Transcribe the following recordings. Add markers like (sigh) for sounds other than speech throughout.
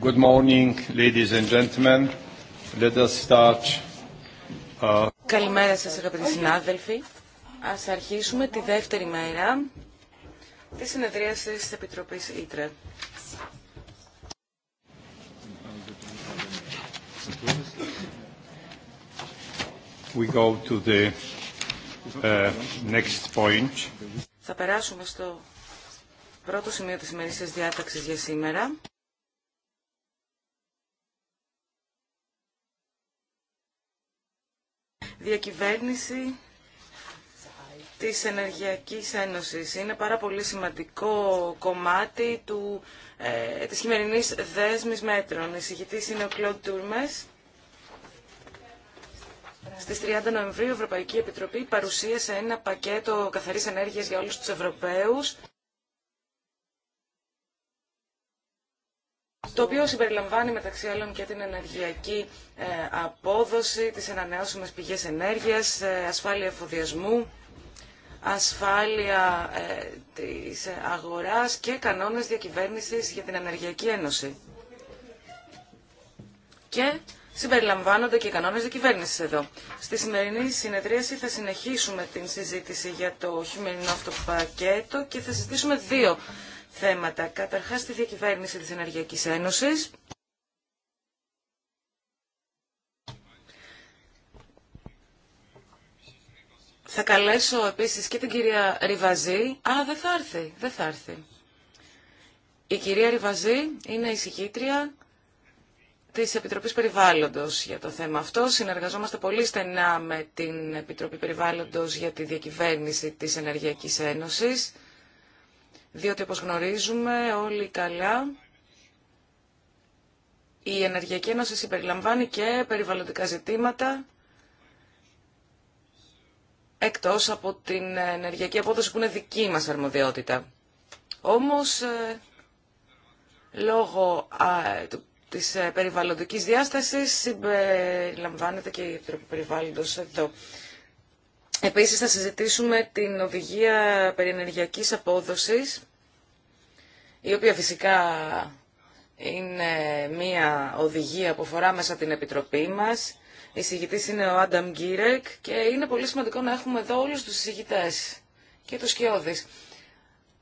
Good morning, ladies and gentlemen. Let start. Uh, Καλημέρα σας αγαπητοί συνάδελφοι. Ας αρχίσουμε τη δεύτερη μέρα της συνεδρίασης της Επιτροπής Ήτρε. We go to the uh, next point. Θα περάσουμε στο πρώτο σημείο της ημερήσιας διάταξης για σήμερα. διακυβέρνηση της Ενεργειακής Ένωσης. Είναι πάρα πολύ σημαντικό κομμάτι του, ε, της χειμερινής δέσμης μέτρων. Εισηγητής είναι ο Κλοντ Τούρμες. Στις 30 Νοεμβρίου η Ευρωπαϊκή Επιτροπή παρουσίασε ένα πακέτο καθαρής ενέργειας για όλους τους Ευρωπαίους. το οποίο συμπεριλαμβάνει μεταξύ άλλων και την ενεργειακή ε, απόδοση, τις ανανεώσιμες πηγές ενέργειας, ε, ασφάλεια εφοδιασμού, ασφάλεια ε, της αγοράς και κανόνες διακυβέρνησης για την Ενεργειακή Ένωση. Και συμπεριλαμβάνονται και οι κανόνες διακυβέρνησης εδώ. Στη σημερινή συνεδρίαση θα συνεχίσουμε την συζήτηση για το χειμερινό αυτοπακέτο και θα συζητήσουμε δύο θέματα. Καταρχάς, τη διακυβέρνηση της Ενεργειακής Ένωσης. Θα καλέσω επίσης και την κυρία Ριβαζή. Α, δεν θα έρθει, δεν θα έρθει. Η κυρία Ριβαζή είναι η συγκήτρια της Επιτροπής Περιβάλλοντος για το θέμα αυτό. Συνεργαζόμαστε πολύ στενά με την Επιτροπή Περιβάλλοντος για τη διακυβέρνηση της Ενεργειακής Ένωσης διότι όπως γνωρίζουμε όλοι καλά, η Ενεργειακή Ένωση συμπεριλαμβάνει και περιβαλλοντικά ζητήματα, εκτός από την ενεργειακή απόδοση που είναι δική μας αρμοδιότητα. Όμως, ε, λόγω της ε, περιβαλλοντικής διάστασης συμπεριλαμβάνεται και η Επιτροπή Περιβάλλοντος εδώ. Επίσης θα συζητήσουμε την οδηγία περί ενεργειακής απόδοσης η οποία φυσικά είναι μία οδηγία που αφορά μέσα την Επιτροπή μας. Η συγητής είναι ο Άνταμ Γκίρεκ και είναι πολύ σημαντικό να έχουμε εδώ όλους τους συγητές και τους σκιώδεις.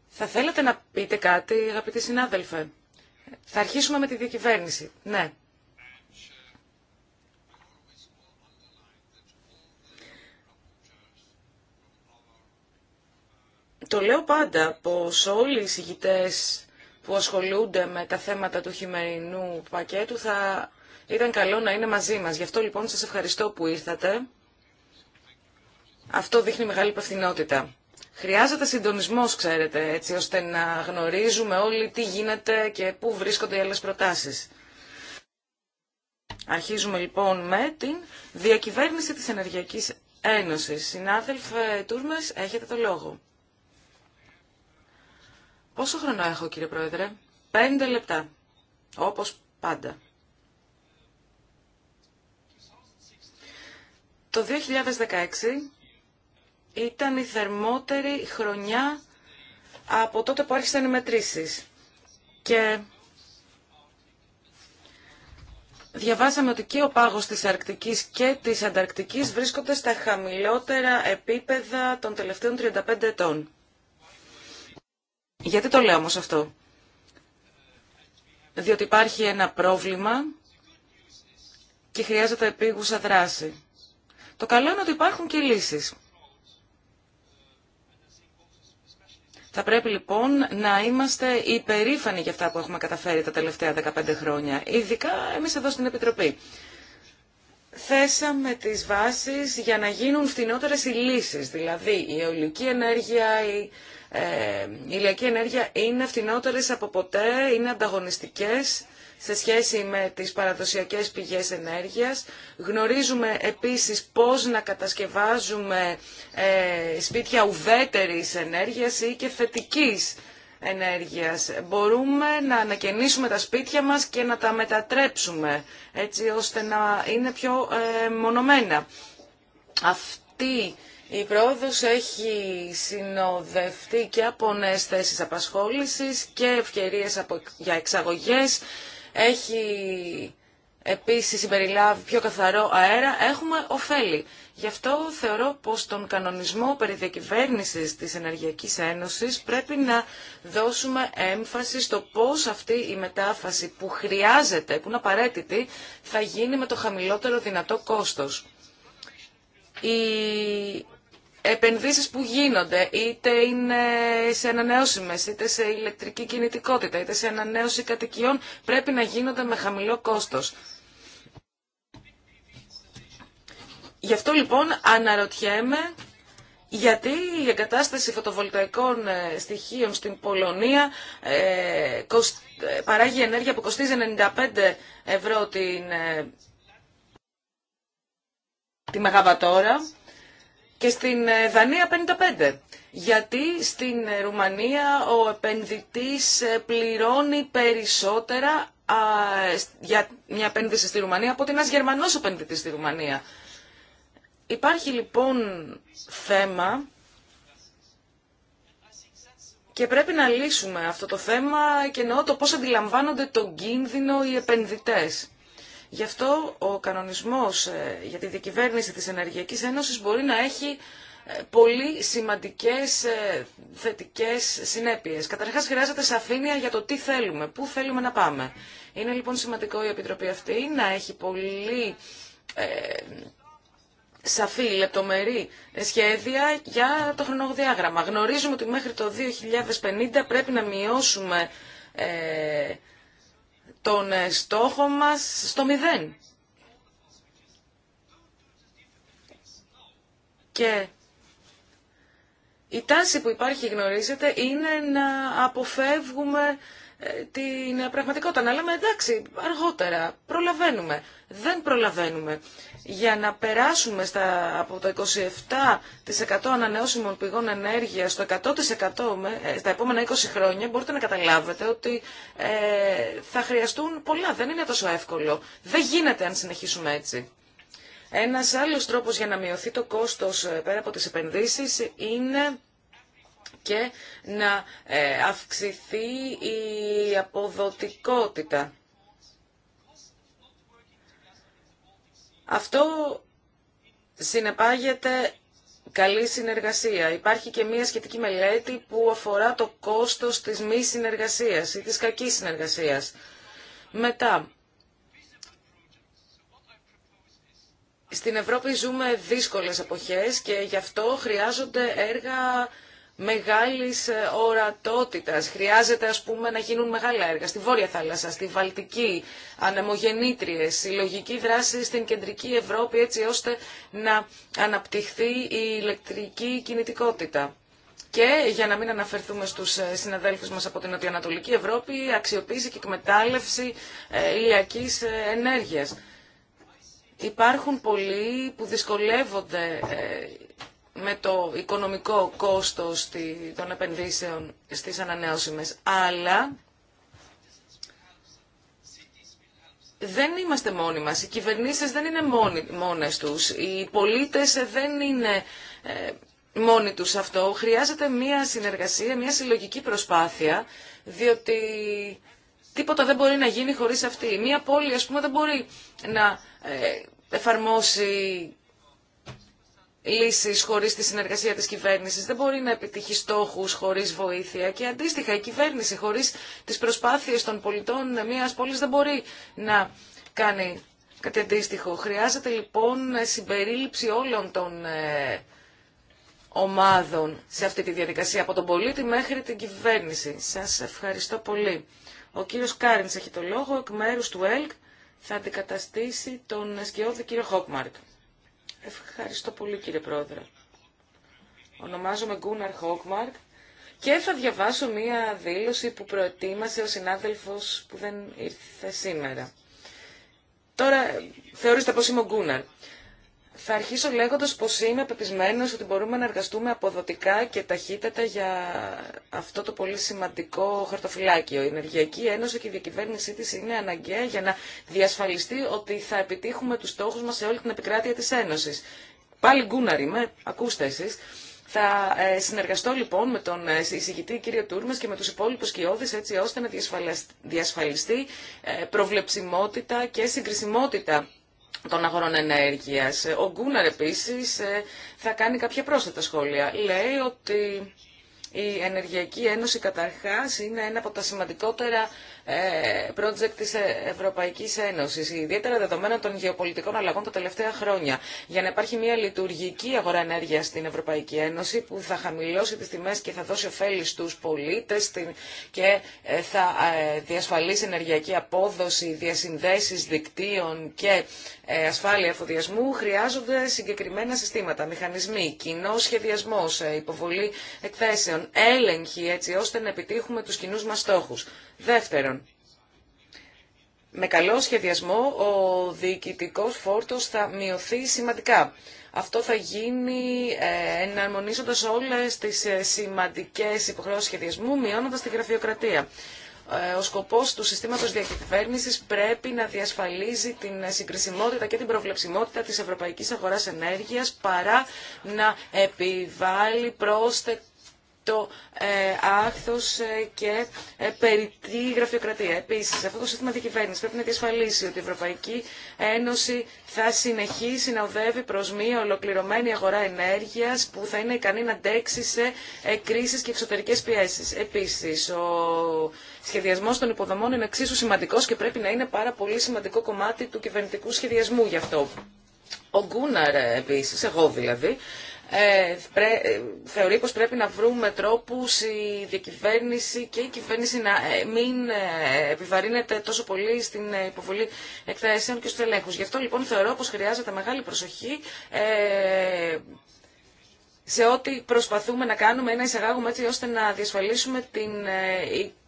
Θα θέλατε να πείτε κάτι, αγαπητοί συνάδελφε. Θα αρχίσουμε με τη διακυβέρνηση. Ναι. Το λέω πάντα πως όλοι οι συγητές που ασχολούνται με τα θέματα του χειμερινού πακέτου θα ήταν καλό να είναι μαζί μας. Γι' αυτό λοιπόν σας ευχαριστώ που ήρθατε. Αυτό δείχνει μεγάλη υπευθυνότητα. Χρειάζεται συντονισμός, ξέρετε, έτσι ώστε να γνωρίζουμε όλοι τι γίνεται και πού βρίσκονται οι άλλες προτάσεις. Αρχίζουμε λοιπόν με την διακυβέρνηση της Ενεργειακής Ένωσης. Συνάδελφε Τούρμες, έχετε το λόγο. Πόσο χρόνο έχω κύριε Πρόεδρε? Πέντε λεπτά. Όπως πάντα. Το 2016 ήταν η θερμότερη χρονιά από τότε που άρχισαν οι μετρήσεις. Και διαβάσαμε ότι και ο πάγος της Αρκτικής και της Ανταρκτικής βρίσκονται στα χαμηλότερα επίπεδα των τελευταίων 35 ετών. Γιατί το λέω όμως αυτό. Διότι υπάρχει ένα πρόβλημα και χρειάζεται επίγουσα δράση. Το καλό είναι ότι υπάρχουν και λύσεις. Θα πρέπει λοιπόν να είμαστε υπερήφανοι για αυτά που έχουμε καταφέρει τα τελευταία 15 χρόνια, ειδικά εμείς εδώ στην Επιτροπή. Θέσαμε τις βάσεις για να γίνουν φθηνότερες οι λύσεις, δηλαδή η αιωλική ενέργεια, η ε, η ηλιακή ενέργεια είναι φθηνότερε από ποτέ, είναι ανταγωνιστικές σε σχέση με τις παραδοσιακές πηγές ενέργειας. Γνωρίζουμε επίσης πώς να κατασκευάζουμε ε, σπίτια ουδέτερης ενέργειας ή και θετικής ενέργειας. Μπορούμε να ανακαινήσουμε τα σπίτια μας και να τα μετατρέψουμε έτσι ώστε να είναι πιο ε, μονομένα. Αυτή η πρόοδος έχει συνοδευτεί και από νέες θέσεις απασχόλησης και ευκαιρίες για εξαγωγές. Έχει επίσης συμπεριλάβει πιο καθαρό αέρα. Έχουμε ωφέλη. Γι' αυτό θεωρώ πως τον κανονισμό περί διακυβέρνησης της Ενεργειακής Ένωσης πρέπει να δώσουμε έμφαση στο πώς αυτή η μετάφαση που χρειάζεται, που είναι απαραίτητη, θα γίνει με το χαμηλότερο δυνατό κόστος επενδύσεις που γίνονται, είτε είναι σε ανανεώσιμε, είτε σε ηλεκτρική κινητικότητα, είτε σε ανανέωση κατοικιών, πρέπει να γίνονται με χαμηλό κόστος. Γι' αυτό λοιπόν αναρωτιέμαι γιατί η εγκατάσταση φωτοβολταϊκών ε, στοιχείων στην Πολωνία ε, ε, παράγει ενέργεια που κοστίζει 95 ευρώ την, ε, τη μεγαβατόρα και στην ε, Δανία 55. Γιατί στην ε, Ρουμανία ο επενδυτής ε, πληρώνει περισσότερα για μια επένδυση στη Ρουμανία από ότι ένας Γερμανός επενδυτής στη Ρουμανία. Υπάρχει λοιπόν θέμα και πρέπει να λύσουμε αυτό το θέμα και εννοώ το πώς αντιλαμβάνονται τον κίνδυνο οι επενδυτές. Γι' αυτό ο κανονισμός ε, για τη διακυβέρνηση της Ενεργειακής Ένωσης μπορεί να έχει ε, πολύ σημαντικές ε, θετικές συνέπειες. Καταρχάς χρειάζεται σαφήνεια για το τι θέλουμε, πού θέλουμε να πάμε. Είναι λοιπόν σημαντικό η Επιτροπή αυτή να έχει πολύ σαφή, λεπτομερή σχέδια για το χρονοδιάγραμμα. Γνωρίζουμε ότι μέχρι το 2050 πρέπει να μειώσουμε τον ε, στόχο μας στο μηδέν. Και η τάση που υπάρχει γνωρίζετε είναι να αποφεύγουμε ε, την πραγματικότητα. Να λέμε εντάξει, αργότερα, προλαβαίνουμε. Δεν προλαβαίνουμε. Για να περάσουμε στα, από το 27% ανανεώσιμων πηγών ενέργειας στο 100% με, ε, στα επόμενα 20 χρόνια, μπορείτε να καταλάβετε ότι ε, θα χρειαστούν πολλά. Δεν είναι τόσο εύκολο. Δεν γίνεται αν συνεχίσουμε έτσι. Ένας άλλος τρόπος για να μειωθεί το κόστος ε, πέρα από τις επενδύσεις είναι και να ε, αυξηθεί η αποδοτικότητα. Αυτό συνεπάγεται καλή συνεργασία. Υπάρχει και μία σχετική μελέτη που αφορά το κόστος της μη συνεργασίας ή της κακής συνεργασίας. Μετά, στην Ευρώπη ζούμε δύσκολες εποχές και γι' αυτό χρειάζονται έργα μεγάλης ε, ορατότητας. Χρειάζεται ας πούμε να γίνουν μεγάλα έργα στη Βόρεια Θάλασσα, στη Βαλτική, ανεμογεννήτριες, συλλογική δράση στην Κεντρική Ευρώπη έτσι ώστε να αναπτυχθεί η ηλεκτρική κινητικότητα. Και για να μην αναφερθούμε στους ε, συναδέλφους μας από την Νοτιοανατολική Ευρώπη, αξιοποίηση και εκμετάλλευση ε, ηλιακής ενέργειας. Υπάρχουν πολλοί που δυσκολεύονται με το οικονομικό κόστος των επενδύσεων στις ανανεώσιμες, αλλά δεν είμαστε μόνοι μας. Οι κυβερνήσεις δεν είναι μόνοι, μόνες τους. Οι πολίτες δεν είναι ε, μόνοι τους αυτό. Χρειάζεται μία συνεργασία, μία συλλογική προσπάθεια, διότι τίποτα δεν μπορεί να γίνει χωρίς αυτή. Μία πόλη, ας πούμε, δεν μπορεί να ε, εφαρμόσει Λύσει χωρί τη συνεργασία τη κυβέρνηση. Δεν μπορεί να επιτύχει στόχου χωρί βοήθεια και αντίστοιχα η κυβέρνηση χωρί τι προσπάθειε των πολιτών μια πόλη δεν μπορεί να κάνει κάτι αντίστοιχο. Χρειάζεται λοιπόν συμπερίληψη όλων των ε, ομάδων σε αυτή τη διαδικασία, από τον πολίτη μέχρι την κυβέρνηση. Σα ευχαριστώ πολύ. Ο κύριο Κάριν έχει το λόγο, εκ μέρου του ΕΛΚ θα αντικαταστήσει τον σκιώδη κύριο Χόκμαρτ. Ευχαριστώ πολύ κύριε Πρόεδρε. Ονομάζομαι Γκούναρ Χόκμαρκ και θα διαβάσω μία δήλωση που προετοίμασε ο συνάδελφος που δεν ήρθε σήμερα. Τώρα θεωρείστε πως είμαι ο Γκούναρ. Θα αρχίσω λέγοντας πως είμαι πεπισμένος ότι μπορούμε να εργαστούμε αποδοτικά και ταχύτατα για αυτό το πολύ σημαντικό χαρτοφυλάκιο. Η Ενεργειακή Ένωση και η διακυβέρνησή της είναι αναγκαία για να διασφαλιστεί ότι θα επιτύχουμε τους στόχους μας σε όλη την επικράτεια της Ένωσης. Πάλι γκούναρη είμαι, ακούστε εσείς. Θα ε, συνεργαστώ λοιπόν με τον ε, εισηγητή κύριο Τούρμες και με τους υπόλοιπους κοιόδης έτσι ώστε να διασφαλιστεί ε, προβλεψιμότητα και συγκρισιμότητα των αγορών ενέργειας. Ε, ο Γκούναρ επίσης ε, θα κάνει κάποια πρόσθετα σχόλια. Λέει ότι η Ενεργειακή Ένωση καταρχάς είναι ένα από τα σημαντικότερα ε, project της ε, Ευρωπαϊκής Ένωσης, ιδιαίτερα δεδομένα των γεωπολιτικών αλλαγών τα τελευταία χρόνια, για να υπάρχει μια λειτουργική αγορά ενέργειας στην Ευρωπαϊκή Ένωση που θα χαμηλώσει τις τιμές και θα δώσει ωφέλη στους πολίτες και ε, θα διασφαλίσει ενεργειακή απόδοση, διασυνδέσεις δικτύων και ασφάλεια εφοδιασμού, χρειάζονται συγκεκριμένα συστήματα, μηχανισμοί, κοινό σχεδιασμό, υποβολή εκθέσεων, έλεγχοι, έτσι ώστε να επιτύχουμε τους κοινούς μας στόχους. Δεύτερον, με καλό σχεδιασμό ο διοικητικός φόρτος θα μειωθεί σημαντικά. Αυτό θα γίνει ε, εναρμονίζοντας όλες τις ε, σημαντικές υποχρεώσεις σχεδιασμού, μειώνοντας τη γραφειοκρατία. Ε, ο σκοπός του συστήματος διακυβέρνησης πρέπει να διασφαλίζει την συγκρισιμότητα και την προβλεψιμότητα της ευρωπαϊκής αγοράς ενέργειας παρά να επιβάλλει πρόσθετα το ε, άχθος ε, και ε, περιττή γραφειοκρατία. Επίσης, αυτό το σύστημα διακυβέρνηση πρέπει να διασφαλίσει ότι η Ευρωπαϊκή Ένωση θα συνεχίσει να οδεύει προς μια ολοκληρωμένη αγορά ενέργειας που θα είναι ικανή να αντέξει σε κρίσεις και εξωτερικές πιέσεις. Επίσης, ο σχεδιασμός των υποδομών είναι εξίσου σημαντικός και πρέπει να είναι πάρα πολύ σημαντικό κομμάτι του κυβερνητικού σχεδιασμού γι' αυτό. Ο Γκούναρ επίσης, εγώ δηλαδή, ε, ε, θεωρεί πως πρέπει να βρούμε τρόπους η διακυβέρνηση και η κυβέρνηση να ε, μην επιβαρύνεται τόσο πολύ στην υποβολή εκθέσεων και στους ελέγχους. Γι' αυτό λοιπόν θεωρώ πως χρειάζεται μεγάλη προσοχή σε ό,τι προσπαθούμε να κάνουμε, να εισαγάγουμε έτσι ώστε να διασφαλίσουμε την,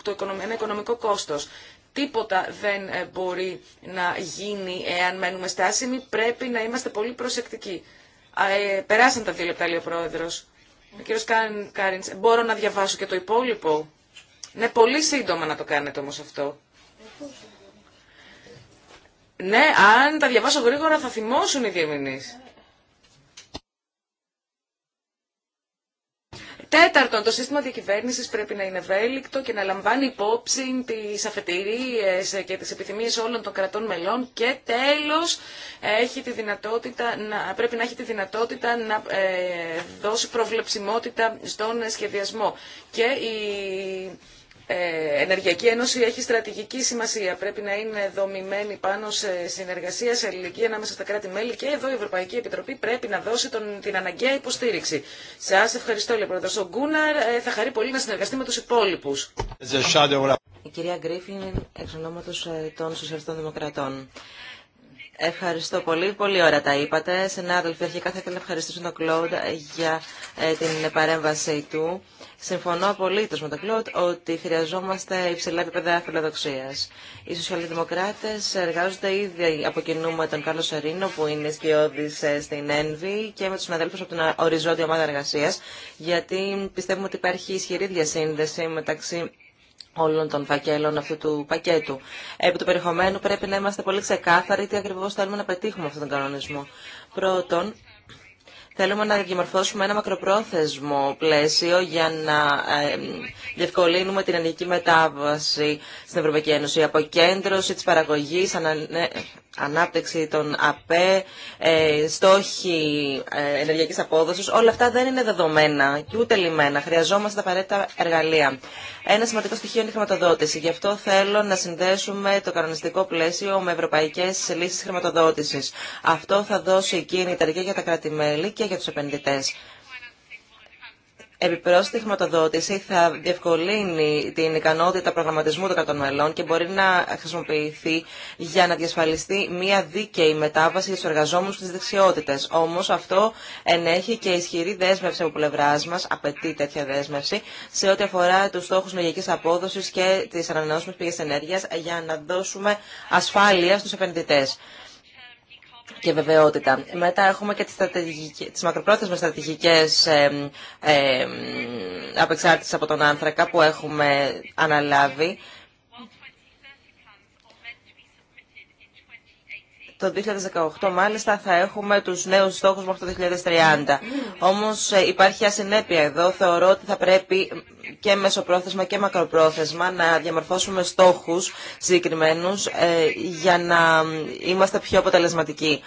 το ένα οικονομικό κόστος. Τίποτα δεν μπορεί να γίνει εάν μένουμε στάσιμοι, πρέπει να είμαστε πολύ προσεκτικοί. Ε, περάσαν τα δύο λεπτά, λέει ο πρόεδρο. Ο κύριο μπορώ να διαβάσω και το υπόλοιπο. Ναι, πολύ σύντομα να το κάνετε όμω αυτό. Ναι, αν τα διαβάσω γρήγορα θα θυμώσουν οι διεμηνεί. Τέταρτον, το σύστημα διακυβέρνηση πρέπει να είναι ευέλικτο και να λαμβάνει υπόψη τι αφετηρίε και τι επιθυμίε όλων των κρατών μελών. Και τέλο, πρέπει να έχει τη δυνατότητα να ε, δώσει προβλεψιμότητα στον σχεδιασμό. Και η ε, Ενεργειακή Ένωση έχει στρατηγική σημασία. Πρέπει να είναι δομημένη πάνω σε συνεργασία, σε αλληλεγγύη ανάμεσα στα κράτη-μέλη και εδώ η Ευρωπαϊκή Επιτροπή πρέπει να δώσει τον, την αναγκαία υποστήριξη. Σα ευχαριστώ, λέει πρόεδρος. Ο Γκούναρ ε, θα χαρεί πολύ να συνεργαστεί με του υπόλοιπου. Η κυρία Γκρίφιν, εξ ονόματο ε, των Σοσιαλιστών Δημοκρατών. Ευχαριστώ πολύ. Πολύ ωραία τα είπατε. Συνάδελφοι, αρχικά θα ήθελα να ευχαριστήσω τον Κλόντ ε, για ε, την παρέμβασή του. Συμφωνώ απολύτω με τον Κλόντ ότι χρειαζόμαστε υψηλά επίπεδα φιλοδοξία. Οι σοσιαλδημοκράτε εργάζονται ήδη από κοινού με τον Κάρλο Σερίνο, που είναι σκιώδη ε, στην ΕΝΒΗ, και με του συναδέλφου από την Οριζόντια Ομάδα Εργασία, γιατί πιστεύουμε ότι υπάρχει ισχυρή διασύνδεση μεταξύ όλων των φακέλων αυτού του πακέτου. Επί του περιεχομένου πρέπει να είμαστε πολύ ξεκάθαροι τι ακριβώ θέλουμε να πετύχουμε αυτόν τον κανονισμό. Πρώτον, θέλουμε να διαμορφώσουμε ένα μακροπρόθεσμο πλαίσιο για να διευκολύνουμε την ενεργική μετάβαση στην Ευρωπαϊκή Ένωση. Αποκέντρωση της παραγωγής, ναι, ανάπτυξη των ΑΠΕ, ε, στόχοι ε, ενεργειακής απόδοσης, όλα αυτά δεν είναι δεδομένα και ούτε λιμένα. Χρειαζόμαστε τα απαραίτητα εργαλεία ένα σημαντικό στοιχείο είναι η χρηματοδότηση. Γι' αυτό θέλω να συνδέσουμε το κανονιστικό πλαίσιο με ευρωπαϊκέ λύσει χρηματοδότηση. Αυτό θα δώσει κίνητα και για τα κράτη-μέλη και για του επενδυτέ επιπρόσθετη χρηματοδότηση θα διευκολύνει την ικανότητα προγραμματισμού των κρατών και μπορεί να χρησιμοποιηθεί για να διασφαλιστεί μια δίκαιη μετάβαση στους εργαζόμενους στις δεξιότητες. Όμως αυτό ενέχει και ισχυρή δέσμευση από πλευρά μα, απαιτεί τέτοια δέσμευση, σε ό,τι αφορά τους στόχου μεγική απόδοση και τις ανανεώσιμε πηγέ ενέργεια, για να δώσουμε ασφάλεια στου επενδυτές και βεβαιότητα. Μετά έχουμε και τις, τις μακροπρόθεσμες στρατηγικές από τον άνθρακα που έχουμε αναλάβει Το 2018 μάλιστα θα έχουμε τους νέους στόχους μέχρι το 2030. Όμως ε, υπάρχει ασυνέπεια εδώ. Θεωρώ ότι θα πρέπει και μεσοπρόθεσμα και μακροπρόθεσμα να διαμορφώσουμε στόχους συγκεκριμένους ε, για να είμαστε πιο αποτελεσματικοί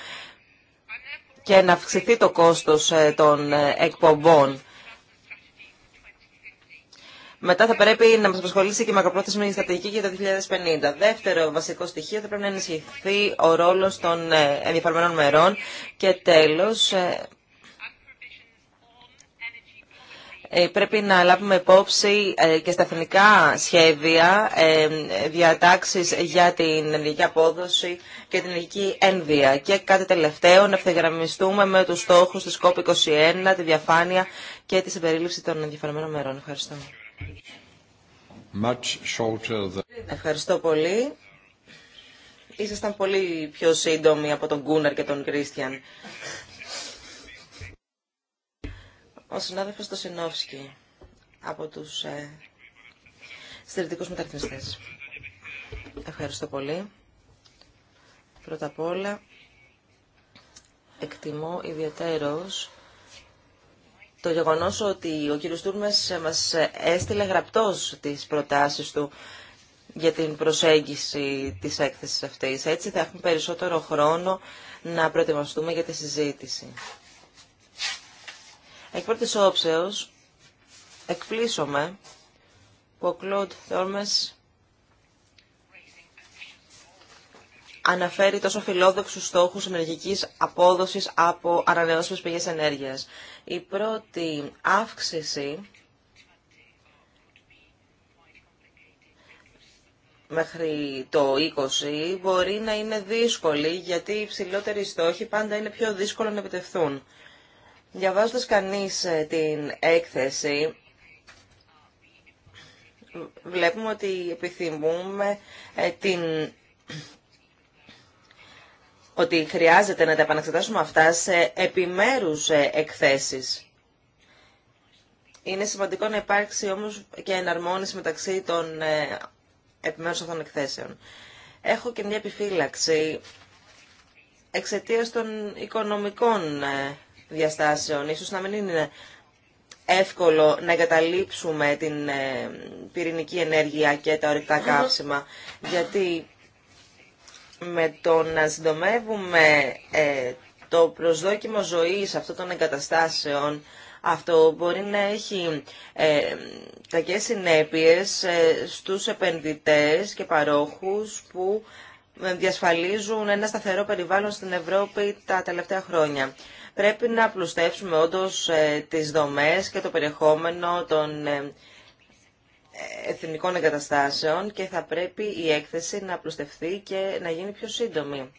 και να αυξηθεί το κόστος ε, των εκπομπών. Μετά θα πρέπει να μα απασχολήσει και η μακροπρόθεσμη στρατηγική για το 2050. Δεύτερο βασικό στοιχείο θα πρέπει να ενισχυθεί ο ρόλο των ε, ενδιαφερμένων μερών. Και τέλο, ε, ε, πρέπει να λάβουμε υπόψη και στα εθνικά σχέδια διατάξεις για την ενεργειακή απόδοση και την ενεργειακή ένδυα. Και κάτι τελευταίο, να ευθυγραμμιστούμε με τους στόχους της COP21, τη διαφάνεια και τη συμπερίληψη των ενδιαφερμένων μερών. Ευχαριστώ. Ευχαριστώ πολύ. Ήσασταν πολύ πιο σύντομοι από τον Κούναρ και τον Κρίστιαν. Ο συνάδελφος το Σινόφσκι από τους ε, στρατικούς μεταρρυθμιστές. Ευχαριστώ πολύ. Πρώτα απ' όλα, εκτιμώ ιδιαίτερος το γεγονός ότι ο κύριος Τούρμες μας έστειλε γραπτός τις προτάσεις του για την προσέγγιση της έκθεσης αυτής. Έτσι θα έχουμε περισσότερο χρόνο να προετοιμαστούμε για τη συζήτηση. Εκ πρώτης όψεως, εκπλήσωμε που ο Κλοντ αναφέρει τόσο φιλόδοξους στόχους ενεργικής απόδοσης από ανανεώσιμες πηγές ενέργειας. Η πρώτη αύξηση μέχρι το 20 μπορεί να είναι δύσκολη γιατί οι ψηλότεροι στόχοι πάντα είναι πιο δύσκολο να επιτευθούν. Διαβάζοντας κανείς ε, την έκθεση, βλέπουμε ότι επιθυμούμε ε, την ότι χρειάζεται να τα επαναξετάσουμε αυτά σε επιμέρους ε, εκθέσεις. Είναι σημαντικό να υπάρξει όμως και εναρμόνιση μεταξύ των ε, επιμέρους αυτών εκθέσεων. Έχω και μια επιφύλαξη εξαιτίας των οικονομικών ε, διαστάσεων. Ίσως να μην είναι εύκολο να εγκαταλείψουμε την πυρηνική ενέργεια και τα ορυκτά κάψιμα, γιατί με το να συντομεύουμε ε, το προσδόκιμο ζωής αυτών των εγκαταστάσεων, αυτό μπορεί να έχει ε, συνέπειε συνέπειες ε, στους επενδυτές και παρόχους που ε, διασφαλίζουν ένα σταθερό περιβάλλον στην Ευρώπη τα τελευταία χρόνια. Πρέπει να πλουστεύσουμε όντως τις δομές και το περιεχόμενο των εθνικών εγκαταστάσεων και θα πρέπει η έκθεση να απλουστευτεί και να γίνει πιο σύντομη.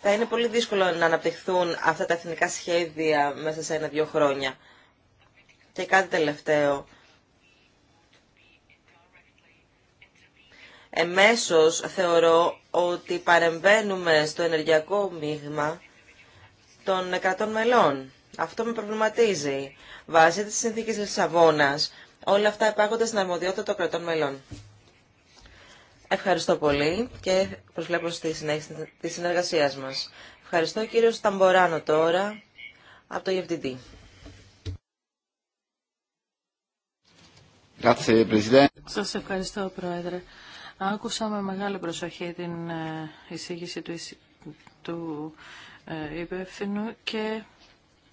Θα είναι πολύ δύσκολο να αναπτυχθούν αυτά τα εθνικά σχέδια μέσα σε ένα-δύο χρόνια. Και κάτι τελευταίο. Εμέσως θεωρώ ότι παρεμβαίνουμε στο ενεργειακό μείγμα των κρατών μελών. Αυτό με προβληματίζει. Βάσει τις συνθήκες Λισαβόνα. όλα αυτά υπάρχονται στην αρμοδιότητα των κρατών μελών. Ευχαριστώ πολύ και προσβλέπω στη συνέχιση της συνεργασία μας. Ευχαριστώ κύριο Σταμποράνο τώρα από το EFDD. Σας ευχαριστώ Πρόεδρε. Άκουσα με μεγάλη προσοχή την ε, εισήγηση του, του ε, υπεύθυνου και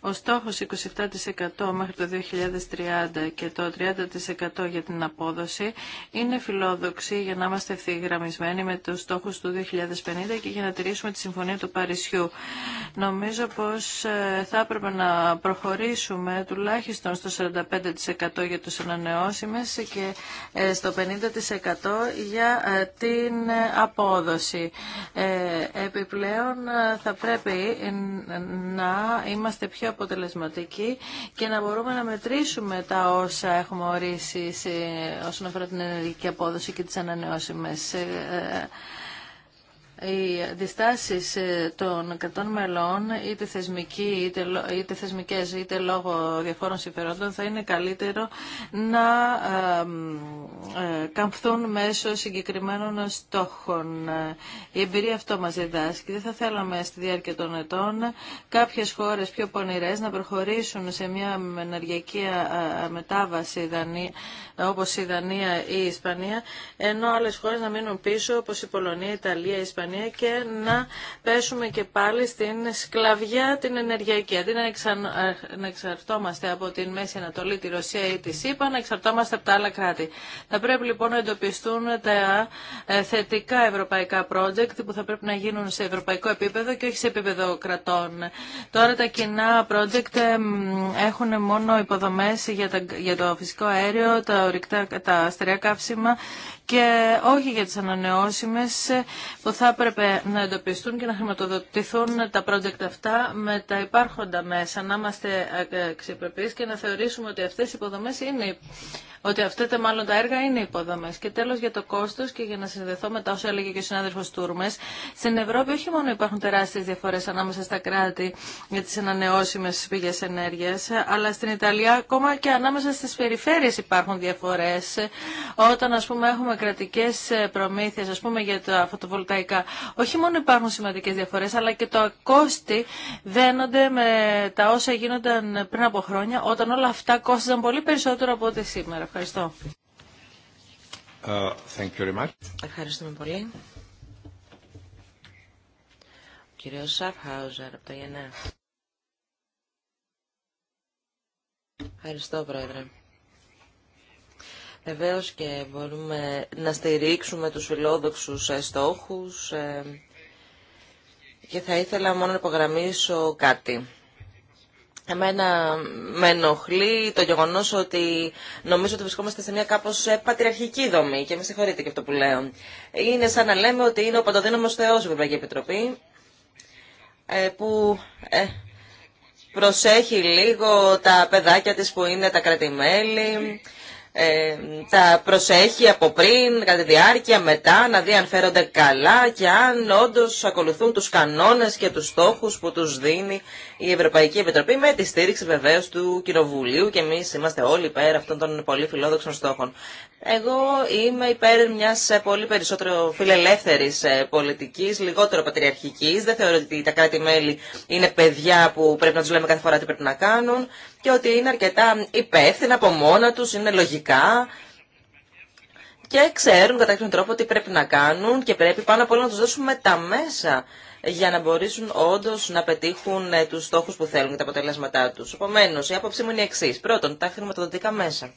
Ο στόχος 27% μέχρι το 2030 και το 30% για την απόδοση είναι φιλόδοξη για να είμαστε ευθυγραμμισμένοι με τους στόχους του 2050 και για να τηρήσουμε τη Συμφωνία του Παρισιού. Νομίζω πως ε, θα έπρεπε να προχωρήσουμε τουλάχιστον στο 45% για τους ανανεώσιμες και ε, στο 50% για ε, την απόδοση. Επιπλέον θα πρέπει να είμαστε πιο αποτελεσματική και να μπορούμε να μετρήσουμε τα όσα έχουμε ορίσει όσον αφορά την ενεργειακή απόδοση και τις ανανεώσιμες ε, οι διστάσεις ε, των κρατών μελών, είτε, θεσμική, είτε, είτε θεσμικές είτε λόγω διαφόρων συμφερόντων, θα είναι καλύτερο να ε, καμφθούν μέσω συγκεκριμένων στόχων. Η εμπειρία αυτό μας διδάσκει. Δεν θα θέλαμε στη διάρκεια των ετών κάποιες χώρες πιο πονηρές να προχωρήσουν σε μια ενεργειακή μετάβαση όπως η Δανία ή η Ισπανία, ενώ άλλες χώρες να μείνουν πίσω όπως η Πολωνία, η Ιταλία, η Ισπανία και να πέσουμε και πάλι στην σκλαβιά την ενεργειακή. Αντί να, εξα... να εξαρτώμαστε από την Μέση Ανατολή, τη Ρωσία ή τη ΣΥΠΑ, να εξαρτώμαστε από τα άλλα κράτη. Θα πρέπει λοιπόν να εντοπιστούν τα ε, θετικά ευρωπαϊκά project που θα πρέπει να γίνουν σε ευρωπαϊκό επίπεδο και όχι σε επίπεδο κρατών. Τώρα τα κοινά project έχουν μόνο υποδομέ για, τα... για το φυσικό αέριο, τα, ορυκτά, τα αστεριά καύσιμα και όχι για τις ανανεώσιμες που θα έπρεπε να εντοπιστούν και να χρηματοδοτηθούν τα project αυτά με τα υπάρχοντα μέσα, να είμαστε αξιοπρεπείς και να θεωρήσουμε ότι αυτές οι υποδομές είναι, ότι αυτά τα μάλλον τα έργα είναι υποδομές. Και τέλος για το κόστος και για να συνδεθώ με τα όσα έλεγε και ο συνάδελφος Τούρμες, στην Ευρώπη όχι μόνο υπάρχουν τεράστιες διαφορές ανάμεσα στα κράτη για τις ανανεώσιμες πηγές ενέργειας, αλλά στην Ιταλία ακόμα και ανάμεσα στις περιφέρειες υπάρχουν διαφορές. Όταν ας πούμε έχουμε κρατικές προμήθειες, ας πούμε για τα φωτοβολταϊκά, όχι μόνο υπάρχουν σημαντικές διαφορές, αλλά και το ακόστη δένονται με τα όσα γίνονταν πριν από χρόνια, όταν όλα αυτά κόστιζαν πολύ περισσότερο από ό,τι σήμερα. Ευχαριστώ. Uh, Ευχαριστούμε πολύ. Κύριο Σαφχάουζερ από το Ευχαριστώ, Πρόεδρε. Βεβαίω και μπορούμε να στηρίξουμε τους φιλόδοξους ε, στόχους ε, και θα ήθελα μόνο να υπογραμμίσω κάτι. Εμένα με ενοχλεί το γεγονός ότι νομίζω ότι βρισκόμαστε σε μια κάπως ε, πατριαρχική δομή και με συγχωρείτε και αυτό που λέω. Είναι σαν να λέμε ότι είναι ο παντοδύναμος Θεός η Ευρωπαϊκή Επιτροπή που προσέχει λίγο τα παιδάκια της που είναι τα κρατημέλη, ε, τα προσέχει από πριν, κατά τη διάρκεια, μετά, να δει αν φέρονται καλά και αν όντω ακολουθούν τους κανόνες και τους στόχους που τους δίνει η Ευρωπαϊκή Επιτροπή με τη στήριξη βεβαίω του Κοινοβουλίου και εμείς είμαστε όλοι πέρα αυτών των πολύ φιλόδοξων στόχων. Εγώ είμαι υπέρ μια ε, πολύ περισσότερο φιλελεύθερη ε, πολιτική, λιγότερο πατριάρχική. Δεν θεωρώ ότι τα κράτη-μέλη είναι παιδιά που πρέπει να του λέμε κάθε φορά τι πρέπει να κάνουν και ότι είναι αρκετά υπεύθυνα από μόνα του, είναι λογικά και ξέρουν κατά κάποιον τρόπο τι πρέπει να κάνουν και πρέπει πάνω απ' όλα να του δώσουμε τα μέσα για να μπορέσουν όντω να πετύχουν ε, του στόχου που θέλουν και τα αποτελέσματά του. Επομένω, η άποψή μου είναι η εξή. Πρώτον, τα χρηματοδοτικά μέσα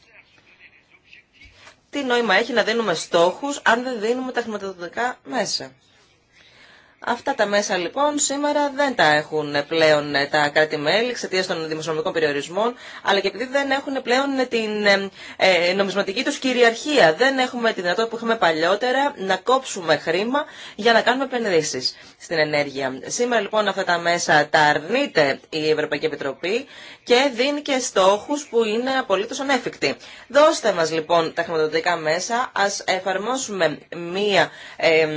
τι νόημα έχει να δίνουμε στόχους αν δεν δίνουμε τα χρηματοδοτικά μέσα. Αυτά τα μέσα λοιπόν σήμερα δεν τα έχουν πλέον τα κράτη-μέλη εξαιτία των δημοσιονομικών περιορισμών, αλλά και επειδή δεν έχουν πλέον την ε, ε, νομισματική του κυριαρχία. Δεν έχουμε τη δυνατότητα που είχαμε παλιότερα να κόψουμε χρήμα για να κάνουμε επενδύσει στην ενέργεια. Σήμερα λοιπόν αυτά τα μέσα τα αρνείται η Ευρωπαϊκή Επιτροπή και δίνει και στόχου που είναι απολύτως ανέφικτοι. Δώστε μα λοιπόν τα χρηματοδοτικά μέσα, α εφαρμόσουμε μία... Ε,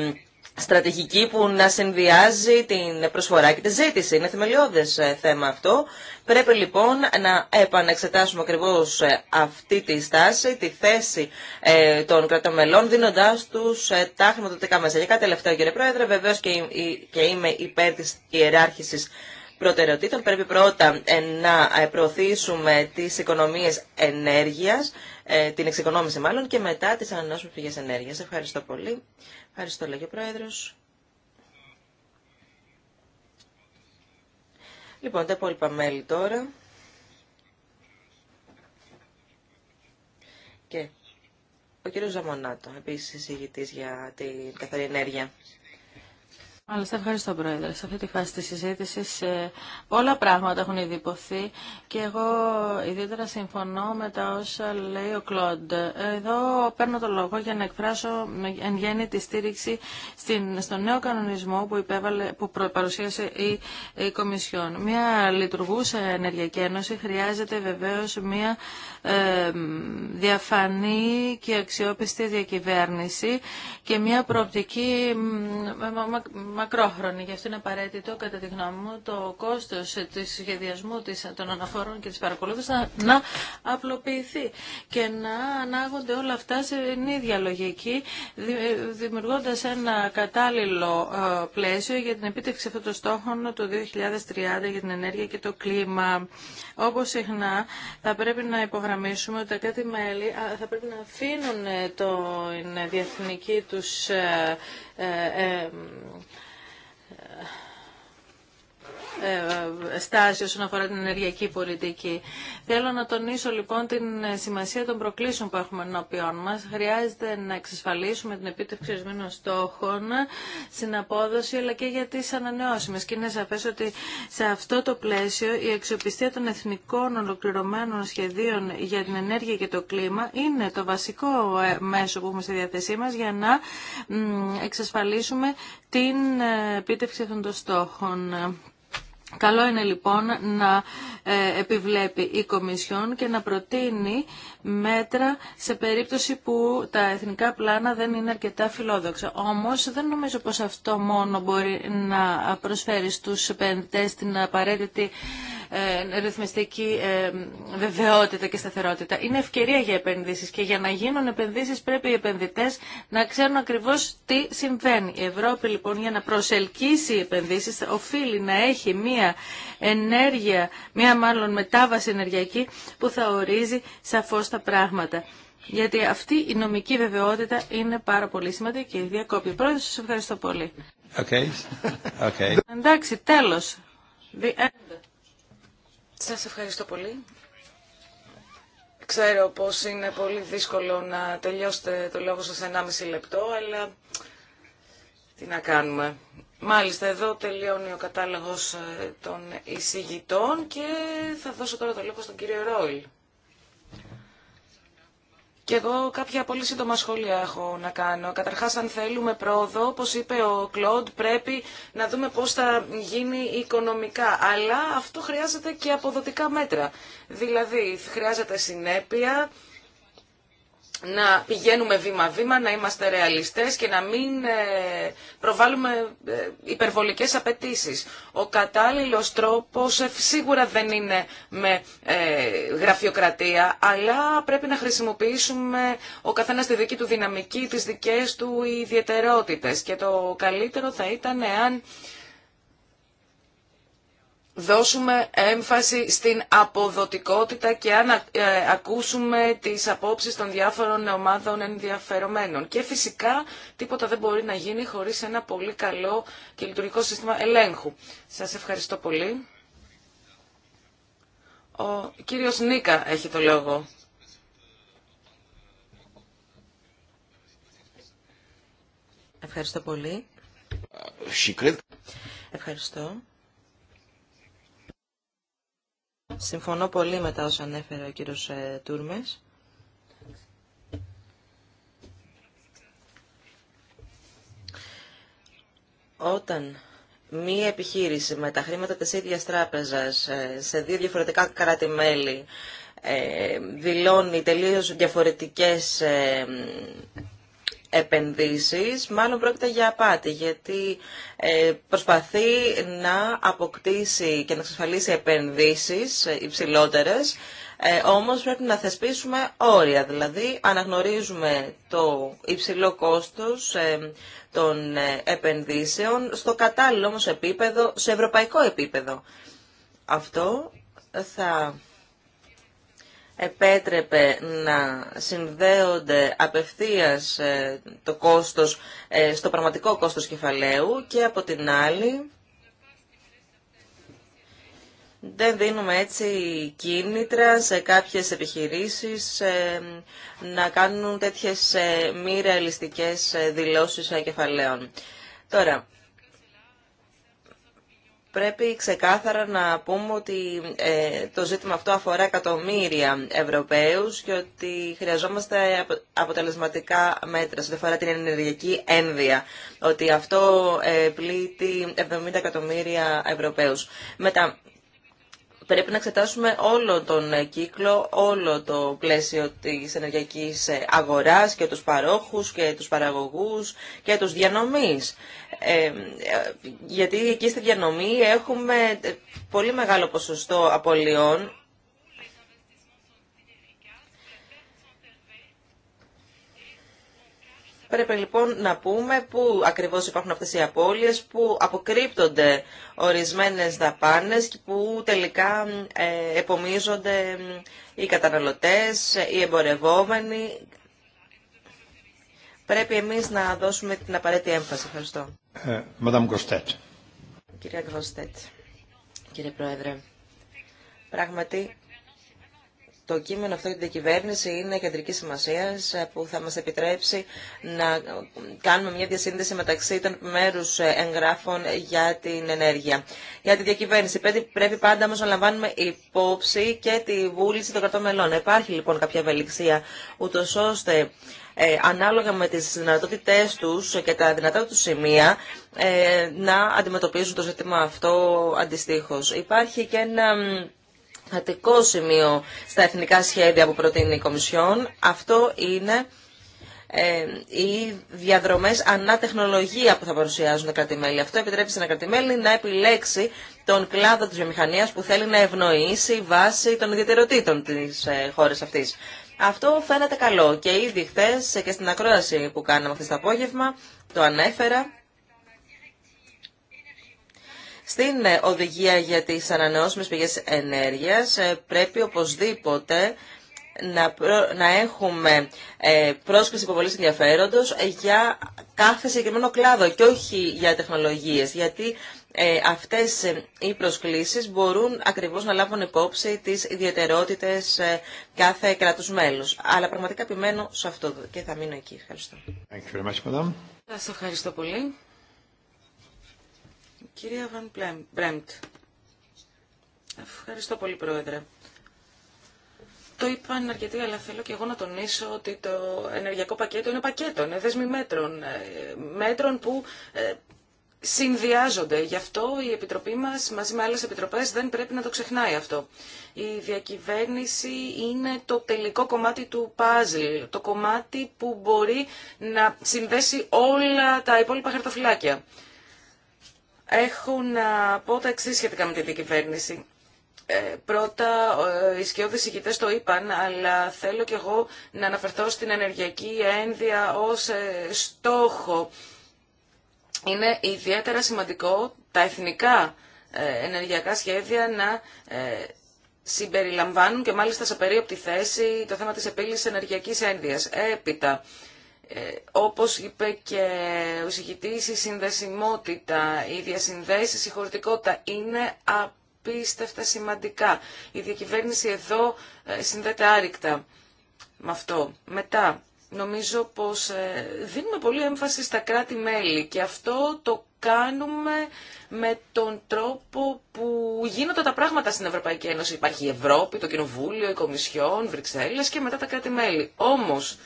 στρατηγική που να συνδυάζει την προσφορά και τη ζήτηση. Είναι θεμελιώδες ε, θέμα αυτό. Πρέπει λοιπόν να επανεξετάσουμε ακριβώς ε, αυτή τη στάση, τη θέση ε, των κρατομελών, δίνοντάς τους τα χρηματοδοτικά μέσα. Για κάτι τελευταίο κύριε Πρόεδρε, βεβαίως και είμαι υπέρ της ιεράρχησης προτεραιοτήτων. Πρέπει πρώτα να προωθήσουμε τις οικονομίες ενέργειας, ε, την εξοικονόμηση μάλλον και μετά τις ανανεώσιμες πηγές ενέργειας. Ευχαριστώ πολύ. Ευχαριστώ λέγει ο Πρόεδρος. Λοιπόν, τα υπόλοιπα μέλη τώρα. Και ο κύριος Ζαμονάτο, επίσης συζητητής για την καθαρή ενέργεια. Μάλιστα, ευχαριστώ Πρόεδρε. Σε αυτή τη φάση της συζήτησης ε, πολλά πράγματα έχουν ήδη και εγώ ιδιαίτερα συμφωνώ με τα όσα λέει ο Κλοντ. Εδώ παίρνω το λόγο για να εκφράσω εν γέννη τη στήριξη στην, στον νέο κανονισμό που, υπέβαλε, που παρουσίασε η, η Κομισιόν. Μια λειτουργούσα ενεργειακή ένωση χρειάζεται βεβαίως μια ε, διαφανή και αξιόπιστη διακυβέρνηση και μια προοπτική ε, μακρόχρονη. Γι' αυτό είναι απαραίτητο, κατά τη γνώμη μου, το κόστο του σχεδιασμού των αναφορών και της παρακολούθησης να, απλοποιηθεί και να ανάγονται όλα αυτά σε ίδια λογική, δημιουργώντας ένα κατάλληλο ε, πλαίσιο για την επίτευξη αυτού των στόχων το 2030 για την ενέργεια και το κλίμα. Όπως συχνά θα πρέπει να υπογραμμίσουμε ότι τα κάτι μέλη θα πρέπει να αφήνουν την διεθνική τους ε, ε, ε, στάση όσον αφορά την ενεργειακή πολιτική. Θέλω να τονίσω λοιπόν την σημασία των προκλήσεων που έχουμε ενώπιόν μα. Χρειάζεται να εξασφαλίσουμε την επίτευξη ορισμένων στόχων στην απόδοση αλλά και για τι ανανεώσιμε Και είναι σαφέ ότι σε αυτό το πλαίσιο η αξιοπιστία των εθνικών ολοκληρωμένων σχεδίων για την ενέργεια και το κλίμα είναι το βασικό ε, μέσο που έχουμε στη διάθεσή μα για να εξασφαλίσουμε την ε, επίτευξη αυτών των στόχων. Καλό είναι λοιπόν να ε, επιβλέπει η Κομισιόν και να προτείνει μέτρα σε περίπτωση που τα εθνικά πλάνα δεν είναι αρκετά φιλόδοξα. Όμως δεν νομίζω πως αυτό μόνο μπορεί να προσφέρει στους επενδυτές την απαραίτητη ε, ρυθμιστική ε, βεβαιότητα και σταθερότητα. Είναι ευκαιρία για επενδύσεις και για να γίνουν επενδύσεις πρέπει οι επενδυτές να ξέρουν ακριβώς τι συμβαίνει. Η Ευρώπη λοιπόν για να προσελκύσει επενδύσεις οφείλει να έχει μία ενέργεια, μία μάλλον μετάβαση ενεργειακή που θα ορίζει σαφώς τα πράγματα. Γιατί αυτή η νομική βεβαιότητα είναι πάρα πολύ σημαντική. Διακόπη. Πρόεδρε, Σα ευχαριστώ πολύ. (laughs) Εντάξει, τέλος. Σας ευχαριστώ πολύ. Ξέρω πως είναι πολύ δύσκολο να τελειώσετε το λόγο σας 1,5 λεπτό, αλλά τι να κάνουμε. Μάλιστα, εδώ τελειώνει ο κατάλογος ε, των εισηγητών και θα δώσω τώρα το λόγο στον κύριο Ρόιλ. Και εγώ κάποια πολύ σύντομα σχόλια έχω να κάνω. Καταρχάς, αν θέλουμε πρόοδο, όπως είπε ο Κλοντ, πρέπει να δούμε πώς θα γίνει οικονομικά. Αλλά αυτό χρειάζεται και αποδοτικά μέτρα. Δηλαδή, χρειάζεται συνέπεια, να πηγαίνουμε βήμα-βήμα, να είμαστε ρεαλιστές και να μην ε, προβάλλουμε ε, υπερβολικές απαιτήσεις. Ο κατάλληλος τρόπος ε, σίγουρα δεν είναι με γραφειοκρατία, αλλά πρέπει να χρησιμοποιήσουμε ο καθένας τη δική του δυναμική, τις δικές του ιδιαιτερότητες. Και το καλύτερο θα ήταν εάν δώσουμε έμφαση στην αποδοτικότητα και αν ε, ακούσουμε τις απόψεις των διάφορων ομάδων ενδιαφερομένων. Και φυσικά τίποτα δεν μπορεί να γίνει χωρίς ένα πολύ καλό και λειτουργικό σύστημα ελέγχου. Σας ευχαριστώ πολύ. Ο κύριος Νίκα έχει το λόγο. Ευχαριστώ πολύ. Ευχαριστώ. Συμφωνώ πολύ με τα όσα ανέφερε ο κύριος ε, Τούρμες. Όταν μία επιχείρηση με τα χρήματα της ίδιας τράπεζας ε, σε δύο διαφορετικά κράτη-μέλη ε, δηλώνει τελείως διαφορετικές επενδύσεις, μάλλον πρόκειται για απάτη, γιατί ε, προσπαθεί να αποκτήσει και να εξασφαλίσει επενδύσεις ε, υψηλότερες, ε, όμως πρέπει να θεσπίσουμε όρια, δηλαδή αναγνωρίζουμε το υψηλό κόστος των επενδύσεων στο κατάλληλο όμως επίπεδο, σε ευρωπαϊκό επίπεδο. Αυτό θα επέτρεπε να συνδέονται απευθείας ε, το κόστος ε, στο πραγματικό κόστος κεφαλαίου και από την άλλη δεν δίνουμε έτσι κίνητρα σε κάποιες επιχειρήσεις ε, να κάνουν τέτοιες μη ρεαλιστικές δηλώσεις κεφαλαίων. Τώρα, Πρέπει ξεκάθαρα να πούμε ότι ε, το ζήτημα αυτό αφορά εκατομμύρια Ευρωπαίους και ότι χρειαζόμαστε αποτελεσματικά μέτρα σε αφορά την ενεργειακή ένδυα, ότι αυτό ε, πλήττει 70 εκατομμύρια Ευρωπαίους. Μετά, Πρέπει να εξετάσουμε όλο τον ε, κύκλο, όλο το πλαίσιο της ενεργειακής ε, αγοράς και τους παρόχους και τους παραγωγούς και τους διανομή. Ε, γιατί εκεί στη διανομή έχουμε πολύ μεγάλο ποσοστό απολειών Πρέπει λοιπόν να πούμε πού ακριβώς υπάρχουν αυτές οι απώλειες, πού αποκρύπτονται ορισμένες δαπάνες και πού τελικά ε, επομίζονται οι καταναλωτές, οι εμπορευόμενοι. Πρέπει εμείς να δώσουμε την απαραίτητη έμφαση. Ευχαριστώ. Ε, Κυρία Γκροστέτ. Κύριε Πρόεδρε, πράγματι το κείμενο αυτό για την διακυβέρνηση είναι κεντρική σημασία ε, που θα μα επιτρέψει να κάνουμε μια διασύνδεση μεταξύ των μέρου ε, εγγράφων για την ενέργεια. Για τη διακυβέρνηση πρέπει πάντα όμω να λαμβάνουμε υπόψη και τη βούληση των κρατών μελών. Υπάρχει λοιπόν κάποια ευελιξία ούτω ώστε ε, ανάλογα με τις δυνατότητές τους και τα δυνατά τους σημεία να αντιμετωπίζουν το ζήτημα αυτό αντιστοίχως. Υπάρχει και ένα θετικό σημείο στα εθνικά σχέδια που προτείνει η Κομισιόν. Αυτό είναι ε, οι διαδρομές ανάτεχνολογία που θα παρουσιάζουν τα κρατημέλη. Αυτό επιτρέπει στην κρατημέλη να επιλέξει τον κλάδο της βιομηχανία που θέλει να ευνοήσει βάσει των ιδιαιτεροτήτων της ε, χώρα αυτής. Αυτό φαίνεται καλό και ήδη χθε και στην ακρόαση που κάναμε χθε το απόγευμα το ανέφερα στην οδηγία για τις ανανεώσιμες πηγές ενέργειας ε, πρέπει οπωσδήποτε να έχουμε ε, πρόσκληση υποβολή ενδιαφέροντος για κάθε συγκεκριμένο κλάδο και όχι για τεχνολογίες, γιατί ε, αυτές οι προσκλήσεις μπορούν ακριβώς να λάβουν υπόψη τις ιδιαιτερότητες κάθε κράτους μέλους. Αλλά πραγματικά επιμένω σε αυτό και θα μείνω εκεί. Ευχαριστώ. Σας ευχαριστώ πολύ. Κυρία Βαν Μπρέμπτ. Ευχαριστώ πολύ, Πρόεδρε. Το είπαν αρκετοί, αλλά θέλω και εγώ να τονίσω ότι το ενεργειακό πακέτο είναι πακέτο, είναι δέσμη μέτρων. Ε, μέτρων που ε, συνδυάζονται. Γι' αυτό η Επιτροπή μας, μαζί με άλλες επιτροπές, δεν πρέπει να το ξεχνάει αυτό. Η διακυβέρνηση είναι το τελικό κομμάτι του παζλ, το κομμάτι που μπορεί να συνδέσει όλα τα υπόλοιπα χαρτοφυλάκια. Έχω να πω τα εξή σχετικά με την διακυβέρνηση. Ε, πρώτα, οι σκιώδει ηγητέ το είπαν, αλλά θέλω κι εγώ να αναφερθώ στην ενεργειακή ένδυα ως ε, στόχο. Είναι ιδιαίτερα σημαντικό τα εθνικά ε, ενεργειακά σχέδια να συμπεριλαμβάνουν και μάλιστα σε περίοπτη θέση το θέμα της επίλυσης ενεργειακής ένδυας. Έπειτα, ε, όπως είπε και ο συγκητής, η συνδεσιμότητα, οι διασυνδέσεις, η χωρητικότητα είναι απίστευτα σημαντικά. Η διακυβέρνηση εδώ ε, συνδέεται άρρηκτα με αυτό. Μετά, νομίζω πως ε, δίνουμε πολύ έμφαση στα κράτη-μέλη και αυτό το κάνουμε με τον τρόπο που γίνονται τα πράγματα στην Ευρωπαϊκή Ένωση. Υπάρχει η Ευρώπη, το Κοινοβούλιο, η Κομισιόν, Βρυξέλλες και μετά τα κράτη-μέλη. Όμως,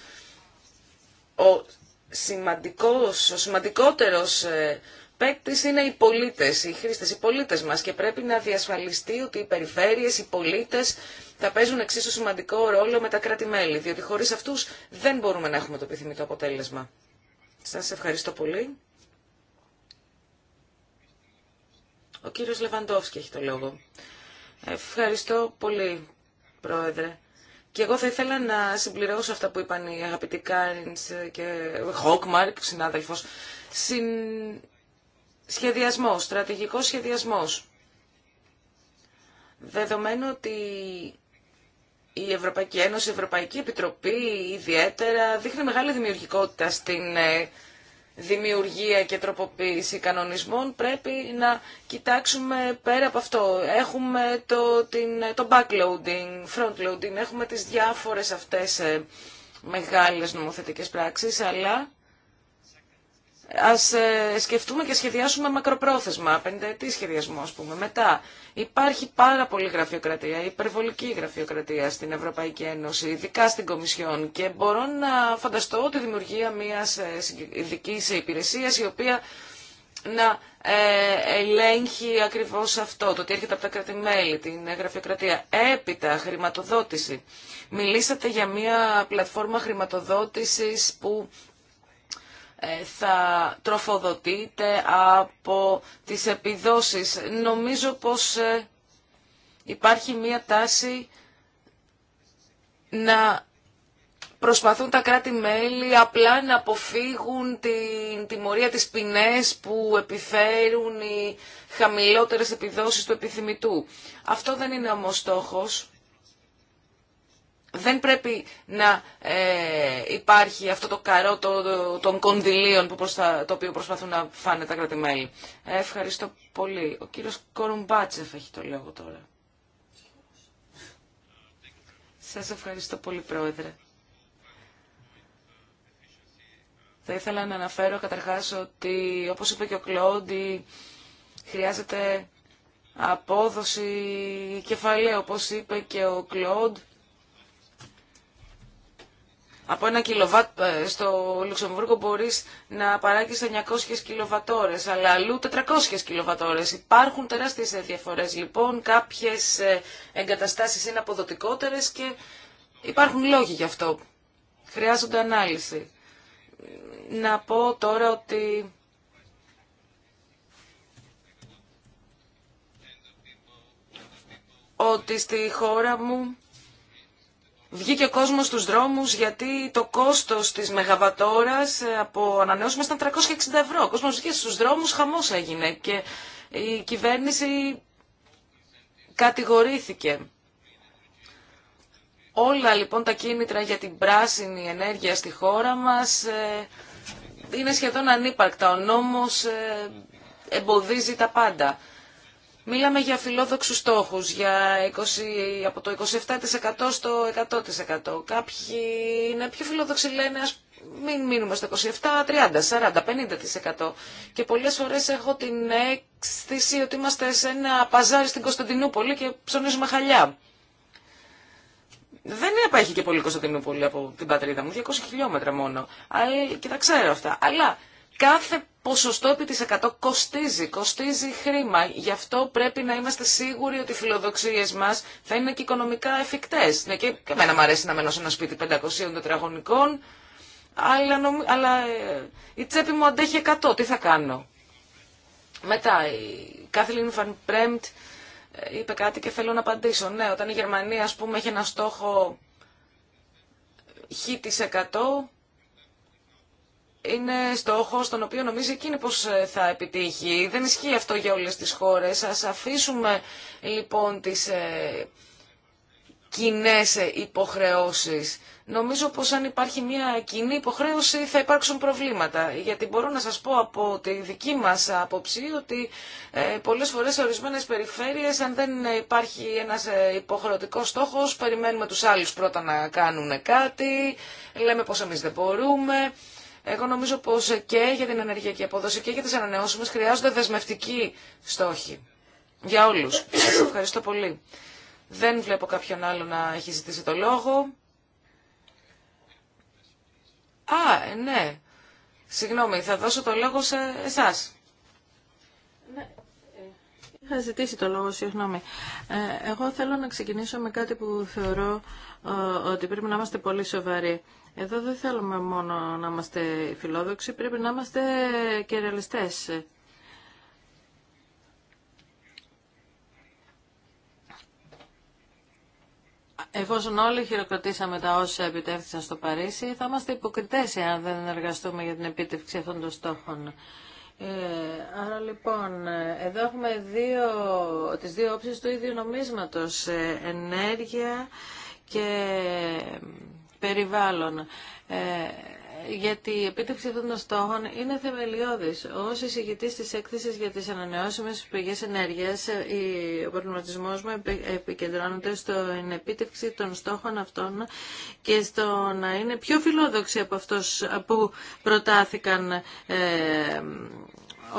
ο σημαντικός, ο σημαντικότερος ε, παίκτη είναι οι πολίτες, οι χρήστες, οι πολίτες μας και πρέπει να διασφαλιστεί ότι οι περιφέρειες, οι πολίτες θα παίζουν εξίσου σημαντικό ρόλο με τα κράτη-μέλη, διότι χωρίς αυτούς δεν μπορούμε να έχουμε το επιθυμητό αποτέλεσμα. Σας ευχαριστώ πολύ. Ο κύριος Λεβαντόφσκι έχει το λόγο. Ευχαριστώ πολύ, Πρόεδρε. Και εγώ θα ήθελα να συμπληρώσω αυτά που είπαν οι αγαπητοί Κάρινς και Χόκμαρκ, συνάδελφος. Συν... Σχεδιασμός, στρατηγικός σχεδιασμός. Δεδομένου ότι η Ευρωπαϊκή Ένωση, η Ευρωπαϊκή Επιτροπή ιδιαίτερα δείχνει μεγάλη δημιουργικότητα στην ε, δημιουργία και τροποποίηση κανονισμών, πρέπει να κοιτάξουμε πέρα από αυτό. Έχουμε το, την, το backloading, frontloading, έχουμε τις διάφορες αυτές ε, μεγάλες νομοθετικές πράξεις, αλλά ας ε, σκεφτούμε και σχεδιάσουμε μακροπρόθεσμα, πενταετή σχεδιασμό ας πούμε. Μετά υπάρχει πάρα πολύ γραφειοκρατία, υπερβολική γραφειοκρατία στην Ευρωπαϊκή Ένωση, ειδικά στην Κομισιόν και μπορώ να φανταστώ τη δημιουργία μιας ε, ειδική υπηρεσία, η οποία να ε, ελέγχει ακριβώς αυτό, το ότι έρχεται από τα κρατημέλη, την γραφειοκρατία. Έπειτα, χρηματοδότηση. Μιλήσατε για μια πλατφόρμα χρηματοδότησης που ε, θα τροφοδοτείτε από τις επιδόσεις. Νομίζω πως ε, υπάρχει μία τάση να προσπαθούν τα κράτη-μέλη απλά να αποφύγουν την τιμωρία της ποινές που επιφέρουν οι χαμηλότερες επιδόσεις του επιθυμητού. Αυτό δεν είναι όμως στόχος δεν πρέπει να ε, υπάρχει αυτό το καρό των κονδυλίων που το οποίο προσπαθούν να φάνε τα κρατημέλη. Ε, ευχαριστώ πολύ. Ο κύριος Κορουμπάτσεφ έχει το λόγο τώρα. Σας ευχαριστώ πολύ, Πρόεδρε. Θα ήθελα να αναφέρω καταρχάς ότι, όπως είπε και ο Κλόντι, χρειάζεται απόδοση κεφαλαίου, όπως είπε και ο Κλόντ από ένα κιλοβάτ ε, στο Λουξεμβούργο μπορεί να παράγεις 900 κιλοβατόρε αλλά αλλού 400 κιλοβατόρε. Υπάρχουν τεράστιες διαφορές λοιπόν, κάποιες ε, εγκαταστάσεις είναι αποδοτικότερε και υπάρχουν λόγοι γι' αυτό. Χρειάζονται ανάλυση. Να πω τώρα ότι... ότι στη χώρα μου Βγήκε ο κόσμο στου δρόμους γιατί το κόστος της μεγαβατόρα ε, από ανανεώσιμες ήταν 360 ευρώ. Ο κόσμο βγήκε στους δρόμους, χαμό έγινε και η κυβέρνηση κατηγορήθηκε. Όλα λοιπόν τα κίνητρα για την πράσινη ενέργεια στη χώρα μας ε, είναι σχεδόν ανύπαρκτα. Ο νόμος ε, εμποδίζει τα πάντα. Μίλαμε για φιλόδοξους στόχους, για 20, από το 27% στο 100%. Κάποιοι είναι πιο φιλόδοξοι, λένε ας μην μείνουμε στο 27, 30, 40, 50%. Και πολλές φορές έχω την αίσθηση ότι είμαστε σε ένα παζάρι στην Κωνσταντινούπολη και ψωνίζουμε χαλιά. Δεν υπάρχει και πολύ Κωνσταντινούπολη από την πατρίδα μου, 200 χιλιόμετρα μόνο. και τα ξέρω αυτά. Αλλά κάθε ποσοστό επί της 100 κοστίζει, κοστίζει χρήμα. Γι' αυτό πρέπει να είμαστε σίγουροι ότι οι φιλοδοξίες μας θα είναι και οικονομικά εφικτές. Ναι, και, και εμένα μου αρέσει να μένω σε ένα σπίτι 500 τετραγωνικών, αλλά, αλλά ε, η τσέπη μου αντέχει 100, τι θα κάνω. Μετά η Κάθλιν Φαν Πρέμπτ ε, είπε κάτι και θέλω να απαντήσω. Ναι, όταν η Γερμανία ας πούμε έχει ένα στόχο χ είναι στόχο τον οποίο νομίζει εκείνη πώ ε, θα επιτύχει. Δεν ισχύει αυτό για όλε τι χώρε. Α αφήσουμε λοιπόν τι ε, κοινέ ε, υποχρεώσει. Νομίζω πω αν υπάρχει μια κοινή υποχρέωση θα υπάρξουν προβλήματα. Γιατί μπορώ να σα πω από τη δική μα άποψη ότι ε, πολλές φορές σε ορισμένες περιφέρειες αν δεν υπάρχει ένας ε, υποχρεωτικό στόχο, περιμένουμε του άλλου πρώτα να κάνουν κάτι, λέμε πως εμεί δεν μπορούμε. Εγώ νομίζω πω και για την ενεργειακή απόδοση και για τις ανανεώσιμε χρειάζονται δεσμευτικοί στόχοι. Για όλους. Σα ευχαριστώ πολύ. Δεν βλέπω κάποιον άλλο να έχει ζητήσει το λόγο. Α, ναι. Συγγνώμη, θα δώσω το λόγο σε εσάς. Ναι, ε, είχα ζητήσει το λόγο, συγγνώμη. Ε, εγώ θέλω να ξεκινήσω με κάτι που θεωρώ ε, ότι πρέπει να είμαστε πολύ σοβαροί. Εδώ δεν θέλουμε μόνο να είμαστε φιλόδοξοι, πρέπει να είμαστε και ρεαλιστές. Εφόσον όλοι χειροκροτήσαμε τα όσα επιτεύχθησαν στο Παρίσι, θα είμαστε υποκριτές εάν δεν εργαστούμε για την επίτευξη αυτών των στόχων. Ε, άρα λοιπόν, εδώ έχουμε δύο, τις δύο όψεις του ίδιου νομίσματος, ε, ενέργεια και περιβάλλον. Ε, γιατί η επίτευξη αυτών των στόχων είναι θεμελιώδη. Ω εισηγητή τη έκθεση για τι ανανεώσιμε πηγέ ενέργεια, ε, ο προβληματισμό μου επικεντρώνεται στην επίτευξη των στόχων αυτών και στο να είναι πιο φιλόδοξοι από αυτού που προτάθηκαν ε,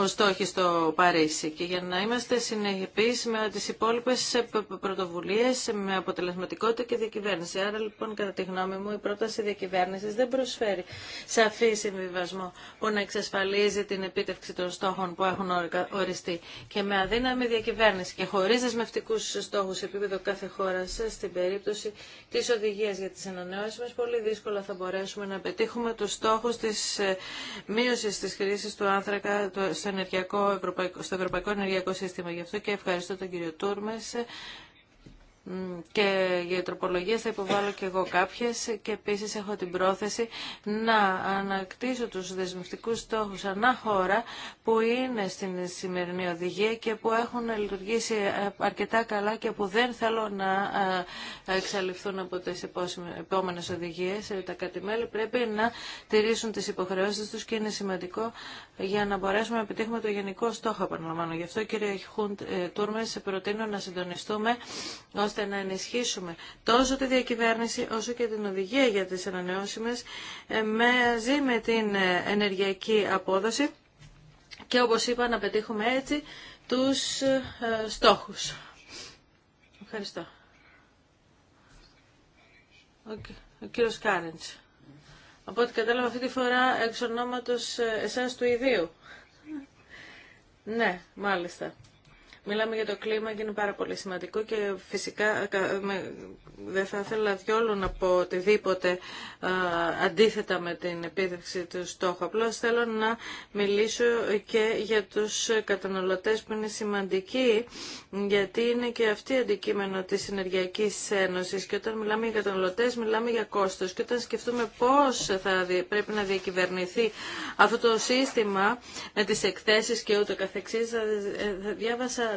ο στόχοι στο Παρίσι και για να είμαστε συνεχείς με τις υπόλοιπες πρωτοβουλίες με αποτελεσματικότητα και διακυβέρνηση. Άρα λοιπόν κατά τη γνώμη μου η πρόταση διακυβέρνησης δεν προσφέρει σαφή συμβιβασμό που να εξασφαλίζει την επίτευξη των στόχων που έχουν οριστεί και με αδύναμη διακυβέρνηση και χωρίς δεσμευτικούς στόχους σε επίπεδο κάθε χώρα στην περίπτωση της οδηγίας για τις ανανεώσιμες πολύ δύσκολα θα μπορέσουμε να πετύχουμε τους στόχους της ε, μείωσης της χρήση του άνθρακα στο, ενεργειακό, στο Ευρωπαϊκό Ενεργειακό Σύστημα. Γι' αυτό και ευχαριστώ τον κύριο Τούρμες και για τροπολογίες θα υποβάλω και εγώ κάποιες και επίσης έχω την πρόθεση να ανακτήσω τους δεσμευτικούς στόχους ανά χώρα που είναι στην σημερινή οδηγία και που έχουν λειτουργήσει ε, αρκετά καλά και που δεν θέλω να ε, εξαλειφθούν από τις επόμενες οδηγίες. Ε, τα κατημέλη πρέπει να τηρήσουν τις υποχρεώσεις τους και είναι σημαντικό για να μπορέσουμε να πετύχουμε το γενικό στόχο, επαναλαμβάνω. Γι' αυτό, κύριε Χούντ ε, Τούρμε, σε προτείνω να συντονιστούμε ώστε να ενισχύσουμε τόσο τη διακυβέρνηση όσο και την οδηγία για τις ανανεώσιμες ε, μαζί με την ε, ενεργειακή απόδοση και όπως είπα να πετύχουμε έτσι τους ε, στόχους. Ευχαριστώ. Ο, ο κύριος από ό,τι κατάλαβα αυτή τη φορά εξ ονόματος ε, εσάς του ιδίου. Ναι, μάλιστα. Μιλάμε για το κλίμα και είναι πάρα πολύ σημαντικό και φυσικά δεν θα ήθελα διόλου να πω οτιδήποτε αντίθετα με την επίδευξη του στόχου. Απλώ θέλω να μιλήσω και για τους καταναλωτές που είναι σημαντικοί γιατί είναι και αυτή αντικείμενο της Ενεργειακής Ένωσης και όταν μιλάμε για καταναλωτές μιλάμε για κόστος και όταν σκεφτούμε πώς θα πρέπει να διακυβερνηθεί αυτό το σύστημα με τις εκθέσεις και ούτω καθεξής θα ε, διάβασα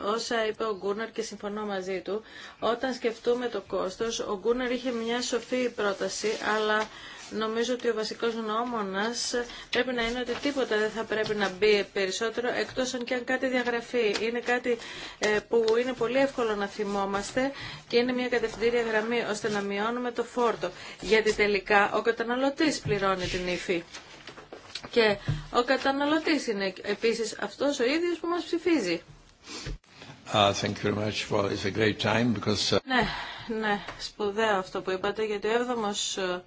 όσα είπε ο Γκούναρ και συμφωνώ μαζί του. Όταν σκεφτούμε το κόστος, ο Γκούναρ είχε μια σοφή πρόταση, αλλά νομίζω ότι ο βασικός νόμονας πρέπει να είναι ότι τίποτα δεν θα πρέπει να μπει περισσότερο εκτός αν και αν κάτι διαγραφεί. Είναι κάτι ε, που είναι πολύ εύκολο να θυμόμαστε και είναι μια κατευθυντήρια γραμμή ώστε να μειώνουμε το φόρτο. Γιατί τελικά ο καταναλωτής πληρώνει την ύφη. Και ο καταναλωτής είναι επίσης αυτός ο ίδιος που μας ψηφίζει. Uh, great time uh, Ναι, ναι, σπουδαίο αυτό που είπατε, γιατί ο έβδομος ε,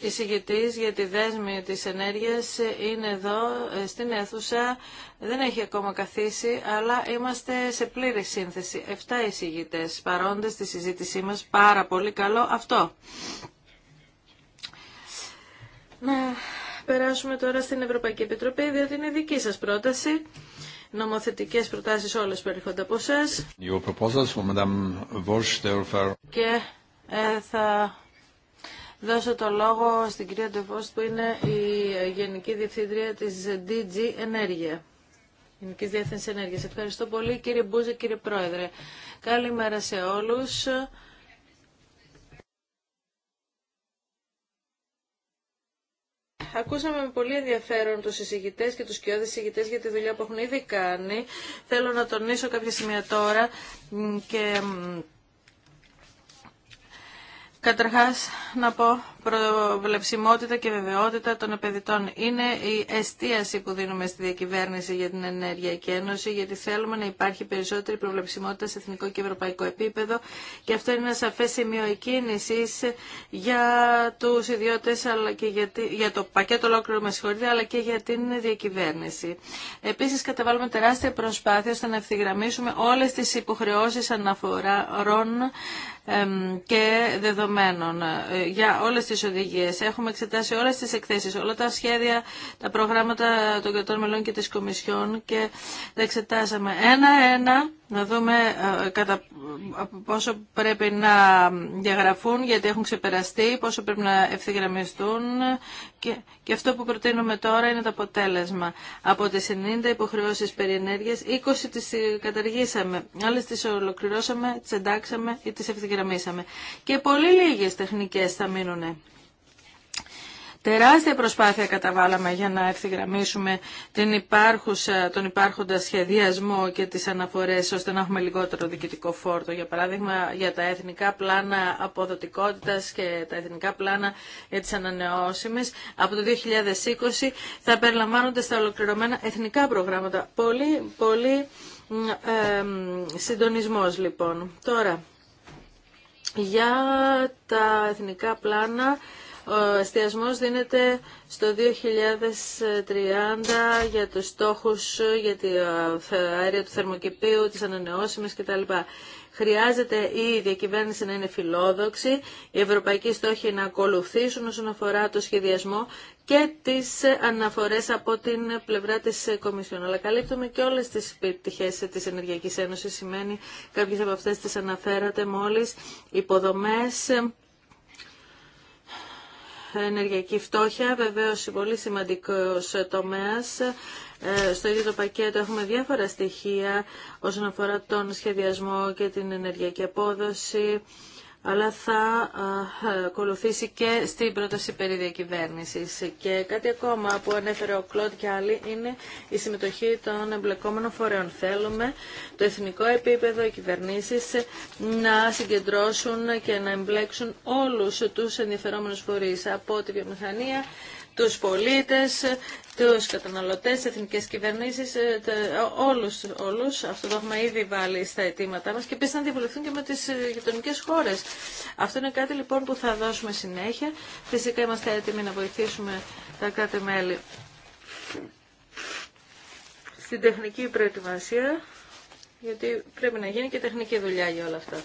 εισηγητής για τη δέσμη της ενέργειας ε, είναι εδώ ε, στην αίθουσα, δεν έχει ακόμα καθίσει, αλλά είμαστε σε πλήρη σύνθεση. Εφτά εισηγητές παρόντες στη συζήτησή μας, πάρα πολύ καλό αυτό. Ναι περάσουμε τώρα στην Ευρωπαϊκή Επιτροπή, διότι είναι δική σας πρόταση. Νομοθετικές προτάσεις όλες περιχόνται από εσάς. Και ε, θα δώσω το λόγο στην κυρία Ντεβόστ που είναι η Γενική Διευθύντρια της DG Ενέργεια. Γενική Διεύθυνση Ενέργεια. Ευχαριστώ πολύ κύριε Μπούζε, κύριε Πρόεδρε. Καλημέρα σε όλους. ακούσαμε με πολύ ενδιαφέρον τους εισηγητές και τους κοιόδες εισηγητές για τη δουλειά που έχουν ήδη κάνει. Θέλω να τονίσω κάποια σημεία τώρα και Καταρχά να πω προβλεψιμότητα και βεβαιότητα των επενδυτών. Είναι η εστίαση που δίνουμε στη διακυβέρνηση για την Ενέργεια και Ένωση, γιατί θέλουμε να υπάρχει περισσότερη προβλεψιμότητα σε εθνικό και ευρωπαϊκό επίπεδο. Και αυτό είναι ένα σαφέ σημείο εκκίνηση για του ιδιώτε, αλλά και για, για το πακέτο ολόκληρο, με συγχωρείτε, αλλά και για την διακυβέρνηση. Επίση, καταβάλουμε τεράστια προσπάθεια ώστε να ευθυγραμμίσουμε όλε τι υποχρεώσει αναφορών και δεδομένων ε, για όλες τις οδηγίες. Έχουμε εξετάσει όλες τις εκθέσεις, όλα τα σχέδια, τα προγράμματα των κρατών μελών και της Κομισιόν και τα εξετάσαμε ένα-ένα να δούμε ε, κατά ε, πόσο πρέπει να διαγραφούν γιατί έχουν ξεπεραστεί, πόσο πρέπει να ευθυγραμμιστούν και, και αυτό που προτείνουμε τώρα είναι το αποτέλεσμα. Από τις 90 υποχρεώσεις περί ενέργειας, 20 τις καταργήσαμε, άλλες τις ολοκληρώσαμε, τις εντάξαμε ή τις ευθυγραμμίσαμε. Και πολύ λίγες τεχνικές θα μείνουν. Τεράστια προσπάθεια καταβάλαμε για να ευθυγραμμίσουμε την υπάρχουσα, τον υπάρχοντα σχεδιασμό και τις αναφορές ώστε να έχουμε λιγότερο διοικητικό φόρτο. Για παράδειγμα για τα εθνικά πλάνα αποδοτικότητας και τα εθνικά πλάνα για τις ανανεώσιμες από το 2020 θα περιλαμβάνονται στα ολοκληρωμένα εθνικά προγράμματα. Πολύ, πολύ ε, συντονισμός λοιπόν. Τώρα, για τα εθνικά πλάνα ο εστιασμός δίνεται στο 2030 για τους στόχους, για το αέριο του θερμοκηπίου, τις ανανεώσιμες κτλ. Χρειάζεται η διακυβέρνηση να είναι φιλόδοξη, οι ευρωπαϊκοί στόχοι να ακολουθήσουν όσον αφορά το σχεδιασμό και τις αναφορές από την πλευρά της Κομισιόν. Αλλά καλύπτουμε και όλες τις επιτυχές της Ενεργειακής Ένωσης. Σημαίνει κάποιες από αυτές τις αναφέρατε μόλις υποδομές, ενεργειακή φτώχεια, βεβαίως πολύ σημαντικός τομέας. Ε, στο ίδιο το πακέτο έχουμε διάφορα στοιχεία όσον αφορά τον σχεδιασμό και την ενεργειακή απόδοση αλλά θα ακολουθήσει και στην πρόταση περί διακυβέρνησης. Και κάτι ακόμα που ανέφερε ο Κλοντ και άλλοι είναι η συμμετοχή των εμπλεκόμενων φορέων. Θέλουμε το εθνικό επίπεδο, οι κυβερνήσεις να συγκεντρώσουν και να εμπλέξουν όλους τους ενδιαφερόμενους φορείς από τη βιομηχανία τους πολίτες, τους καταναλωτές, εθνικές κυβερνήσεις, ε, όλους, όλους. Αυτό το έχουμε ήδη βάλει στα αιτήματά μας και επίσης να διαβουλευτούν και με τις ε, γειτονικέ χώρες. Αυτό είναι κάτι λοιπόν που θα δώσουμε συνέχεια. Φυσικά είμαστε έτοιμοι να βοηθήσουμε τα κάθε μελη στην τεχνική προετοιμασία, γιατί πρέπει να γίνει και τεχνική δουλειά για όλα αυτά.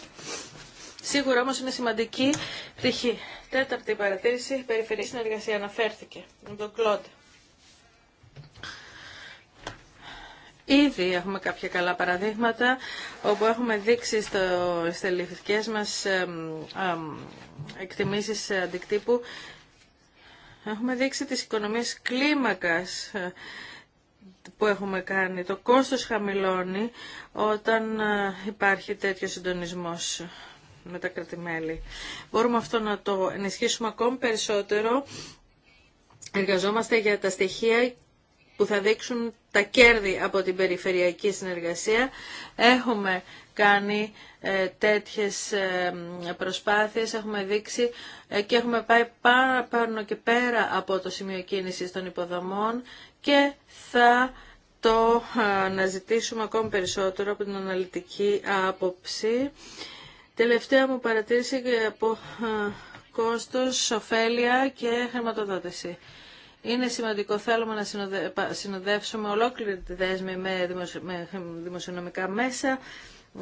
Σίγουρα όμως είναι σημαντική πτυχή. Τέταρτη παρατήρηση, περιφερειακή συνεργασία αναφέρθηκε με τον Κλόντ. Ήδη έχουμε κάποια καλά παραδείγματα όπου έχουμε δείξει στο, στις μας εκτιμήσεις αντικτύπου Έχουμε δείξει τις οικονομίες κλίμακας ε, που έχουμε κάνει. Το κόστος χαμηλώνει όταν ε, υπάρχει τέτοιο συντονισμός με τα κρατημέλη. Μπορούμε αυτό να το ενισχύσουμε ακόμη περισσότερο. Εργαζόμαστε για τα στοιχεία που θα δείξουν τα κέρδη από την περιφερειακή συνεργασία. Έχουμε κάνει ε, τέτοιες ε, προσπάθειες, έχουμε δείξει ε, και έχουμε πάει πάρα πάνω και πέρα από το σημείο κίνησης των υποδομών και θα το ε, αναζητήσουμε ακόμη περισσότερο από την αναλυτική άποψη. Τελευταία μου παρατήρηση από κόστος, ωφέλεια και χρηματοδότηση. Είναι σημαντικό, θέλουμε να συνοδεύσουμε ολόκληρη τη δέσμη με δημοσιονομικά μέσα,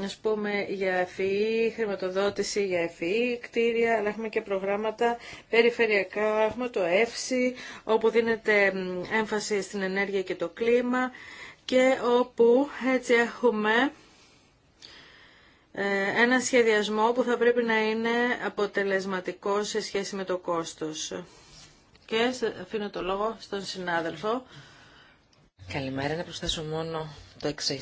ας πούμε για ΕΦΗ, e, χρηματοδότηση για ΕΦΗ, e, κτίρια, αλλά έχουμε και προγράμματα περιφερειακά, έχουμε το ΕΦΣΥ, όπου δίνεται έμφαση στην ενέργεια και το κλίμα και όπου έτσι έχουμε ε, ένα σχεδιασμό που θα πρέπει να είναι αποτελεσματικό σε σχέση με το κόστος. Και αφήνω το λόγο στον συνάδελφο. Καλημέρα, να προσθέσω μόνο το εξή.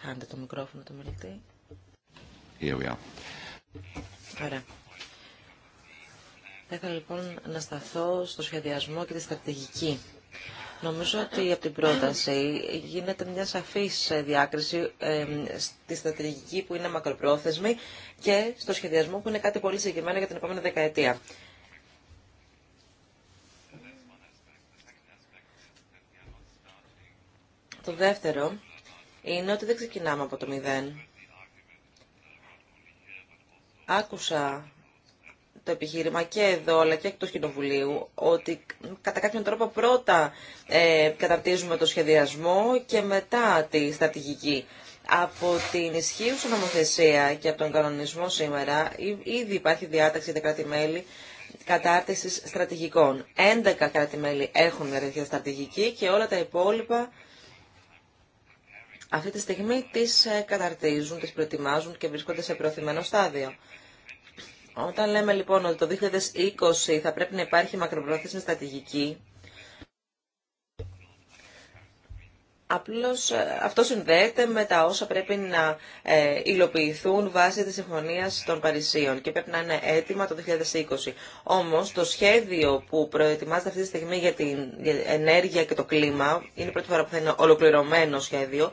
Χάντε το μικρόφωνο το μιλητή. Here we are. Ωραία. Θα ήθελα λοιπόν να σταθώ στο σχεδιασμό και τη στρατηγική Νομίζω ότι από την πρόταση γίνεται μια σαφής ε, διάκριση στη στρατηγική που είναι μακροπρόθεσμη και στο σχεδιασμό που είναι κάτι πολύ συγκεκριμένο για την επόμενη δεκαετία. Το δεύτερο είναι ότι δεν ξεκινάμε από το μηδέν. Άκουσα το επιχείρημα και εδώ αλλά και εκτός κοινοβουλίου ότι κατά κάποιον τρόπο πρώτα ε, καταρτίζουμε το σχεδιασμό και μετά τη στρατηγική. Από την ισχύουσα νομοθεσία και από τον κανονισμό σήμερα ήδη υπάρχει διάταξη για τα κράτη-μέλη κατάρτισης στρατηγικών. 11 κράτη-μέλη έχουν μια τέτοια στρατηγική και όλα τα υπόλοιπα αυτή τη στιγμή τις ε, καταρτίζουν, τις προετοιμάζουν και βρίσκονται σε προωθημένο στάδιο. Όταν λέμε λοιπόν ότι το 2020 θα πρέπει να υπάρχει μακροπρόθεσμη στρατηγική, Απλώς ε, αυτό συνδέεται με τα όσα πρέπει να ε, υλοποιηθούν βάσει της Συμφωνίας των Παρισίων και πρέπει να είναι έτοιμα το 2020. Όμως το σχέδιο που προετοιμάζεται αυτή τη στιγμή για την ενέργεια και το κλίμα, είναι η πρώτη φορά που θα είναι ολοκληρωμένο σχέδιο,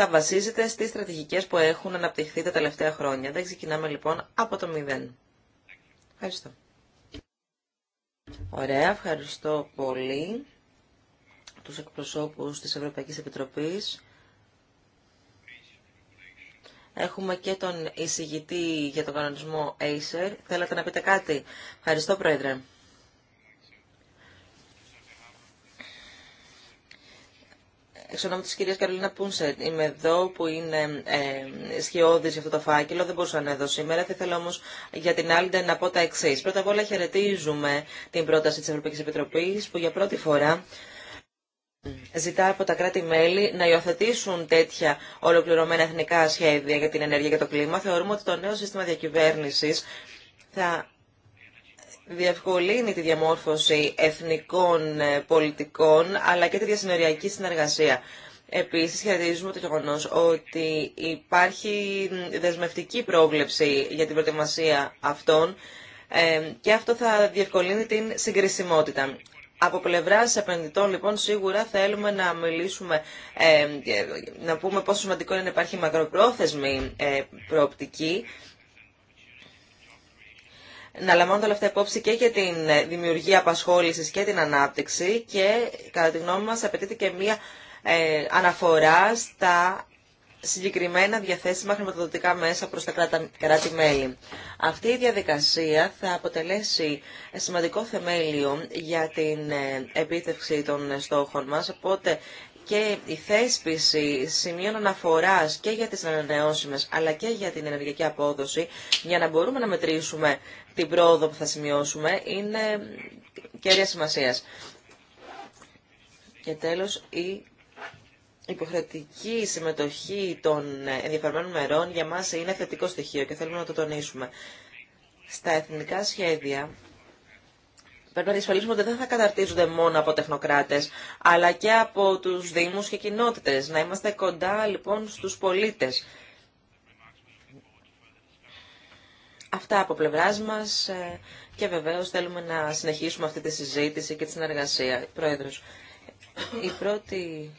θα βασίζεται στις στρατηγικές που έχουν αναπτυχθεί τα τελευταία χρόνια. Δεν ξεκινάμε λοιπόν από το μηδέν. Ευχαριστώ. Ωραία, ευχαριστώ πολύ τους εκπροσώπους τη Ευρωπαϊκής Επιτροπής. Έχουμε και τον εισηγητή για τον κανονισμό Acer. Θέλατε να πείτε κάτι. Ευχαριστώ, Πρόεδρε. Εξ ονόμου τη κυρία Καρολίνα Πούνσετ, είμαι εδώ που είναι ε, για αυτό το φάκελο. Δεν μπορούσα να εδώ σήμερα. Θα ήθελα όμω για την άλλη να πω τα εξή. Πρώτα απ' όλα χαιρετίζουμε την πρόταση τη Ευρωπαϊκή Επιτροπή που για πρώτη φορά ζητά από τα κράτη-μέλη να υιοθετήσουν τέτοια ολοκληρωμένα εθνικά σχέδια για την ενέργεια και το κλίμα. Θεωρούμε ότι το νέο σύστημα διακυβέρνηση θα διευκολύνει τη διαμόρφωση εθνικών ε, πολιτικών αλλά και τη διασυνοριακή συνεργασία. Επίσης, χαιρετίζουμε το γεγονό ότι υπάρχει δεσμευτική πρόβλεψη για την προετοιμασία αυτών ε, και αυτό θα διευκολύνει την συγκρισιμότητα. Από πλευρά επενδυτών, λοιπόν, σίγουρα θέλουμε να μιλήσουμε, ε, να πούμε πόσο σημαντικό είναι να υπάρχει μακροπρόθεσμη προοπτική να λαμβάνονται όλα αυτά υπόψη και για την ε, δημιουργία απασχόληση και την ανάπτυξη και κατά τη γνώμη μα απαιτείται και μία ε, αναφορά στα συγκεκριμένα διαθέσιμα χρηματοδοτικά μέσα προς τα κράτη-μέλη. Αυτή η διαδικασία θα αποτελέσει σημαντικό θεμέλιο για την ε, επίτευξη των στόχων μας, οπότε και η θέσπιση σημείων αναφοράς και για τις ανανεώσιμες αλλά και για την ενεργειακή απόδοση για να μπορούμε να μετρήσουμε την πρόοδο που θα σημειώσουμε είναι κέρια σημασία. Και τέλος, η υποχρεωτική συμμετοχή των ενδιαφερμένων μερών για μας είναι θετικό στοιχείο και θέλουμε να το τονίσουμε. Στα εθνικά σχέδια πρέπει να διασφαλίσουμε ότι δεν θα καταρτίζονται μόνο από τεχνοκράτες, αλλά και από τους δήμους και κοινότητες. Να είμαστε κοντά λοιπόν στους πολίτες. Αυτά από πλευρά μα ε, και βεβαίω θέλουμε να συνεχίσουμε αυτή τη συζήτηση και τη συνεργασία. Πρόεδρο, η πρώτη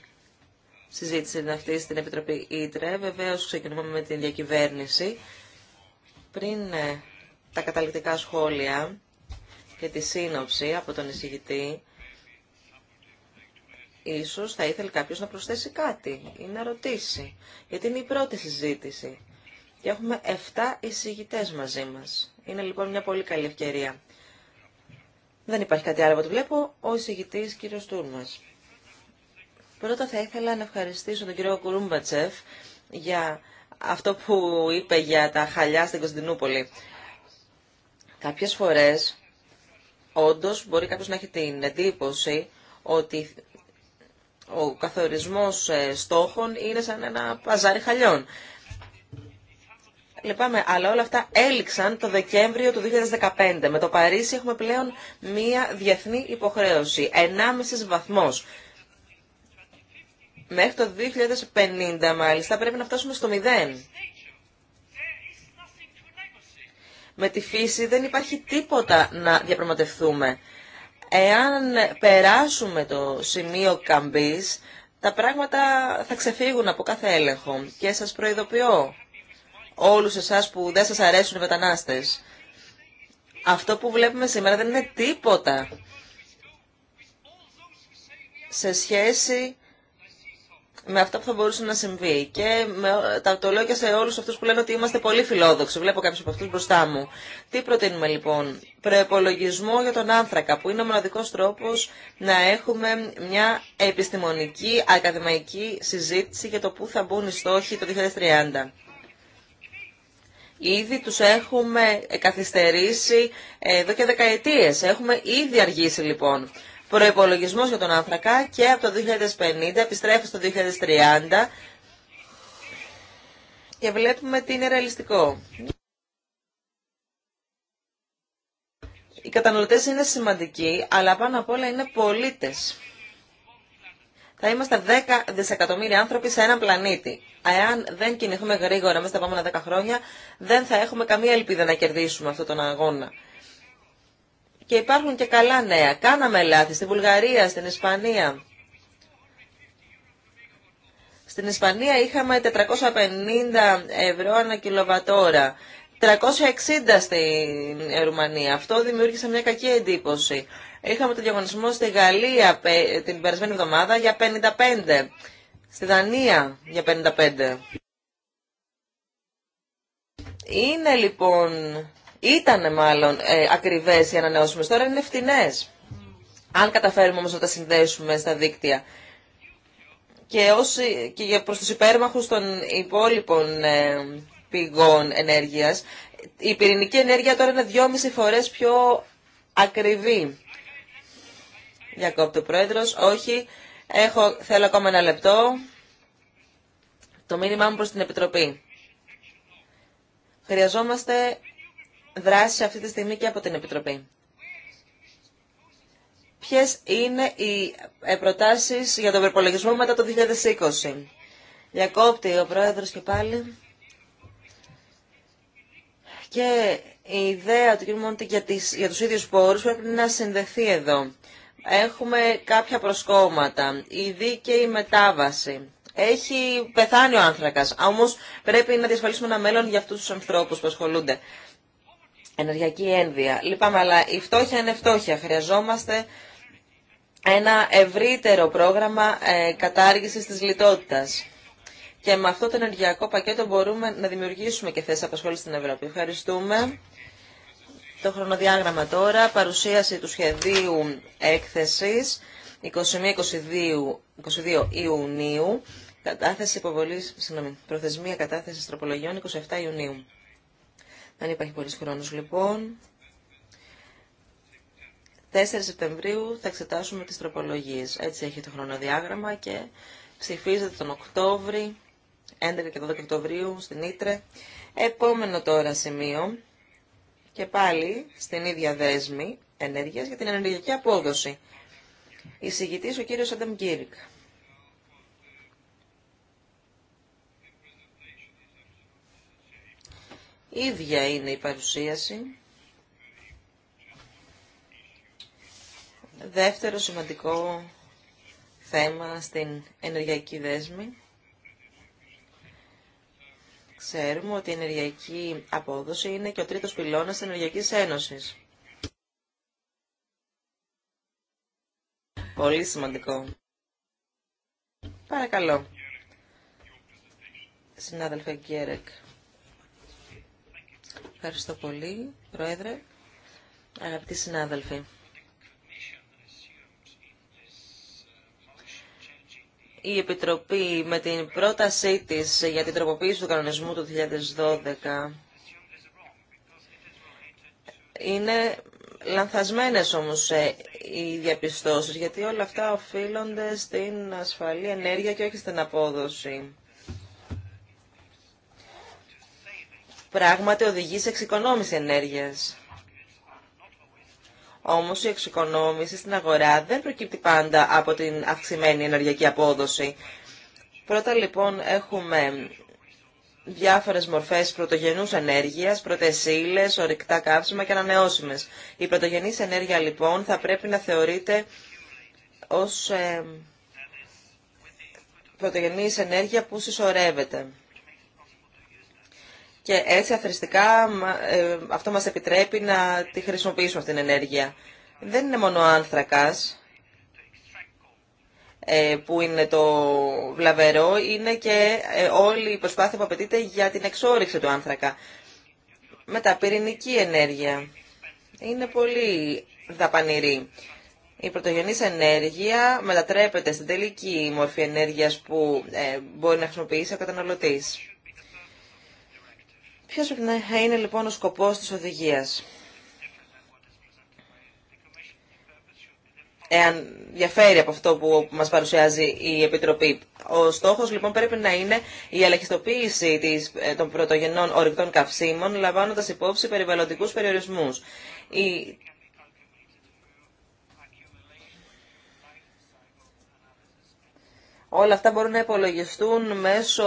συζήτηση είναι αυτή στην Επιτροπή Ήτρε. Βεβαίω ξεκινούμε με την διακυβέρνηση. Πριν ε, τα καταληκτικά σχόλια και τη σύνοψη από τον εισηγητή, ίσως θα ήθελε κάποιος να προσθέσει κάτι ή να ρωτήσει, γιατί είναι η πρώτη συζήτηση και έχουμε 7 εισηγητέ μαζί μας. Είναι λοιπόν μια πολύ καλή ευκαιρία. Δεν υπάρχει κάτι άλλο που βλέπω. Ο εισηγητή κύριο Τούρμα. Πρώτα θα ήθελα να ευχαριστήσω τον κύριο Κουρούμπατσεφ για αυτό που είπε για τα χαλιά στην Κωνσταντινούπολη. Κάποιες φορές, όντω μπορεί κάποιο να έχει την εντύπωση ότι ο καθορισμός ε, στόχων είναι σαν ένα παζάρι χαλιών. Λυπάμαι, αλλά όλα αυτά έληξαν το Δεκέμβριο του 2015. Με το Παρίσι έχουμε πλέον μία διεθνή υποχρέωση, 1,5 βαθμός. Μέχρι το 2050 μάλιστα πρέπει να φτάσουμε στο μηδέν Με τη φύση δεν υπάρχει τίποτα να διαπραγματευτούμε. Εάν περάσουμε το σημείο καμπής, τα πράγματα θα ξεφύγουν από κάθε έλεγχο. Και σας προειδοποιώ, όλους εσάς που δεν σας αρέσουν οι μετανάστες. Αυτό που βλέπουμε σήμερα δεν είναι τίποτα σε σχέση με αυτό που θα μπορούσε να συμβεί. Και με, τα, το λέω και σε όλους αυτούς που λένε ότι είμαστε πολύ φιλόδοξοι. Βλέπω κάποιους από αυτούς μπροστά μου. Τι προτείνουμε λοιπόν. Προεπολογισμό για τον άνθρακα, που είναι ο μοναδικός τρόπος να έχουμε μια επιστημονική, ακαδημαϊκή συζήτηση για το πού θα μπουν οι στόχοι το 2030. Ήδη τους έχουμε καθυστερήσει ε, εδώ και δεκαετίες. Έχουμε ήδη αργήσει λοιπόν. Προπολογισμό για τον άνθρακα και από το 2050 επιστρέφει στο 2030 και βλέπουμε τι είναι ρεαλιστικό. Οι καταναλωτές είναι σημαντικοί, αλλά πάνω απ' όλα είναι πολίτες θα είμαστε 10 δισεκατομμύρια άνθρωποι σε έναν πλανήτη. Εάν δεν κινηθούμε γρήγορα μέσα στα επόμενα 10 χρόνια, δεν θα έχουμε καμία ελπίδα να κερδίσουμε αυτόν τον αγώνα. Και υπάρχουν και καλά νέα. Κάναμε λάθη στη Βουλγαρία, στην Ισπανία. Στην Ισπανία είχαμε 450 ευρώ ανά κιλοβατόρα. 360 στην ε, Ρουμανία. Αυτό δημιούργησε μια κακή εντύπωση. Είχαμε το διαγωνισμό στη Γαλλία την περασμένη εβδομάδα για 55. Στη Δανία για 55. Είναι λοιπόν, ήταν μάλλον ε, ακριβές οι ανανεώσιμε. τώρα είναι φτηνές. Αν καταφέρουμε όμως να τα συνδέσουμε στα δίκτυα. Και, όσοι και προς τους υπέρμαχους των υπόλοιπων ε, πηγών ενέργειας. Η πυρηνική ενέργεια τώρα είναι δυόμιση φορές πιο ακριβή. Διακόπτει ο Πρόεδρος. Όχι. Έχω, θέλω ακόμα ένα λεπτό. Το μήνυμά μου προς την Επιτροπή. Χρειαζόμαστε δράση αυτή τη στιγμή και από την Επιτροπή. Ποιες είναι οι ε, προτάσεις για τον προπολογισμό μετά το 2020. Διακόπτει ο Πρόεδρος και πάλι. Και η ιδέα του κ. Μόντι για, για τους ίδιους πόρους πρέπει να συνδεθεί εδώ. Έχουμε κάποια προσκόμματα, η δίκαιη μετάβαση. Έχει πεθάνει ο άνθρακας, όμως πρέπει να διασφαλίσουμε ένα μέλλον για αυτούς τους ανθρώπους που ασχολούνται. Ενεργειακή ένδυα. Λυπάμαι, αλλά η φτώχεια είναι φτώχεια. Χρειαζόμαστε ένα ευρύτερο πρόγραμμα ε, κατάργησης της λιτότητας και με αυτό το ενεργειακό πακέτο μπορούμε να δημιουργήσουμε και θέσει απασχόληση στην Ευρώπη. Ευχαριστούμε. Το χρονοδιάγραμμα τώρα, παρουσίαση του σχεδίου έκθεσης 21-22 22 ιουνιου κατάθεση συγγνώμη, προθεσμία κατάθεση τροπολογιών 27 Ιουνίου. Δεν υπάρχει πολύς χρόνος λοιπόν. 4 Σεπτεμβρίου θα εξετάσουμε τις τροπολογίες. Έτσι έχει το χρονοδιάγραμμα και ψηφίζεται τον Οκτώβρη 11 και 12 Οκτωβρίου στην Ήτρε. Επόμενο τώρα σημείο και πάλι στην ίδια δέσμη ενέργειας για την ενεργειακή απόδοση. Εισηγητής ο κύριος Ανταμ Κίρικ. Ίδια είναι η παρουσίαση. Δεύτερο σημαντικό θέμα στην ενεργειακή δέσμη. Ξέρουμε ότι η ενεργειακή απόδοση είναι και ο τρίτος πυλώνας της Ενεργειακής Ένωσης. Πολύ σημαντικό. Παρακαλώ. Συνάδελφε Γκέρεκ. Ευχαριστώ πολύ, Πρόεδρε. Αγαπητοί συνάδελφοι. η Επιτροπή με την πρότασή της για την τροποποίηση του κανονισμού του 2012 είναι λανθασμένες όμως ε, οι διαπιστώσεις, γιατί όλα αυτά οφείλονται στην ασφαλή ενέργεια και όχι στην απόδοση. Πράγματι οδηγεί σε εξοικονόμηση ενέργειας. Όμως η εξοικονόμηση στην αγορά δεν προκύπτει πάντα από την αυξημένη ενεργειακή απόδοση. Πρώτα λοιπόν έχουμε διάφορες μορφές πρωτογενούς ενέργειας, πρωτεσίλες, ορυκτά καύσιμα και ανανεώσιμες. Η πρωτογενής ενέργεια λοιπόν θα πρέπει να θεωρείται ως ε, πρωτογενής ενέργεια που συσσωρεύεται και έτσι αθρηστικά ε, αυτό μας επιτρέπει να τη χρησιμοποιήσουμε αυτήν την ενέργεια. Δεν είναι μόνο ο άνθρακας ε, που είναι το βλαβερό, είναι και ε, όλη η προσπάθεια που απαιτείται για την εξόριξη του άνθρακα. Με τα πυρηνική ενέργεια είναι πολύ δαπανηρή. Η πρωτογενής ενέργεια μετατρέπεται στην τελική μορφή ενέργειας που μπορεί να χρησιμοποιήσει ο καταναλωτής. Ποιος πρέπει να είναι λοιπόν ο σκοπός της οδηγίας. Εάν διαφέρει από αυτό που μας παρουσιάζει η Επιτροπή. Ο στόχος λοιπόν πρέπει να είναι η ελαχιστοποίηση ε, των πρωτογενών ορυκτών καυσίμων, λαμβάνοντας υπόψη περιβαλλοντικούς περιορισμούς. Η Όλα αυτά μπορούν να υπολογιστούν μέσω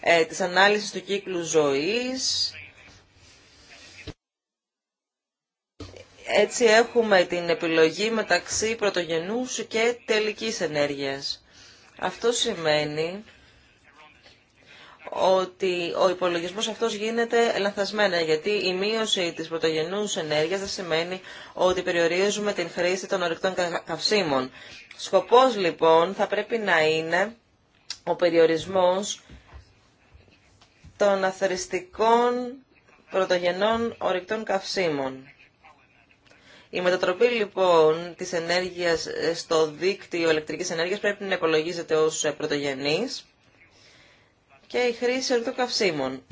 ε, της ανάλυσης του κύκλου ζωής. Έτσι έχουμε την επιλογή μεταξύ πρωτογενούς και τελικής ενέργειας. Αυτό σημαίνει ότι ο υπολογισμός αυτός γίνεται λανθασμένα, γιατί η μείωση της πρωτογενούς ενέργειας δεν σημαίνει ότι περιορίζουμε την χρήση των ορεικτών καυσίμων. Σκοπός λοιπόν θα πρέπει να είναι ο περιορισμός των αθεριστικών πρωτογενών ορυκτών καυσίμων. Η μετατροπή λοιπόν της ενέργειας στο δίκτυο ηλεκτρικής ενέργειας πρέπει να υπολογίζεται ως πρωτογενής και η χρήση ορυκτών καυσίμων.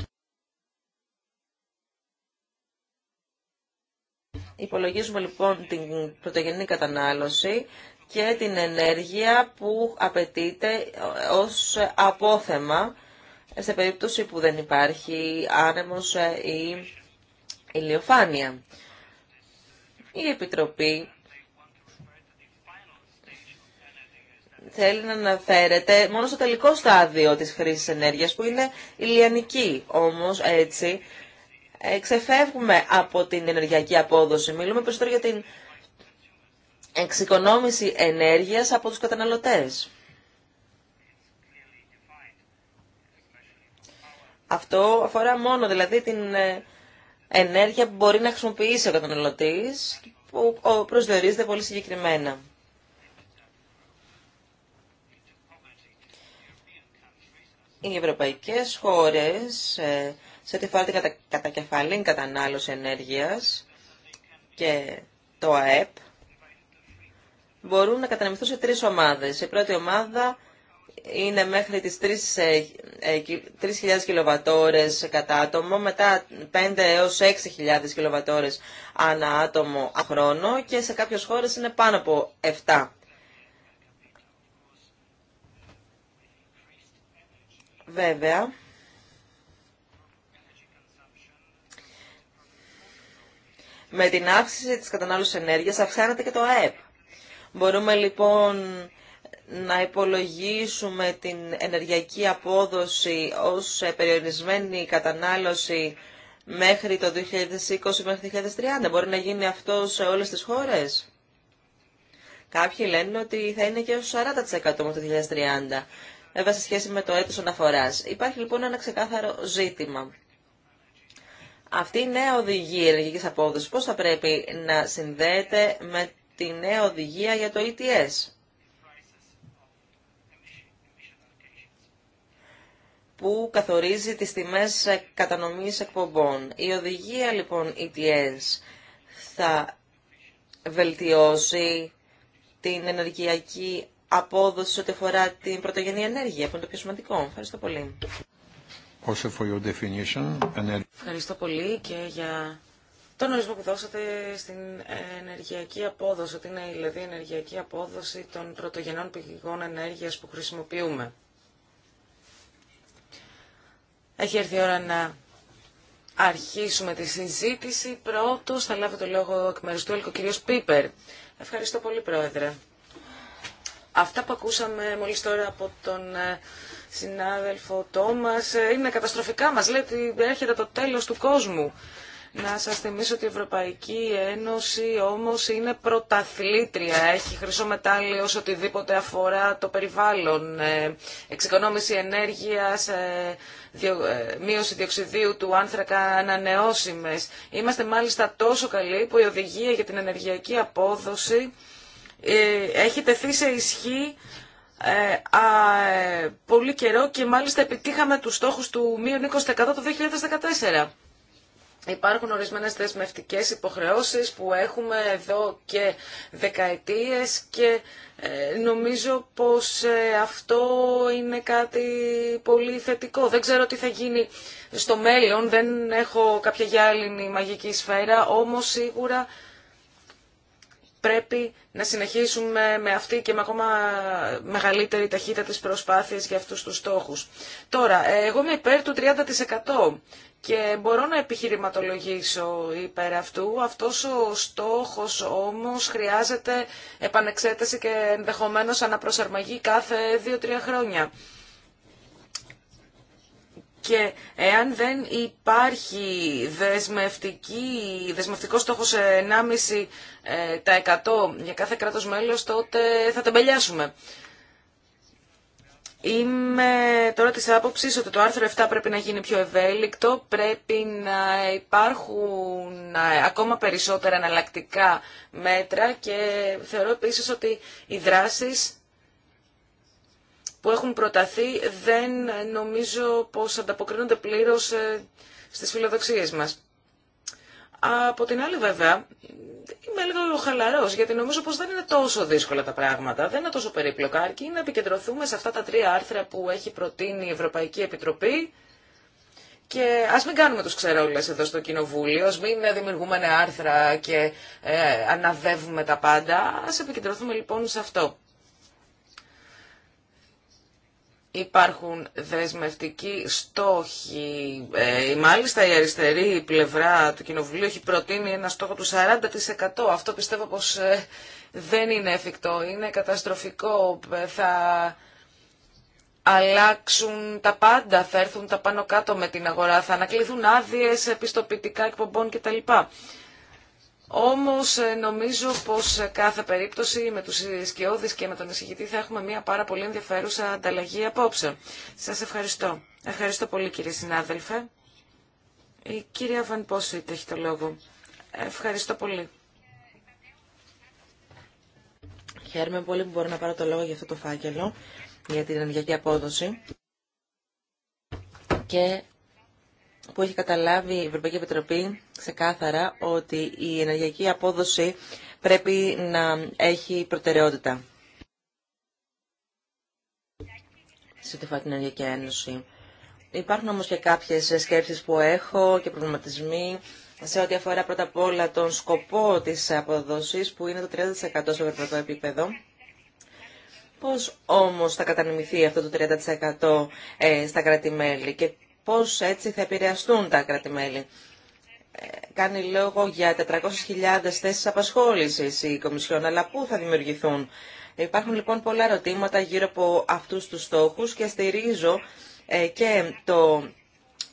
Υπολογίζουμε λοιπόν την πρωτογενή κατανάλωση και την ενέργεια που απαιτείται ε, ως απόθεμα σε περίπτωση που δεν υπάρχει άνεμος ε, ή ηλιοφάνεια. Η Επιτροπή θέλει να αναφέρεται μόνο στο τελικό στάδιο της χρήσης ενέργειας που είναι ηλιανική. Όμως έτσι εξεφεύγουμε από την ενεργειακή απόδοση. Μιλούμε περισσότερο για την εξοικονόμηση ενέργειας από τους καταναλωτές. Αυτό αφορά μόνο δηλαδή την ε, ενέργεια που μπορεί να χρησιμοποιήσει ο καταναλωτής που προσδιορίζεται πολύ συγκεκριμένα. Οι ευρωπαϊκές χώρες ε, σε τη αφορά κατακεφαλήν κατανάλωση ενέργειας και το ΑΕΠ μπορούν να κατανεμηθούν σε τρεις ομάδες. Η πρώτη ομάδα είναι μέχρι τις 3.000 ε, ε, κιλοβατόρες κατά άτομο, μετά 5 έως 6.000 κιλοβατόρες ανά άτομο χρόνο και σε κάποιες χώρες είναι πάνω από 7. Βέβαια, με την αύξηση της κατανάλωσης ενέργειας αυξάνεται και το ΑΕΠ. Μπορούμε λοιπόν να υπολογίσουμε την ενεργειακή απόδοση ως ε, περιορισμένη κατανάλωση μέχρι το 2020 μέχρι το 2030. Μπορεί να γίνει αυτό σε όλες τις χώρες. Κάποιοι λένε ότι θα είναι και ως 40% μέχρι το 2030, βέβαια σε σχέση με το έτος αναφοράς. Υπάρχει λοιπόν ένα ξεκάθαρο ζήτημα. Αυτή η νέα οδηγία ενεργειακής απόδοσης πώς θα πρέπει να συνδέεται με τη νέα οδηγία για το ETS. που καθορίζει τις τιμές κατανομής εκπομπών. Η οδηγία λοιπόν ETS θα βελτιώσει την ενεργειακή απόδοση ό,τι αφορά την πρωτογενή ενέργεια, που είναι το πιο σημαντικό. Ευχαριστώ πολύ. Ευχαριστώ πολύ και για τον ορισμό που δώσατε στην ενεργειακή απόδοση, ότι είναι δηλαδή η ενεργειακή απόδοση των πρωτογενών πηγών ενέργειας που χρησιμοποιούμε. Έχει έρθει η ώρα να αρχίσουμε τη συζήτηση. Πρώτος θα λάβει το λόγο εκ μέρους του ο κύριος Πίπερ. Ευχαριστώ πολύ, Πρόεδρε. Αυτά που ακούσαμε μόλις τώρα από τον ε, συνάδελφο Τόμας ε, είναι καταστροφικά. Μας λέει ότι έρχεται το τέλος του κόσμου. Να σας θυμίσω ότι η Ευρωπαϊκή Ένωση όμως είναι πρωταθλήτρια. Έχει χρυσό μετάλλιο σε οτιδήποτε αφορά το περιβάλλον. Ε, εξοικονόμηση ενέργειας, ε, ε, μείωση διοξιδίου του άνθρακα ανανεώσιμες. Είμαστε μάλιστα τόσο καλοί που η οδηγία για την ενεργειακή απόδοση έχει τεθεί σε ισχύ α, πολύ καιρό και μάλιστα επιτύχαμε τους στόχους του μείον 20% το 2014. Υπάρχουν ορισμένες δεσμευτικές υποχρεώσεις που έχουμε εδώ και δεκαετίες και ε, νομίζω πως ε, αυτό είναι κάτι πολύ θετικό. Δεν ξέρω τι θα γίνει στο μέλλον, δεν έχω κάποια γυάλινη μαγική σφαίρα, όμως σίγουρα πρέπει να συνεχίσουμε με αυτή και με ακόμα μεγαλύτερη ταχύτητα τις προσπάθειες για αυτούς τους στόχους. Τώρα, ε, εγώ είμαι υπέρ του 30% και μπορώ να επιχειρηματολογήσω υπέρ αυτού. Αυτός ο στόχος όμως χρειάζεται επανεξέταση και ενδεχομένως αναπροσαρμογή κάθε δύο-τρία χρόνια. Και εάν δεν υπάρχει δεσμευτική, δεσμευτικό σε 1,5% για κάθε κράτος μέλος, τότε θα τεμπελιάσουμε. Είμαι τώρα της άποψης ότι το άρθρο 7 πρέπει να γίνει πιο ευέλικτο, πρέπει να υπάρχουν ακόμα περισσότερα εναλλακτικά μέτρα και θεωρώ επίσης ότι οι δράσεις που έχουν προταθεί δεν νομίζω πως ανταποκρίνονται πλήρως ε, στις φιλοδοξίες μας. Από την άλλη βέβαια, είμαι λίγο χαλαρό, γιατί νομίζω πω δεν είναι τόσο δύσκολα τα πράγματα, δεν είναι τόσο περίπλοκα, αρκεί να επικεντρωθούμε σε αυτά τα τρία άρθρα που έχει προτείνει η Ευρωπαϊκή Επιτροπή. Και α μην κάνουμε του ξερόλε εδώ στο Κοινοβούλιο, α μην δημιουργούμε νέα άρθρα και ε, αναδεύουμε τα πάντα. Α επικεντρωθούμε λοιπόν σε αυτό. Υπάρχουν δεσμευτικοί στόχοι. Ε, μάλιστα η αριστερή πλευρά του Κοινοβουλίου έχει προτείνει ένα στόχο του 40%. Αυτό πιστεύω πως ε, δεν είναι εφικτό. Είναι καταστροφικό. Ε, θα αλλάξουν τα πάντα. Θα έρθουν τα πάνω κάτω με την αγορά. Θα ανακληθούν άδειε επιστοποιητικά εκπομπών κτλ. Όμως ε, νομίζω πως κάθε περίπτωση με τους σκιώδεις και με τον εισηγητή θα έχουμε μια πάρα πολύ ενδιαφέρουσα ανταλλαγή απόψε. Σας ευχαριστώ. Ευχαριστώ πολύ κύριε συνάδελφε. Η κυρία Βαν Πόσουιτ έχει το λόγο. Ευχαριστώ πολύ. Χαίρομαι πολύ που μπορώ να πάρω το λόγο για αυτό το φάκελο, για την ενεργειακή απόδοση και που έχει καταλάβει η Ευρωπαϊκή Επιτροπή ξεκάθαρα ότι η ενεργειακή απόδοση πρέπει να έχει προτεραιότητα. Σε τη την Ενεργειακή Ένωση. Υπάρχουν όμως και κάποιες σκέψεις που έχω και προβληματισμοί σε ό,τι αφορά πρώτα απ' όλα τον σκοπό της αποδόσης που είναι το 30% στο ευρωπαϊκό επίπεδο. Πώς όμως θα κατανοηθεί αυτό το 30% ε, στα κράτη-μέλη και πώς έτσι θα επηρεαστούν τα κράτη-μέλη κάνει λόγο για 400.000 θέσεις απασχόλησης η Κομισιόν, αλλά πού θα δημιουργηθούν. Υπάρχουν λοιπόν πολλά ερωτήματα γύρω από αυτούς τους στόχους και στηρίζω ε, και το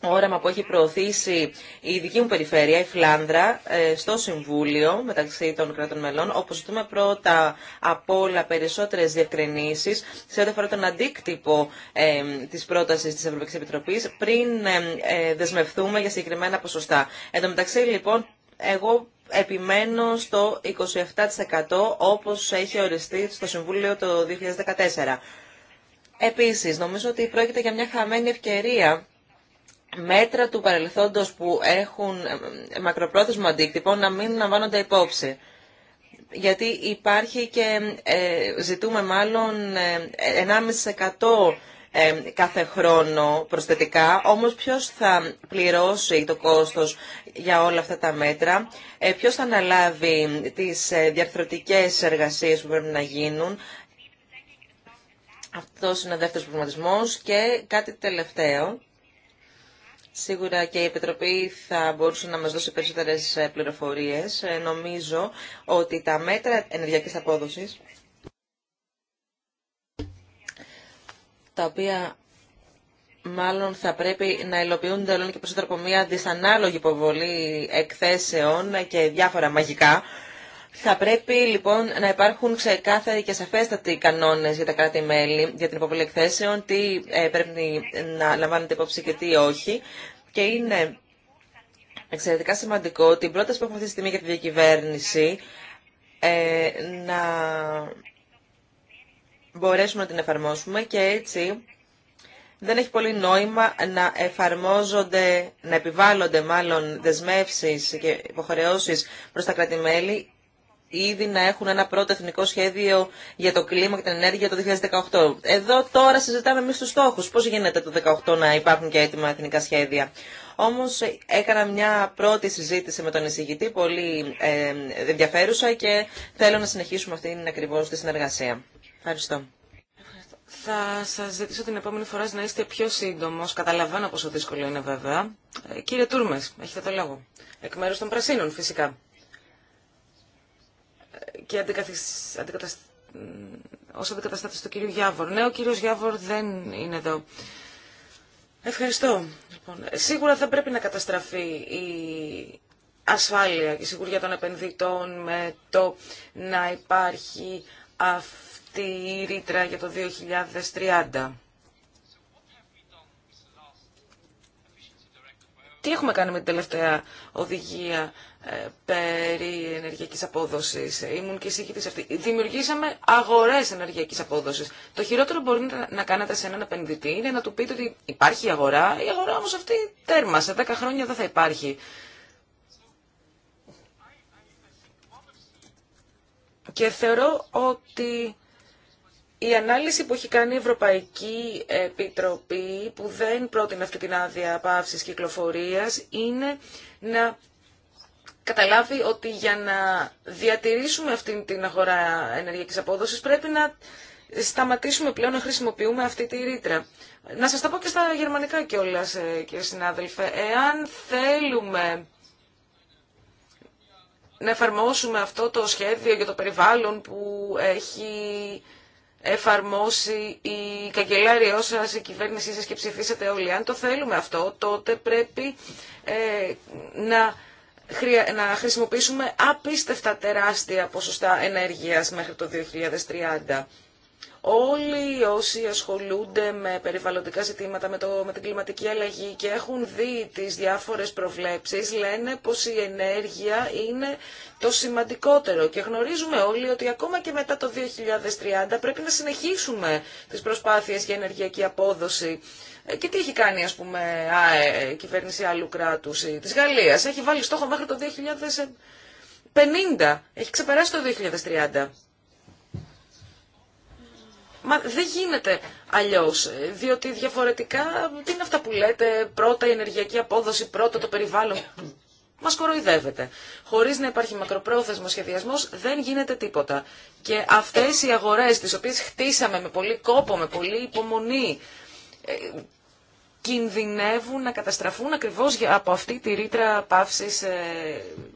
όραμα που έχει προωθήσει η δική μου περιφέρεια, η Φλάνδρα, ε, στο Συμβούλιο μεταξύ των κρατών μελών, όπου ζητούμε πρώτα απ' όλα περισσότερες διευκρινήσεις σε ό,τι αφορά τον αντίκτυπο ε, της πρότασης της Ευρωπαϊκής Επιτροπής πριν ε, ε δεσμευτούμε για συγκεκριμένα ποσοστά. Εν τω μεταξύ, λοιπόν, εγώ επιμένω στο 27% όπως έχει οριστεί στο Συμβούλιο το 2014. Επίσης, νομίζω ότι πρόκειται για μια χαμένη ευκαιρία μέτρα του παρελθόντος που έχουν ε, ε, μακροπρόθεσμο αντίκτυπο να μην λαμβάνονται υπόψη. Γιατί υπάρχει και ε, ζητούμε μάλλον 1,5% κάθε χρόνο προσθετικά, όμως ποιος θα πληρώσει το κόστος για όλα αυτά τα μέτρα, ποιος θα αναλάβει τις διαρθρωτικές εργασίες που πρέπει να γίνουν. Αυτός είναι ο δεύτερος προβληματισμός και κάτι τελευταίο. Σίγουρα και η Επιτροπή θα μπορούσε να μας δώσει περισσότερες ε, πληροφορίες. Ε, νομίζω ότι τα μέτρα ενεργειακής απόδοσης, τα οποία μάλλον θα πρέπει να υλοποιούνται όλο και περισσότερο από μια δυσανάλογη υποβολή εκθέσεων και διάφορα μαγικά, θα πρέπει λοιπόν να υπάρχουν ξεκάθαροι και σαφέστατοι κανόνε για τα κράτη-μέλη για την υποβολή εκθέσεων, τι ε, πρέπει να λαμβάνεται υπόψη και τι όχι. Και είναι εξαιρετικά σημαντικό την πρόταση που έχουμε αυτή τη στιγμή για τη διακυβέρνηση ε, να μπορέσουμε να την εφαρμόσουμε και έτσι δεν έχει πολύ νόημα να εφαρμόζονται, να επιβάλλονται μάλλον δεσμεύσεις και υποχρεώσεις προς τα κράτη-μέλη ήδη να έχουν ένα πρώτο εθνικό σχέδιο για το κλίμα και την ενέργεια το 2018. Εδώ τώρα συζητάμε εμεί του στόχου. Πώ γίνεται το 2018 να υπάρχουν και έτοιμα εθνικά σχέδια. Όμω ε, έκανα μια πρώτη συζήτηση με τον εισηγητή, πολύ ε, ενδιαφέρουσα και θέλω να συνεχίσουμε αυτήν ακριβώ τη συνεργασία. Ευχαριστώ. Θα σα ζητήσω την επόμενη φορά να είστε πιο σύντομο. Καταλαβαίνω πόσο δύσκολο είναι βέβαια. Ε, κύριε Τούρμε, έχετε το λόγο. Εκ μέρου των Πρασίνων, φυσικά και όσο αντικατασ... το κύριο του κύριου Γιάβορ. Ναι, ο κύριο Γιάβορ δεν είναι εδώ. Ευχαριστώ. Λοιπόν, σίγουρα θα πρέπει να καταστραφεί η ασφάλεια και η σιγουριά των επενδυτών με το να υπάρχει αυτή η ρήτρα για το 2030. Τι έχουμε κάνει με την τελευταία οδηγία ε, περί ενεργειακής απόδοσης. Ήμουν και εισηγητής αυτή. Δημιουργήσαμε αγορές ενεργειακής απόδοσης. Το χειρότερο μπορεί να κάνετε σε έναν επενδυτή είναι να του πείτε ότι υπάρχει αγορά, η αγορά όμως αυτή τέρμα, σε 10 χρόνια δεν θα υπάρχει. Και θεωρώ ότι η ανάλυση που έχει κάνει η Ευρωπαϊκή Επιτροπή, που δεν πρότεινε αυτή την άδεια πάυσης κυκλοφορίας, είναι να καταλάβει ότι για να διατηρήσουμε αυτή την αγορά ενεργειακής απόδοσης πρέπει να σταματήσουμε πλέον να χρησιμοποιούμε αυτή τη ρήτρα. Να σας τα πω και στα γερμανικά κιόλα, ε, κύριε συνάδελφε. Εάν θέλουμε να εφαρμόσουμε αυτό το σχέδιο για το περιβάλλον που έχει εφαρμόσει η καγκελάριό σα, η κυβέρνησή σας και ψηφίσατε όλοι. Αν το θέλουμε αυτό, τότε πρέπει ε, να, να χρησιμοποιήσουμε απίστευτα τεράστια ποσοστά ενέργειας μέχρι το 2030. Όλοι όσοι ασχολούνται με περιβαλλοντικά ζητήματα, με, το, με την κλιματική αλλαγή και έχουν δει τις διάφορες προβλέψεις, λένε πως η ενέργεια είναι το σημαντικότερο. Και γνωρίζουμε όλοι ότι ακόμα και μετά το 2030 πρέπει να συνεχίσουμε τις προσπάθειες για ενεργειακή απόδοση. Ε, και τι έχει κάνει, ας πούμε, α, η κυβέρνηση άλλου κράτους ή της Γαλλίας. Έχει βάλει στόχο μέχρι το 2050. Έχει ξεπεράσει το 2030. Μα δεν γίνεται αλλιώ. Διότι διαφορετικά, τι είναι αυτά που λέτε, πρώτα η ενεργειακή απόδοση, πρώτα το περιβάλλον. Μα κοροϊδεύεται. Χωρί να υπάρχει μακροπρόθεσμο σχεδιασμό δεν γίνεται τίποτα. Και αυτέ οι αγορέ τι οποίε χτίσαμε με πολύ κόπο, με πολύ υπομονή, ε, κινδυνεύουν να καταστραφούν ακριβώ από αυτή τη ρήτρα παύση ε,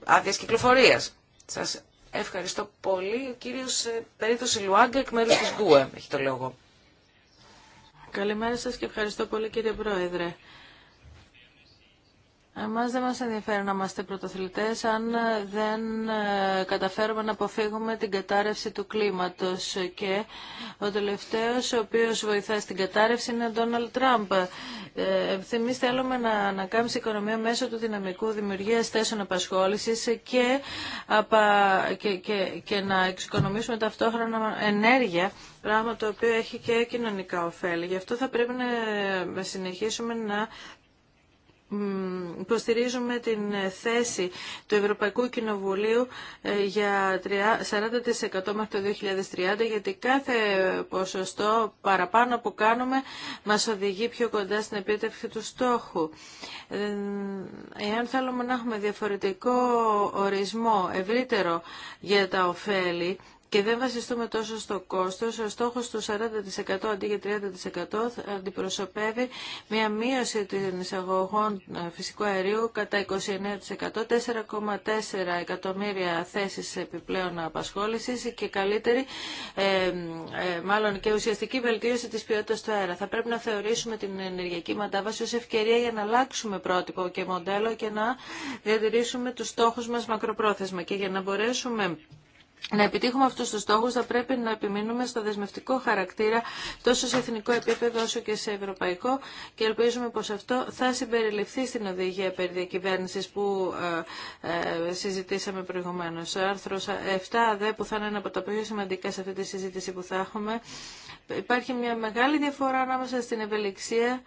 άδεια κυκλοφορία. Ευχαριστώ πολύ. Ο κύριος ε, Περίτο Λουάγκα εκ μέρους της ΓΚΟΕ έχει το λόγο. Καλημέρα σας και ευχαριστώ πολύ κύριε Πρόεδρε. Εμά δεν μας ενδιαφέρει να είμαστε πρωτοθλητές αν ε, δεν ε, καταφέρουμε να αποφύγουμε την κατάρρευση του κλίματος και ο τελευταίος ο οποίος βοηθά στην κατάρρευση είναι ο Ντόναλτ Τραμπ. Εμεί θέλουμε να ανακάμψει η οικονομία μέσω του δυναμικού δημιουργίας θέσεων απασχόλησης και, απα... και, και, και να εξοικονομήσουμε ταυτόχρονα ενέργεια πράγμα το οποίο έχει και κοινωνικά ωφέλη. Γι' αυτό θα πρέπει να συνεχίσουμε να υποστηρίζουμε την θέση του Ευρωπαϊκού Κοινοβουλίου ε, για 40% μέχρι το 2030 γιατί κάθε ποσοστό παραπάνω που κάνουμε μας οδηγεί πιο κοντά στην επίτευξη του στόχου. Ε, εάν θέλουμε να έχουμε διαφορετικό ορισμό ευρύτερο για τα ωφέλη και δεν βασιστούμε τόσο στο κόστος. Ο στόχο του 40% αντί για 30% αντιπροσωπεύει μια μείωση των εισαγωγών ε, φυσικού αερίου κατά 29%, 4,4 εκατομμύρια θέσεις επιπλέον απασχόλησης και καλύτερη, ε, ε, μάλλον και ουσιαστική βελτίωση της ποιότητας του αέρα. Θα πρέπει να θεωρήσουμε την ενεργειακή μετάβαση ως ευκαιρία για να αλλάξουμε πρότυπο και μοντέλο και να διατηρήσουμε τους στόχους μας μακροπρόθεσμα και για να μπορέσουμε να επιτύχουμε αυτούς τους στόχους θα πρέπει να επιμείνουμε στο δεσμευτικό χαρακτήρα τόσο σε εθνικό επίπεδο όσο και σε ευρωπαϊκό και ελπίζουμε πως αυτό θα συμπεριληφθεί στην οδηγία περί διακυβέρνησης που ε, ε, συζητήσαμε προηγουμένως. Άρθρο 7 δε που θα είναι ένα από τα πιο σημαντικά σε αυτή τη συζήτηση που θα έχουμε. Υπάρχει μια μεγάλη διαφορά ανάμεσα στην ευελιξία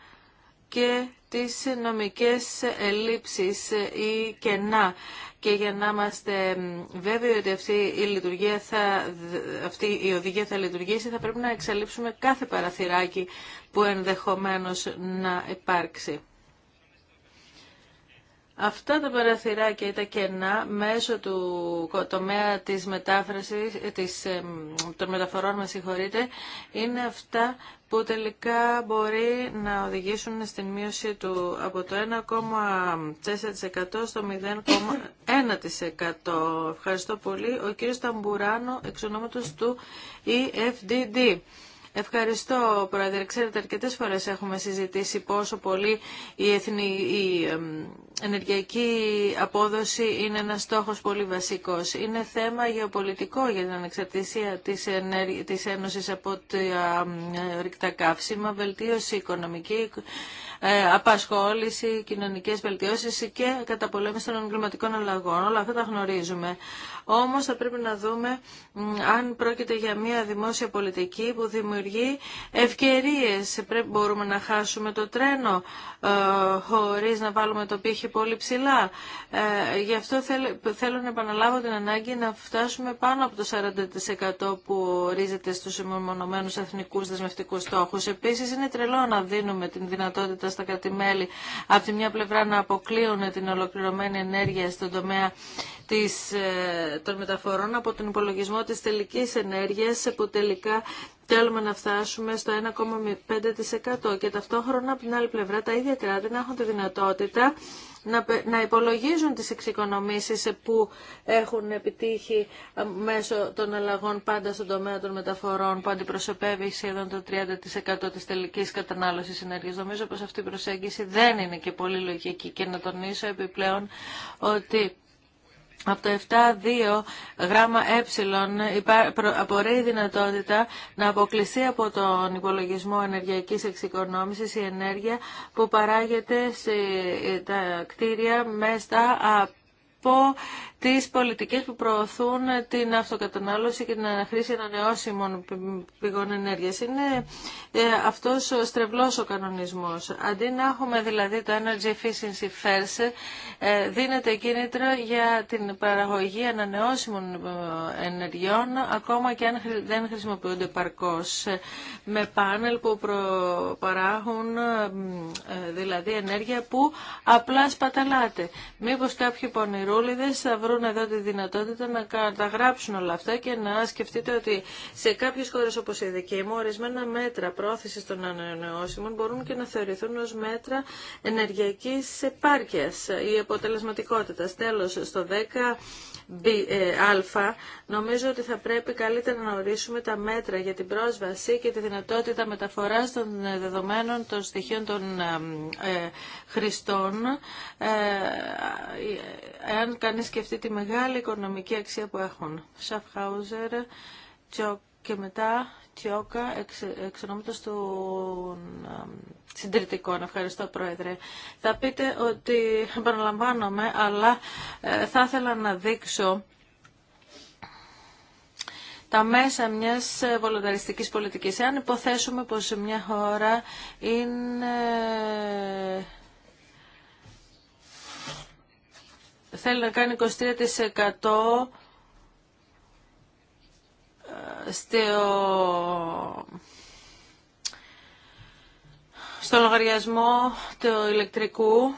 και τις νομικές ελλείψεις ε, ή κενά και για να είμαστε βέβαιοι ότι αυτή η, λειτουργία θα, αυτή η οδηγία θα λειτουργήσει θα πρέπει να εξαλείψουμε κάθε παραθυράκι που ενδεχομένως να υπάρξει. Αυτά τα παραθυράκια ή τα κενά μέσω του τομέα της μετάφρασης, ε, της, των μεταφορών με συγχωρείτε, είναι αυτά που τελικά μπορεί να οδηγήσουν στην μείωση του από το 1,4% στο 0,1%. Ευχαριστώ πολύ. Ο κύριος Ταμπουράνο, εξ του EFDD. Ευχαριστώ, Πρόεδρε. Ξέρετε, αρκετέ φορέ έχουμε συζητήσει πόσο πολύ η, εθνη, ενεργειακή απόδοση είναι ένα στόχο πολύ βασικό. Είναι θέμα γεωπολιτικό για την ανεξαρτησία τη Ένωση από τα ρηκτά καύσιμα, βελτίωση οικονομική, ε, απασχόληση, κοινωνικές βελτιώσεις και καταπολέμηση των εγκληματικών αλλαγών. Όλα αυτά τα γνωρίζουμε. Όμως θα πρέπει να δούμε αν πρόκειται για μια δημόσια πολιτική που δημιουργεί ευκαιρίες. Πρέπει, μπορούμε να χάσουμε το τρένο ε, χωρίς να βάλουμε το πύχη πολύ ψηλά. Ε, γι' αυτό θέλ, θέλω να επαναλάβω την ανάγκη να φτάσουμε πάνω από το 40% που ορίζεται στους εμμονωμένους εθνικούς δεσμευτικούς στόχους. Επίσης είναι τρελό να δίνουμε την δυνατότητα στα κρατημέλη από τη μια πλευρά να αποκλείουν την ολοκληρωμένη ενέργεια στον τομέα της, ε, των μεταφορών από τον υπολογισμό της τελικής ενέργειας που τελικά θέλουμε να φτάσουμε στο 1,5% και ταυτόχρονα από την άλλη πλευρά τα ίδια κράτη να έχουν τη δυνατότητα να υπολογίζουν τις εξοικονομήσεις που έχουν επιτύχει ε, μέσω των αλλαγών πάντα στον τομέα των μεταφορών που αντιπροσωπεύει σχεδόν το 30% της τελικής κατανάλωσης ενέργειας. Νομίζω πως αυτή η προσέγγιση δεν είναι και πολύ λογική και να τονίσω επιπλέον ότι από το 7-2 γράμμα ε απορρέει η δυνατότητα να αποκλειστεί από τον υπολογισμό ενεργειακής εξοικονόμησης η ενέργεια που παράγεται σε ε, τα κτίρια μέσα από τις πολιτικές που προωθούν την αυτοκατανάλωση και την χρήση ανανεώσιμων πηγών ενέργειας. Είναι ε, αυτός ο στρεβλός ο κανονισμός. Αντί να έχουμε δηλαδή το Energy Efficiency First, ε, δίνεται κίνητρο για την παραγωγή ανανεώσιμων ε, ενεργειών, ακόμα και αν δεν χρησιμοποιούνται παρκώς, με πάνελ που παράγουν δηλαδή ενέργεια που απλά σπαταλάται. Μήπως κάποιοι να εδώ τη δυνατότητα να καταγράψουν όλα αυτά και να σκεφτείτε ότι σε κάποιες χώρες όπως η δική μου, ορισμένα μέτρα πρόθεσης των ανανεώσιμων μπορούν και να θεωρηθούν ως μέτρα ενεργειακής επάρκειας ή αποτελεσματικότητας. Τέλος, στο 10 ε, α, νομίζω ότι θα πρέπει καλύτερα να ορίσουμε τα μέτρα για την πρόσβαση και τη δυνατότητα μεταφοράς των δεδομένων των στοιχείων των ε, ε, χρηστών. εάν κανείς σκεφτεί τη μεγάλη οικονομική αξία που έχουν. Σαφχάουζερ και μετά Τιόκα, εξ, του των συντηρητικών. Ευχαριστώ, Πρόεδρε. Θα πείτε ότι επαναλαμβάνομαι, αλλά ε, θα ήθελα να δείξω τα μέσα μιας βολονταριστικής πολιτικής. Εάν υποθέσουμε πως μια χώρα είναι θέλει να κάνει 23% ε, στο, στο λογαριασμό του ηλεκτρικού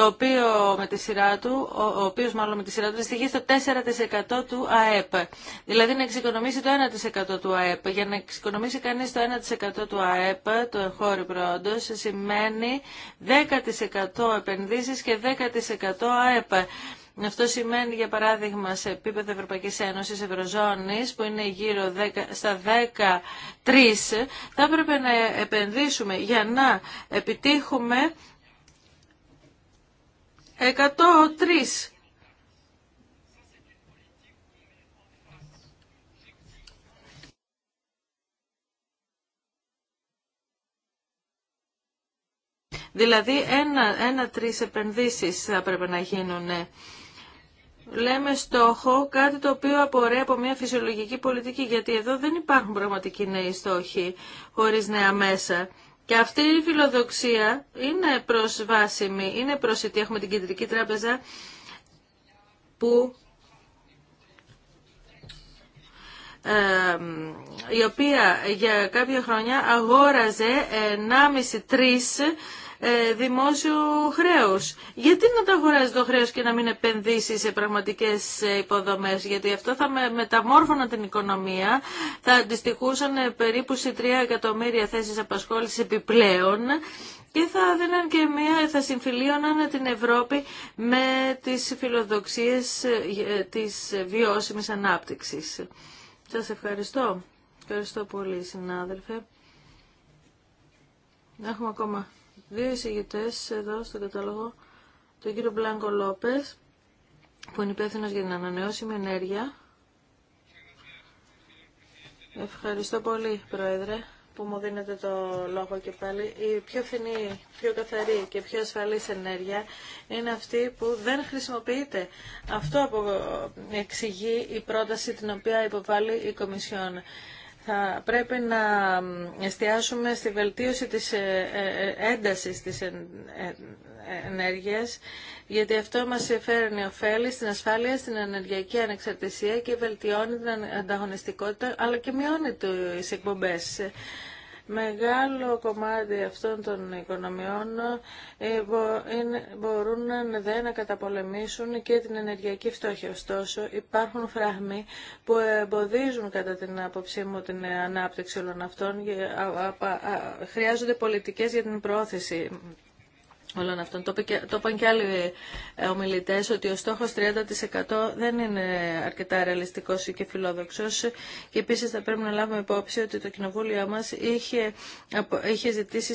το οποίο με τη σειρά του, ο, ο οποίος μάλλον με τη σειρά του δυστυχεί στο 4% του ΑΕΠ. Δηλαδή να εξοικονομήσει το 1% του ΑΕΠ. Για να εξοικονομήσει κανείς το 1% του ΑΕΠ, το εγχώριο προόντο, σημαίνει 10% επενδύσεις και 10% ΑΕΠ. Αυτό σημαίνει, για παράδειγμα, σε επίπεδο Ευρωπαϊκής Ένωσης, Ευρωζώνης, που είναι γύρω 10, στα 13, θα έπρεπε να επενδύσουμε για να επιτύχουμε 103. Δηλαδή ένα, ένα τρεις επενδύσεις θα πρέπει να γίνουν. Ναι. Λέμε στόχο, κάτι το οποίο απορρέει από μια φυσιολογική πολιτική, γιατί εδώ δεν υπάρχουν πραγματικοί νέοι στόχοι χωρίς νέα μέσα. Και αυτή η φιλοδοξία είναι προσβάσιμη, είναι προσιτή. Έχουμε την Κεντρική Τράπεζα που η οποία για κάποια χρόνια αγόραζε 1,5-3 ε, δημόσιο χρέος. Γιατί να τα αγοράζει το χρέος και να μην επενδύσει σε πραγματικές ε, υποδομές, γιατί αυτό θα με, μεταμόρφωνα την οικονομία, θα αντιστοιχούσαν ε, περίπου σε 3 εκατομμύρια θέσεις απασχόλησης επιπλέον και θα δίναν και μια, θα συμφιλίωναν την Ευρώπη με τις φιλοδοξίες της βιώσιμης ανάπτυξης. Σας ευχαριστώ. Ευχαριστώ πολύ συνάδελφε. Έχουμε ακόμα δύο εισηγητέ εδώ στο κατάλογο, τον κύριο Μπλάνκο Λόπε, που είναι υπεύθυνο για την ανανεώσιμη ενέργεια. Ευχαριστώ πολύ, Πρόεδρε, που μου δίνετε το λόγο και πάλι. Η πιο φθηνή, πιο καθαρή και πιο ασφαλής ενέργεια είναι αυτή που δεν χρησιμοποιείται. Αυτό εξηγεί η πρόταση την οποία υποβάλλει η Κομισιόν θα πρέπει να εστιάσουμε στη βελτίωση της ε, ε, ε, έντασης της ενέργειας, γιατί αυτό μας φέρνει ωφέλη στην ασφάλεια, στην ενεργειακή ανεξαρτησία και βελτιώνει την ανταγωνιστικότητα, αλλά και μειώνει τις εκπομπές. Μεγάλο κομμάτι αυτών των οικονομιών ε, μπορούν δε να καταπολεμήσουν και την ενεργειακή φτώχεια. Ωστόσο, υπάρχουν φράγμοι που εμποδίζουν κατά την άποψή μου την ανάπτυξη όλων αυτών. Ε, χρειάζονται πολιτικές για την πρόθεση όλων αυτών. Το, το είπαν και άλλοι ε, ομιλητέ ότι ο στόχο 30% δεν είναι αρκετά ρεαλιστικό και φιλόδοξο. Και επίση θα πρέπει να λάβουμε υπόψη ότι το κοινοβούλιο μα είχε, είχε ζητήσει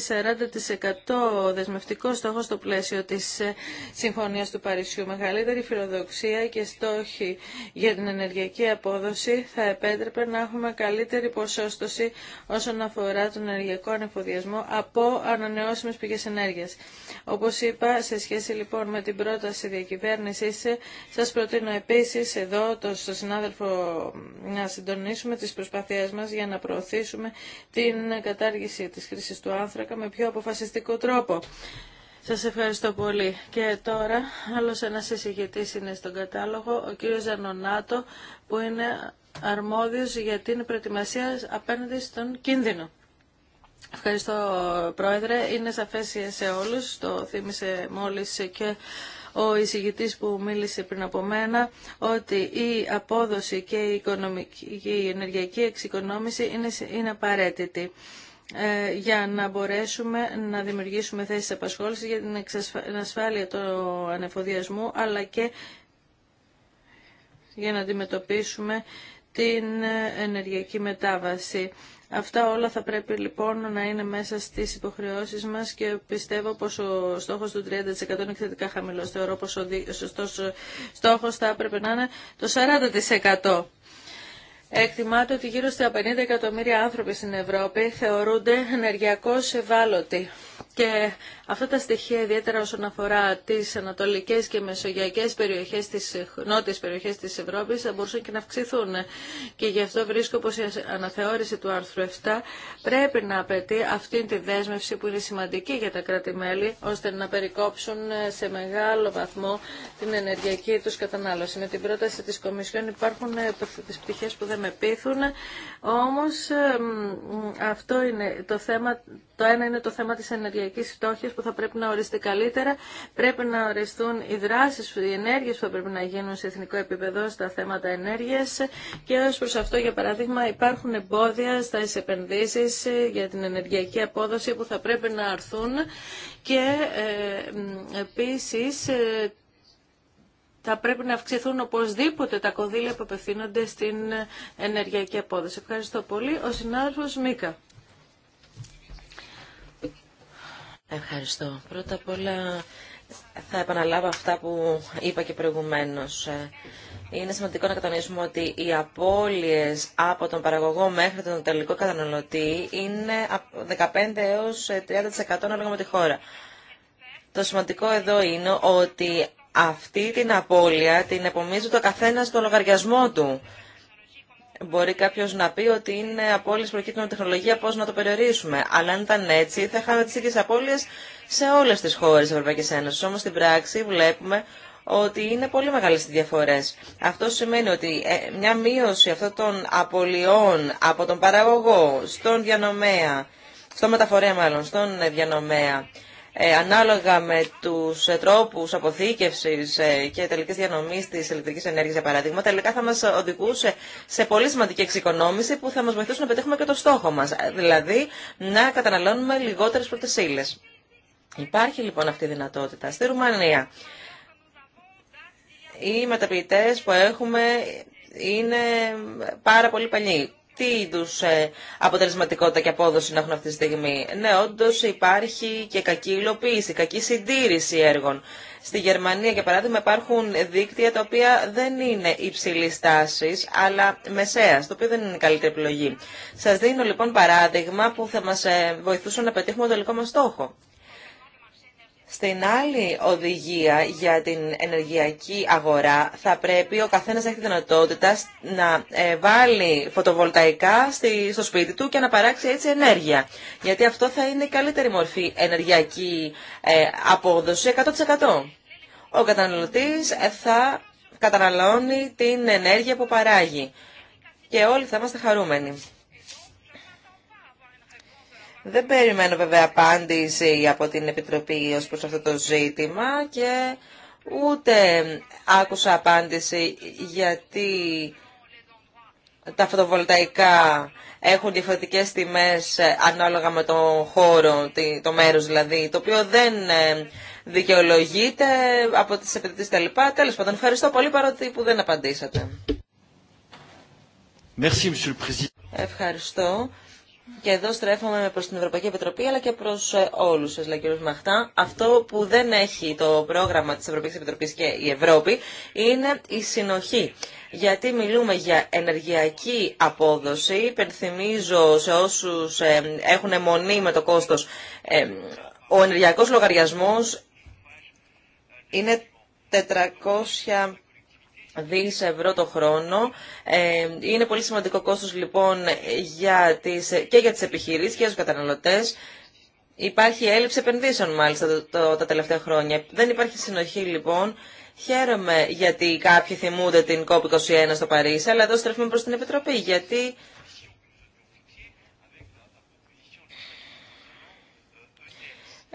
40% δεσμευτικό στόχο στο πλαίσιο τη ε, Συμφωνία του Παρισιού. Μεγαλύτερη φιλοδοξία και στόχοι για την ενεργειακή απόδοση θα επέτρεπε να έχουμε καλύτερη ποσόστοση όσον αφορά τον ενεργειακό ανεφοδιασμό από ανανεώσιμε πηγέ ενέργεια. Όπως είπα, σε σχέση λοιπόν με την πρόταση διακυβέρνησης, σας προτείνω επίσης εδώ το, στο συνάδελφο να συντονίσουμε τις προσπάθειές μας για να προωθήσουμε την κατάργηση της χρήσης του άνθρακα με πιο αποφασιστικό τρόπο. Σας ευχαριστώ πολύ. Και τώρα άλλο ένας εισηγητής είναι στον κατάλογο, ο κύριος Ζανονάτο, που είναι αρμόδιος για την προετοιμασία απέναντι στον κίνδυνο. Ευχαριστώ, Πρόεδρε. Είναι σαφέ σε όλους, το θύμισε μόλις και ο εισηγητής που μίλησε πριν από μένα ότι η απόδοση και η, οικονομική, ενεργειακή εξοικονόμηση είναι, είναι απαραίτητη ε, για να μπορέσουμε να δημιουργήσουμε θέσεις απασχόλησης για την ασφάλεια του ανεφοδιασμού αλλά και για να αντιμετωπίσουμε την ενεργειακή μετάβαση. Αυτά όλα θα πρέπει λοιπόν να είναι μέσα στις υποχρεώσεις μας και πιστεύω πως ο στόχος του 30% είναι εξαιρετικά χαμηλός. Θεωρώ πως ο στόχος θα έπρεπε να είναι το 40%. Εκτιμάται ότι γύρω στα 50 εκατομμύρια άνθρωποι στην Ευρώπη θεωρούνται ενεργειακώς ευάλωτοι. Και αυτά τα στοιχεία, ιδιαίτερα όσον αφορά τι ανατολικέ και μεσογειακές περιοχέ, τις νότιε περιοχέ τη Ευρώπη θα μπορούσαν και να αυξηθούν. Και γι' αυτό βρίσκω πω η αναθεώρηση του άρθρου 7 πρέπει να απαιτεί αυτή τη δέσμευση που είναι σημαντική για τα κράτη-μέλη, ώστε να περικόψουν σε μεγάλο βαθμό την ενεργειακή του κατανάλωση. Με την πρόταση τη Κομισιόν υπάρχουν ε, τι πτυχέ που δεν με πείθουν, Όμω, αυτό είναι το θέμα, το ένα είναι το θέμα τη ενεργειακή φτώχεια που θα πρέπει να οριστεί καλύτερα. Πρέπει να οριστούν οι δράσει οι ενέργειε που θα πρέπει να γίνουν σε εθνικό επίπεδο στα θέματα ενέργεια. και ω προ αυτό, για παράδειγμα, υπάρχουν εμπόδια στα επενδύσει για την ενεργειακή απόδοση που θα πρέπει να αρθούν και ε, επίσης ε, θα πρέπει να αυξηθούν οπωσδήποτε τα κονδύλια που απευθύνονται στην ενεργειακή απόδοση. Ευχαριστώ πολύ. Ο συνάδελφος Μίκα. Ευχαριστώ. Πρώτα απ' όλα θα επαναλάβω αυτά που είπα και προηγουμένως. Είναι σημαντικό να κατανοήσουμε ότι οι απώλειες από τον παραγωγό μέχρι τον τελικό καταναλωτή είναι 15 έως 30% ανάλογα με τη χώρα. Το σημαντικό εδώ είναι ότι αυτή την απώλεια την επομίζει το καθένα στο λογαριασμό του. Μπορεί κάποιο να πει ότι είναι απόλυτη προκύπτουν τεχνολογία, πώ να το περιορίσουμε. Αλλά αν ήταν έτσι, θα είχαμε τι ίδιε απώλειε σε όλε τι χώρε τη Ευρωπαϊκή Ένωση. Όμω στην πράξη βλέπουμε ότι είναι πολύ μεγάλε οι διαφορέ. Αυτό σημαίνει ότι ε, μια μείωση αυτών των απολειών από τον παραγωγό στον διανομέα, στον μεταφορέα μάλλον, στον διανομέα, ε, ανάλογα με τους ε, τρόπους αποθήκευσης ε, και τελική διανομής της ηλεκτρικής ενέργειας, για παράδειγμα, τελικά θα μας οδηγούσε σε πολύ σημαντική εξοικονόμηση που θα μας βοηθούσε να πετύχουμε και το στόχο μας, δηλαδή να καταναλώνουμε λιγότερες πρώτες Υπάρχει λοιπόν αυτή η δυνατότητα. Στη Ρουμανία, οι μεταποιητές που έχουμε είναι πάρα πολύ παλιοί τι είδου ε, αποτελεσματικότητα και απόδοση να έχουν αυτή τη στιγμή. Ναι, όντω υπάρχει και κακή υλοποίηση, κακή συντήρηση έργων. Στη Γερμανία, για παράδειγμα, υπάρχουν δίκτυα τα οποία δεν είναι υψηλή τάση, αλλά μεσαία, το οποίο δεν είναι η καλύτερη επιλογή. Σα δίνω λοιπόν παράδειγμα που θα μα ε, βοηθούσε να πετύχουμε τον τελικό μα στόχο. Στην άλλη οδηγία για την ενεργειακή αγορά θα πρέπει ο καθένας να έχει δυνατότητα να ε, βάλει φωτοβολταϊκά στο σπίτι του και να παράξει έτσι ενέργεια. Γιατί αυτό θα είναι η καλύτερη μορφή ενεργειακή ε, απόδοση 100%. Ο καταναλωτής ε, θα καταναλώνει την ενέργεια που παράγει και όλοι θα είμαστε χαρούμενοι. Δεν περιμένω βέβαια απάντηση από την Επιτροπή ως προς αυτό το ζήτημα και ούτε άκουσα απάντηση γιατί τα φωτοβολταϊκά έχουν διαφορετικές τιμές ανάλογα με το χώρο, το μέρος δηλαδή, το οποίο δεν ε, δικαιολογείται από τις επιτυχίες τα λοιπά. Τέλος πάντων, ευχαριστώ πολύ παρότι που δεν απαντήσατε. Ευχαριστώ και εδώ στρέφομαι προς την Ευρωπαϊκή Επιτροπή αλλά και προς ε, όλου σα, λέει ο Μαχτά. Αυτό που δεν έχει το πρόγραμμα της Ευρωπαϊκής Επιτροπή και η Ευρώπη είναι η συνοχή. Γιατί μιλούμε για ενεργειακή απόδοση, υπενθυμίζω σε όσους ε, έχουν αιμονή με το κόστος, ε, ο ενεργειακός λογαριασμό είναι 400 δις ευρώ το χρόνο. Ε, είναι πολύ σημαντικό κόστος λοιπόν για τις, και για τις επιχειρήσεις και για τους καταναλωτές. Υπάρχει έλλειψη επενδύσεων μάλιστα το, τα τελευταία χρόνια. Δεν υπάρχει συνοχή λοιπόν. Χαίρομαι γιατί κάποιοι θυμούνται την COP21 στο Παρίσι, αλλά εδώ στρέφουμε προς την Επιτροπή, γιατί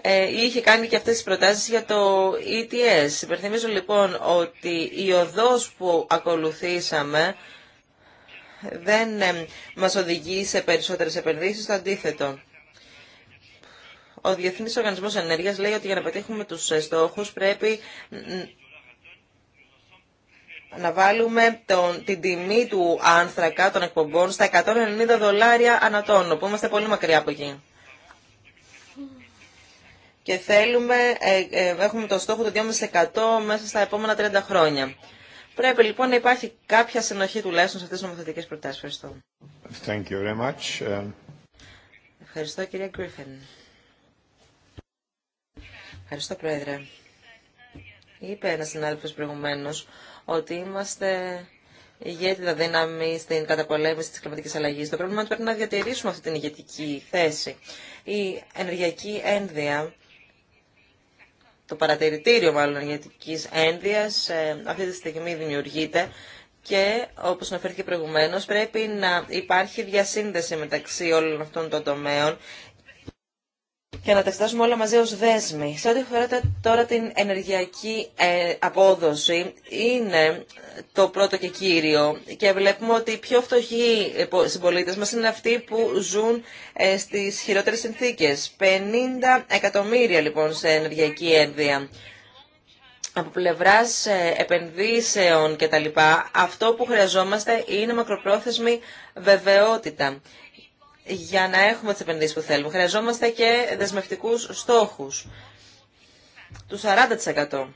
Ε, είχε κάνει και αυτές τις προτάσεις για το ETS. Υπερθυμίζω λοιπόν ότι η οδός που ακολουθήσαμε δεν ε, μας οδηγεί σε περισσότερες επενδύσεις, το αντίθετο. Ο Διεθνής Οργανισμός Ενέργειας λέει ότι για να πετύχουμε τους ε, στόχους πρέπει να βάλουμε τον, την τιμή του άνθρακα των εκπομπών στα 190 δολάρια τόνο, που είμαστε πολύ μακριά από εκεί και θέλουμε, ε, ε, έχουμε το στόχο του 2,5% μέσα στα επόμενα 30 χρόνια. Πρέπει λοιπόν να υπάρχει κάποια συνοχή τουλάχιστον σε αυτές τις νομοθετικές προτάσεις. Ευχαριστώ. Thank you very much. Um, Ευχαριστώ κυρία Γκρίφεν. Ευχαριστώ Πρόεδρε. Είπε ένας συνάδελφος προηγουμένως ότι είμαστε ηγέτητα δύναμη στην καταπολέμηση της κλιματική αλλαγή. Το πρόβλημα είναι ότι πρέπει να διατηρήσουμε αυτή την ηγετική θέση. Η ενεργειακή ένδυα το παρατηρητήριο μάλλον γενετικής ένδυας ε, αυτή τη στιγμή δημιουργείται και όπως αναφέρθηκε προηγουμένως πρέπει να υπάρχει διασύνδεση μεταξύ όλων αυτών των τομέων και να τα εξετάσουμε όλα μαζί ως δέσμοι. Σε ό,τι αφορά τώρα την ενεργειακή ε, απόδοση, είναι το πρώτο και κύριο. Και βλέπουμε ότι οι πιο φτωχοί ε, συμπολίτε μας είναι αυτοί που ζουν ε, στις χειρότερες συνθήκες. 50 εκατομμύρια λοιπόν σε ενεργειακή ένδυα. Από πλευράς επενδύσεων κτλ. Αυτό που χρειαζόμαστε είναι μακροπρόθεσμη βεβαιότητα για να έχουμε τις επενδύσεις που θέλουμε. Χρειαζόμαστε και δεσμευτικούς στόχους του 40%.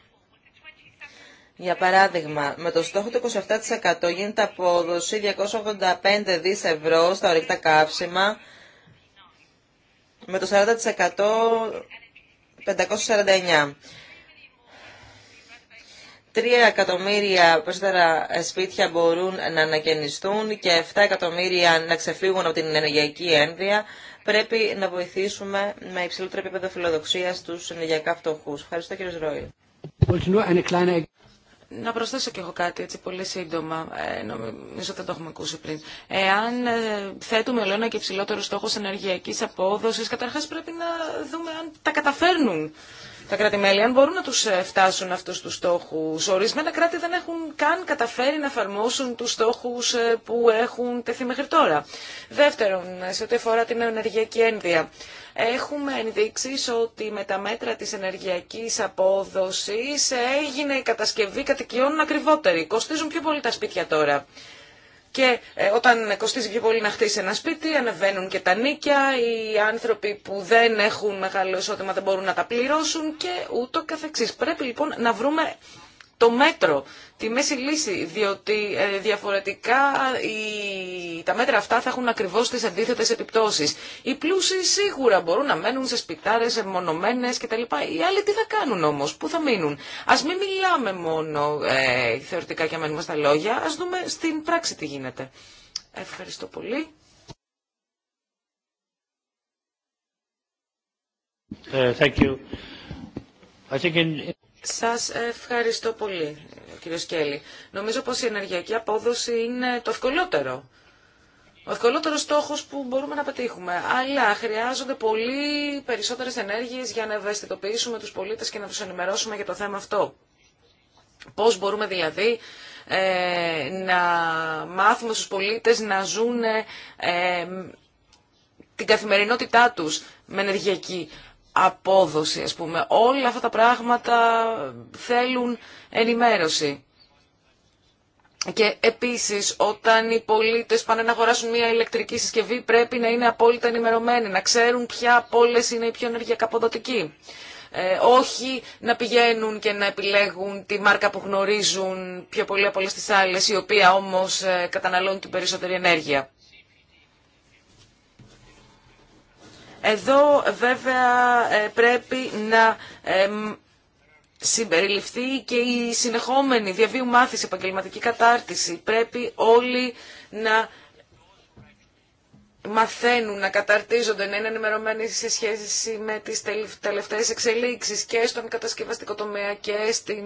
Για παράδειγμα, με το στόχο του 27% γίνεται απόδοση 285 δις ευρώ στα ορυκτά καύσιμα, με το 40% 549. Τρία εκατομμύρια περισσότερα σπίτια μπορούν να ανακαινιστούν και 7 εκατομμύρια να ξεφύγουν από την ενεργειακή ένδυα. Πρέπει να βοηθήσουμε με υψηλότερο επίπεδο φιλοδοξία του ενεργειακά φτωχού. Ευχαριστώ κύριε Ρόιλ. Να προσθέσω κι εγώ κάτι έτσι πολύ σύντομα. Ε, νομίζω δεν το έχουμε ακούσει πριν. Εάν ε, θέτουμε ένα και υψηλότερο στόχο ενεργειακή απόδοση, καταρχά πρέπει να δούμε αν τα καταφέρνουν τα κράτη-μέλη, αν μπορούν να τους ε, φτάσουν αυτούς τους στόχους. Ορισμένα κράτη δεν έχουν καν καταφέρει να εφαρμόσουν τους στόχους ε, που έχουν τεθεί μέχρι τώρα. Δεύτερον, σε ό,τι αφορά την ενεργειακή ένδυα. Έχουμε ενδείξει ότι με τα μέτρα της ενεργειακής απόδοσης έγινε η κατασκευή κατοικιών ακριβότερη. Κοστίζουν πιο πολύ τα σπίτια τώρα. Και ε, όταν κοστίζει πιο πολύ να χτίσει ένα σπίτι, ανεβαίνουν και τα νίκια, οι άνθρωποι που δεν έχουν μεγάλο εισόδημα δεν μπορούν να τα πληρώσουν και ούτω καθεξής. Πρέπει λοιπόν να βρούμε το μέτρο, τη μέση λύση, διότι ε, διαφορετικά οι, τα μέτρα αυτά θα έχουν ακριβώς τις αντίθετες επιπτώσεις. Οι πλούσιοι σίγουρα μπορούν να μένουν σε σπιτάρες, μονομένες κτλ. Οι άλλοι τι θα κάνουν όμως, πού θα μείνουν. Ας μην μιλάμε μόνο ε, θεωρητικά και μένουμε στα λόγια, ας δούμε στην πράξη τι γίνεται. Ευχαριστώ πολύ. Ε, thank you. I think in... Σας ευχαριστώ πολύ, κύριο Σκέλη. Νομίζω πως η ενεργειακή απόδοση είναι το ευκολότερο. Ο ευκολότερος στόχος που μπορούμε να πετύχουμε. Αλλά χρειάζονται πολύ περισσότερες ενέργειες για να ευαισθητοποιήσουμε τους πολίτες και να τους ενημερώσουμε για το θέμα αυτό. Πώς μπορούμε δηλαδή ε, να μάθουμε στους πολίτες να ζουν ε, την καθημερινότητά τους με ενεργειακή απόδοση, ας πούμε. Όλα αυτά τα πράγματα θέλουν ενημέρωση. Και επίσης, όταν οι πολίτες πάνε να αγοράσουν μια ηλεκτρική συσκευή, πρέπει να είναι απόλυτα ενημερωμένοι, να ξέρουν ποια από είναι η πιο ενεργειακά ε, όχι να πηγαίνουν και να επιλέγουν τη μάρκα που γνωρίζουν πιο πολύ από όλες τις άλλες, η οποία όμως ε, καταναλώνει την περισσότερη ενέργεια. Εδώ βέβαια ε, πρέπει να συμπεριληφθεί και η συνεχόμενη διαβίου μάθηση, επαγγελματική κατάρτιση. Πρέπει όλοι να μαθαίνουν, να καταρτίζονται, να είναι ενημερωμένοι σε σχέση με τις τελευταίες εξελίξεις και στον κατασκευαστικό τομέα και στην...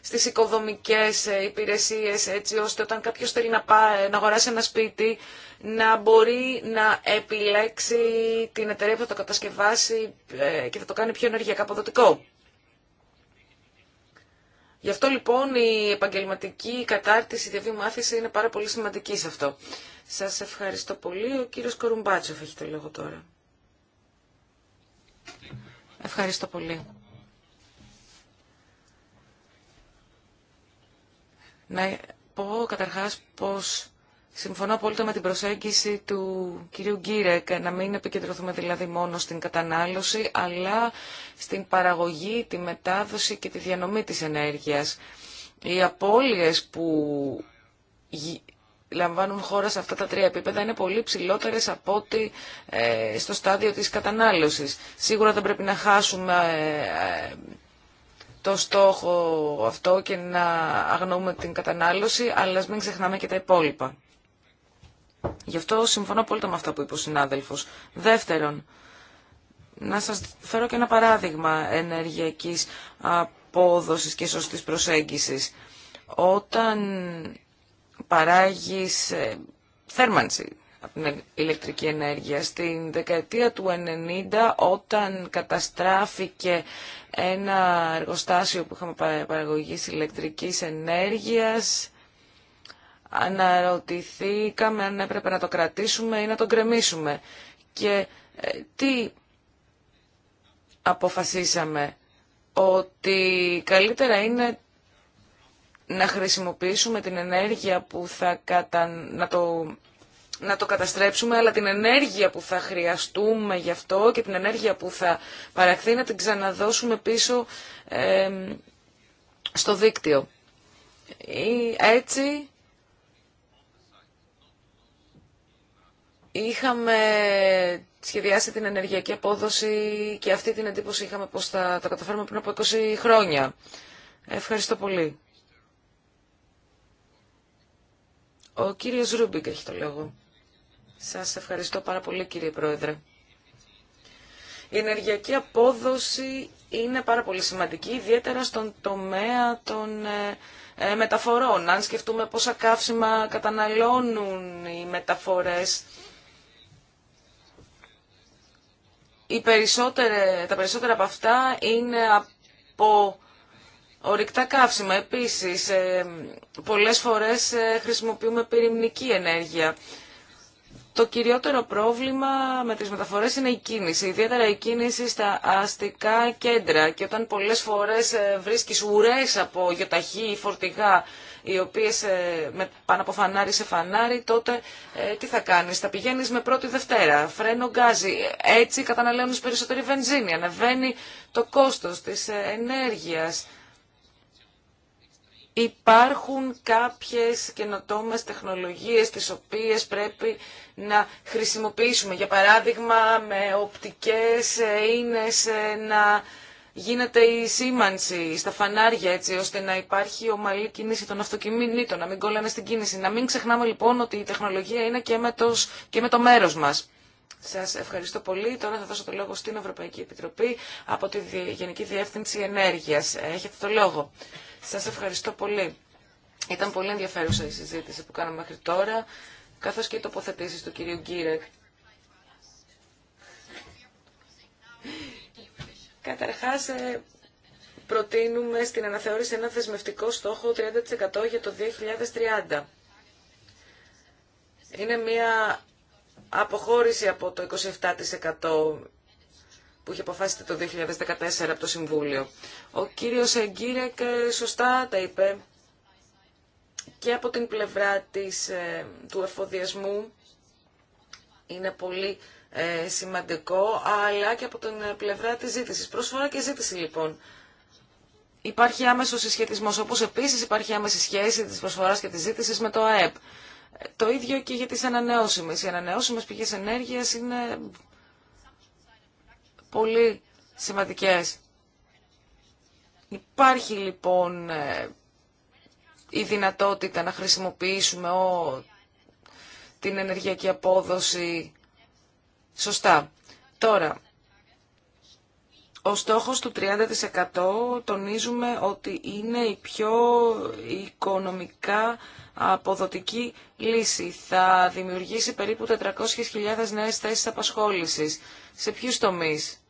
στις οικοδομικές ε, υπηρεσίες, έτσι ώστε όταν κάποιος θέλει να, πάει, να αγοράσει ένα σπίτι, να μπορεί να επιλέξει την εταιρεία που θα το κατασκευάσει ε, και θα το κάνει πιο ενεργειακά αποδοτικό. Γι' αυτό λοιπόν η επαγγελματική κατάρτιση, η μάθηση είναι πάρα πολύ σημαντική σε αυτό. Σας ευχαριστώ πολύ. Ο κύριος Κορουμπάτσοφ έχει το λόγο τώρα. Ευχαριστώ πολύ. Να πω καταρχάς πως Συμφωνώ απόλυτα με την προσέγγιση του κυρίου Γκίρεκ, να μην επικεντρωθούμε δηλαδή μόνο στην κατανάλωση, αλλά στην παραγωγή, τη μετάδοση και τη διανομή της ενέργειας. Οι απώλειες που λαμβάνουν χώρα σε αυτά τα τρία επίπεδα είναι πολύ ψηλότερες από ότι ε, στο στάδιο της κατανάλωσης. Σίγουρα δεν πρέπει να χάσουμε ε, ε, το στόχο αυτό και να αγνοούμε την κατανάλωση, αλλά μην ξεχνάμε και τα υπόλοιπα. Γι' αυτό συμφωνώ πολύ με αυτά που είπε ο συνάδελφος. Δεύτερον, να σας φέρω και ένα παράδειγμα ενεργειακής απόδοση και σωστή προσέγγιση. Όταν παράγεις ε, θέρμανση από την ηλεκτρική ενέργεια. Στην δεκαετία του 90 όταν καταστράφηκε ένα εργοστάσιο που είχαμε παραγωγής ηλεκτρικής ενέργειας αναρωτηθήκαμε αν έπρεπε να το κρατήσουμε ή να το γκρεμίσουμε. Και ε, τι αποφασίσαμε, ότι καλύτερα είναι να χρησιμοποιήσουμε την ενέργεια που θα κατα... να, το... να το καταστρέψουμε, αλλά την ενέργεια που θα χρειαστούμε γι' αυτό και την ενέργεια που θα παραχθεί να την ξαναδώσουμε πίσω ε, στο δίκτυο. Ή έτσι Είχαμε σχεδιάσει την ενεργειακή απόδοση και αυτή την εντύπωση είχαμε πως θα τα καταφέρουμε πριν από 20 χρόνια. Ευχαριστώ πολύ. Ο κύριος Ρούμπικ έχει το λόγο. Σας ευχαριστώ πάρα πολύ κύριε Πρόεδρε. Η ενεργειακή απόδοση είναι πάρα πολύ σημαντική, ιδιαίτερα στον τομέα των ε, ε, μεταφορών. Αν σκεφτούμε πόσα καύσιμα καταναλώνουν οι μεταφορές οι τα περισσότερα από αυτά είναι από ορυκτά καύσιμα. Επίσης, ε, πολλές φορές ε, χρησιμοποιούμε πυρημνική ενέργεια. Το κυριότερο πρόβλημα με τις μεταφορές είναι η κίνηση, ιδιαίτερα η κίνηση στα αστικά κέντρα και όταν πολλές φορές ε, βρίσκεις ουρές από γιοταχή ή φορτηγά οι οποίε ε, με, πάνε από φανάρι σε φανάρι, τότε ε, τι θα κάνεις, θα πηγαίνεις με πρώτη Δευτέρα, φρένο γκάζι, έτσι καταναλώνει περισσότερη βενζίνη, ανεβαίνει το κόστος της ε, ενέργειας. Υπάρχουν κάποιες καινοτόμες τεχνολογίες τις οποίες πρέπει να χρησιμοποιήσουμε. Για παράδειγμα, με οπτικές σε να γίνεται η σήμανση στα φανάρια έτσι ώστε να υπάρχει ομαλή κίνηση των αυτοκινήτων, να μην κόλλανε στην κίνηση. Να μην ξεχνάμε λοιπόν ότι η τεχνολογία είναι και με το, και με το μέρος μας. Σας ευχαριστώ πολύ. Τώρα θα δώσω το λόγο στην Ευρωπαϊκή Επιτροπή από τη Γενική Διεύθυνση Ενέργειας. Έχετε το λόγο. Σας ευχαριστώ πολύ. Ήταν πολύ ενδιαφέρουσα η συζήτηση που κάναμε μέχρι τώρα, καθώς και οι τοποθετήσεις του κυρίου Γκίρεκ. Καταρχάς, ε, προτείνουμε στην αναθεώρηση ένα θεσμευτικό στόχο 30% για το 2030. Είναι μια αποχώρηση από το 27% που είχε αποφάσισε το 2014 από το Συμβούλιο. Ο κύριος Εγκύρεκ ε, σωστά τα είπε και από την πλευρά της, ε, του εφοδιασμού είναι πολύ ε, σημαντικό, αλλά και από την πλευρά της ζήτησης. Προσφορά και ζήτηση λοιπόν. Υπάρχει άμεσο συσχετισμός, όπως επίσης υπάρχει άμεση σχέση της προσφοράς και της ζήτησης με το ΑΕΠ. Το ίδιο και για τις ανανεώσιμες. Οι ανανεώσιμες πηγές ενέργειας είναι πολύ σημαντικές. Υπάρχει λοιπόν ε, η δυνατότητα να χρησιμοποιήσουμε ο, την ενεργειακή απόδοση Σωστά. Τώρα, ο στόχος του 30% τονίζουμε ότι είναι η πιο οικονομικά αποδοτική λύση. Θα δημιουργήσει περίπου 400.000 νέες θέσεις απασχόλησης. Σε ποιους τομείς?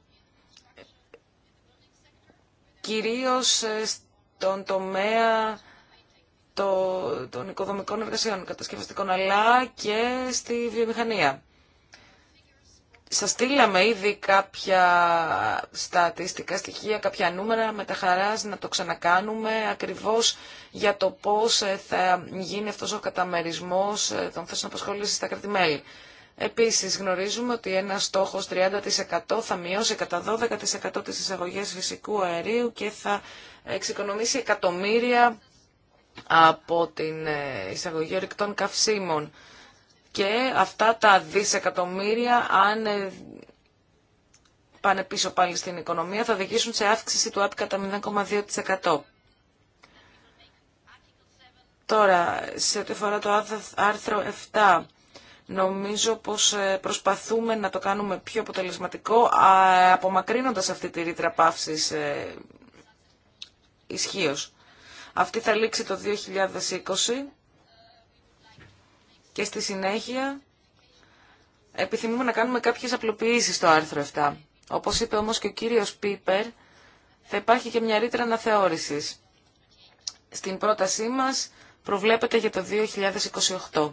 Κυρίως ε, στον τομέα των οικοδομικών εργασιών, κατασκευαστικών, αλλά και στη βιομηχανία. Σα στείλαμε ήδη κάποια στατιστικά στοιχεία, κάποια νούμερα με τα χαρά να το ξανακάνουμε ακριβώς για το πώς ε, θα γίνει αυτός ο καταμερισμός ε, των θέσεων απασχόληση στα κρατημέλη. Επίσης γνωρίζουμε ότι ένα στόχος 30% θα μειώσει κατά 12% τις εισαγωγές φυσικού αερίου και θα εξοικονομήσει εκατομμύρια από την ε, εισαγωγή ορυκτών καυσίμων και αυτά τα δισεκατομμύρια αν ε, πάνε πίσω πάλι στην οικονομία θα οδηγήσουν σε αύξηση του ΑΠ κατά 0,2%. Τώρα, σε ό,τι αφορά το άρθρο 7, νομίζω πως ε, προσπαθούμε να το κάνουμε πιο αποτελεσματικό, απομακρύνοντας αυτή τη ρήτρα παύσης ε, ισχύω. Αυτή θα λήξει το 2020 και στη συνέχεια επιθυμούμε να κάνουμε κάποιες απλοποιήσεις στο άρθρο 7. Όπως είπε όμως και ο κύριος Πίπερ, θα υπάρχει και μια ρήτρα αναθεώρησης. Στην πρότασή μας προβλέπεται για το 2028.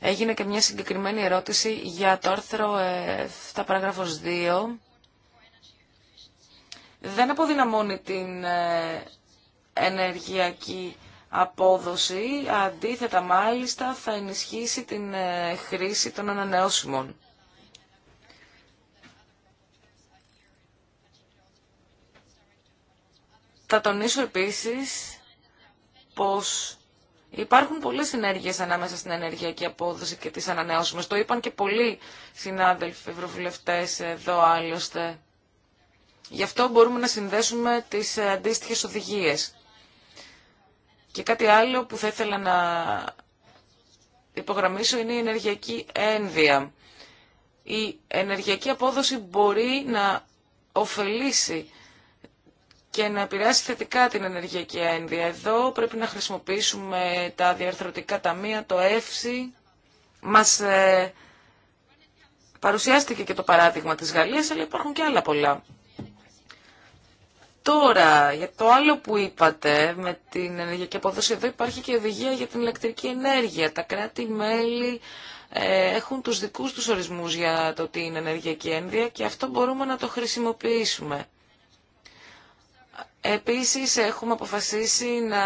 Έγινε και μια συγκεκριμένη ερώτηση για το άρθρο 7 παράγραφος 2. Δεν αποδυναμώνει την ε, ενεργειακή απόδοση, αντίθετα μάλιστα θα ενισχύσει την ε, χρήση των ανανεώσιμων. Θα τονίσω επίσης πως υπάρχουν πολλές συνέργειες ανάμεσα στην ενεργειακή απόδοση και τις ανανεώσιμες. Το είπαν και πολλοί συνάδελφοι ευρωβουλευτές εδώ άλλωστε. Γι' αυτό μπορούμε να συνδέσουμε τις ε, αντίστοιχες οδηγίες. Και κάτι άλλο που θα ήθελα να υπογραμμίσω είναι η ενεργειακή ένδυα. Η ενεργειακή απόδοση μπορεί να ωφελήσει και να επηρεάσει θετικά την ενεργειακή ένδυα. Εδώ πρέπει να χρησιμοποιήσουμε τα διαρθρωτικά ταμεία, το ΕΦΣΥ. Μας ε, παρουσιάστηκε και το παράδειγμα της Γαλλίας, αλλά υπάρχουν και άλλα πολλά. Τώρα, για το άλλο που είπατε, με την ενεργειακή αποδόση, εδώ υπάρχει και οδηγία για την ηλεκτρική ενέργεια. Τα κράτη-μέλη ε, έχουν τους δικούς τους ορισμούς για το τι είναι ενεργειακή ένδυα και αυτό μπορούμε να το χρησιμοποιήσουμε. Επίσης έχουμε αποφασίσει να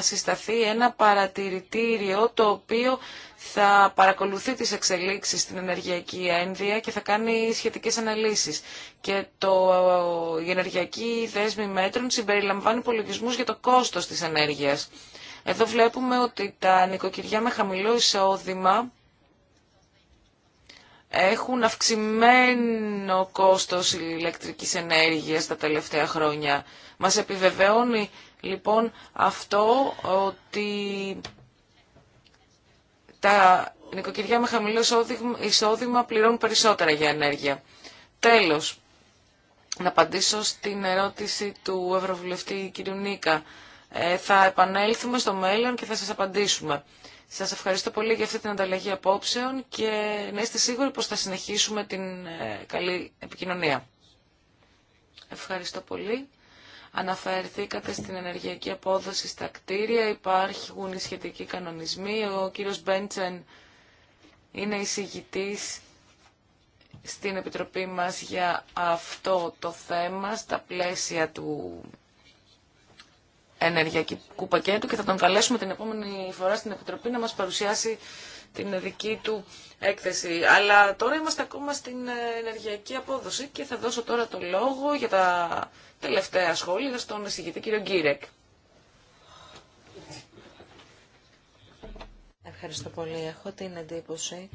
συσταθεί ένα παρατηρητήριο το οποίο θα παρακολουθεί τις εξελίξεις στην ενεργειακή ένδυα και θα κάνει σχετικές αναλύσεις. Και το, η ενεργειακή δέσμη μέτρων συμπεριλαμβάνει υπολογισμού για το κόστος της ενέργειας. Εδώ βλέπουμε ότι τα νοικοκυριά με χαμηλό εισόδημα έχουν αυξημένο κόστος ηλεκτρικής ενέργειας τα τελευταία χρόνια. Μας επιβεβαιώνει λοιπόν αυτό ότι τα νοικοκυριά με χαμηλό εισόδημα πληρώνουν περισσότερα για ενέργεια. Τέλος, να απαντήσω στην ερώτηση του Ευρωβουλευτή κ. Νίκα. Ε, θα επανέλθουμε στο μέλλον και θα σας απαντήσουμε. Σας ευχαριστώ πολύ για αυτή την ανταλλαγή απόψεων και να είστε σίγουροι πως θα συνεχίσουμε την ε, καλή επικοινωνία. Ευχαριστώ πολύ. Αναφερθήκατε στην ενεργειακή απόδοση στα κτίρια, υπάρχουν οι σχετικοί κανονισμοί. Ο κύριος Μπέντσεν είναι εισηγητής στην Επιτροπή μας για αυτό το θέμα στα πλαίσια του ενεργειακού πακέτου και θα τον καλέσουμε την επόμενη φορά στην Επιτροπή να μας παρουσιάσει την δική του έκθεση. Αλλά τώρα είμαστε ακόμα στην ε, ενεργειακή απόδοση και θα δώσω τώρα το λόγο για τα τελευταία σχόλια στον εισηγητή κύριο Γκίρεκ. Ευχαριστώ πολύ. Έχω την εντύπωση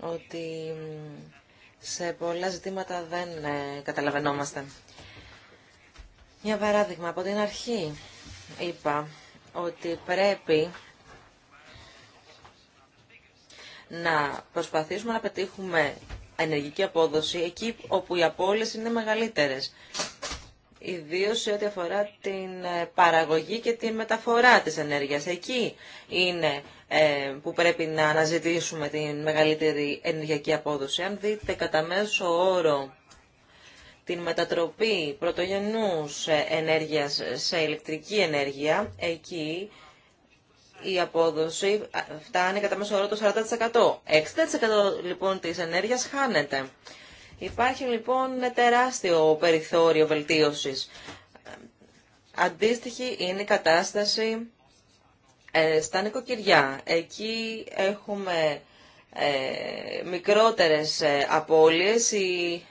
ότι σε πολλά ζητήματα δεν ε, καταλαβαίνόμαστε. Μια παράδειγμα, από την αρχή είπα ότι πρέπει να προσπαθήσουμε να πετύχουμε ενεργική απόδοση εκεί όπου οι απώλειες είναι μεγαλύτερες. Ιδίω σε ό,τι αφορά την ε, παραγωγή και την μεταφορά της ενέργειας. Εκεί είναι ε, που πρέπει να αναζητήσουμε την μεγαλύτερη ενεργειακή απόδοση. Αν δείτε κατά μέσο όρο την μετατροπή πρωτογενούς ε, ενέργειας σε ηλεκτρική ενέργεια, εκεί η απόδοση φτάνει κατά μέσο όρο το 40%. 60% λοιπόν της ενέργειας χάνεται. Υπάρχει λοιπόν τεράστιο περιθώριο βελτίωσης. Αντίστοιχη είναι η κατάσταση ε, στα νοικοκυριά. Εκεί έχουμε ε, μικρότερες ε, απώλειες, η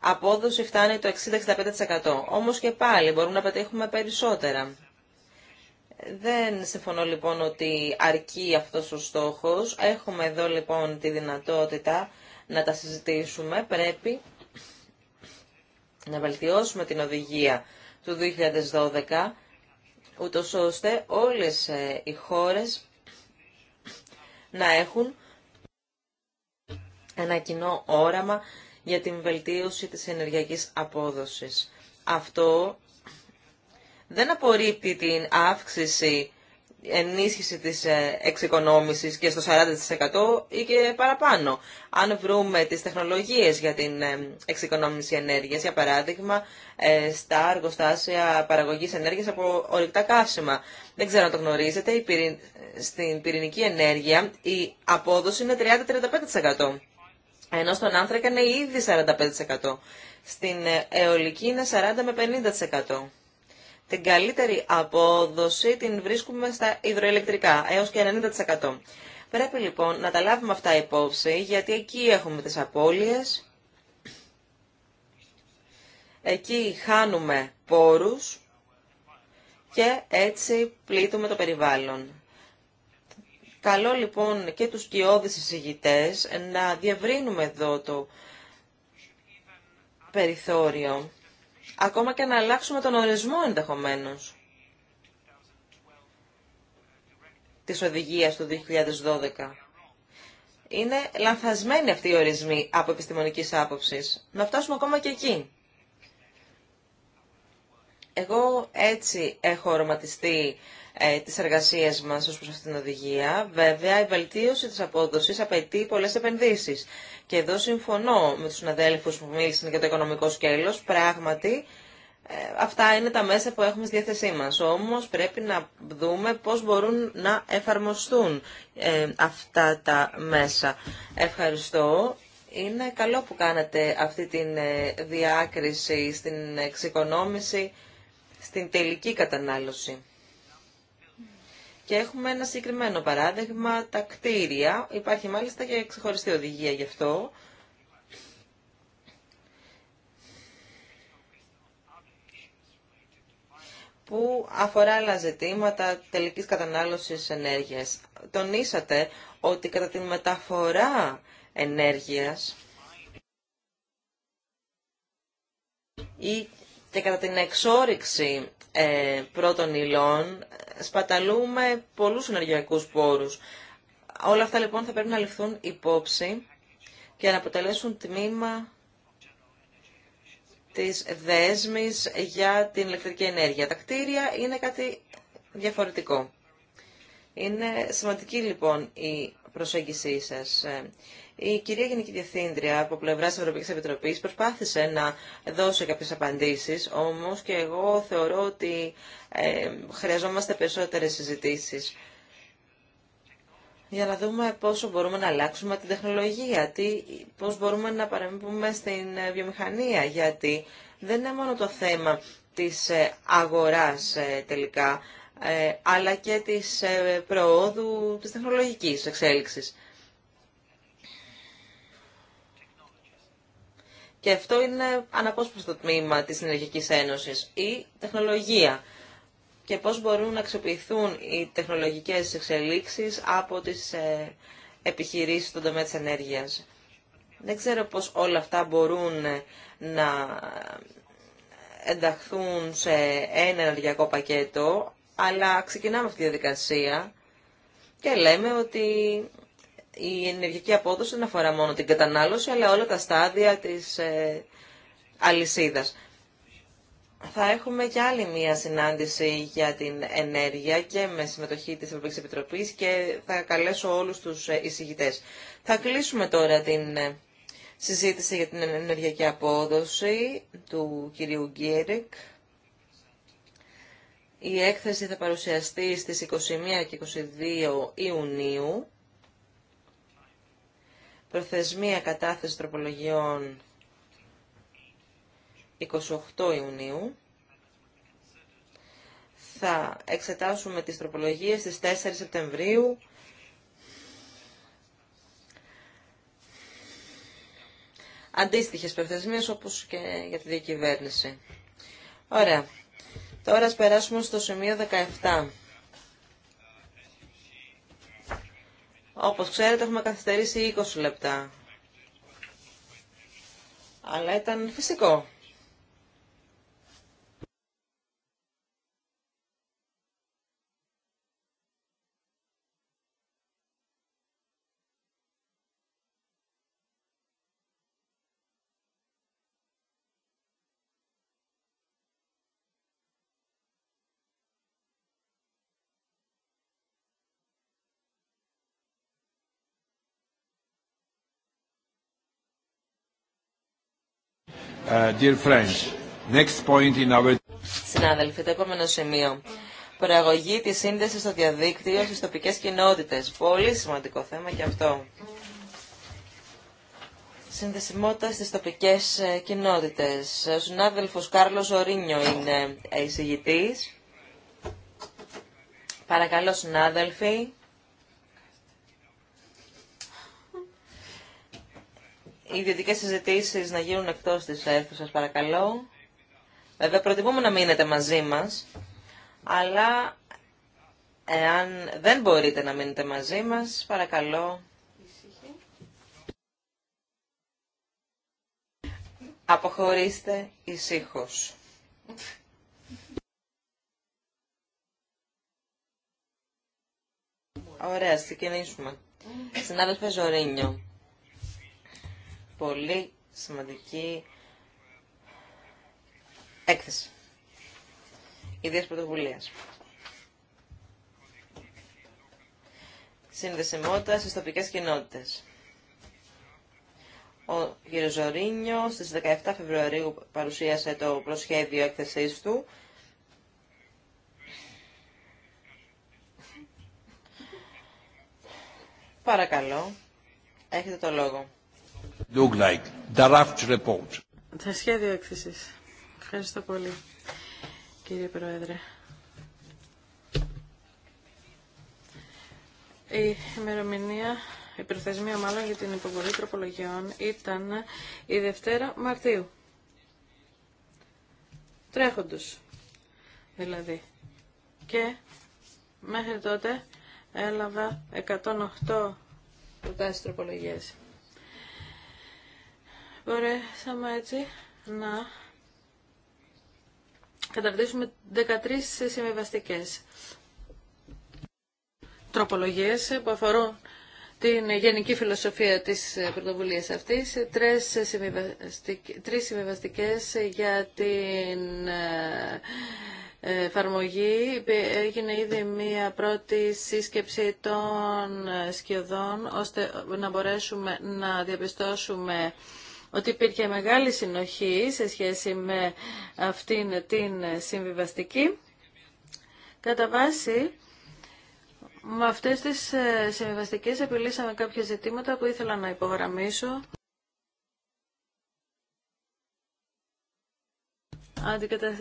απόδοση φτάνει το 60-65%. Όμως και πάλι μπορούμε να πετύχουμε περισσότερα. Δεν συμφωνώ λοιπόν ότι αρκεί αυτός ο στόχος. Έχουμε εδώ λοιπόν τη δυνατότητα να τα συζητήσουμε. Πρέπει να βελτιώσουμε την οδηγία του 2012, ούτως ώστε όλες ε, οι χώρες να έχουν ένα κοινό όραμα για την βελτίωση της ενεργειακής απόδοσης. Αυτό δεν απορρίπτει την αύξηση ενίσχυση της ε, εξοικονόμησης και στο 40% ή και παραπάνω. Αν βρούμε τις τεχνολογίες για την ε, εξοικονόμηση ενέργειας, για παράδειγμα, ε, στα αργοστάσια παραγωγής ενέργειας από ορυκτά καύσιμα. Δεν ξέρω αν το γνωρίζετε, η στην πυρηνική ενέργεια η απόδοση είναι 30-35%. Ενώ στον άνθρακα είναι ήδη 45%. Στην αιωλική είναι 40 50%. Την καλύτερη απόδοση την βρίσκουμε στα υδροελεκτρικά, έως και 90%. Πρέπει λοιπόν να τα λάβουμε αυτά υπόψη, γιατί εκεί έχουμε τις απώλειες, εκεί χάνουμε πόρους και έτσι πλήττουμε το περιβάλλον. Καλό λοιπόν και τους κοιόδης εισηγητές να διευρύνουμε εδώ το περιθώριο Ακόμα και να αλλάξουμε τον ορισμό ενδεχομένω της οδηγίας του 2012. Είναι λανθασμένοι αυτοί οι ορισμοί από επιστημονικής άποψης. Να φτάσουμε ακόμα και εκεί. Εγώ έτσι έχω ορματιστεί ε, τις εργασίες μας ως προς αυτήν την οδηγία. Βέβαια, η βελτίωση της απόδοσης απαιτεί πολλές επενδύσεις. Και εδώ συμφωνώ με τους συναδέλφους που μίλησαν για το οικονομικό σκέλος. Πράγματι, ε, αυτά είναι τα μέσα που έχουμε στη διάθεσή μας. Όμως, πρέπει να δούμε πώς μπορούν να εφαρμοστούν ε, αυτά τα μέσα. Ευχαριστώ. Είναι καλό που κάνετε αυτή τη ε, διάκριση στην εξοικονόμηση στην τελική κατανάλωση. Και έχουμε ένα συγκεκριμένο παράδειγμα, τα κτίρια. Υπάρχει μάλιστα και ξεχωριστή οδηγία γι' αυτό. που αφορά άλλα ζητήματα τελικής κατανάλωσης ενέργειας. Τονίσατε ότι κατά τη μεταφορά ενέργειας ή και κατά την εξόριξη ε, πρώτων υλών σπαταλούμε πολλούς ενεργειακούς πόρους. Όλα αυτά λοιπόν θα πρέπει να ληφθούν υπόψη και να αποτελέσουν τμήμα της δέσμης για την ηλεκτρική ενέργεια. Τα κτίρια είναι κάτι διαφορετικό. Είναι σημαντική λοιπόν η προσέγγισή σας. Ε, η κυρία Γενική Διευθύντρια από πλευρά τη Ευρωπαϊκή Επιτροπή προσπάθησε να δώσει κάποιε απαντήσει, όμω και εγώ θεωρώ ότι ε, χρειαζόμαστε περισσότερε συζητήσει για να δούμε πόσο μπορούμε να αλλάξουμε την τεχνολογία, τι, πώς μπορούμε να παραμείνουμε στην ε, βιομηχανία, γιατί δεν είναι μόνο το θέμα της ε, αγοράς τελικά, αλλά και της προόδου της τεχνολογικής εξέλιξης. Και αυτό είναι αναπόσπαστο τμήμα της Συνεργικής Ένωσης. Η τεχνολογία και πώς μπορούν να αξιοποιηθούν οι τεχνολογικές εξελίξεις από τις ε, επιχειρήσεις στον τομέα της ενέργειας. Δεν ξέρω πώς όλα αυτά μπορούν ε, να ενταχθούν σε ένα ενεργειακό πακέτο, αλλά ξεκινάμε αυτή τη διαδικασία και λέμε ότι η ενεργειακή απόδοση δεν αφορά μόνο την κατανάλωση, αλλά όλα τα στάδια της ε, αλυσίδας. Θα έχουμε και άλλη μία συνάντηση για την ενέργεια και με συμμετοχή της Ευρωπαϊκής Επιτροπής και θα καλέσω όλους τους ε, εισηγητές. Θα κλείσουμε τώρα την ε, συζήτηση για την ενεργειακή απόδοση του κυρίου Γκίρικ. Η έκθεση θα παρουσιαστεί στις 21 και 22 Ιουνίου Προθεσμία κατάθεση τροπολογιών 28 Ιουνίου. Θα εξετάσουμε τις τροπολογίες στις 4 Σεπτεμβρίου. Αντίστοιχες προθεσμίες όπως και για τη διακυβέρνηση. Ωραία. Τώρα ας περάσουμε στο σημείο 17. Όπως ξέρετε έχουμε καθυστερήσει 20 λεπτά. Αλλά ήταν φυσικό. Uh, συνάδελφοι, το επόμενο σημείο. Προαγωγή τη σύνδεση στο διαδίκτυο στι τοπικέ κοινότητε. Πολύ σημαντικό θέμα και αυτό. Συνδεσιμότητα στις τοπικές ε, κοινότητες. Ο συνάδελφος Κάρλος Ορίνιο είναι ε, εισηγητής. Παρακαλώ συνάδελφοι, Οι ιδιωτικέ συζητήσει να γίνουν εκτός της αίθουσας, παρακαλώ. Βέβαια, προτιμούμε να μείνετε μαζί μα, αλλά εάν δεν μπορείτε να μείνετε μαζί μα, παρακαλώ. Αποχωρήστε ησύχω. Ωραία, ξεκινήσουμε. Συνάδελφε Ζωρίνιο πολύ σημαντική έκθεση ιδίας πρωτοβουλία. Συνδεσιμότητα στις τοπικές κοινότητες. Ο κ. Ζωρίνιο στις 17 Φεβρουαρίου παρουσίασε το προσχέδιο έκθεσής του. Παρακαλώ, έχετε το λόγο. Look like draft report. Τα έκθεσης. Ευχαριστώ πολύ, κύριε Πρόεδρε. Η ημερομηνία, η προθεσμία μάλλον για την υποβολή τροπολογιών ήταν η Δευτέρα Μαρτίου. Τρέχοντος, δηλαδή. Και μέχρι τότε έλαβα 108 προτάσεις τροπολογίες μπορέσαμε έτσι να καταρτήσουμε 13 συμβιβαστικέ τροπολογίες που αφορούν την γενική φιλοσοφία της πρωτοβουλία αυτής, Τρει συμβιβαστικέ για την ε, εφαρμογή. Έγινε ήδη μία πρώτη σύσκεψη των ε, σκιωδών, ώστε να μπορέσουμε να διαπιστώσουμε ότι υπήρχε μεγάλη συνοχή σε σχέση με αυτήν την συμβιβαστική. Κατά βάση, με αυτές τις ε, συμβιβαστικές επιλύσαμε κάποια ζητήματα που ήθελα να υπογραμμίσω.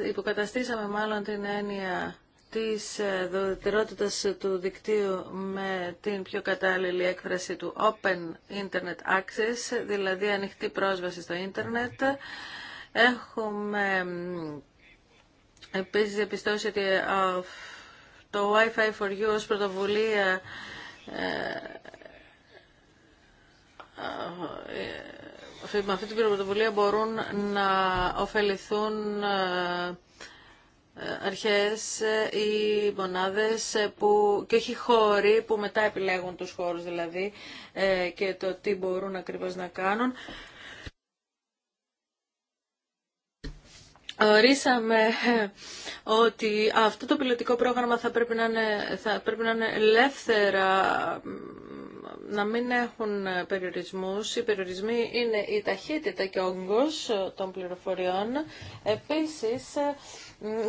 Υποκαταστήσαμε μάλλον την έννοια της ε, δοτερότητας του δικτύου με την πιο κατάλληλη έκφραση του Open Internet Access, δηλαδή ανοιχτή πρόσβαση στο ίντερνετ. Έχουμε επίσης διαπιστώσει ότι το Wi-Fi for You ως πρωτοβουλία ε, ε, με αυτή την πρωτοβουλία μπορούν να ωφεληθούν αρχές ή ε, μονάδες ε, που, και όχι χώροι που μετά επιλέγουν τους χώρους δηλαδή ε, και το τι μπορούν ακριβώς να κάνουν. Ορίσαμε ότι αυτό το πιλωτικό πρόγραμμα θα πρέπει να είναι, θα πρέπει να είναι ελεύθερα, να μην έχουν περιορισμούς. Οι περιορισμοί είναι η ταχύτητα και όγκος των πληροφοριών. Επίσης,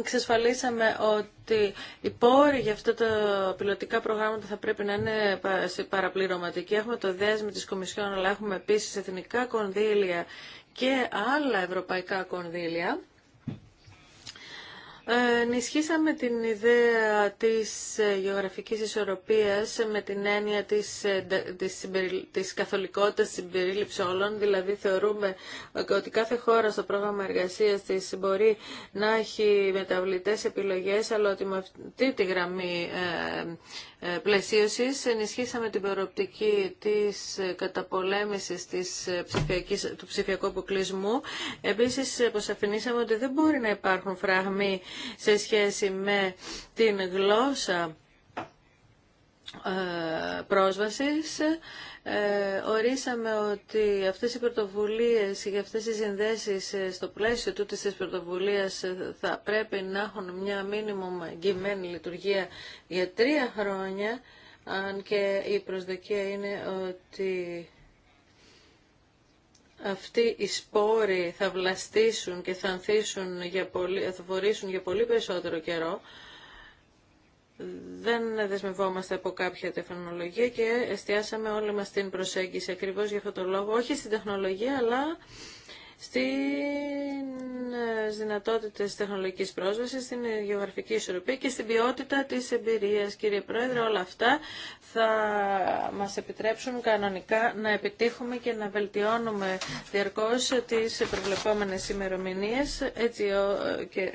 Ξεσφαλίσαμε ότι οι πόροι για αυτά τα πιλωτικά προγράμματα θα πρέπει να είναι παραπληρωματικοί. Έχουμε το δέσμι της Κομισιόν, αλλά έχουμε επίσης εθνικά κονδύλια και άλλα ευρωπαϊκά κονδύλια. Ενισχύσαμε την ιδέα της ε, γεωγραφικής ισορροπίας με την έννοια της, ε, της, της καθολικότητας της όλων, δηλαδή θεωρούμε ότι κάθε χώρα στο πρόγραμμα εργασίας της μπορεί να έχει μεταβλητές επιλογές, αλλά ότι με αυτή τη γραμμή ε, ε, πλαισίωσης ενισχύσαμε την προοπτική της ε, καταπολέμησης της ε, του ψηφιακού αποκλεισμού. Επίσης, αποσαφηνίσαμε ότι δεν μπορεί να υπάρχουν φραγμοί σε σχέση με την γλώσσα ε, πρόσβασης. Ε, ορίσαμε ότι αυτές οι πρωτοβουλίες και αυτές οι συνδέσεις ε, στο πλαίσιο τούτης της πρωτοβουλίας θα πρέπει να έχουν μια μίνιμουμ εγγυημένη λειτουργία για τρία χρόνια, αν και η προσδοκία είναι ότι αυτοί οι σπόροι θα βλαστήσουν και θα ανθίσουν για πολύ, θα φορήσουν για πολύ περισσότερο καιρό δεν δεσμευόμαστε από κάποια τεχνολογία και εστιάσαμε όλη μας την προσέγγιση ακριβώς για αυτό το λόγο, όχι στην τεχνολογία αλλά στην ε, δυνατότητες τεχνολογικής πρόσβασης, στην γεωγραφική ισορροπία και στην ποιότητα της εμπειρίας. Κύριε Πρόεδρε, όλα αυτά θα μας επιτρέψουν κανονικά να επιτύχουμε και να βελτιώνουμε διαρκώς τις προβλεπόμενες ημερομηνίε έτσι, ε,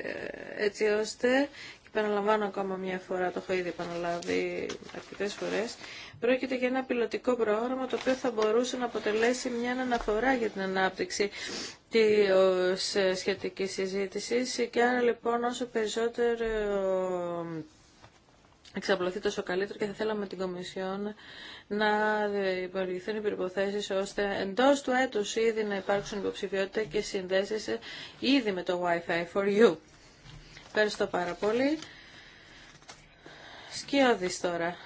έτσι ώστε επαναλαμβάνω ακόμα μια φορά, το έχω ήδη επαναλάβει αρκετέ φορέ, πρόκειται για ένα πιλωτικό πρόγραμμα το οποίο θα μπορούσε να αποτελέσει μια αναφορά για την ανάπτυξη τη ε, σχετική συζήτηση και άρα λοιπόν όσο περισσότερο εξαπλωθεί τόσο καλύτερο και θα θέλαμε την Κομισιόν να δημιουργηθούν οι προποθέσει ώστε εντός του έτους ήδη να υπάρξουν υποψηφιότητα και συνδέσεις ήδη με το Wi-Fi for you. Ευχαριστώ πάρα πολύ. Σκιώδης τώρα.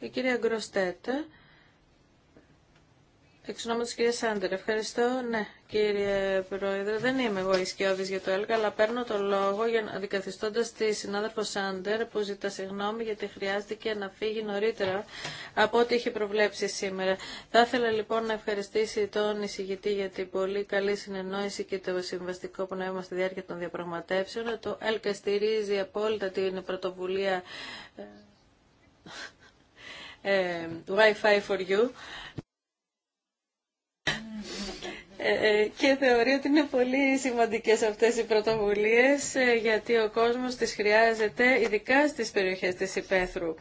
Η κυρία Γκροστέτ Εξ ονόματος κύριε Σάντερ, ευχαριστώ. Ναι, κύριε Πρόεδρε, δεν είμαι εγώ σκιώδη για το ΕΛΚΑ, αλλά παίρνω το λόγο για, τη συνάδελφο Σάντερ που ζητά συγγνώμη γιατί χρειάστηκε να φύγει νωρίτερα από ό,τι είχε προβλέψει σήμερα. Θα ήθελα λοιπόν να ευχαριστήσει τον εισηγητή για την πολύ καλή συνεννόηση και το συμβαστικό πνεύμα στη διάρκεια των διαπραγματεύσεων. Το ΕΛΚΑ στηρίζει απόλυτα την πρωτοβουλία ε, ε Wi-Fi for you. Ε, ε, και θεωρεί ότι είναι πολύ σημαντικές αυτές οι πρωτοβουλίες ε, γιατί ο κόσμος τις χρειάζεται ειδικά στις περιοχές της υπαίθρου.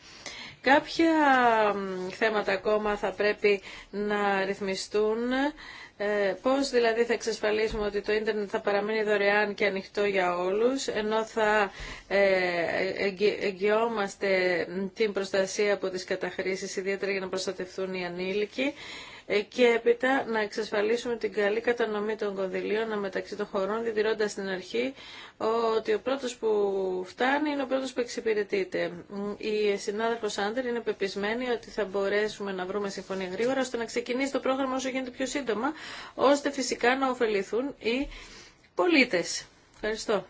Κάποια θέματα ακόμα θα πρέπει να ρυθμιστούν. Πώς δηλαδή θα εξασφαλίσουμε ότι το ίντερνετ θα παραμείνει δωρεάν και ανοιχτό για όλους, ενώ θα εγγυόμαστε την προστασία από τις καταχρήσεις, ιδιαίτερα για να προστατευτούν οι ανήλικοι. Ε, και έπειτα να εξασφαλίσουμε την καλή κατανομή των κονδυλίων μεταξύ των χωρών, διδυρώντας στην αρχή ότι ο πρώτος που φτάνει είναι ο πρώτος που εξυπηρετείται. Η συνάδελφος Άντερ είναι πεπισμένη ότι θα μπορέσουμε να βρούμε συμφωνία γρήγορα ώστε να ξεκινήσει το πρόγραμμα όσο γίνεται πιο σύντομα, ώστε φυσικά να ωφεληθούν οι πολίτε. Ευχαριστώ.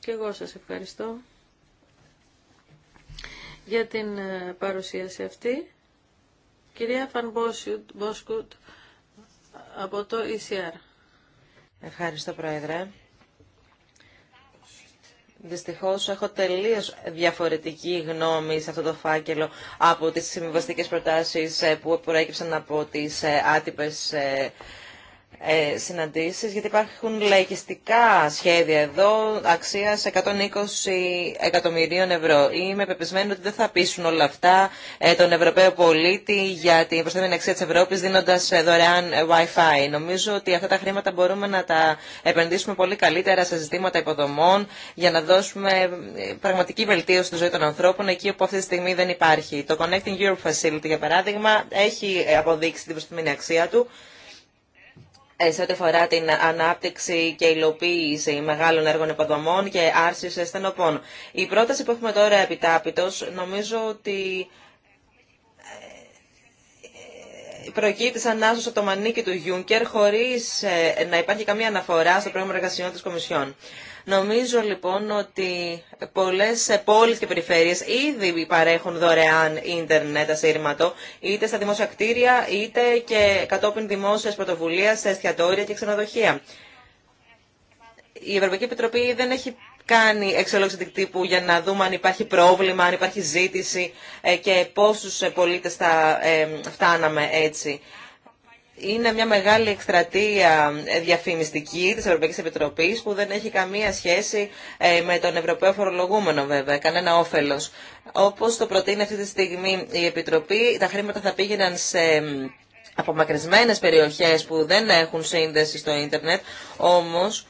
Και εγώ σας ευχαριστώ για την ε, παρουσίαση αυτή. Κυρία Φαν από το ECR. Ευχαριστώ, Πρόεδρε. Δυστυχώς έχω τελείως διαφορετική γνώμη σε αυτό το φάκελο από τις συμβιβαστικές προτάσεις ε, που προέκυψαν από τις ε, άτυπες ε, ε, συναντήσεις, γιατί υπάρχουν λαϊκιστικά σχέδια εδώ αξίας 120 εκατομμυρίων ευρώ. Είμαι πεπισμένη ότι δεν θα πείσουν όλα αυτά ε, τον Ευρωπαίο πολίτη για την προσθέμενη αξία της Ευρώπης δίνοντας ε, δωρεάν ε, Wi-Fi. Νομίζω ότι αυτά τα χρήματα μπορούμε να τα επενδύσουμε πολύ καλύτερα σε ζητήματα υποδομών για να δώσουμε πραγματική βελτίωση στη ζωή των ανθρώπων εκεί όπου αυτή τη στιγμή δεν υπάρχει. Το Connecting Europe Facility, για παράδειγμα, έχει αποδείξει την προσθέμενη αξία του. Ε, σε ό,τι αφορά την ανάπτυξη και υλοποίηση μεγάλων έργων υποδομών και άρση στενοπών. Η πρόταση που έχουμε τώρα επιτάπητος νομίζω ότι ε, σαν άσως από το μανίκι του Γιούνκερ χωρίς ε, να υπάρχει καμία αναφορά στο πρόγραμμα εργασιών της Κομισιόν. Νομίζω λοιπόν ότι πολλές πόλεις και περιφέρειες ήδη παρέχουν δωρεάν ίντερνετ ασύρματο, είτε στα δημόσια κτίρια, είτε και κατόπιν δημόσιας πρωτοβουλίας σε εστιατόρια και ξενοδοχεία. Η Ευρωπαϊκή Επιτροπή δεν έχει κάνει εξολόγηση τύπου για να δούμε αν υπάρχει πρόβλημα, αν υπάρχει ζήτηση ε, και πόσους πολίτες θα ε, φτάναμε έτσι είναι μια μεγάλη εκστρατεία ε, διαφημιστική της Ευρωπαϊκής Επιτροπής που δεν έχει καμία σχέση ε, με τον Ευρωπαίο Φορολογούμενο βέβαια, κανένα όφελος. Όπως το προτείνει αυτή τη στιγμή η Επιτροπή, τα χρήματα θα πήγαιναν σε απομακρυσμένες περιοχές που δεν έχουν σύνδεση στο ίντερνετ, όμως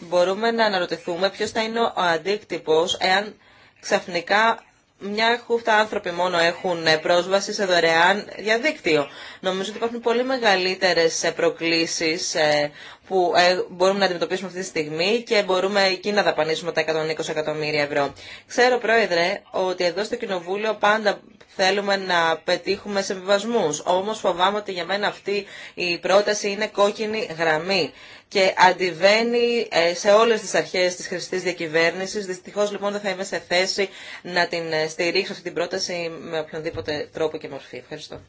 μπορούμε να αναρωτηθούμε ποιος θα είναι ο αντίκτυπος εάν ξαφνικά μια χούφτα άνθρωποι μόνο έχουν ε, πρόσβαση σε δωρεάν διαδίκτυο. Νομίζω ότι υπάρχουν πολύ μεγαλύτερες ε, προκλήσεις ε, που μπορούμε να αντιμετωπίσουμε αυτή τη στιγμή και μπορούμε εκεί να δαπανίσουμε τα 120 εκατομμύρια ευρώ. Ξέρω, Πρόεδρε, ότι εδώ στο Κοινοβούλιο πάντα θέλουμε να πετύχουμε σε βιβασμούς. Όμως φοβάμαι ότι για μένα αυτή η πρόταση είναι κόκκινη γραμμή και αντιβαίνει ε, σε όλες τις αρχές της χρηστή διακυβέρνησης. Δυστυχώς λοιπόν δεν θα είμαι σε θέση να την ε, στηρίξω αυτή την πρόταση με οποιονδήποτε τρόπο και μορφή. Ευχαριστώ.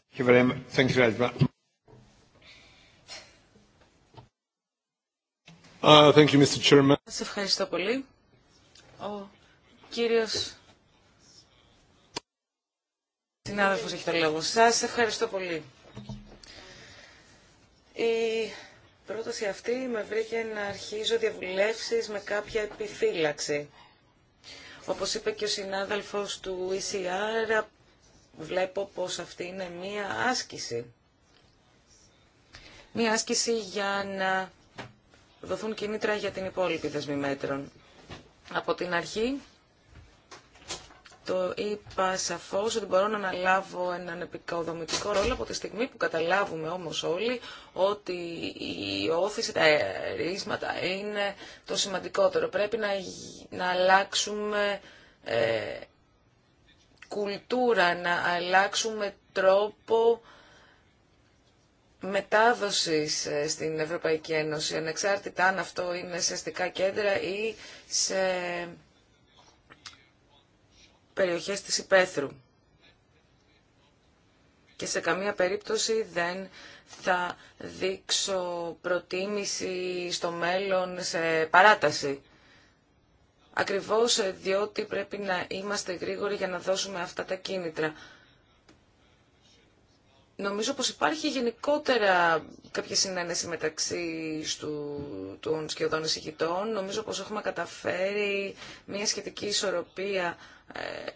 ευχαριστώ πολύ. Ο κύριος Συνάδελφος έχει το λόγο. Σας ευχαριστώ πολύ. Η πρόταση αυτή με βρήκε να αρχίζω διαβουλεύσεις με κάποια επιφύλαξη. Όπως είπε και ο συνάδελφος του ECR, βλέπω πως αυτή είναι μία άσκηση. Μία άσκηση για να δοθούν κινήτρα για την υπόλοιπη δεσμή μέτρων. Από την αρχή το είπα σαφώ ότι μπορώ να αναλάβω έναν επικοδομητικό ρόλο από τη στιγμή που καταλάβουμε όμω όλοι ότι η όθηση, τα ρίσματα είναι το σημαντικότερο. Πρέπει να, να αλλάξουμε ε, κουλτούρα, να αλλάξουμε τρόπο μετάδοσης ε, στην Ευρωπαϊκή Ένωση, ανεξάρτητα αν αυτό είναι σε αστικά κέντρα ή σε περιοχές της υπαίθρου. Και σε καμία περίπτωση δεν θα δείξω προτίμηση στο μέλλον σε παράταση. Ακριβώς διότι πρέπει να είμαστε γρήγοροι για να δώσουμε αυτά τα κίνητρα. Νομίζω πως υπάρχει γενικότερα κάποια συνένεση μεταξύ του, των σχεδόν εισηγητών. Νομίζω πως έχουμε καταφέρει μια σχετική ισορροπία ε,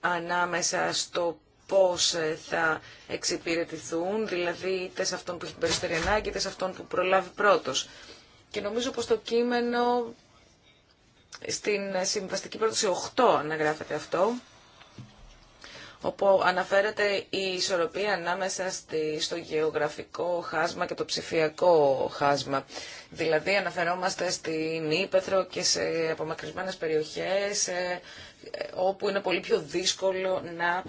ανάμεσα στο πώς ε, θα εξυπηρετηθούν, δηλαδή είτε σε αυτόν που έχει περισσότερη ανάγκη, είτε σε αυτόν που προλάβει πρώτος. Και νομίζω πως το κείμενο στην συμβαστική πρόταση 8 αναγράφεται αυτό όπου αναφέρεται η ισορροπία ανάμεσα στο γεωγραφικό χάσμα και το ψηφιακό χάσμα. Δηλαδή αναφερόμαστε στην Ήπεθρο και σε απομακρυσμένες περιοχές ε, όπου είναι πολύ πιο δύσκολο να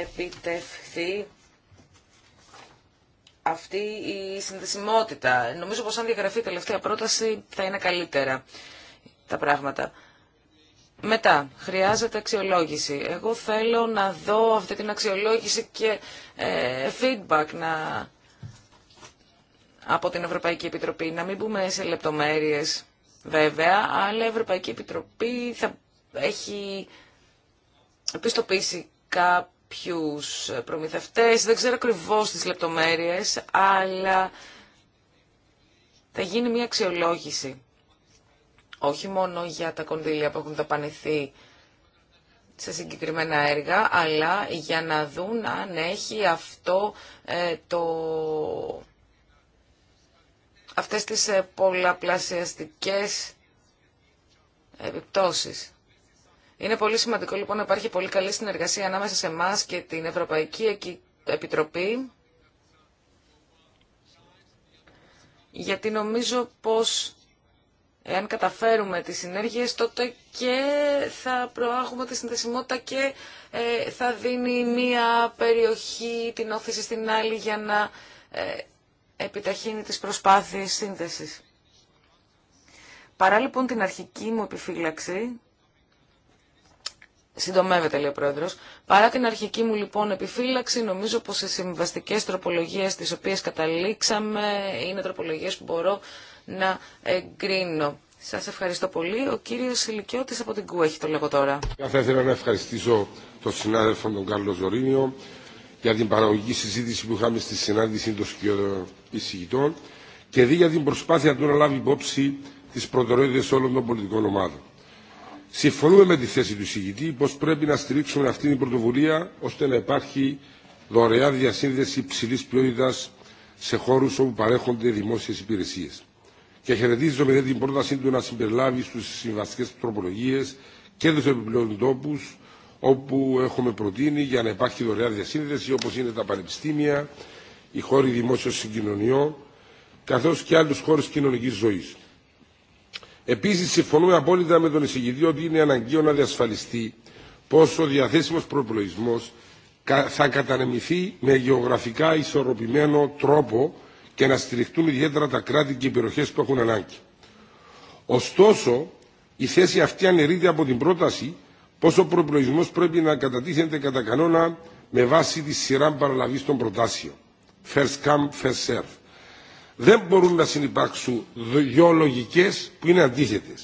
επιτευχθεί αυτή η συνδεσιμότητα. Νομίζω πως αν διαγραφεί η τελευταία πρόταση θα είναι καλύτερα τα πράγματα. Μετά, χρειάζεται αξιολόγηση. Εγώ θέλω να δω αυτή την αξιολόγηση και ε, feedback να... από την Ευρωπαϊκή Επιτροπή. Να μην μπούμε σε λεπτομέρειες βέβαια, αλλά η Ευρωπαϊκή Επιτροπή θα έχει επιστοποιήσει κάποιους προμηθευτές. Δεν ξέρω ακριβώ τις λεπτομέρειες, αλλά θα γίνει μια αξιολόγηση όχι μόνο για τα κονδύλια που έχουν δαπανηθεί σε συγκεκριμένα έργα, αλλά για να δουν αν έχει αυτό ε, το... αυτές τις ε, πολλαπλασιαστικές επιπτώσεις. Είναι πολύ σημαντικό λοιπόν να υπάρχει πολύ καλή συνεργασία ανάμεσα σε εμά και την Ευρωπαϊκή Επιτροπή, γιατί νομίζω πως Εάν καταφέρουμε τις συνέργειες, τότε και θα προάγουμε τη συνδεσιμότητα και ε, θα δίνει μία περιοχή την όθηση στην άλλη για να ε, επιταχύνει τις προσπάθειες σύνδεσης. Παρά λοιπόν την αρχική μου επιφύλαξη, συντομεύεται λέει ο Πρόεδρος, παρά την αρχική μου λοιπόν επιφύλαξη, νομίζω πως οι συμβαστικές τροπολογίες τις οποίες καταλήξαμε είναι τροπολογίες που μπορώ να εγκρίνω. Σα ευχαριστώ πολύ. Ο κύριο Ηλικιώτη από την ΚΟΥ έχει το λόγο τώρα. Θα ήθελα να ευχαριστήσω τον συνάδελφο τον Κάρλο Ζωρίνιο για την παραγωγική συζήτηση που είχαμε στη συνάντηση των εισηγητών και δι για την προσπάθεια του να λάβει υπόψη τι προτεραιότητε όλων των πολιτικών ομάδων. Συμφωνούμε με τη θέση του εισηγητή πω πρέπει να στηρίξουμε αυτή την πρωτοβουλία ώστε να υπάρχει δωρεά διασύνδεση υψηλή ποιότητα σε χώρου όπου παρέχονται δημόσιε υπηρεσίε και χαιρετίζω με την πρότασή του να συμπεριλάβει στου συμβαστικέ τροπολογίε και του επιπλέον τόπου όπου έχουμε προτείνει για να υπάρχει δωρεά διασύνδεση όπω είναι τα πανεπιστήμια, οι χώροι δημόσιων συγκοινωνιών καθώ και άλλου χώρου κοινωνική ζωή. Επίση, συμφωνούμε απόλυτα με τον εισηγητή ότι είναι αναγκαίο να διασφαλιστεί πω ο διαθέσιμο προπολογισμό θα κατανεμηθεί με γεωγραφικά ισορροπημένο τρόπο και να στηριχτούν ιδιαίτερα τα κράτη και οι περιοχέ που έχουν ανάγκη. Ωστόσο, η θέση αυτή αναιρείται από την πρόταση πω ο προπολογισμό πρέπει να κατατίθεται κατά κανόνα με βάση τη σειρά παραλαβή των προτάσεων. First come, first serve. Δεν μπορούν να συνεπάρξουν δυο λογικέ που είναι αντίθετε.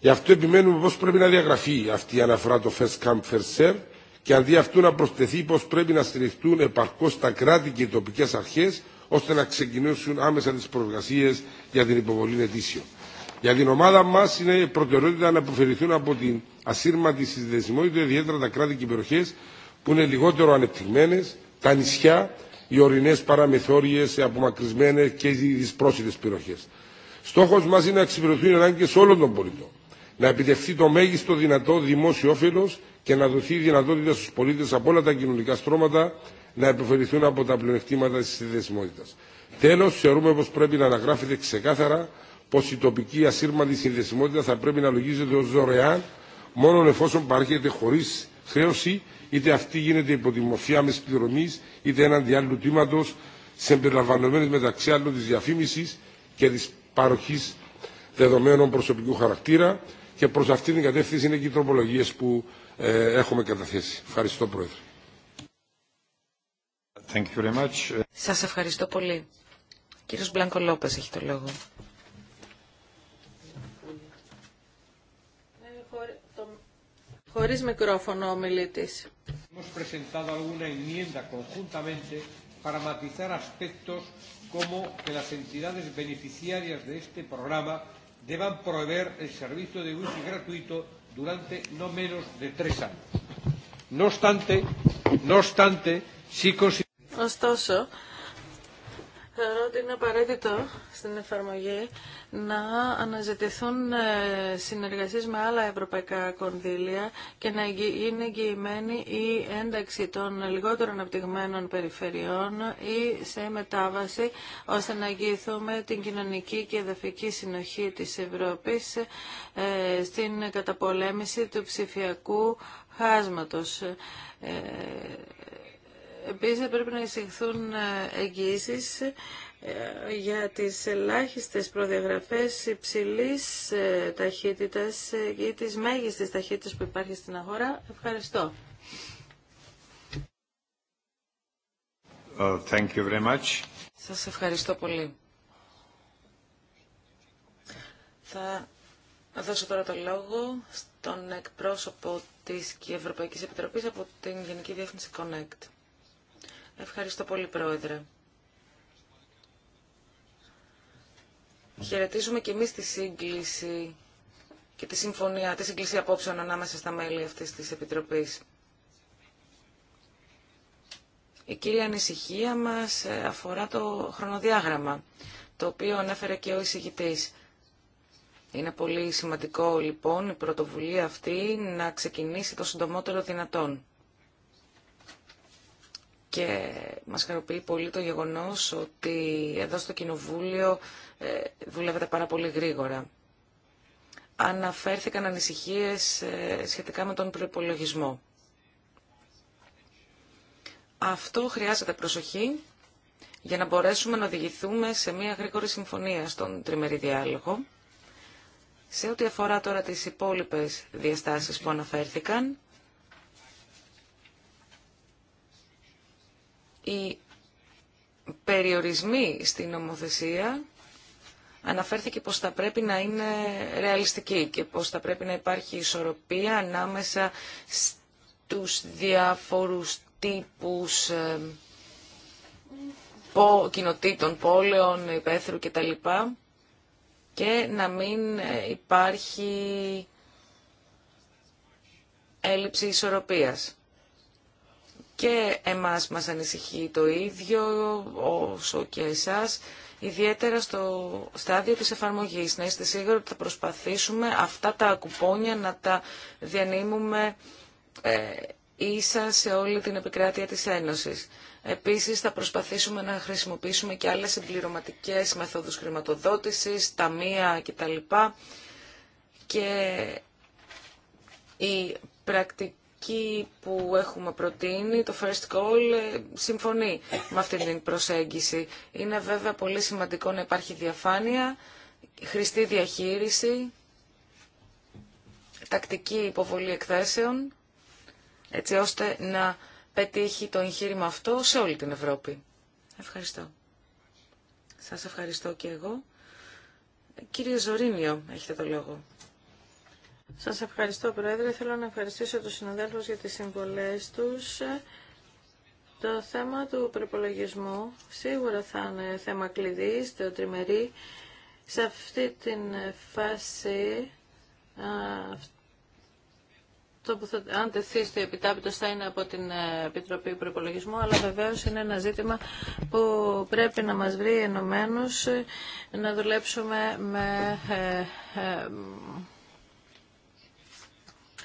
Γι' αυτό επιμένουμε πώ πρέπει να διαγραφεί αυτή η αναφορά το first come, first serve και αντί αυτού να προσθεθεί πω πρέπει να στηριχτούν επαρκώ τα κράτη και οι τοπικέ αρχέ ώστε να ξεκινήσουν άμεσα τι προεργασίε για την υποβολή αιτήσεων. Για την ομάδα μα είναι προτεραιότητα να αποφερθούν από την ασύρματη συνδεσιμότητα ιδιαίτερα τα κράτη και περιοχέ που είναι λιγότερο ανεπτυγμένε, τα νησιά, οι ορεινέ παραμεθόριε, οι απομακρυσμένε και οι δυσπρόσιτες περιοχέ. Στόχο μα είναι να εξυπηρετούν οι ανάγκε όλων των πολιτών, να επιτευχθεί το μέγιστο δυνατό δημόσιο όφελο και να δοθεί η δυνατότητα στου πολίτε από όλα τα κοινωνικά στρώματα να επιφορηθούν από τα πλεονεκτήματα τη συνδεσιμότητα. Τέλο, θεωρούμε πω πρέπει να αναγράφεται ξεκάθαρα πω η τοπική ασύρματη συνδεσιμότητα θα πρέπει να λογίζεται ω δωρεάν μόνο εφόσον παρέχεται χωρί χρέωση, είτε αυτή γίνεται υπό τη μορφή άμεση πληρωμή, είτε έναντι άλλου τμήματο, συμπεριλαμβανομένη μεταξύ άλλων τη διαφήμιση και τη παροχή δεδομένων προσωπικού χαρακτήρα και προς αυτήν την κατεύθυνση είναι και οι τροπολογίε που ε, έχουμε καταθέσει. Ευχαριστώ Πρόεδρε. Thank you very much. Σας ευχαριστώ πολύ. κύριος Μπλάνκο Λόπες έχει το λόγο. Χωρίς μικρόφωνο ο μιλήτης. Hemos presentado alguna enmienda conjuntamente para matizar aspectos como que las entidades beneficiarias de este programa deban proveer el servicio de wifi gratuito durante no menos de tres años. No obstante, no obstante, sí consideramos Ωστόσο, θεωρώ ότι είναι απαραίτητο στην εφαρμογή να αναζητηθούν ε, συνεργασίες με άλλα ευρωπαϊκά κονδύλια και να είναι εγγυημένη η ένταξη των λιγότερο αναπτυγμένων περιφερειών ή σε μετάβαση ώστε να εγγυηθούμε την κοινωνική και εδαφική συνοχή της Ευρώπης ε, στην καταπολέμηση του ψηφιακού χάσματος. Ε, Επίσης πρέπει να εισηχθούν εγγύησεις ε, για τις ελάχιστες προδιαγραφές υψηλής ε, ταχύτητας ε, ή της μέγιστης ταχύτητας που υπάρχει στην αγορά. Ευχαριστώ. Oh, Σας ευχαριστώ πολύ. Θα δώσω τώρα το λόγο στον εκπρόσωπο της Ευρωπαϊκής Επιτροπής από την Γενική Διεύθυνση Connect. Ευχαριστώ πολύ, Πρόεδρε. Χαιρετίζουμε και εμείς τη σύγκληση και τη συμφωνία, τη σύγκληση απόψεων ανάμεσα στα μέλη αυτής της Επιτροπής. Η κύρια ανησυχία μας ε, αφορά το χρονοδιάγραμμα, το οποίο ανέφερε και ο εισηγητής. Είναι πολύ σημαντικό λοιπόν η πρωτοβουλία αυτή να ξεκινήσει το συντομότερο δυνατόν και μας χαροποιεί πολύ το γεγονός ότι εδώ στο Κοινοβούλιο ε, δουλεύεται πάρα πολύ γρήγορα. Αναφέρθηκαν ανησυχίες ε, σχετικά με τον προπολογισμό. Αυτό χρειάζεται προσοχή για να μπορέσουμε να οδηγηθούμε σε μια γρήγορη συμφωνία στον τριμερή διάλογο. Σε ό,τι αφορά τώρα τις υπόλοιπες διαστάσεις που αναφέρθηκαν, οι περιορισμοί στην νομοθεσία αναφέρθηκε πως θα πρέπει να είναι ρεαλιστική και πως θα πρέπει να υπάρχει ισορροπία ανάμεσα στους διάφορους τύπους ε, κοινοτήτων, πόλεων, υπαίθρου κτλ. Και να μην ε, υπάρχει έλλειψη ισορροπίας. Και εμάς μας ανησυχεί το ίδιο όσο και εσάς, ιδιαίτερα στο στάδιο της εφαρμογής. Να είστε σίγουροι ότι θα προσπαθήσουμε αυτά τα κουπόνια να τα διανύμουμε ε, ίσα σε όλη την επικράτεια της Ένωσης. Επίσης θα προσπαθήσουμε να χρησιμοποιήσουμε και άλλες συμπληρωματικέ μεθόδους χρηματοδότησης, ταμεία κτλ. Και η πρακτική Εκεί που έχουμε προτείνει, το First Call, ε, συμφωνεί με αυτή την προσέγγιση. Είναι βέβαια πολύ σημαντικό να υπάρχει διαφάνεια, χρηστή διαχείριση, τακτική υποβολή εκθέσεων, έτσι ώστε να πετύχει το εγχείρημα αυτό σε όλη την Ευρώπη. Ευχαριστώ. Σας ευχαριστώ και εγώ. Κύριε Ζωρίνιο, έχετε το λόγο. Σας ευχαριστώ Πρόεδρε. Θέλω να ευχαριστήσω τους συναδέλφους για τις συμβολές τους. Το θέμα του προπολογισμού σίγουρα θα είναι θέμα κλειδί στο τριμερί. Σε αυτή την φάση, το που θα, αν τεθεί στο επιτάπητο θα είναι από την ε, Επιτροπή Προπολογισμού, αλλά βεβαίως είναι ένα ζήτημα που πρέπει να μας βρει ενωμένους ε, να δουλέψουμε με ε,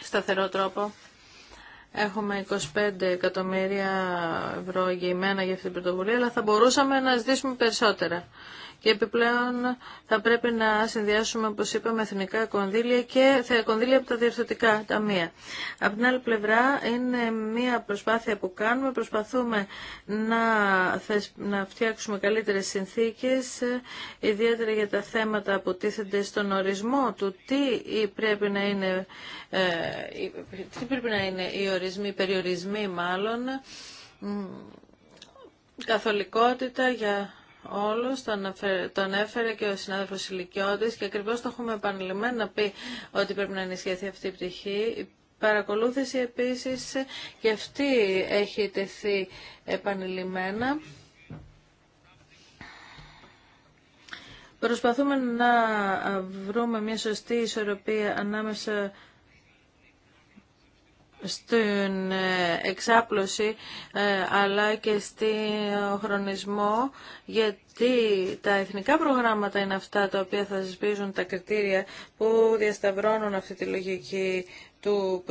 σταθερό τρόπο. Έχουμε 25 εκατομμύρια ευρώ εγγυημένα για αυτή την πρωτοβουλία, αλλά θα μπορούσαμε να ζητήσουμε περισσότερα. Και επιπλέον θα πρέπει να συνδυάσουμε, όπω είπαμε, εθνικά κονδύλια και κονδύλια από τα διευθυντικά ταμεία. Από την άλλη πλευρά είναι μια προσπάθεια που κάνουμε. Προσπαθούμε να, να φτιάξουμε καλύτερε συνθήκες, ιδιαίτερα για τα θέματα που τίθενται στον ορισμό του τι πρέπει να είναι, ε, τι πρέπει να είναι οι ορισμοί, οι περιορισμοί μάλλον, καθολικότητα για όλου. τον, έφερε και ο συνάδελφος Ηλικιώτη και ακριβώς το έχουμε να πει ότι πρέπει να ενισχυθεί αυτή η πτυχή. Η παρακολούθηση επίσης και αυτή έχει τεθεί επανειλημμένα. Προσπαθούμε να βρούμε μια σωστή ισορροπία ανάμεσα στην ε, εξάπλωση ε, αλλά και στον χρονισμό γιατί τα εθνικά προγράμματα είναι αυτά τα οποία θα συσπίζουν τα κριτήρια που διασταυρώνουν αυτή τη λογική του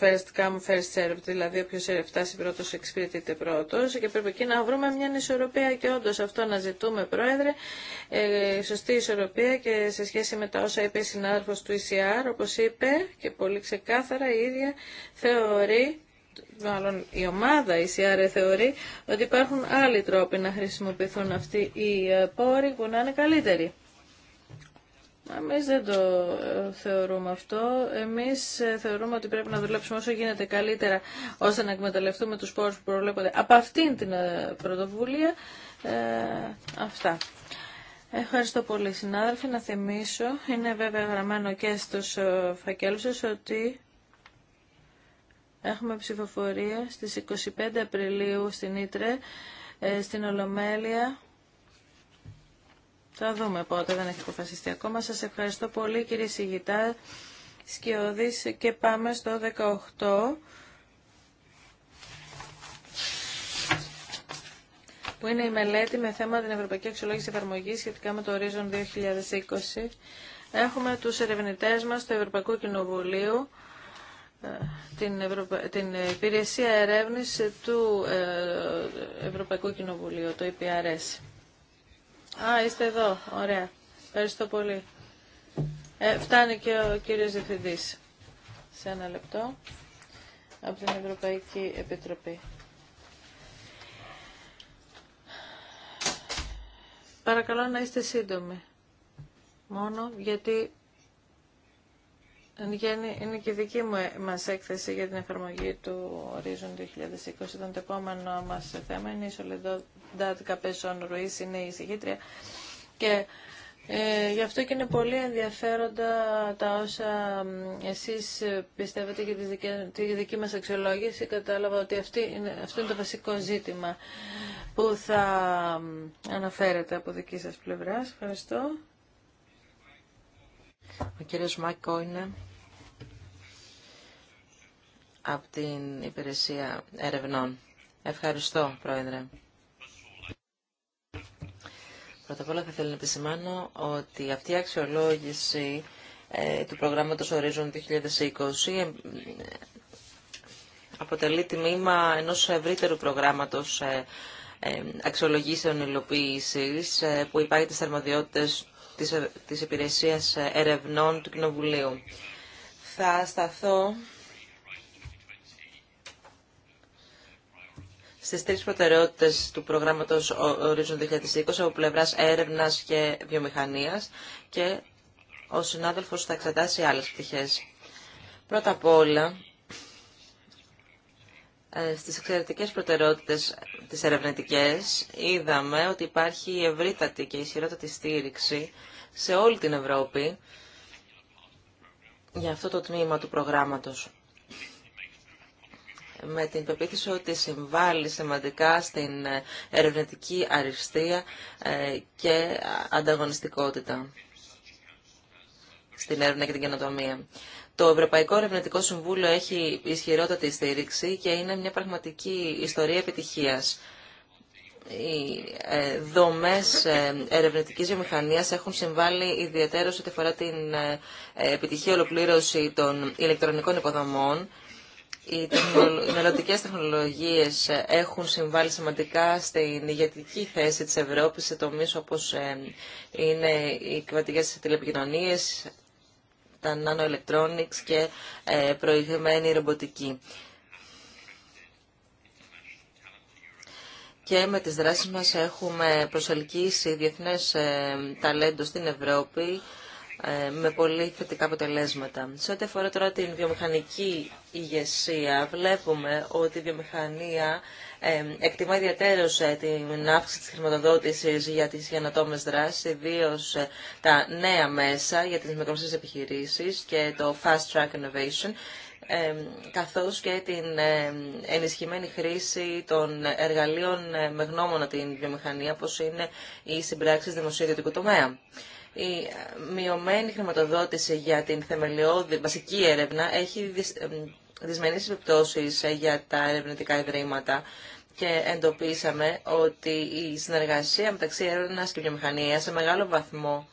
first come, first served, δηλαδή όποιος φτάσει πρώτος εξυπηρετείται πρώτος και πρέπει εκεί να βρούμε μια ισορροπία και όντω αυτό να ζητούμε Πρόεδρε, ε, σωστή ισορροπία και σε σχέση με τα όσα είπε η συνάδελφος του ECR, όπως είπε και πολύ ξεκάθαρα η ίδια θεωρεί μάλλον η ομάδα, η e θεωρεί ότι υπάρχουν άλλοι τρόποι να χρησιμοποιηθούν αυτοί οι ε, πόροι που να είναι καλύτεροι. Εμείς δεν το ε, θεωρούμε αυτό. Εμείς ε, θεωρούμε ότι πρέπει να δουλέψουμε όσο γίνεται καλύτερα ώστε να εκμεταλλευτούμε τους πόρους που προβλέπονται από αυτήν την ε, πρωτοβουλία. Ε, αυτά. Ευχαριστώ πολύ συνάδελφοι. Να θυμίσω, είναι βέβαια γραμμένο και στους φακέλους σας ότι έχουμε ψηφοφορία στις 25 Απριλίου στην Ήτρε, στην Ολομέλεια θα δούμε πότε, δεν έχει αποφασιστεί ακόμα. Σας ευχαριστώ πολύ κύριε Σιγητά Σκιώδης και πάμε στο 18 που είναι η μελέτη με θέμα την Ευρωπαϊκή Αξιολόγηση Εφαρμογή σχετικά με το Horizon 2020. Έχουμε τους ερευνητέ μας του Ευρωπαϊκού Κοινοβουλίου ε, την, Υπηρεσία ερεύνηση του ε, Ευρωπαϊκού Κοινοβουλίου, το EPRS. Α, είστε εδώ. Ωραία. Ευχαριστώ πολύ. Ε, φτάνει και ο κύριος Διευθυντής. Σε ένα λεπτό. Από την Ευρωπαϊκή Επιτροπή. Παρακαλώ να είστε σύντομοι. Μόνο γιατί είναι και η δική μου ε, μας έκθεση για την εφαρμογή του Horizon 2020. Τον το επόμενο μας θέμα είναι η Soledad Capeson Ruiz, είναι η συγχύτρια. Και ε, γι' αυτό και είναι πολύ ενδιαφέροντα τα όσα εσείς πιστεύετε για τη δική μας αξιολόγηση. Κατάλαβα ότι αυτή είναι, αυτό είναι το βασικό ζήτημα που θα αναφέρετε από δική σας πλευρά. Ευχαριστώ. Ο κύριος Μάκο είναι από την Υπηρεσία Ερευνών. Ευχαριστώ, Πρόεδρε. Πρώτα απ' όλα θα θέλω να επισημάνω ότι αυτή η αξιολόγηση ε, του προγράμματος Horizon 2020 ε, αποτελεί τμήμα ενός ευρύτερου προγράμματος ε, αξιολογήσεων υλοποίησης που υπάρχει τις θερμοδιότητες της, ε, της Υπηρεσίας ε, Ερευνών του Κοινοβουλίου. Θα σταθώ στις τρεις προτεραιότητες του προγράμματος Horizon 2020 από πλευράς έρευνας και βιομηχανίας και ο συνάδελφος θα εξετάσει άλλες πτυχές. Πρώτα απ' όλα, ε, στις εξαιρετικές προτεραιότητες τις ερευνητικές είδαμε ότι υπάρχει ευρύτατη και ισχυρότατη στήριξη σε όλη την Ευρώπη για αυτό το τμήμα του προγράμματος. Με την πεποίθηση ότι συμβάλλει σημαντικά στην ερευνητική αριστεία ε, και ανταγωνιστικότητα στην έρευνα και την καινοτομία. Το Ευρωπαϊκό Ερευνητικό Συμβούλιο έχει ισχυρότατη στήριξη και είναι μια πραγματική ιστορία επιτυχίας. Οι ε, δομές ε, ερευνητικής βιομηχανίας έχουν συμβάλει ιδιαίτερως ότι αφορά την ε, επιτυχή ολοκλήρωση των ηλεκτρονικών υποδομών. Οι μελλοντικέ τεχνολογίες έχουν συμβάλει σημαντικά στην ηγετική θέση της Ευρώπης σε τομείς όπως είναι οι κρατικέ τηλεπικοινωνίες, τα nanoelectronics και ε, προηγουμένη ρομποτική. Και με τις δράσεις μας έχουμε προσελκύσει διεθνές ε, ταλέντο στην Ευρώπη ε, με πολύ θετικά αποτελέσματα. Σε ό,τι αφορά τώρα την βιομηχανική ηγεσία, βλέπουμε ότι η βιομηχανία Εκτιμώ ιδιαίτερω ε, την αύξηση της χρηματοδότησης για τις γενοτόμε δράσεις, ιδίω ε, τα νέα μέσα για τις μικρομεσαίε επιχειρήσει και το Fast Track Innovation, καθώς και την ενισχυμένη χρήση των εργαλείων ε, με γνώμονα την βιομηχανία, όπω είναι οι συμπράξει δημοσίου τομέα. Η μειωμένη χρηματοδότηση για την θεμελιώδη βασική έρευνα έχει δυσμενείς επιπτώσεις ε, για τα ερευνητικά ιδρύματα και εντοπίσαμε ότι η συνεργασία μεταξύ έρευνα και βιομηχανία σε μεγάλο βαθμό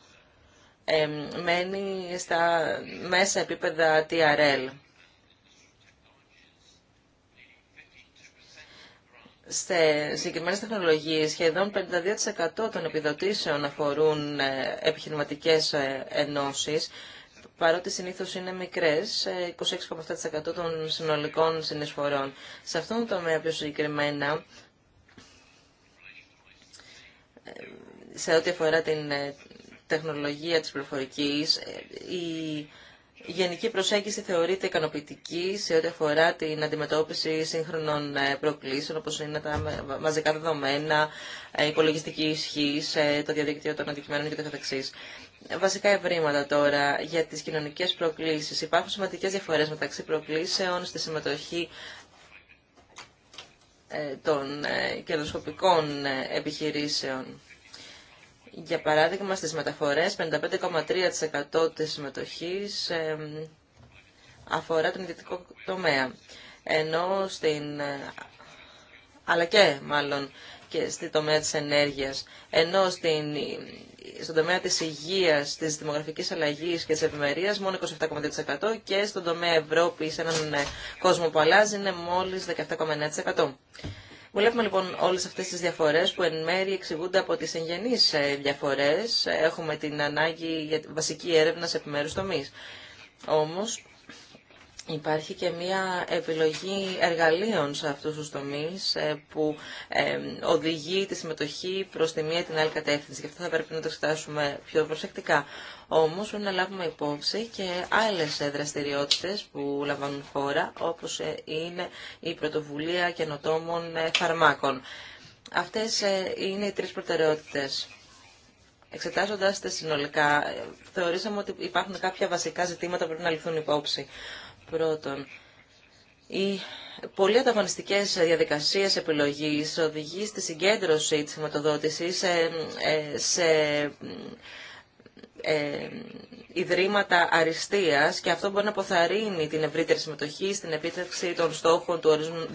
μένει στα μέσα επίπεδα TRL. Σε συγκεκριμένες τεχνολογίες σχεδόν 52% των επιδοτήσεων αφορούν ε, επιχειρηματικές ε, ενώσεις παρότι συνήθω είναι μικρές, 26,7% ε, των συνολικών συνεισφορών. Σε αυτόν τον τομέα πιο συγκεκριμένα, ε, σε ό,τι αφορά την ε, τεχνολογία της πληροφορικής, η γενική προσέγγιση θεωρείται ικανοποιητική σε ό,τι αφορά την αντιμετώπιση σύγχρονων προκλήσεων, όπως είναι τα μαζικά δεδομένα, υπολογιστική ισχύ, το διαδίκτυο των αντικειμένων και βασικά ευρήματα τώρα για τις κοινωνικές προκλήσεις. Υπάρχουν σημαντικές διαφορές μεταξύ προκλήσεων στη συμμετοχή ε, των ε, κερδοσκοπικών ε, επιχειρήσεων. Για παράδειγμα, στις μεταφορές, 55,3% της συμμετοχής αφορά τον ιδιωτικό τομέα. Ενώ στην... αλλά και μάλλον και στη τομέα της ενέργειας, ενώ στην, στον τομέα της υγείας, της δημογραφικής αλλαγής και της ευημερίας μόνο 27,2% και στον τομέα Ευρώπης, σε έναν ε, κόσμο που αλλάζει είναι μόλις 17,9%. Βλέπουμε λοιπόν όλες αυτές τις διαφορές που εν μέρει εξηγούνται από τις εγγενείς ε, διαφορές. Έχουμε την ανάγκη για βασική έρευνα σε επιμέρους τομείς. Όμως, Υπάρχει και μια επιλογή εργαλείων σε αυτούς τους τομείς ε, που ε, οδηγεί τη συμμετοχή προς τη μία την άλλη κατεύθυνση. Γι' αυτό θα πρέπει να το εξετάσουμε πιο προσεκτικά. Όμως πρέπει να λάβουμε υπόψη και άλλες ε, δραστηριότητες που λαμβάνουν χώρα, όπως είναι η πρωτοβουλία καινοτόμων φαρμάκων. Αυτές είναι οι τρεις προτεραιότητες. Εξετάζοντα τα συνολικά, θεωρήσαμε ότι υπάρχουν κάποια βασικά ζητήματα που πρέπει να λυθούν υπόψη. Πρώτον, οι πολύ ανταγωνιστικέ διαδικασίε επιλογή οδηγεί στη συγκέντρωση τη χρηματοδότηση σε, ε, ε, ιδρύματα αριστεία και αυτό μπορεί να αποθαρρύνει την ευρύτερη συμμετοχή στην επίτευξη των στόχων του ορισμού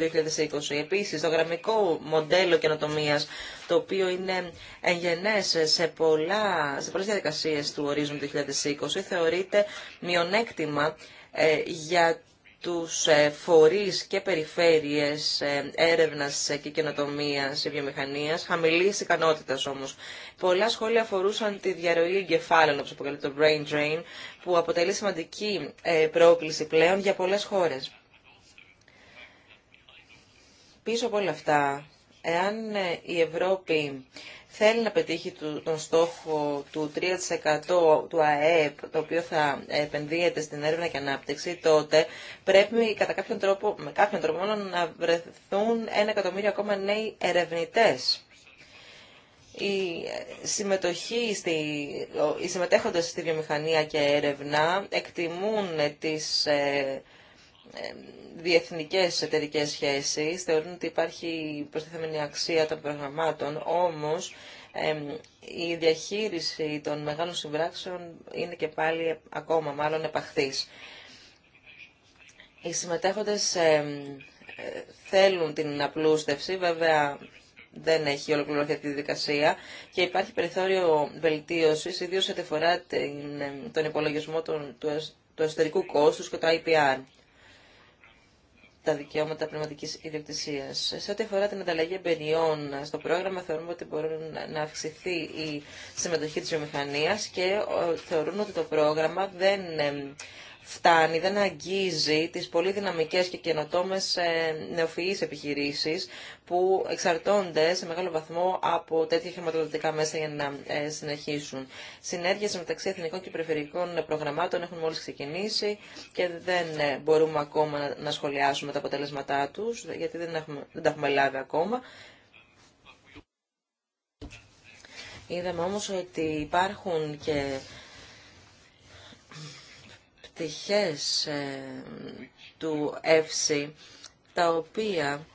2020. επίση το γραμμικό μοντέλο καινοτομία, το οποίο είναι εγγενέ σε, σε πολλές διαδικασίες του Ορισμού 2020, θεωρείται μειονέκτημα ε, για τους ε, φορείς και περιφέρειες ε, έρευνας και καινοτομίας και βιομηχανίας, χαμηλής ικανότητας όμως. Πολλά σχόλια αφορούσαν τη διαρροή εγκεφάλων, όπως αποκαλείται το brain drain, που αποτελεί σημαντική πρόκληση πλέον για πολλές χώρες. Πίσω από όλα αυτά, εάν η Ευρώπη θέλει να πετύχει τον στόχο του 3% του ΑΕΠ, το οποίο θα επενδύεται στην έρευνα και ανάπτυξη, τότε πρέπει κατά κάποιον τρόπο, με κάποιον τρόπο μόνο να βρεθούν ένα εκατομμύριο ακόμα νέοι ερευνητές. Η συμμετοχή στη, οι συμμετέχοντες στη βιομηχανία και έρευνα εκτιμούν τις ε, διεθνικές εταιρικές σχέσεις, θεωρούν ότι υπάρχει προστιθέμενη αξία των προγραμμάτων, όμως η διαχείριση των μεγάλων συμπράξεων είναι και πάλι ακόμα μάλλον επαχθής. Οι συμμετέχοντες ε, θέλουν την απλούστευση, βέβαια δεν έχει ολοκληρωθεί αυτή τη δικασία και υπάρχει περιθώριο βελτίωσης, ιδίως σε αφορά τον υπολογισμό του εσωτερικού κόστους και το IPR τα δικαιώματα πνευματική ιδιοκτησία. Σε ό,τι αφορά την ανταλλαγή εμπειριών στο πρόγραμμα, θεωρούμε ότι μπορεί να αυξηθεί η συμμετοχή τη βιομηχανία και ε, θεωρούν ότι το πρόγραμμα δεν φτάνει, δεν αγγίζει τις πολύ δυναμικές και καινοτόμες ε, νεοφυείς επιχειρήσεις που εξαρτώνται σε μεγάλο βαθμό από τέτοια χρηματοδοτικά μέσα για να ε, συνεχίσουν. Συνέργειες μεταξύ εθνικών και περιφερειακών προγραμμάτων έχουν μόλις ξεκινήσει και δεν ε, μπορούμε ακόμα να σχολιάσουμε τα αποτελέσματά τους γιατί δεν, έχουμε, δεν τα έχουμε λάβει ακόμα. Είδαμε όμως ότι υπάρχουν και πτυχές ε, του ΕΦΣΥ, τα οποία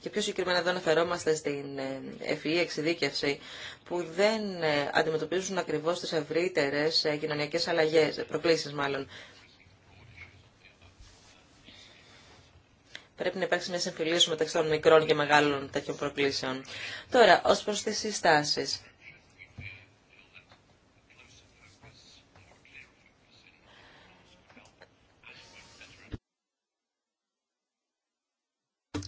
και πιο συγκεκριμένα εδώ αναφερόμαστε στην ΕΦΗ e, εξειδίκευση, που δεν ε, αντιμετωπίζουν ακριβώς τις ευρύτερες ε, κοινωνιακές αλλαγές, προκλήσεις μάλλον. Πρέπει να υπάρξει μια συμφιλίωση μεταξύ των μικρών και μεγάλων τέτοιων προκλήσεων. Τώρα, ως προς τις συστάσεις.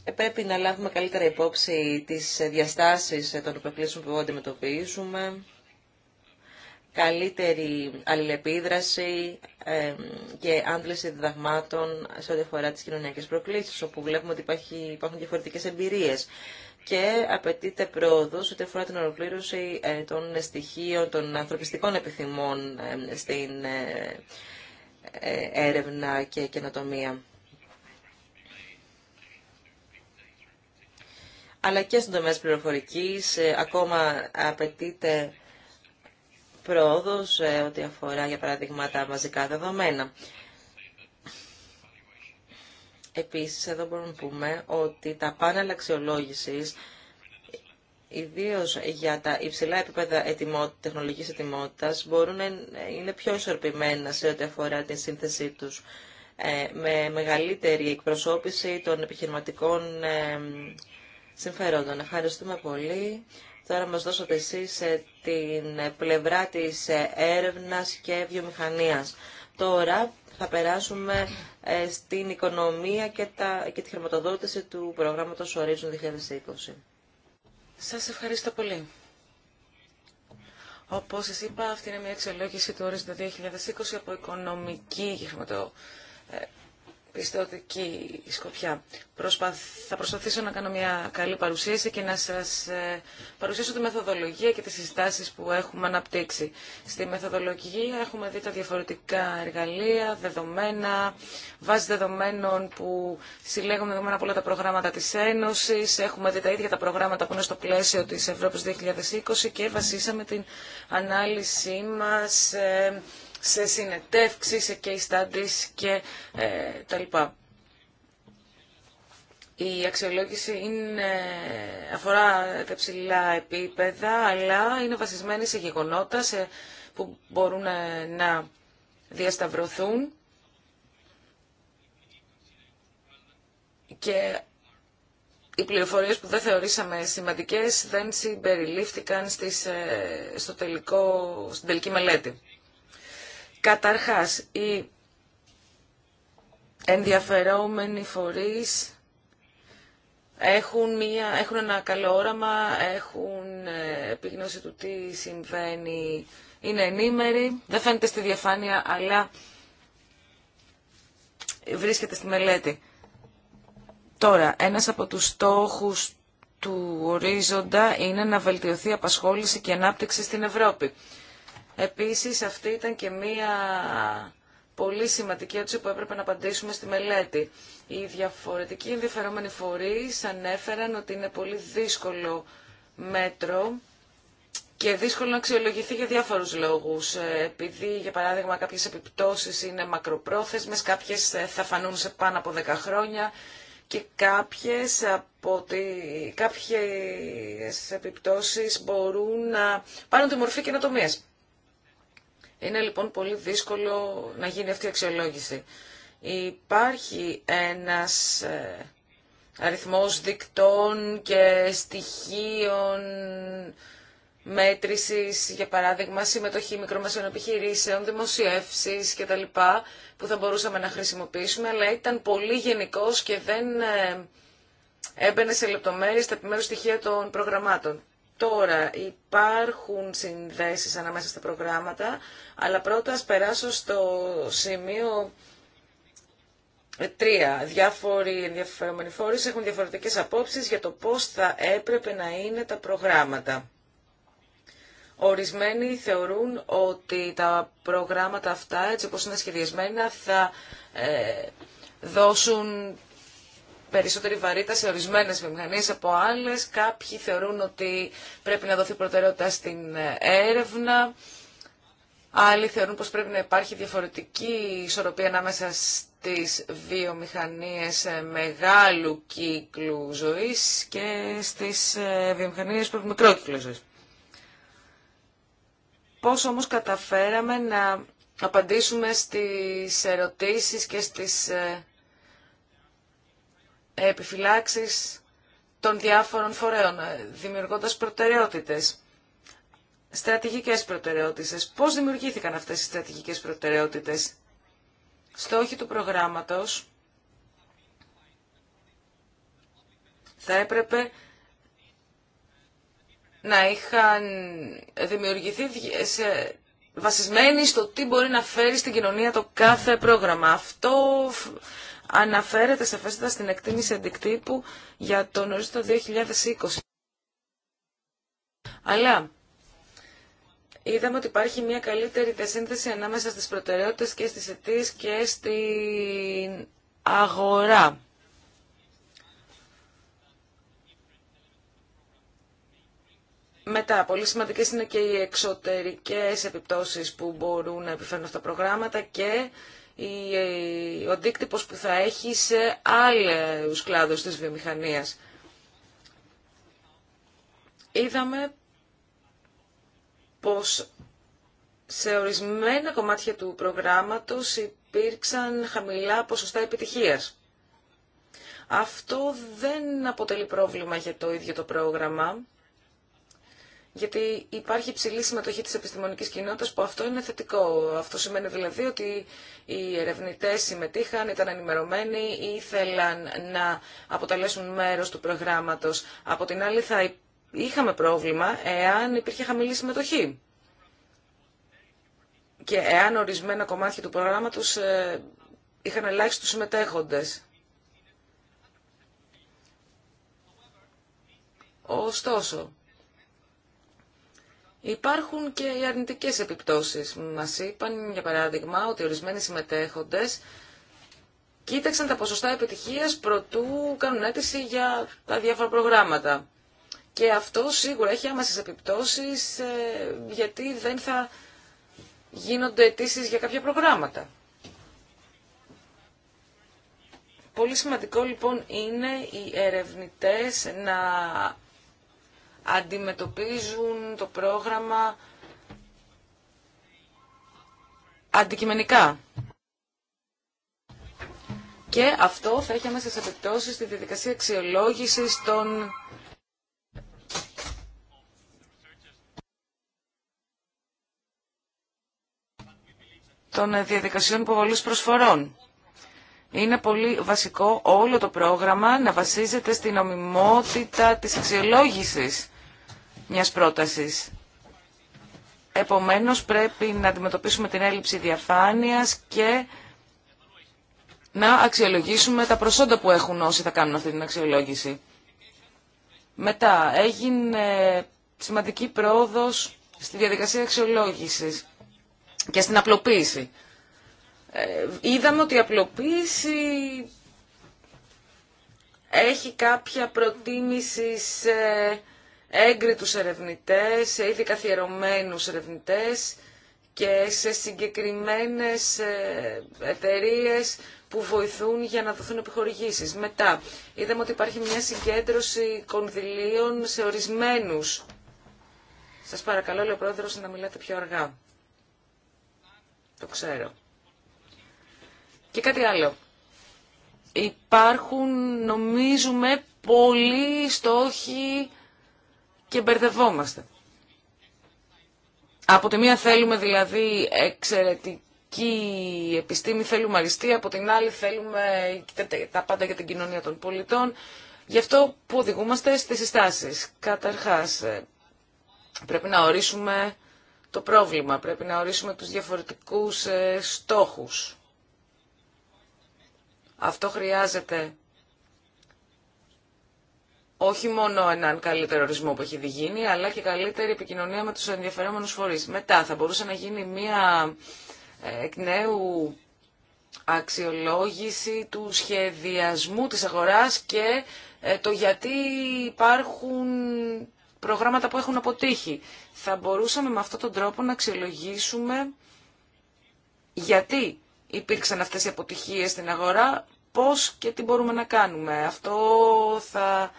Ε, πρέπει να λάβουμε καλύτερα υπόψη τις διαστάσεις των προκλήσεων που αντιμετωπίζουμε, καλύτερη αλληλεπίδραση και άντληση διδαγμάτων σε ό,τι αφορά τις κοινωνιακές προκλήσεις, όπου βλέπουμε ότι υπάρχει, υπάρχουν διαφορετικές εμπειρίες και απαιτείται πρόοδο ό,τι αφορά την ολοκλήρωση ε, των στοιχείων, των ανθρωπιστικών επιθυμών στην ε, έρευνα και καινοτομία. αλλά και στον τομέα της πληροφορικής. Ε, ακόμα απαιτείται πρόοδος ε, ό,τι αφορά, για παράδειγμα, τα μαζικά δεδομένα. Επίσης, εδώ μπορούμε να πούμε ότι τα πάνελ αξιολόγησης, ιδίως για τα υψηλά επίπεδα ετοιμότητα, τεχνολογικής ετοιμότητας, μπορούν να είναι πιο ισορπημένα σε ό,τι αφορά την σύνθεσή τους ε, με μεγαλύτερη εκπροσώπηση των επιχειρηματικών συμφερόντων. Ευχαριστούμε πολύ. Τώρα μας δώσατε εσείς ε, την ε, πλευρά της ε, έρευνας και βιομηχανίας. Τώρα θα περάσουμε στην οικονομία και, τα, και τη χρηματοδότηση του προγράμματος Horizon 2020. Σας ευχαριστώ πολύ. Όπως σας είπα, αυτή είναι μια εξελόγηση του Horizon 2020 από οικονομική χρηματοδότηση πιστοτική σκοπιά. Θα προσπαθήσω να κάνω μια καλή παρουσίαση και να σας ε, παρουσιάσω τη μεθοδολογία και τις συστάσεις που έχουμε αναπτύξει. Στη μεθοδολογία έχουμε δει τα διαφορετικά εργαλεία, δεδομένα, βάσει δεδομένων που συλλέγουμε δεδομένα από όλα τα προγράμματα της Ένωσης, έχουμε δει τα ίδια τα προγράμματα που είναι στο πλαίσιο της Ευρώπης 2020 και βασίσαμε την ανάλυση μας ε, σε συνετεύξεις, σε case studies και ε, τα λοιπά. Η αξιολόγηση είναι, αφορά τα ψηλά επίπεδα, αλλά είναι βασισμένη σε γεγονότα σε, που μπορούν ε, να, διασταυρωθούν και οι πληροφορίες που δεν θεωρήσαμε σημαντικές δεν συμπεριλήφθηκαν στις, ε, στο τελικό, στην τελική μελέτη. Καταρχάς, οι ενδιαφερόμενοι φορείς έχουν, μια, έχουν ένα καλό όραμα, έχουν ε, επίγνωση του τι συμβαίνει, είναι ενήμεροι, δεν φαίνεται στη διαφάνεια, αλλά βρίσκεται στη μελέτη. Τώρα, ένας από τους στόχους του ορίζοντα είναι να βελτιωθεί απασχόληση και ανάπτυξη στην Ευρώπη. Επίσης αυτή ήταν και μία πολύ σημαντική έτσι που έπρεπε να απαντήσουμε στη μελέτη. Οι διαφορετικοί ενδιαφερόμενοι φορείς ανέφεραν ότι είναι πολύ δύσκολο μέτρο και δύσκολο να αξιολογηθεί για διάφορους λόγους. Ε, επειδή, για παράδειγμα, κάποιες επιπτώσεις είναι μακροπρόθεσμες, κάποιες ε, θα φανούν σε πάνω από 10 χρόνια και κάποιες, από κάποιες επιπτώσεις μπορούν να πάρουν τη μορφή καινοτομίας. Είναι λοιπόν πολύ δύσκολο να γίνει αυτή η αξιολόγηση. Υπάρχει ένας ε, αριθμός δικτών και στοιχείων μέτρησης, για παράδειγμα συμμετοχή μικρομεσαίων επιχειρήσεων, δημοσιεύσεις κτλ. που θα μπορούσαμε να χρησιμοποιήσουμε, αλλά ήταν πολύ γενικός και δεν ε, έμπαινε σε λεπτομέρειες τα επιμέρους στοιχεία των προγραμμάτων. Τώρα υπάρχουν συνδέσεις ανάμεσα στα προγράμματα, αλλά πρώτα ας περάσω στο σημείο 3. Διάφοροι ενδιαφερόμενοι φορείς έχουν διαφορετικές απόψεις για το πώς θα έπρεπε να είναι τα προγράμματα. Ορισμένοι θεωρούν ότι τα προγράμματα αυτά, έτσι όπως είναι σχεδιασμένα, θα ε, δώσουν περισσότερη βαρύτητα σε ορισμένε βιομηχανίε από άλλες. Κάποιοι θεωρούν ότι πρέπει να δοθεί προτεραιότητα στην έρευνα. Άλλοι θεωρούν πως πρέπει να υπάρχει διαφορετική ισορροπία ανάμεσα στις βιομηχανίες μεγάλου κύκλου ζωής και στις ε, βιομηχανίες που έχουν μικρό κύκλο ζωής. Πώς όμως καταφέραμε να απαντήσουμε στις ερωτήσεις και στις ε, επιφυλάξεις των διάφορων φορέων, ε, δημιουργώντας προτεραιότητες, στρατηγικές προτεραιότητες. Πώς δημιουργήθηκαν αυτές οι στρατηγικές προτεραιότητες. Στόχοι του προγράμματος θα έπρεπε να είχαν δημιουργηθεί σε, βασισμένοι στο τι μπορεί να φέρει στην κοινωνία το κάθε πρόγραμμα. Αυτό αναφέρεται σε σαφέστατα στην εκτίμηση αντικτύπου για το νωρίς το 2020. Αλλά είδαμε ότι υπάρχει μια καλύτερη διασύνθεση ανάμεσα στις προτεραιότητες και στις αιτίες και στην αγορά. Μετά, πολύ σημαντικέ είναι και οι εξωτερικές επιπτώσεις που μπορούν να επιφέρουν αυτά τα προγράμματα και ο αντίκτυπος που θα έχει σε άλλους κλάδους της βιομηχανίας. Είδαμε πως σε ορισμένα κομμάτια του προγράμματος υπήρξαν χαμηλά ποσοστά επιτυχίας. Αυτό δεν αποτελεί πρόβλημα για το ίδιο το πρόγραμμα, γιατί υπάρχει υψηλή συμμετοχή της επιστημονικής κοινότητας που αυτό είναι θετικό. Αυτό σημαίνει δηλαδή ότι οι ερευνητές συμμετείχαν, ήταν ενημερωμένοι, ήθελαν να αποτελέσουν μέρος του προγράμματος. Από την άλλη θα είχαμε πρόβλημα εάν υπήρχε χαμηλή συμμετοχή και εάν ορισμένα κομμάτια του προγράμματος ε, είχαν ελάχιστους συμμετέχοντες. Ωστόσο, Υπάρχουν και οι αρνητικές επιπτώσεις. Μας είπαν, για παράδειγμα, ότι ορισμένοι συμμετέχοντες κοίταξαν τα ποσοστά επιτυχίας προτού κάνουν αίτηση για τα διάφορα προγράμματα. Και αυτό σίγουρα έχει άμεσες επιπτώσεις ε, γιατί δεν θα γίνονται αιτήσει για κάποια προγράμματα. Πολύ σημαντικό λοιπόν είναι οι ερευνητές να αντιμετωπίζουν το πρόγραμμα αντικειμενικά. Και αυτό θα έχει αμέσως επιπτώσει στη διαδικασία αξιολόγηση των των διαδικασιών υποβολής προσφορών. Είναι πολύ βασικό όλο το πρόγραμμα να βασίζεται στην ομιμότητα της αξιολόγησης μιας πρότασης. Επομένως πρέπει να αντιμετωπίσουμε την έλλειψη διαφάνειας και να αξιολογήσουμε τα προσόντα που έχουν όσοι θα κάνουν αυτή την αξιολόγηση. Μετά έγινε σημαντική πρόοδος στη διαδικασία αξιολόγησης και στην απλοποίηση. Ε, είδαμε ότι η απλοποίηση έχει κάποια προτίμηση σε έγκριτους ερευνητές, σε ήδη καθιερωμένους ερευνητές και σε συγκεκριμένες ε, εταιρείε που βοηθούν για να δοθούν επιχορηγήσεις. Μετά, είδαμε ότι υπάρχει μια συγκέντρωση κονδυλίων σε ορισμένους. Σας παρακαλώ, λέει ο Πρόεδρος, να μιλάτε πιο αργά. Το ξέρω. Και κάτι άλλο. Υπάρχουν, νομίζουμε, πολλοί στόχοι και μπερδευόμαστε. Από τη μία θέλουμε δηλαδή εξαιρετική επιστήμη, θέλουμε αριστεία, από την άλλη θέλουμε τα πάντα για την κοινωνία των πολιτών. Γι' αυτό που οδηγούμαστε στις συστάσεις. Καταρχάς, ε, πρέπει να ορίσουμε το πρόβλημα, πρέπει να ορίσουμε τους διαφορετικούς ε, στόχους. Αυτό χρειάζεται όχι μόνο έναν καλύτερο ορισμό που έχει διγίνει, αλλά και καλύτερη επικοινωνία με τους ενδιαφερόμενους φορείς. Μετά θα μπορούσε να γίνει μία ε, εκ νέου αξιολόγηση του σχεδιασμού της αγοράς και ε, το γιατί υπάρχουν προγράμματα που έχουν αποτύχει. Θα μπορούσαμε με αυτόν τον τρόπο να αξιολογήσουμε γιατί υπήρξαν αυτές οι αποτυχίες στην αγορά, πώς και τι μπορούμε να κάνουμε. Αυτό θα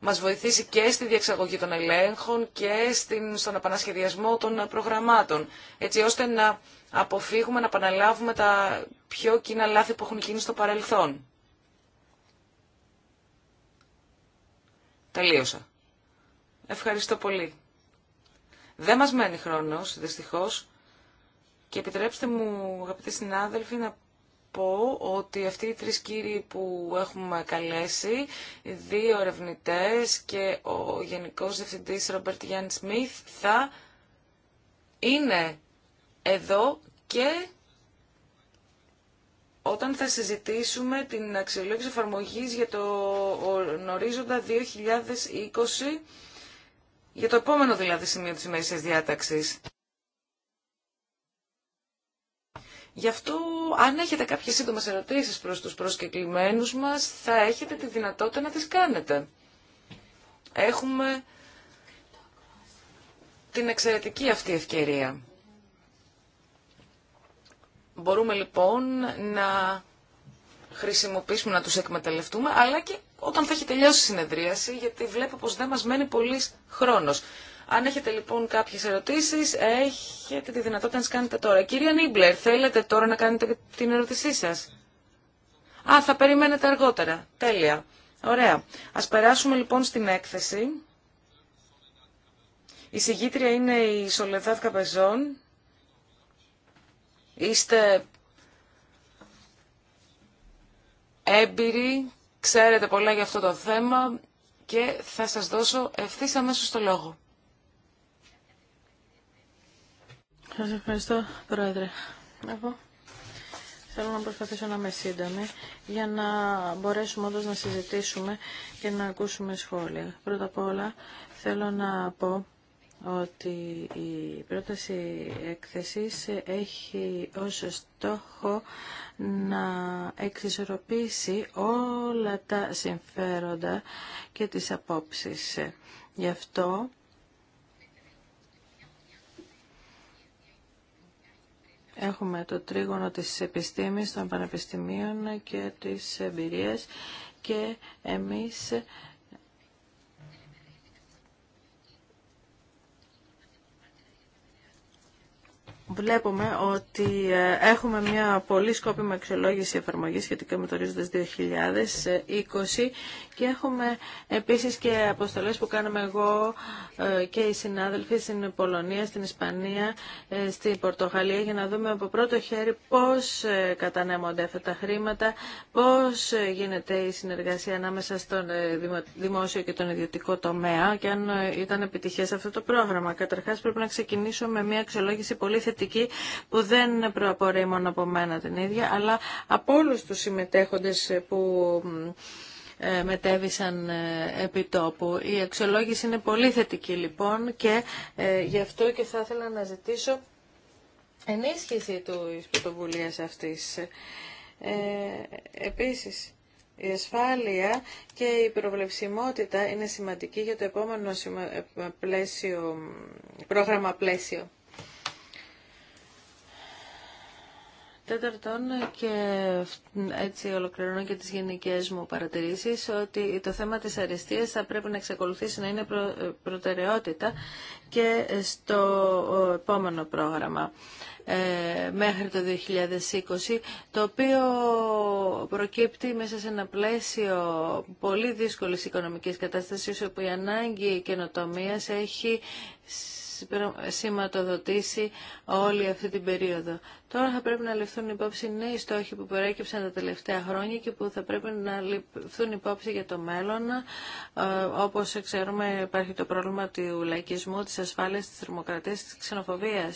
μας βοηθήσει και στη διεξαγωγή των ελέγχων και στην, στον επανασχεδιασμό των προγραμμάτων, έτσι ώστε να αποφύγουμε να επαναλάβουμε τα πιο κοινά λάθη που έχουν γίνει στο παρελθόν. Τελείωσα. Ευχαριστώ πολύ. Δεν μας μένει χρόνος, δυστυχώς, και επιτρέψτε μου, αγαπητοί συνάδελφοι, να πω ότι αυτοί οι τρεις κύριοι που έχουμε καλέσει, δύο ερευνητέ και ο Γενικός Διευθυντής Ρομπέρτ Γιάννη Σμιθ θα είναι εδώ και όταν θα συζητήσουμε την αξιολόγηση εφαρμογή για το ορίζοντα 2020, για το επόμενο δηλαδή σημείο της ημέρησης διάταξης. Γι' αυτό, αν έχετε κάποιες σύντομες ερωτήσεις προς τους προσκεκλημένους μας, θα έχετε τη δυνατότητα να τις κάνετε. Έχουμε την εξαιρετική αυτή ευκαιρία. Μπορούμε λοιπόν να χρησιμοποιήσουμε, να τους εκμεταλλευτούμε, αλλά και όταν θα έχει τελειώσει η συνεδρίαση, γιατί βλέπω πως δεν μας μένει πολύς χρόνος. Αν έχετε λοιπόν κάποιες ερωτήσεις, έχετε τη δυνατότητα να τις κάνετε τώρα. Κυρία Νίμπλερ, θέλετε τώρα να κάνετε την ερώτησή σας. Α, θα περιμένετε αργότερα. Τέλεια. Ωραία. Ας περάσουμε λοιπόν στην έκθεση. Η συγγήτρια είναι η Σολεδάδ Καπεζόν. Είστε έμπειροι, ξέρετε πολλά για αυτό το θέμα και θα σας δώσω ευθύς αμέσως το λόγο. Σας ευχαριστώ, Πρόεδρε. Εγώ θέλω να προσπαθήσω να είμαι σύντομη για να μπορέσουμε όντως να συζητήσουμε και να ακούσουμε σχόλια. Πρώτα απ' όλα θέλω να πω ότι η πρόταση έκθεσης έχει ως στόχο να εξισορροπήσει όλα τα συμφέροντα και τις απόψεις. Γι' αυτό Έχουμε το τρίγωνο της επιστήμης, των πανεπιστημίων και της εμπειρίας και εμείς βλέπουμε ότι ε, έχουμε μια πολύ σκόπιμη αξιολόγηση εφαρμογής σχετικά με το ρίζοντας 2020 και έχουμε επίσης και αποστολές που κάναμε εγώ ε, και οι συνάδελφοι στην Πολωνία, στην Ισπανία, ε, στην Πορτογαλία για να δούμε από πρώτο χέρι πώς κατανέμονται αυτά τα χρήματα, πώς γίνεται η συνεργασία ανάμεσα στον δημόσιο και τον ιδιωτικό τομέα και αν ήταν επιτυχές αυτό το πρόγραμμα. Καταρχάς πρέπει να ξεκινήσω με μια αξιολόγηση πολύ θετική που δεν προαπορεί μόνο από μένα την ίδια, αλλά από όλους τους συμμετέχοντες που ε, μετέβησαν ε, επί τόπου. Η αξιολόγηση είναι πολύ θετική λοιπόν και ε, γι' αυτό και θα ήθελα να ζητήσω ενίσχυση του πρωτοβουλία αυτής. Ε, επίσης, η ασφάλεια και η προβλεψιμότητα είναι σημαντική για το επόμενο πλαίσιο, πρόγραμμα πλαίσιο. Τέταρτον, και έτσι ολοκληρώνω και τις γενικές μου παρατηρήσεις, ότι το θέμα της αριστείας θα πρέπει να εξακολουθήσει να είναι προτεραιότητα και στο επόμενο πρόγραμμα ε, μέχρι το 2020, το οποίο προκύπτει μέσα σε ένα πλαίσιο πολύ δύσκολης οικονομικής κατάστασης, όπου η ανάγκη καινοτομίας έχει σηματοδοτήσει όλη αυτή την περίοδο. Τώρα θα πρέπει να ληφθούν υπόψη νέοι στόχοι που προέκυψαν τα τελευταία χρόνια και που θα πρέπει να ληφθούν υπόψη για το μέλλον. Ε, όπω ξέρουμε υπάρχει το πρόβλημα του λαϊκισμού, της ασφάλειας, της θερμοκρατίας, της ξενοφοβία.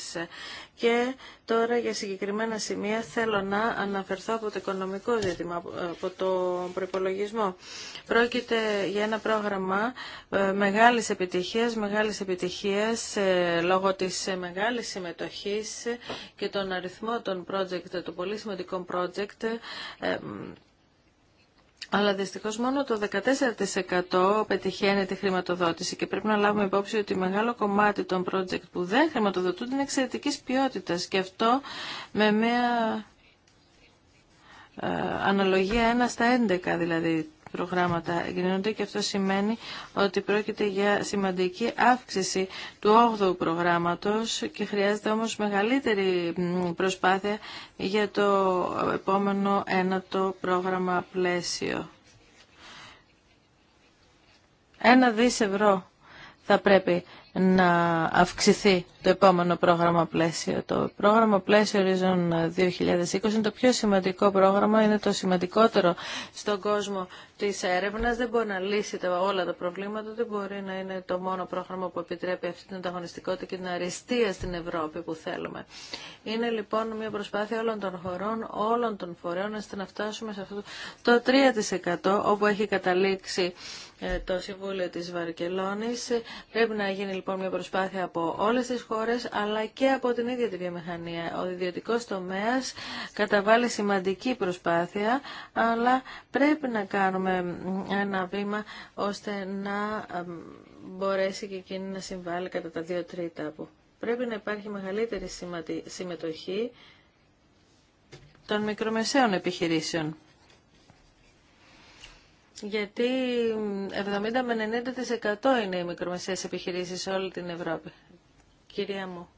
Και τώρα για συγκεκριμένα σημεία θέλω να αναφερθώ από το οικονομικό ζήτημα, από το προπολογισμό. Πρόκειται για ένα πρόγραμμα μεγάλη μεγάλη μεγάλη επιτυχίες ε, λόγω της μεγάλη συμμετοχής και των αριθμών αριθμό των project, των πολύ σημαντικών project, αλλά δυστυχώ μόνο το 14% πετυχαίνει τη χρηματοδότηση και πρέπει να λάβουμε υπόψη ότι μεγάλο κομμάτι των project που δεν χρηματοδοτούνται είναι εξαιρετική ποιότητα και αυτό με μια ε, αναλογία 1 στα 11 δηλαδή προγράμματα εγκρίνονται και αυτό σημαίνει ότι πρόκειται για σημαντική αύξηση του 8ου προγράμματος και χρειάζεται όμως μεγαλύτερη προσπάθεια για το επόμενο ένατο πρόγραμμα πλαίσιο. Ένα δις ευρώ θα πρέπει να αυξηθεί το επόμενο πρόγραμμα πλαίσιο. Το πρόγραμμα πλαίσιο Horizon 2020 είναι το πιο σημαντικό πρόγραμμα, είναι το σημαντικότερο στον κόσμο της έρευνας. Δεν μπορεί να λύσει όλα τα προβλήματα, δεν μπορεί να είναι το μόνο πρόγραμμα που επιτρέπει αυτή την ανταγωνιστικότητα και την αριστεία στην Ευρώπη που θέλουμε. Είναι λοιπόν μια προσπάθεια όλων των χωρών, όλων των φορέων, ώστε να φτάσουμε σε αυτό το 3% όπου έχει καταλήξει ε, το Συμβούλιο της Βαρκελόνης. Πρέπει να γίνει λοιπόν μια προσπάθεια από όλες τις αλλά και από την ίδια τη βιομηχανία. Ο ιδιωτικός τομέας καταβάλει σημαντική προσπάθεια αλλά πρέπει να κάνουμε ένα βήμα ώστε να μπορέσει και εκείνη να συμβάλλει κατά τα δύο τρίτα που πρέπει να υπάρχει μεγαλύτερη συμμετοχή των μικρομεσαίων επιχειρήσεων. Γιατί 70 με 90% είναι οι μικρομεσαίες επιχειρήσεις σε όλη την Ευρώπη κυρία μου.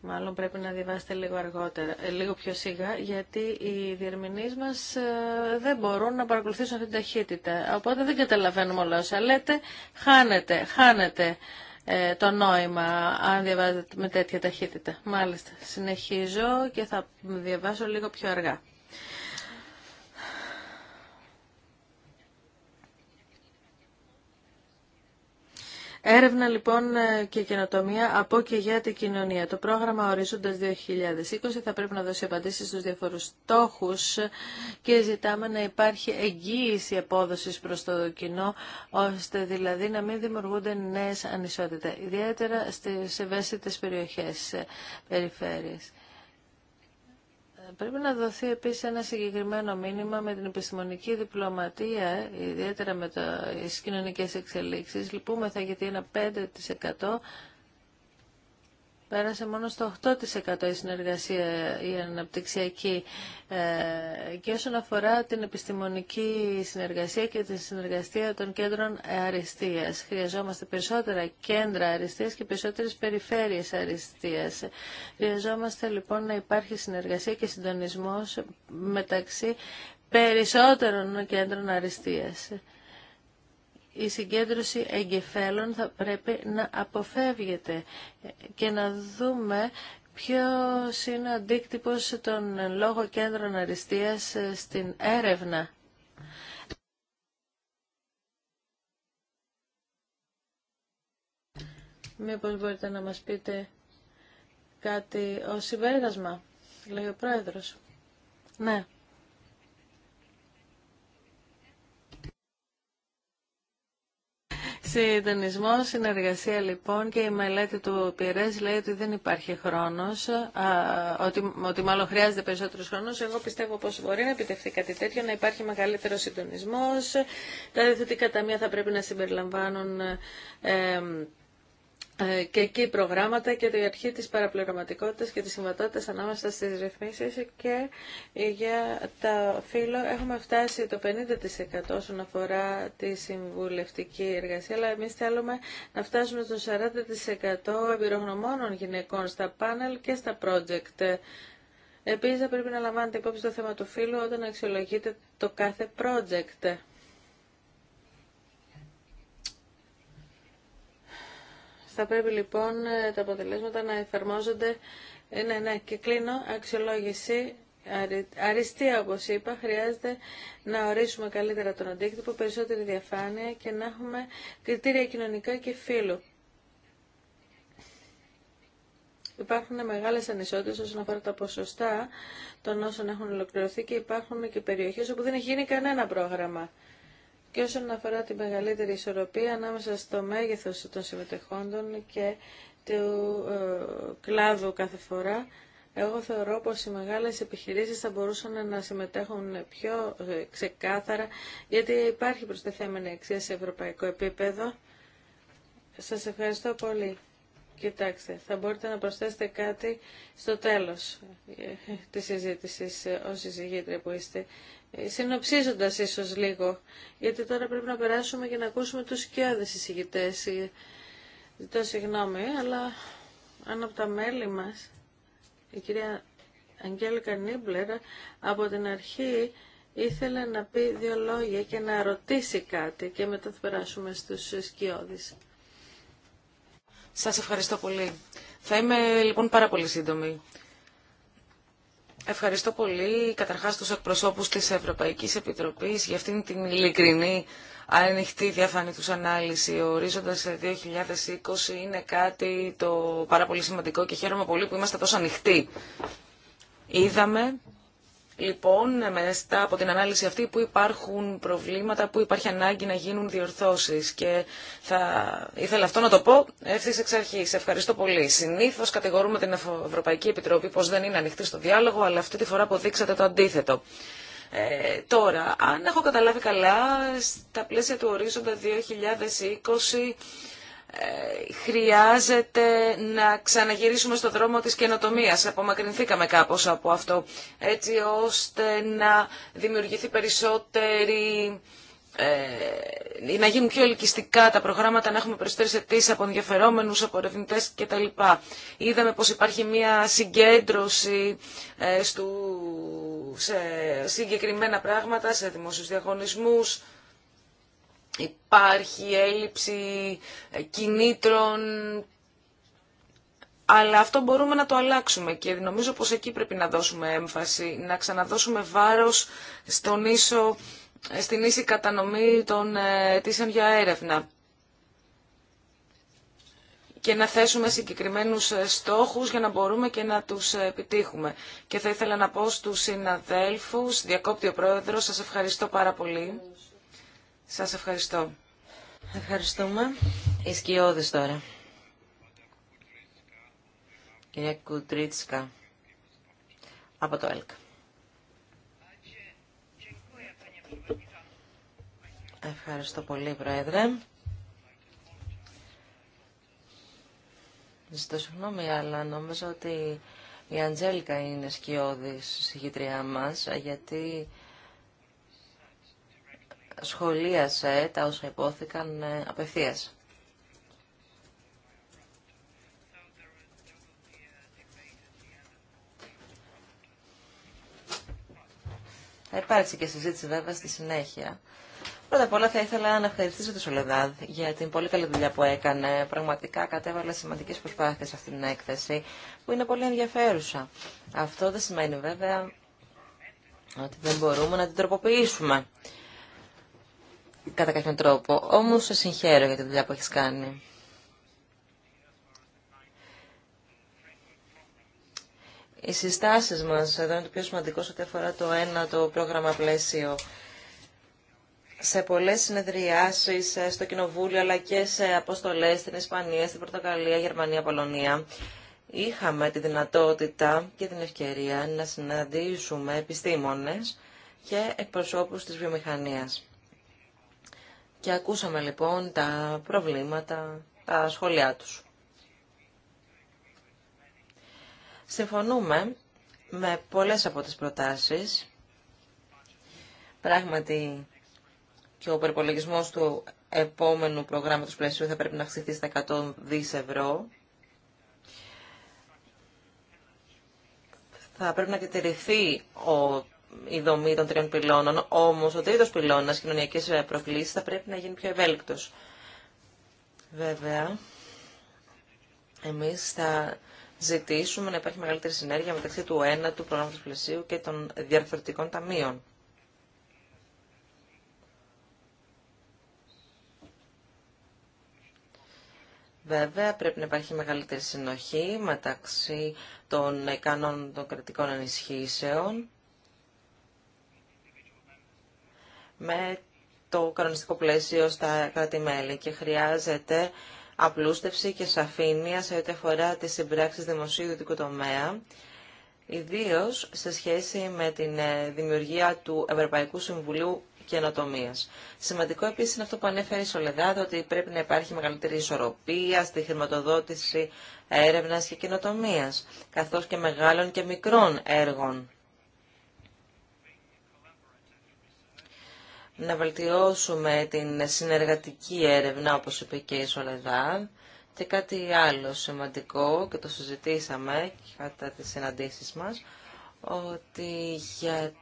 Μάλλον πρέπει να διαβάσετε λίγο αργότερα, ε, λίγο πιο σιγά, γιατί οι διερμηνείς μας ε, δεν μπορούν να παρακολουθήσουν αυτή την ταχύτητα. Οπότε δεν καταλαβαίνουμε όλα όσα λέτε. Χάνετε, χάνετε το νόημα αν διαβάζετε με τέτοια ταχύτητα. Μάλιστα, συνεχίζω και θα διαβάσω λίγο πιο αργά. Έρευνα λοιπόν ε, και καινοτομία από και για την κοινωνία. Το πρόγραμμα ορίζοντα 2020 θα πρέπει να δώσει απαντήσει στους διαφορούς στόχου, και ζητάμε να υπάρχει εγγύηση απόδοσης προς το κοινό, ώστε δηλαδή να μην δημιουργούνται νέε ανισότητες, ιδιαίτερα στις ευαίσθητε περιοχές, ε, περιφέρειε. Πρέπει να δοθεί επίσης ένα συγκεκριμένο μήνυμα με την επιστημονική διπλωματία, ιδιαίτερα με τις κοινωνικές εξελίξεις. Λυπούμεθα γιατί ένα 5% Πέρασε μόνο στο 8% η συνεργασία η αναπτυξιακή. Ε, και όσον αφορά την επιστημονική συνεργασία και τη συνεργασία των κέντρων αριστείας. Χρειαζόμαστε περισσότερα κέντρα αριστείας και περισσότερες περιφέρειες αριστείας. Χρειαζόμαστε λοιπόν να υπάρχει συνεργασία και συντονισμός μεταξύ περισσότερων κέντρων αριστείας η συγκέντρωση εγκεφέλων θα πρέπει να αποφεύγεται και να δούμε ποιος είναι ο αντίκτυπος των λόγω κέντρων αριστείας στην έρευνα. Μήπως μπορείτε να μας πείτε κάτι ως συμπέρασμα, λέει ο Πρόεδρος. Ναι. Συντονισμό, συνεργασία λοιπόν και η μελέτη του Πιερές λέει ότι δεν υπάρχει χρόνος, ότι, μάλλον χρειάζεται περισσότερο χρόνο. Εγώ πιστεύω πως μπορεί να επιτευχθεί κάτι τέτοιο, να υπάρχει μεγαλύτερο συντονισμός. Τα διευθυντικά ταμεία θα πρέπει να συμπεριλαμβάνουν ε, ε, και εκεί προγράμματα και την αρχή της παραπληρωματικότητας και της συμβατότητας ανάμεσα στις ρυθμίσεις και για τα φύλλο έχουμε φτάσει το 50% όσον αφορά τη συμβουλευτική εργασία αλλά εμείς θέλουμε να φτάσουμε στο 40% εμπειρογνωμόνων γυναικών στα πάνελ και στα project. Επίσης θα πρέπει να λαμβάνετε υπόψη το θέμα του φύλλου όταν αξιολογείτε το κάθε project. Θα πρέπει λοιπόν τα αποτελέσματα να εφαρμόζονται. Ε, ναι, ναι, και κλείνω. Αξιολόγηση αριστεία όπως είπα χρειάζεται να ορίσουμε καλύτερα τον αντίκτυπο, περισσότερη διαφάνεια και να έχουμε κριτήρια κοινωνικά και φύλου. Υπάρχουν μεγάλες ανισότητες όσον αφορά τα ποσοστά των όσων έχουν ολοκληρωθεί και υπάρχουν και περιοχές όπου δεν έχει γίνει κανένα πρόγραμμα και όσον αφορά τη μεγαλύτερη ισορροπία ανάμεσα στο μέγεθος των συμμετεχόντων και του ε, κλάδου κάθε φορά, εγώ θεωρώ πως οι μεγάλες επιχειρήσεις θα μπορούσαν να συμμετέχουν πιο ε, ξεκάθαρα, γιατί υπάρχει προστεθέμενη αξία σε ευρωπαϊκό επίπεδο. Σας ευχαριστώ πολύ. Κοιτάξτε, θα μπορείτε να προσθέσετε κάτι στο τέλος ε, της συζήτησης ως συζητήτρια που είστε συνοψίζοντας ίσως λίγο, γιατί τώρα πρέπει να περάσουμε και να ακούσουμε τους σκιώδες εισηγητές. Ε, ζητώ συγγνώμη, αλλά αν από τα μέλη μας, η κυρία Αγγέλικα Νίμπλερ από την αρχή ήθελε να πει δύο λόγια και να ρωτήσει κάτι και μετά θα περάσουμε στους σκιώδεις. Σας ευχαριστώ πολύ. Θα είμαι λοιπόν πάρα πολύ σύντομη. Ευχαριστώ πολύ καταρχάς τους εκπροσώπους της Ευρωπαϊκής Επιτροπής για αυτήν την ειλικρινή ανοιχτή διαφανή τους ανάλυση. Ο ορίζοντας 2020 είναι κάτι το πάρα πολύ σημαντικό και χαίρομαι πολύ που είμαστε τόσο ανοιχτοί. Είδαμε λοιπόν μετά από την ανάλυση αυτή που υπάρχουν προβλήματα, που υπάρχει ανάγκη να γίνουν διορθώσεις και θα ήθελα αυτό να το πω ευθύ εξ αρχή. Ευχαριστώ πολύ. Συνήθω κατηγορούμε την Ευρωπαϊκή Επιτροπή πως δεν είναι ανοιχτή στο διάλογο, αλλά αυτή τη φορά αποδείξατε το αντίθετο. Ε, τώρα, αν έχω καταλάβει καλά, στα πλαίσια του ορίζοντα 2020 χρειάζεται να ξαναγυρίσουμε στο δρόμο της καινοτομίας. Απομακρυνθήκαμε κάπως από αυτό, έτσι ώστε να δημιουργηθεί περισσότερη... Ε, να γίνουν πιο ελκυστικά τα προγράμματα, να έχουμε περισσότερες αιτήσει από ενδιαφερόμενους, από ερευνητέ κτλ. Είδαμε πως υπάρχει μια συγκέντρωση ε, στου, σε συγκεκριμένα πράγματα, σε δημόσιους διαγωνισμούς, υπάρχει έλλειψη ε, κινήτρων, αλλά αυτό μπορούμε να το αλλάξουμε και νομίζω πως εκεί πρέπει να δώσουμε έμφαση, να ξαναδώσουμε βάρος στον ίσο, ε, στην ίση κατανομή των ε, αιτήσεων για έρευνα και να θέσουμε συγκεκριμένους στόχους για να μπορούμε και να τους επιτύχουμε. Και θα ήθελα να πω στους συναδέλφους, διακόπτει ο Πρόεδρος, σας ευχαριστώ πάρα πολύ. Σας ευχαριστώ. Ευχαριστούμε. Οι σκιώδες τώρα. Κυρία Κουτρίτσκα από το ΕΛΚ. Ευχαριστώ πολύ, Πρόεδρε. Ζητώ συγγνώμη, αλλά νόμιζα ότι η Αντζέλικα είναι σκιώδης συγχυτριά μας, γιατί σχολίασε τα όσα υπόθηκαν ε, απευθείας. Θα υπάρξει και συζήτηση βέβαια στη συνέχεια. Πρώτα απ' όλα θα ήθελα να ευχαριστήσω τη Σολεδάδ για την πολύ καλή δουλειά που έκανε. Πραγματικά κατέβαλε σημαντικέ προσπάθειε σε αυτήν την έκθεση που είναι πολύ ενδιαφέρουσα. Αυτό δεν σημαίνει βέβαια ότι δεν μπορούμε να την τροποποιήσουμε κατά κάποιον τρόπο. Όμως σε συγχαίρω για τη δουλειά που έχεις κάνει. Οι συστάσεις μας, εδώ είναι το πιο σημαντικό σε ό,τι αφορά το ένα, το πρόγραμμα πλαίσιο. Σε πολλές συνεδριάσεις στο Κοινοβούλιο, αλλά και σε αποστολές στην Ισπανία, στην Πορτοκαλία, Γερμανία, Πολωνία, είχαμε τη δυνατότητα και την ευκαιρία να συναντήσουμε επιστήμονες και εκπροσώπους της βιομηχανίας. Και ακούσαμε λοιπόν τα προβλήματα, τα σχόλιά τους. Συμφωνούμε με πολλές από τις προτάσεις. Πράγματι και ο περιπολογισμός του επόμενου προγράμματος πλαισίου θα πρέπει να αυξηθεί στα 100 δις ευρώ. Θα πρέπει να διατηρηθεί ο η δομή των τριών πυλώνων, όμως ο τρίτος πυλώνας κοινωνιακής ε, προκλήσης θα πρέπει να γίνει πιο ευέλικτος. Βέβαια, εμείς θα ζητήσουμε να υπάρχει μεγαλύτερη συνέργεια μεταξύ του ένα του προγράμματος πλαισίου και των διαρθρωτικών ταμείων. Βέβαια, πρέπει να υπάρχει μεγαλύτερη συνοχή μεταξύ των ικανών των κρατικών ενισχύσεων με το κανονιστικό πλαίσιο στα κράτη-μέλη και χρειάζεται απλούστευση και σαφήνεια σε ό,τι αφορά τις συμπράξεις δημοσίου ιδιωτικού τομέα, ιδίως σε σχέση με την ε, δημιουργία του Ευρωπαϊκού Συμβουλίου καινοτομία. Σημαντικό επίσης είναι αυτό που ανέφερε η Σολεδάδο, ότι πρέπει να υπάρχει μεγαλύτερη ισορροπία στη χρηματοδότηση έρευνα και καινοτομία, καθώ και μεγάλων και μικρών έργων να βελτιώσουμε την συνεργατική έρευνα, όπως είπε και η Σολεδά, και κάτι άλλο σημαντικό, και το συζητήσαμε κατά τις συναντήσεις μας, ότι για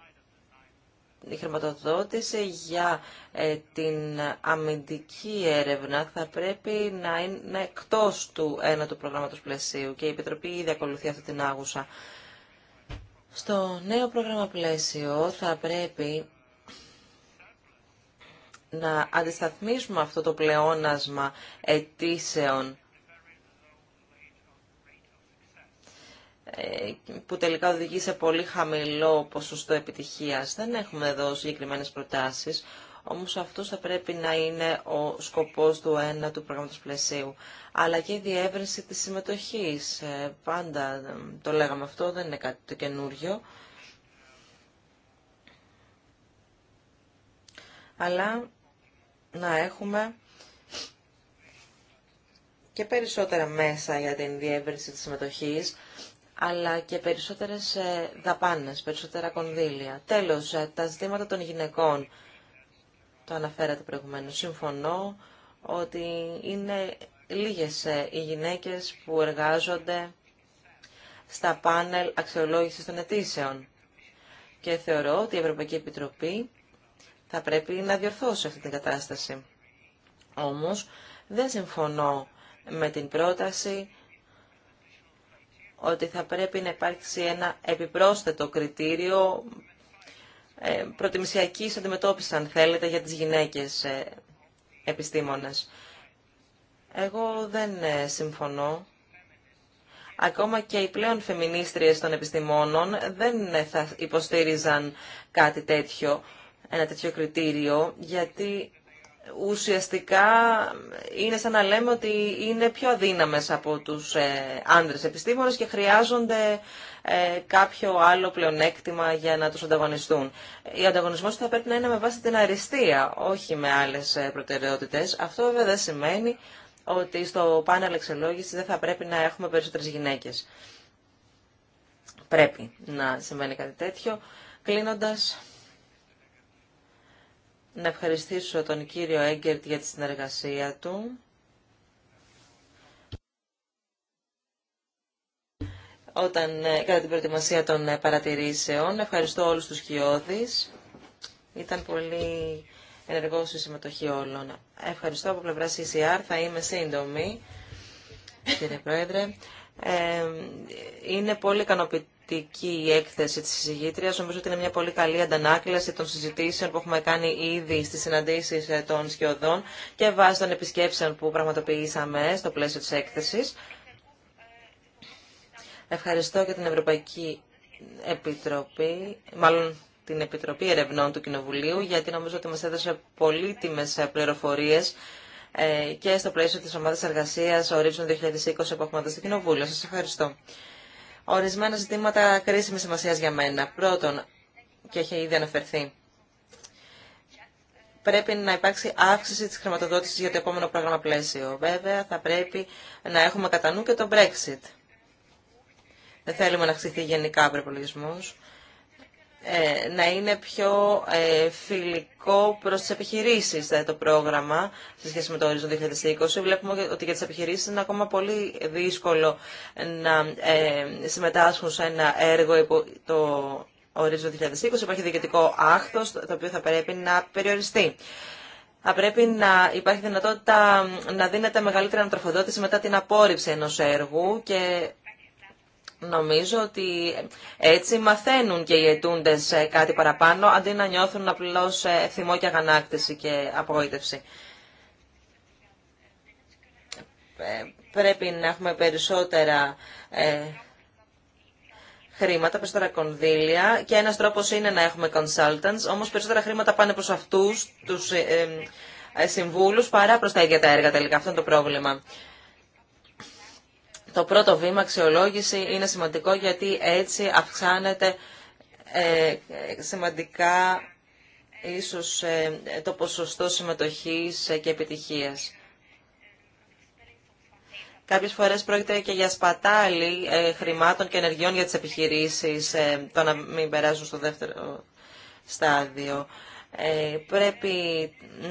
η χρηματοδότηση για ε, την αμυντική έρευνα θα πρέπει να είναι εκτός του ένα του προγράμματος πλαισίου και η Επιτροπή ήδη ακολουθεί αυτή την άγουσα. Στο νέο πρόγραμμα πλαίσιο θα πρέπει να αντισταθμίσουμε αυτό το πλεόνασμα αιτήσεων ε, που τελικά οδηγεί σε πολύ χαμηλό ποσοστό επιτυχίας. Δεν έχουμε εδώ συγκεκριμένες προτάσεις, όμως αυτός θα πρέπει να είναι ο σκοπός του ένα του προγράμματος πλαισίου. Αλλά και η διεύρυνση της συμμετοχής. Ε, πάντα το λέγαμε αυτό, δεν είναι κάτι το καινούριο. Αλλά να έχουμε και περισσότερα μέσα για την διεύρυνση της συμμετοχής, αλλά και περισσότερες ε, δαπάνες, περισσότερα κονδύλια. Τέλος, ε, τα ζητήματα των γυναικών. Το αναφέρατε προηγουμένως. Συμφωνώ ότι είναι λίγες ε, οι γυναίκες που εργάζονται στα πάνελ αξιολόγησης των αιτήσεων. Και θεωρώ ότι η Ευρωπαϊκή Επιτροπή θα πρέπει να διορθώσω αυτή την κατάσταση. Όμως δεν συμφωνώ με την πρόταση ότι θα πρέπει να υπάρξει ένα επιπρόσθετο κριτήριο ε, προτιμησιακής αντιμετώπισης, αν θέλετε, για τις γυναίκες ε, επιστήμονες. Εγώ δεν ε, συμφωνώ. Ακόμα και οι πλέον φεμινίστριες των επιστημόνων δεν θα υποστήριζαν κάτι τέτοιο ένα τέτοιο κριτήριο, γιατί ουσιαστικά είναι σαν να λέμε ότι είναι πιο αδύναμες από τους ε, άνδρες επιστήμονες και χρειάζονται ε, κάποιο άλλο πλεονέκτημα για να τους ανταγωνιστούν. Ο ανταγωνισμός θα πρέπει να είναι με βάση την αριστεία, όχι με άλλες ε, προτεραιότητες. Αυτό βέβαια δεν σημαίνει ότι στο πάνελ εξελόγηση δεν θα πρέπει να έχουμε περισσότερες γυναίκες. Πρέπει να σημαίνει κάτι τέτοιο. Κλείνοντας να ευχαριστήσω τον κύριο Έγκερτ για τη συνεργασία του. Όταν, ε, κατά την προετοιμασία των ε, παρατηρήσεων, ευχαριστώ όλους τους χιώδεις. Ήταν πολύ ενεργός η συμμετοχή όλων. Ευχαριστώ από πλευρά CCR. Θα είμαι σύντομη, κύριε Πρόεδρε. Ε, είναι πολύ ικανοποιητικό η έκθεση της συζητήρια. Νομίζω ότι είναι μια πολύ καλή αντανάκλαση των συζητήσεων που έχουμε κάνει ήδη στις συναντήσεις ε, των σκιωδών και βάσει των επισκέψεων που πραγματοποιήσαμε στο πλαίσιο της έκθεσης. Ευχαριστώ και την Ευρωπαϊκή Επιτροπή, μάλλον την Επιτροπή Ερευνών του Κοινοβουλίου, γιατί νομίζω ότι μας έδωσε πολύτιμες ε, πληροφορίες ε, και στο πλαίσιο της ομάδας εργασίας ορίζουν 2020 που έχουμε στο Κοινοβούλιο. Σας ευχαριστώ. Ορισμένα ζητήματα κρίσιμη σημασία για μένα. Πρώτον, και έχει ήδη αναφερθεί, πρέπει να υπάρξει αύξηση της χρηματοδότησης για το επόμενο πρόγραμμα πλαίσιο. Βέβαια, θα πρέπει να έχουμε κατά νου και το Brexit. Δεν θέλουμε να αυξηθεί γενικά ο προπολογισμό. Ε, να είναι πιο ε, φιλικό προς τις επιχειρήσεις το πρόγραμμα σε σχέση με το ορίζον 2020. Βλέπουμε ότι για τις επιχειρήσεις είναι ακόμα πολύ δύσκολο να ε, συμμετάσχουν σε ένα έργο υπό το ορίζον 2020. Υπάρχει διοικητικό άκτος το οποίο θα πρέπει να περιοριστεί. Θα πρέπει να υπάρχει δυνατότητα να δίνεται μεγαλύτερη ανατροφοδότηση μετά την απόρριψη ενός έργου και Νομίζω ότι έτσι μαθαίνουν και οι αιτούντες ε, κάτι παραπάνω, αντί να νιώθουν απλώς ε, θυμό και αγανάκτηση και απογοήτευση. Ε, πρέπει να έχουμε περισσότερα χρήματα, περισσότερα κονδύλια και ένας τρόπος είναι να έχουμε consultants, όμως περισσότερα χρήματα πάνε προς αυτούς τους συμβούλους παρά προς τα ίδια τα έργα τελικά. Αυτό είναι το πρόβλημα το πρώτο βήμα αξιολόγηση είναι σημαντικό γιατί έτσι αυξάνεται ε, σημαντικά ίσως ε, το ποσοστό συμμετοχής ε, και επιτυχίας. Κάποιες φορές πρόκειται και για σπατάλη χρημάτων και ενεργειών για τις επιχειρήσεις, το να μην περάσουν στο δεύτερο στάδιο. Ε, πρέπει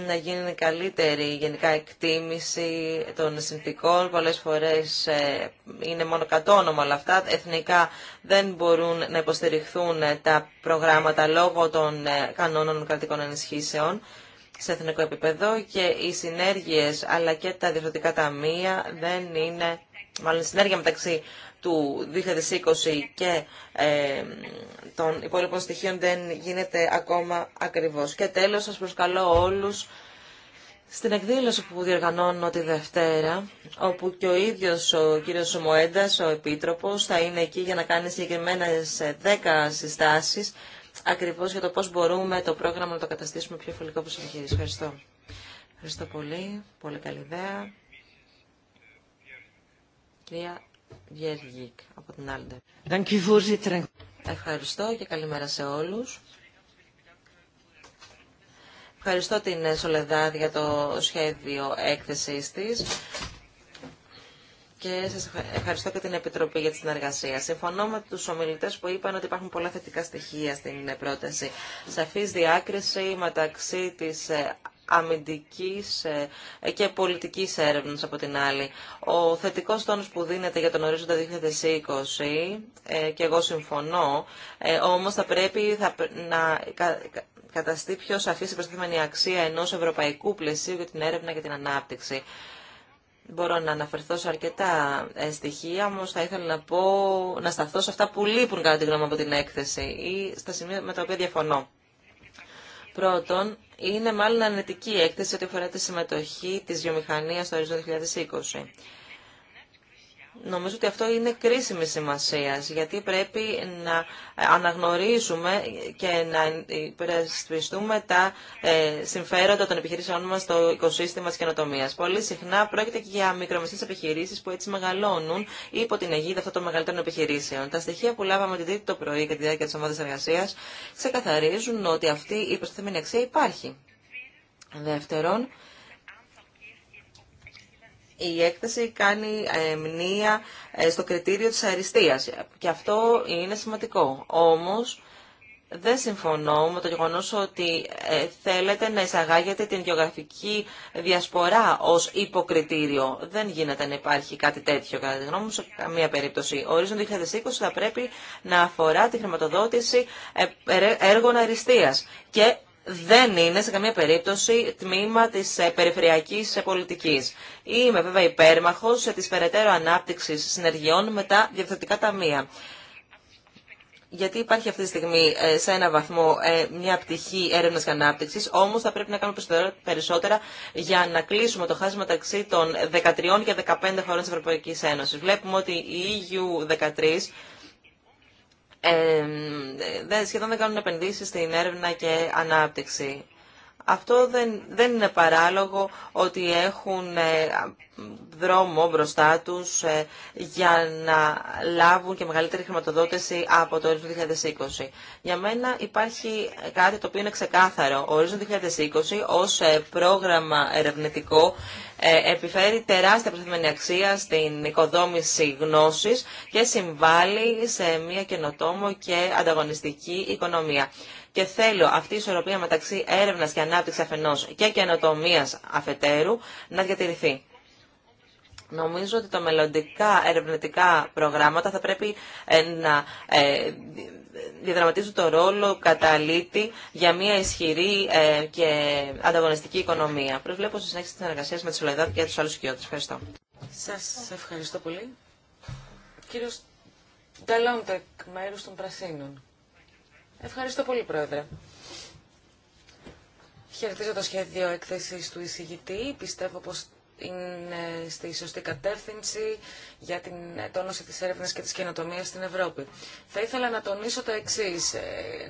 να γίνει καλύτερη γενικά εκτίμηση των συνθήκων. Πολλές φορές ε, είναι μόνο κατόνομα όλα αυτά. Εθνικά δεν μπορούν να υποστηριχθούν τα προγράμματα λόγω των ε, κανόνων κρατικών ενισχύσεων σε εθνικό επίπεδο και οι συνέργειες αλλά και τα διευθυντικά ταμεία δεν είναι, μάλλον συνέργεια μεταξύ του 2020 και ε, των υπόλοιπων στοιχείων δεν γίνεται ακόμα ακριβώς. Και τέλος σας προσκαλώ όλους στην εκδήλωση που διοργανώνω τη Δευτέρα, όπου και ο ίδιος ο κύριος Σομοέντας, ο Επίτροπος, θα είναι εκεί για να κάνει συγκεκριμένε 10 ε, συστάσεις, ακριβώς για το πώς μπορούμε το πρόγραμμα να το καταστήσουμε πιο φιλικό προς Ευχαριστώ. Ευχαριστώ πολύ. Πολύ καλή ιδέα. Κυρία Ευχαριστώ και καλημέρα σε όλους. Ευχαριστώ την Σολεδάδ για το σχέδιο έκθεσής της και σας ευχαριστώ και την Επιτροπή για τη συνεργασία. Συμφωνώ με τους ομιλητές που είπαν ότι υπάρχουν πολλά θετικά στοιχεία στην πρόταση. Σαφής διάκριση μεταξύ της ε, αμυντικής ε, και πολιτικής έρευνας από την άλλη. Ο θετικός τόνος που δίνεται για τον ορίζοντα 2020, ε, και εγώ συμφωνώ, ε, όμως θα πρέπει να καταστεί πιο σαφή η αξία ενός ευρωπαϊκού πλαισίου για την έρευνα και την ανάπτυξη. Μπορώ να αναφερθώ σε αρκετά στοιχεία, όμω θα ήθελα να, πω, να σταθώ σε αυτά που λείπουν κατά τη γνώμη από την έκθεση ή στα σημεία με τα οποία διαφωνώ. Πρώτον, είναι μάλλον αρνητική η έκθεση ότι αφορά τη συμμετοχή της βιομηχανίας στο Horizon 2020. Νομίζω ότι αυτό είναι κρίσιμη σημασία, γιατί πρέπει να αναγνωρίσουμε και να υπερασπιστούμε τα ε, συμφέροντα των επιχειρήσεών μα στο οικοσύστημα τη καινοτομία. Πολύ συχνά πρόκειται και για μικρομεσαίε επιχειρήσει που έτσι μεγαλώνουν υπό την αιγίδα αυτών των μεγαλύτερων επιχειρήσεων. Τα στοιχεία που λάβαμε την Τρίτη το πρωί κατά τη διάρκεια τη ομάδα εργασία ξεκαθαρίζουν ότι αυτή η προστιθέμενη αξία υπάρχει. Δεύτερον, η έκθεση κάνει ε, μνήα ε, στο κριτήριο της αριστείας και αυτό είναι σημαντικό. Όμως δεν συμφωνώ με το γεγονός ότι ε, θέλετε να εισαγάγετε την γεωγραφική διασπορά ως υποκριτήριο. Δεν γίνεται να υπάρχει κάτι τέτοιο κατά τη γνώμη μου σε καμία περίπτωση. Ορίζον 2020 θα πρέπει να αφορά τη χρηματοδότηση έργων αριστείας και δεν είναι σε καμία περίπτωση τμήμα της ε, περιφερειακής ε, πολιτικής. Είμαι βέβαια υπέρμαχος ε, της περαιτέρω ανάπτυξη συνεργειών με τα διευθυντικά ταμεία. Γιατί υπάρχει αυτή τη στιγμή σε ένα βαθμό μια πτυχή έρευνα και ανάπτυξη, όμω θα πρέπει να κάνουμε περισσότερα για να κλείσουμε το χάσμα μεταξύ των 13 και 15 χωρών τη Ευρωπαϊκή Ένωση. Βλέπουμε ότι η EU 13 ε, σχεδόν δεν κάνουν επενδύσεις στην έρευνα και ανάπτυξη. Αυτό δεν, δεν είναι παράλογο ότι έχουν ε, δρόμο μπροστά τους ε, για να λάβουν και μεγαλύτερη χρηματοδότηση από το 2020. Για μένα υπάρχει κάτι το οποίο είναι ξεκάθαρο. Ο ΡΙΖΟΝ 2020 ως ε, πρόγραμμα ερευνητικό επιφέρει τεράστια προσθέμενη αξία στην οικοδόμηση γνώσης και συμβάλλει σε μια καινοτόμο και ανταγωνιστική οικονομία και θέλω αυτή η ισορροπία μεταξύ έρευνας και ανάπτυξης αφενός και καινοτομία αφετέρου να διατηρηθεί. Νομίζω ότι τα μελλοντικά ερευνητικά προγράμματα θα πρέπει ε, να ε, διαδραματίζουν το ρόλο καταλήτη για μια ισχυρή ε, και ανταγωνιστική οικονομία. Προσβλέπω στη συνέχιση τη συνεργασία με τη Σολεδάδη και του άλλου οικειώτε. Ευχαριστώ. Σα ευχαριστώ πολύ. Κύριο Τελόντεκ, μέρους των Πρασίνων. Ευχαριστώ πολύ, Πρόεδρε. Χαιρετίζω το σχέδιο εκθέσης του εισηγητή. Πιστεύω πως είναι στη σωστή κατεύθυνση για την τόνωση της έρευνας και της καινοτομίας στην Ευρώπη. Θα ήθελα να τονίσω το εξής. Ε,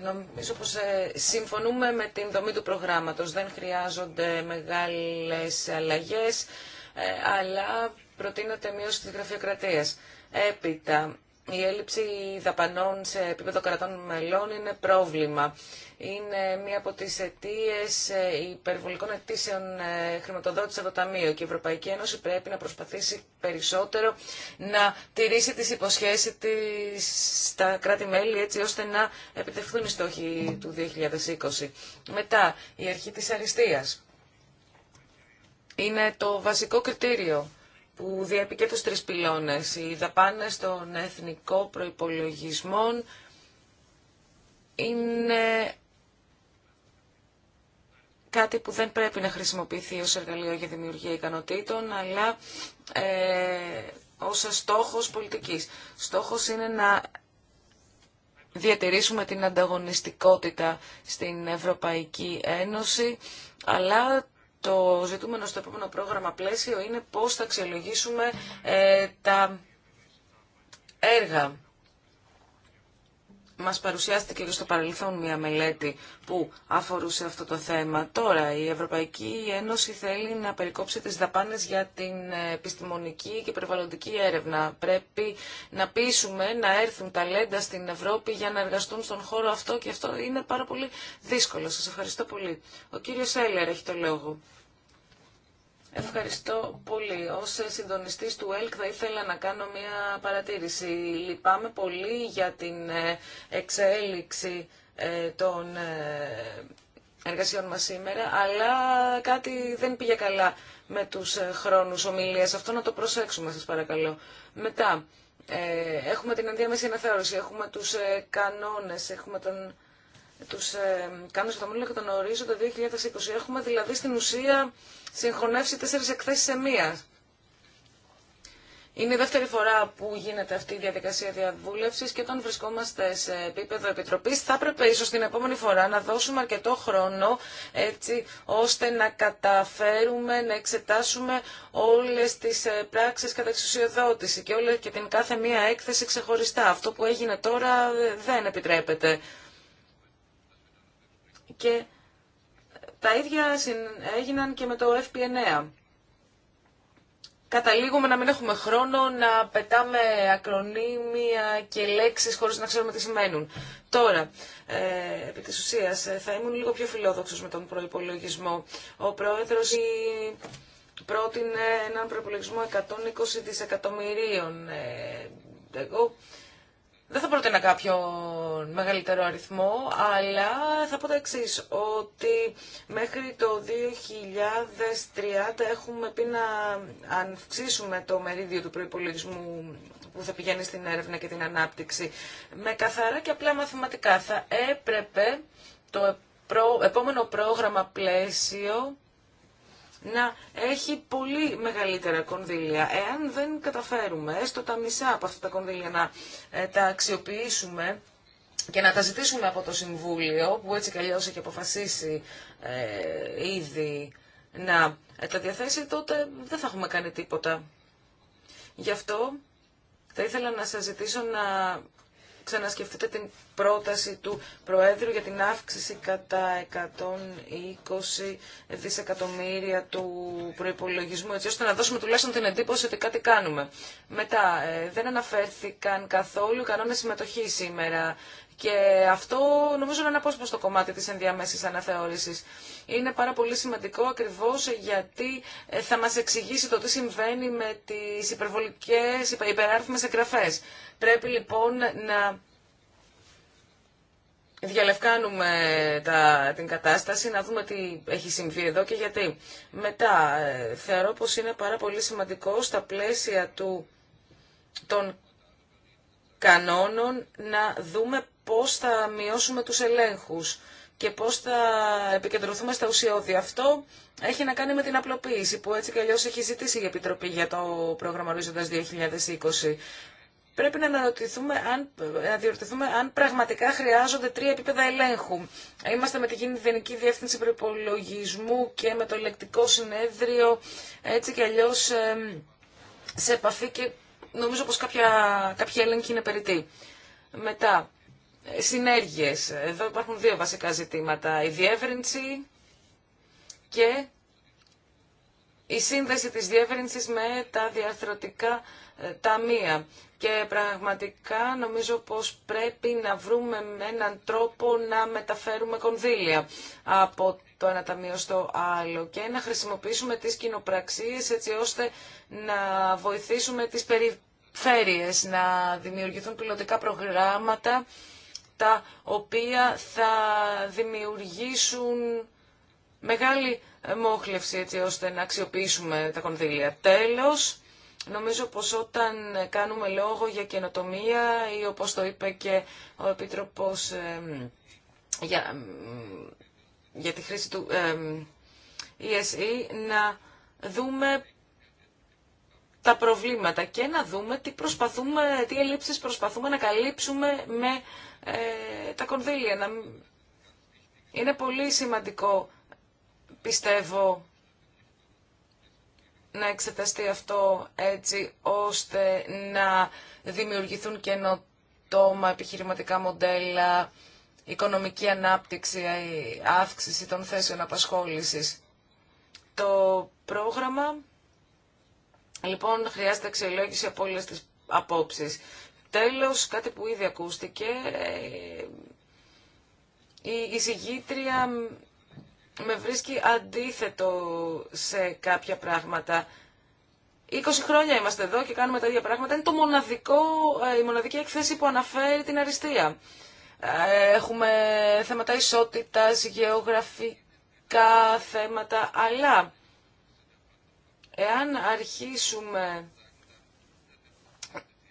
νομίζω πως ε, συμφωνούμε με την δομή του προγράμματος. Δεν χρειάζονται μεγάλες αλλαγές, ε, αλλά προτείνεται μείωση της γραφειοκρατίας. Έπειτα, η έλλειψη δαπανών σε επίπεδο κρατών μελών είναι πρόβλημα. Είναι μία από τις αιτίε ε, υπερβολικών αιτήσεων ε, χρηματοδότηση από το Ταμείο και η Ευρωπαϊκή Ένωση πρέπει να προσπαθήσει περισσότερο να τηρήσει τις υποσχέσεις της στα κράτη-μέλη έτσι ώστε να επιτευχθούν οι στόχοι του 2020. Μετά, η αρχή της αριστείας. Είναι το βασικό κριτήριο που διέπει και τους τρεις πυλώνες. Οι δαπάνες των εθνικών προϋπολογισμών είναι κάτι που δεν πρέπει να χρησιμοποιηθεί ως εργαλείο για δημιουργία ικανοτήτων, αλλά ε, ως στόχος πολιτικής. Στόχος είναι να διατηρήσουμε την ανταγωνιστικότητα στην Ευρωπαϊκή Ένωση, αλλά το ζητούμενο στο επόμενο πρόγραμμα πλαίσιο είναι πώς θα αξιολογήσουμε ε, τα έργα μας παρουσιάστηκε και στο παρελθόν μια μελέτη που αφορούσε αυτό το θέμα. Τώρα η Ευρωπαϊκή Ένωση θέλει να περικόψει τις δαπάνες για την επιστημονική και περιβαλλοντική έρευνα. Πρέπει να πείσουμε να έρθουν ταλέντα στην Ευρώπη για να εργαστούν στον χώρο αυτό και αυτό είναι πάρα πολύ δύσκολο. Σα ευχαριστώ πολύ. Ο κύριος Έλερ έχει το λόγο. Ευχαριστώ πολύ. Ω συντονιστής του ΕΛΚ θα ήθελα να κάνω μια παρατήρηση. Λυπάμαι πολύ για την ε, εξέλιξη ε, των ε, εργασιών μας σήμερα, αλλά κάτι δεν πήγε καλά με τους χρόνους ομιλίας. Αυτό να το προσέξουμε σας παρακαλώ. Μετά, έχουμε την ενδιάμεση αναθεώρηση, έχουμε τους κανόνες, έχουμε τον τους ε, το στο και τον ορίζοντα 2020. Έχουμε δηλαδή στην ουσία συγχωνεύσει τέσσερις εκθέσεις σε μία. Είναι η δεύτερη φορά που γίνεται αυτή η διαδικασία διαβούλευσης και όταν βρισκόμαστε σε επίπεδο επιτροπής θα έπρεπε ίσως την επόμενη φορά να δώσουμε αρκετό χρόνο έτσι ώστε να καταφέρουμε να εξετάσουμε όλες τις ε, πράξεις κατά εξουσιοδότηση και, όλες, και την κάθε μία έκθεση ξεχωριστά. Αυτό που έγινε τώρα ε, δεν επιτρέπεται. Και τα ίδια έγιναν και με το FP9. Καταλήγουμε να μην έχουμε χρόνο να πετάμε ακρονίμια και λέξεις χωρίς να ξέρουμε τι σημαίνουν. Τώρα, ε, επί της ουσίας, ε, θα ήμουν λίγο πιο φιλόδοξος με τον προϋπολογισμό. Ο πρόεδρος πρότεινε έναν προϋπολογισμό 120 δισεκατομμυρίων. Ε, εγώ δεν θα πρότεινα κάποιον μεγαλύτερο αριθμό, αλλά θα πω τα εξή, ότι μέχρι το 2030 έχουμε πει να αυξήσουμε το μερίδιο του προϋπολογισμού που θα πηγαίνει στην έρευνα και την ανάπτυξη. Με καθαρά και απλά μαθηματικά θα έπρεπε το επόμενο πρόγραμμα πλαίσιο να έχει πολύ μεγαλύτερα κονδύλια. Εάν δεν καταφέρουμε έστω τα μισά από αυτά τα κονδύλια να ε, τα αξιοποιήσουμε και να τα ζητήσουμε από το Συμβούλιο, που έτσι κι έχει αποφασίσει ε, ήδη να ε, τα διαθέσει, τότε δεν θα έχουμε κάνει τίποτα. Γι' αυτό θα ήθελα να σας ζητήσω να ξανασκεφτείτε την πρόταση του Προέδρου για την αύξηση κατά 120 δισεκατομμύρια του προϋπολογισμού, έτσι ώστε να δώσουμε τουλάχιστον την εντύπωση ότι κάτι κάνουμε. Μετά, ε, δεν αναφέρθηκαν καθόλου κανόνες συμμετοχή σήμερα και αυτό νομίζω είναι ένα απόσπαστο στο κομμάτι της ενδιαμέσης αναθεώρησης. Είναι πάρα πολύ σημαντικό ακριβώς γιατί ε, θα μας εξηγήσει το τι συμβαίνει με τις υπερβολικές, υπεράριθμες εγγραφές. Πρέπει λοιπόν να διαλευκάνουμε τα, την κατάσταση, να δούμε τι έχει συμβεί εδώ και γιατί. Μετά, ε, θεωρώ πως είναι πάρα πολύ σημαντικό στα πλαίσια του, των κανόνων να δούμε πώς θα μειώσουμε τους ελέγχους και πώς θα επικεντρωθούμε στα ουσιώδη. Αυτό έχει να κάνει με την απλοποίηση που έτσι κι αλλιώς έχει ζητήσει η Επιτροπή για το πρόγραμμα Ορίζοντας 2020. Πρέπει να αναρωτηθούμε αν, να διορτηθούμε αν πραγματικά χρειάζονται τρία επίπεδα ελέγχου. Είμαστε με τη Γενική Διεύθυνση Προπολογισμού και με το Ελεκτικό Συνέδριο έτσι κι αλλιώς σε επαφή και νομίζω πως κάποια, κάποια έλεγχη είναι περιττή. Μετά, συνέργειες. Εδώ υπάρχουν δύο βασικά ζητήματα. Η διεύρυνση και η σύνδεση της διεύρυνσης με τα διαρθρωτικά ε, ταμεία. Και πραγματικά νομίζω πως πρέπει να βρούμε έναν τρόπο να μεταφέρουμε κονδύλια από το ένα ταμείο στο άλλο και να χρησιμοποιήσουμε τις κοινοπραξίες έτσι ώστε να βοηθήσουμε τις περιφέρειες, να δημιουργηθούν πιλωτικά προγράμματα τα οποία θα δημιουργήσουν μεγάλη μόχλευση έτσι ώστε να αξιοποιήσουμε τα κονδύλια. Τέλος, νομίζω πως όταν κάνουμε λόγο για καινοτομία ή όπως το είπε και ο Επίτροπος για, για τη χρήση του ε, ESE, να δούμε τα προβλήματα και να δούμε τι, προσπαθούμε, τι ελλείψεις προσπαθούμε να καλύψουμε με ε, τα κονδύλια. Είναι πολύ σημαντικό, πιστεύω, να εξεταστεί αυτό έτσι ώστε να δημιουργηθούν καινοτόμα επιχειρηματικά μοντέλα, οικονομική ανάπτυξη, η ε, αύξηση των θέσεων απασχόλησης. Το πρόγραμμα, λοιπόν, χρειάζεται αξιολόγηση από όλες τις απόψεις τέλος, κάτι που ήδη ακούστηκε, ε, η εισηγήτρια με βρίσκει αντίθετο σε κάποια πράγματα. 20 χρόνια είμαστε εδώ και κάνουμε τα ίδια πράγματα. Είναι το μοναδικό, ε, η μοναδική εκθέση που αναφέρει την αριστεία. Ε, έχουμε θέματα ισότητας, γεωγραφικά θέματα, αλλά εάν αρχίσουμε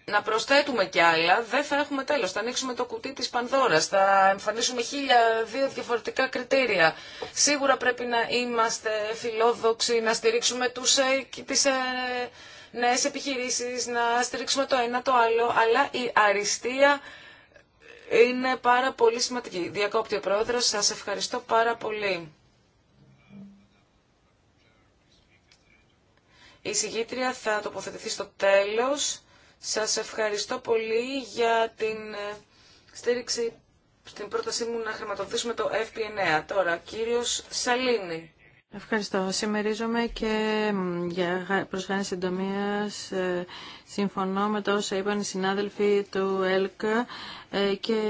να προσθέτουμε κι άλλα, δεν θα έχουμε τέλος. Θα ανοίξουμε το κουτί της πανδώρας, θα εμφανίσουμε χίλια δύο διαφορετικά κριτήρια. Σίγουρα πρέπει να είμαστε φιλόδοξοι, να στηρίξουμε τους, ε, τις ε, νέε επιχειρήσεις, να στηρίξουμε το ένα το άλλο, αλλά η αριστεία είναι πάρα πολύ σημαντική. Διακόπτει ο Πρόεδρος, σας ευχαριστώ πάρα πολύ. Η συγγήτρια θα τοποθετηθεί στο τέλος. Σας ευχαριστώ πολύ για την ε, στήριξη στην πρότασή μου να χρηματοδοτήσουμε το FP9. Τώρα, κύριος Σαλίνη. Ευχαριστώ. Σημερίζομαι και για προσχάνη συντομία ε, συμφωνώ με το όσα είπαν οι συνάδελφοι του ΕΛΚΑ ε, και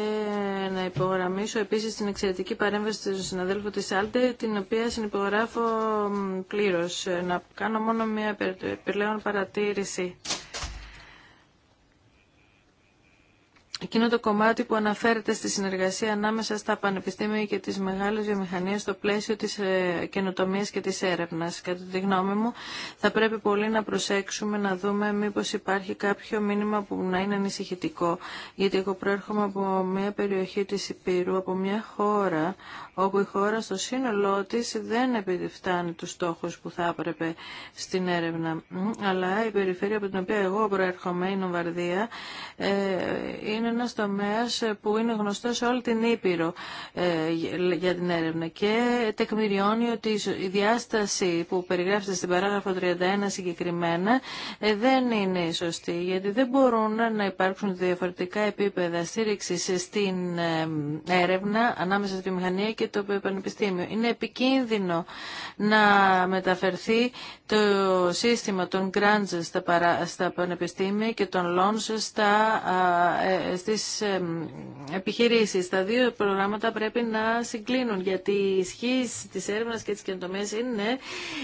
να υπογραμμίσω επίσης την εξαιρετική παρέμβαση του συναδέλφου της ΑΛΤΕ, την οποία συνυπογράφω πλήρως. Να κάνω μόνο μια επιλέον παρατήρηση. εκείνο το κομμάτι που αναφέρεται στη συνεργασία ανάμεσα στα πανεπιστήμια και τις μεγάλες βιομηχανίες στο πλαίσιο της ε, καινοτομίας και της έρευνας. Κατά τη γνώμη μου θα πρέπει πολύ να προσέξουμε να δούμε μήπως υπάρχει κάποιο μήνυμα που να είναι ανησυχητικό. Γιατί εγώ προέρχομαι από μια περιοχή της Υπήρου, από μια χώρα όπου η χώρα στο σύνολό της δεν επιφτάνει τους στόχους που θα έπρεπε στην έρευνα. Αλλά η περιφέρεια από την οποία εγώ προέρχομαι, η Νοβαρδία, ε, είναι ένας τομέας που είναι γνωστό σε όλη την Ήπειρο ε, για την έρευνα και τεκμηριώνει ότι η διάσταση που περιγράφεται στην παράγραφο 31 συγκεκριμένα ε, δεν είναι σωστή, γιατί δεν μπορούν να υπάρξουν διαφορετικά επίπεδα στήριξης στην έρευνα ανάμεσα στη βιομηχανία και το Πανεπιστήμιο. Είναι επικίνδυνο να μεταφερθεί το σύστημα των grants στα, πανεπιστήμια και των loans στα... Ε, στις επιχειρήσεις. Τα δύο προγράμματα πρέπει να συγκλίνουν γιατί η ισχύ της έρευνας και της καινοτομίας είναι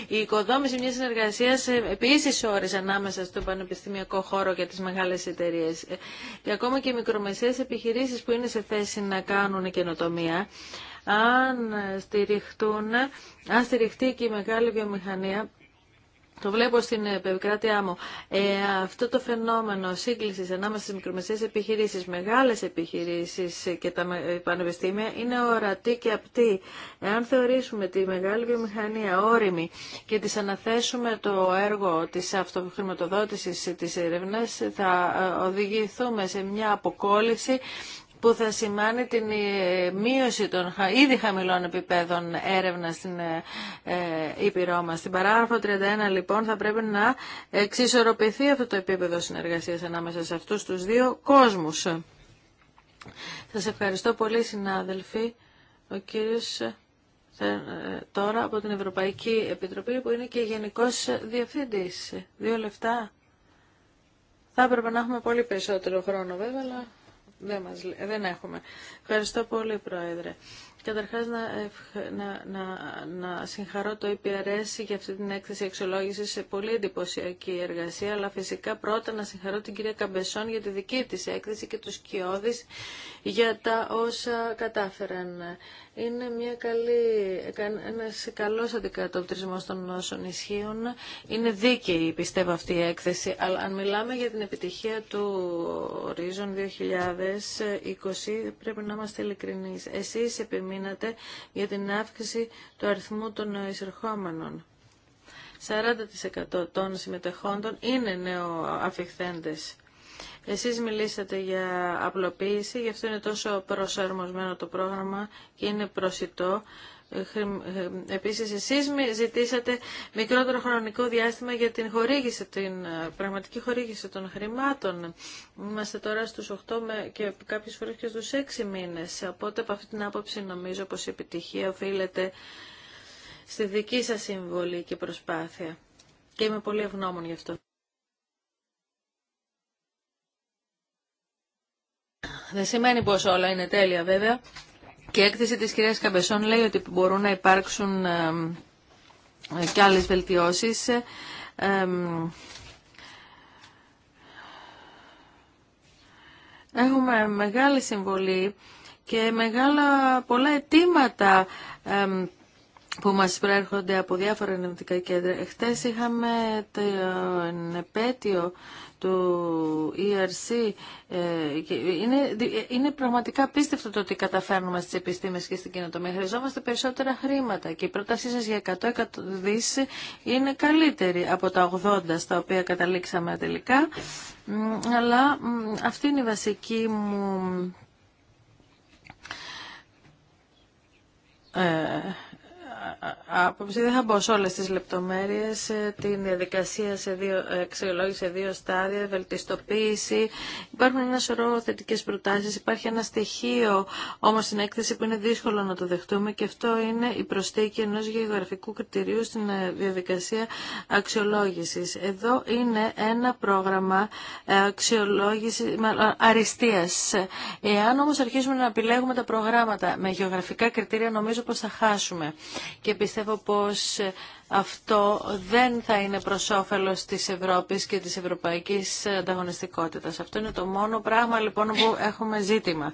η οικοδόμηση μιας συνεργασίας επίσης ώρες ανάμεσα στο πανεπιστημιακό χώρο και τις μεγάλες εταιρείε. Ε, και ακόμα και οι μικρομεσαίες επιχειρήσεις που είναι σε θέση να κάνουν καινοτομία αν, στηριχτούν, αν στηριχτεί και η μεγάλη βιομηχανία το βλέπω στην επικράτειά μου. Ε, αυτό το φαινόμενο σύγκληση ανάμεσα στι μικρομεσαίε επιχειρήσει, μεγάλε επιχειρήσει και τα ε, πανεπιστήμια είναι ορατή και απτή. Εάν θεωρήσουμε τη μεγάλη βιομηχανία όρημη και τη αναθέσουμε το έργο τη αυτοχρηματοδότηση τη έρευνα, θα ε, οδηγηθούμε σε μια αποκόλληση που θα σημάνει την ε, μείωση των ήδη χαμηλών επιπέδων έρευνα στην ε, ε, Ήπειρό μα. Στην παράγραφο 31 λοιπόν θα πρέπει να εξισορροπηθεί αυτό το επίπεδο συνεργασίας ανάμεσα σε αυτούς τους δύο κόσμους. Σας ευχαριστώ πολύ συνάδελφοι. Ο κύριος τώρα από την Ευρωπαϊκή Επιτροπή που είναι και Γενικός Διευθυντής. Δύο λεφτά. Θα έπρεπε να έχουμε πολύ περισσότερο χρόνο βέβαια, δεν, έχουμε. Ευχαριστώ πολύ, Πρόεδρε. Καταρχάς να, να, συγχαρώ το EPRS για αυτή την έκθεση αξιολόγηση σε πολύ εντυπωσιακή εργασία, αλλά φυσικά πρώτα να συγχαρώ την κυρία Καμπεσόν για τη δική της έκθεση και τους κοιόδης για τα όσα κατάφεραν είναι μια καλή, ένας καλός αντικατοπτρισμός των όσων ισχύουν. Είναι δίκαιη πιστεύω αυτή η έκθεση, αλλά αν μιλάμε για την επιτυχία του Horizon 2020 πρέπει να είμαστε ειλικρινείς. Εσείς επιμείνατε για την αύξηση του αριθμού των εισερχόμενων. 40% των συμμετεχόντων είναι νεοαφιχθέντες. Εσείς μιλήσατε για απλοποίηση, γι' αυτό είναι τόσο προσαρμοσμένο το πρόγραμμα και είναι προσιτό. Ε, επίσης, εσείς ζητήσατε μικρότερο χρονικό διάστημα για την χορήγηση, την ε, πραγματική χορήγηση των χρημάτων. Είμαστε τώρα στους 8 και κάποιες φορές και στους 6 μήνες. Οπότε, από αυτή την άποψη, νομίζω πως η επιτυχία οφείλεται στη δική σας συμβολή και προσπάθεια. Και είμαι πολύ ευγνώμων γι' αυτό. Δεν σημαίνει πως όλα είναι τέλεια βέβαια. Και η έκθεση της κυρίας Καμπεσόν λέει ότι μπορούν να υπάρξουν και άλλες βελτιώσεις. Έχουμε μεγάλη συμβολή και μεγάλα πολλά αιτήματα που μας προέρχονται από διάφορα ενεργητικά κέντρα. Εχθές είχαμε το ε, επέτειο του ERC. Ε, είναι, ε, είναι πραγματικά απίστευτο το ότι καταφέρνουμε στις επιστήμες και στην κοινοτομία. Χρειαζόμαστε περισσότερα χρήματα και η πρότασή σας για 100 δις είναι καλύτερη από τα 80 στα οποία καταλήξαμε τελικά. Αλλά αυτή είναι η βασική μου... Ε, άποψη. Δεν θα μπω σε όλες τις λεπτομέρειες, ε, την διαδικασία σε δύο, ε, αξιολόγηση σε δύο στάδια, βελτιστοποίηση. Υπάρχουν ένα σωρό θετικέ προτάσεις. Υπάρχει ένα στοιχείο όμως στην έκθεση που είναι δύσκολο να το δεχτούμε και αυτό είναι η προσθήκη ενός γεωγραφικού κριτηρίου στην ε, διαδικασία αξιολόγηση. Εδώ είναι ένα πρόγραμμα αξιολόγηση, αριστείας. Εάν όμως αρχίσουμε να επιλέγουμε τα προγράμματα με γεωγραφικά κριτήρια νομίζω πως θα χάσουμε και πιστεύω πως αυτό δεν θα είναι προς όφελος της Ευρώπης και της ευρωπαϊκής ανταγωνιστικότητας. Αυτό είναι το μόνο πράγμα λοιπόν που έχουμε ζήτημα.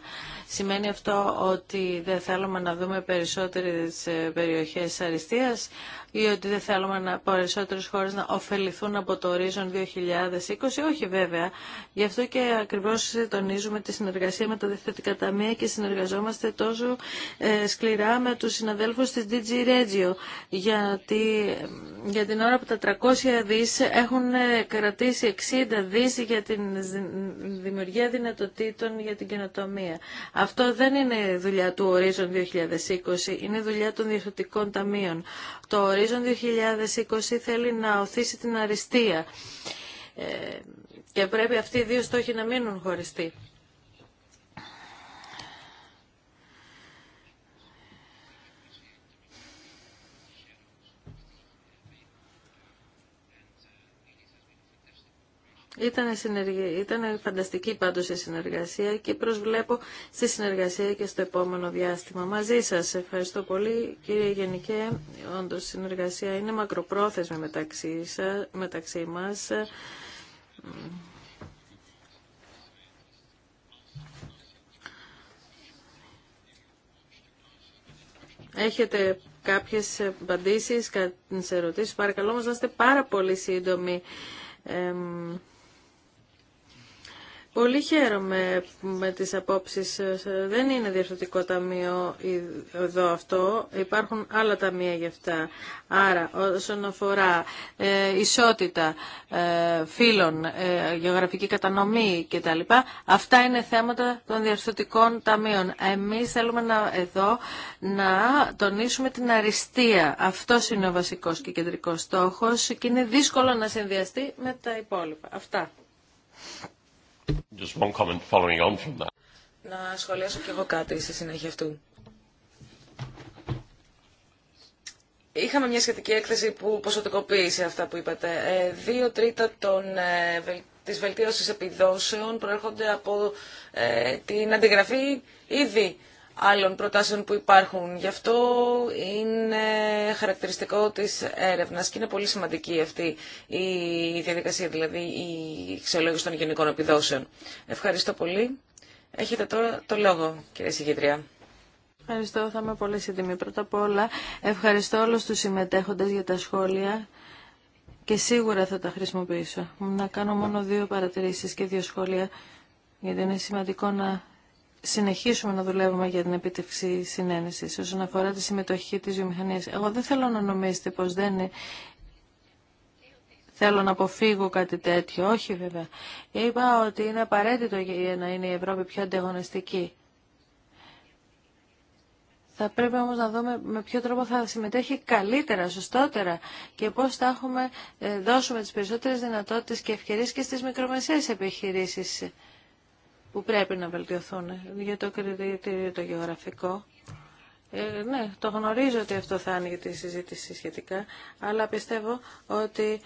Σημαίνει αυτό ότι δεν θέλουμε να δούμε περισσότερες ε, περιοχές αριστείας ή ότι δεν θέλουμε να περισσότερες χώρες να ωφεληθούν από το ορίζον 2020. Όχι βέβαια. Γι' αυτό και ακριβώς τονίζουμε τη συνεργασία με τα διευθυντικά ταμεία και συνεργαζόμαστε τόσο ε, σκληρά με τους συναδέλφους της DG Regio γιατί για την ώρα που τα 300 δις έχουν ε, κρατήσει 60 δις για τη δημιουργία δυνατοτήτων για την καινοτομία. Αυτό δεν είναι δουλειά του Horizon 2020, είναι δουλειά των διευθυντικών ταμείων. Το Horizon 2020 θέλει να οθήσει την αριστεία ε, και πρέπει αυτοί οι δύο στόχοι να μείνουν χωριστοί. Ήταν, φανταστική πάντως η συνεργασία και προσβλέπω στη συνεργασία και στο επόμενο διάστημα. Μαζί σας ευχαριστώ πολύ κύριε Γενικέ. Όντως η συνεργασία είναι μακροπρόθεσμη μεταξύ, μεταξύ μας. Έχετε κάποιες απαντήσεις σε ερωτήσεις. Παρακαλώ μας να είστε πάρα πολύ σύντομοι. Πολύ χαίρομαι με τις απόψεις. Δεν είναι διευθυντικό ταμείο εδώ αυτό. Υπάρχουν άλλα ταμεία γι' αυτά. Άρα, όσον αφορά ε, ισότητα ε, φύλων, ε, γεωγραφική κατανομή κτλ. Αυτά είναι θέματα των διευθυντικών ταμείων. Εμείς θέλουμε να, εδώ να τονίσουμε την αριστεία. Αυτό είναι ο βασικός και κεντρικός στόχος και είναι δύσκολο να συνδυαστεί με τα υπόλοιπα. Αυτά. Να σχολιάσω κι εγώ κάτι στη συνέχεια αυτού. Είχαμε μια σχετική έκθεση που ποσοτικοποίησε αυτά που είπατε. Ε, δύο τρίτα των, ε, της βελτίωσης επιδόσεων προέρχονται από ε, την αντιγραφή ήδη άλλων προτάσεων που υπάρχουν. Γι' αυτό είναι χαρακτηριστικό της έρευνας και είναι πολύ σημαντική αυτή η διαδικασία, δηλαδή η αξιολόγηση των γενικών επιδόσεων. Ευχαριστώ πολύ. Έχετε τώρα το λόγο, κυρία Συγκεντριά. Ευχαριστώ, θα είμαι πολύ σύντομη. Πρώτα απ' όλα, ευχαριστώ όλους τους συμμετέχοντες για τα σχόλια και σίγουρα θα τα χρησιμοποιήσω. Να κάνω μόνο δύο παρατηρήσεις και δύο σχόλια, γιατί είναι σημαντικό να συνεχίσουμε να δουλεύουμε για την επίτευξη συνένεση όσον αφορά τη συμμετοχή τη βιομηχανία. Εγώ δεν θέλω να νομίζετε πω δεν θέλω να αποφύγω κάτι τέτοιο. Όχι βέβαια. Είπα ότι είναι απαραίτητο για να είναι η Ευρώπη πιο ανταγωνιστική. Θα πρέπει όμως να δούμε με ποιο τρόπο θα συμμετέχει καλύτερα, σωστότερα και πώς θα έχουμε, ε, δώσουμε τις περισσότερες δυνατότητες και ευκαιρίες και στις μικρομεσαίες επιχειρήσεις που πρέπει να βελτιωθούν για το κριτήριο το γεωγραφικό. Ε, ναι, το γνωρίζω ότι αυτό θα άνοιγε τη συζήτηση σχετικά, αλλά πιστεύω ότι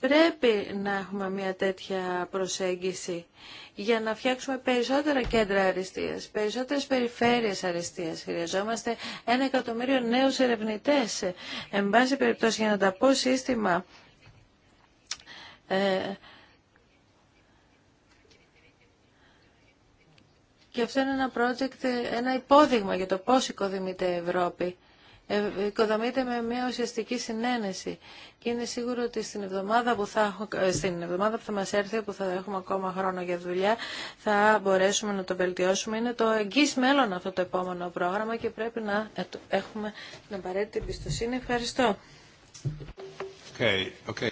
πρέπει να έχουμε μια τέτοια προσέγγιση για να φτιάξουμε περισσότερα κέντρα αριστείας, περισσότερες περιφέρειες αριστείας. Χρειαζόμαστε ένα εκατομμύριο νέους ερευνητές. Εν πάση περιπτώσει, για να τα πω σύστημα... Ε, Και αυτό είναι ένα project, ένα υπόδειγμα για το πώς οικοδομείται η Ευρώπη. Ε, οικοδομείται με μια ουσιαστική συνένεση και είναι σίγουρο ότι στην εβδομάδα που θα, έχω, ε, θα μας έρθει, που θα έχουμε ακόμα χρόνο για δουλειά, θα μπορέσουμε να το βελτιώσουμε. Είναι το εγγύς μέλλον αυτό το επόμενο πρόγραμμα και πρέπει να ε, έχουμε την απαραίτητη εμπιστοσύνη. Ευχαριστώ. Okay, okay.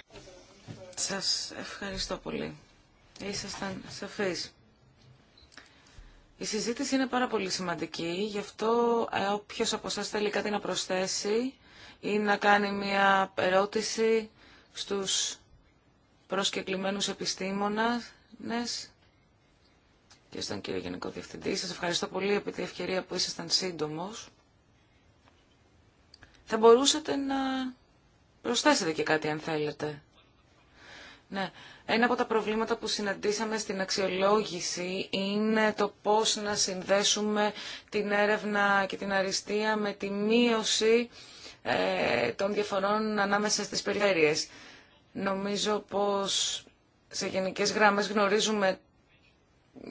Σας ευχαριστώ πολύ. Ήσασταν σαφείς. Η συζήτηση είναι πάρα πολύ σημαντική, γι' αυτό ε, όποιος από εσάς θέλει κάτι να προσθέσει ή να κάνει μια ερώτηση στους προσκεκλημένους επιστήμονες και στον κύριο Γενικό Διευθυντή. Σας ευχαριστώ πολύ επί τη ευκαιρία που ήσασταν σύντομος. Θα μπορούσατε να προσθέσετε και κάτι αν θέλετε. Ναι. Ένα από τα προβλήματα που συναντήσαμε στην αξιολόγηση είναι το πώς να συνδέσουμε την έρευνα και την αριστεία με τη μείωση ε, των διαφορών ανάμεσα στις περιφέρειες. Νομίζω πως σε γενικές γράμμες γνωρίζουμε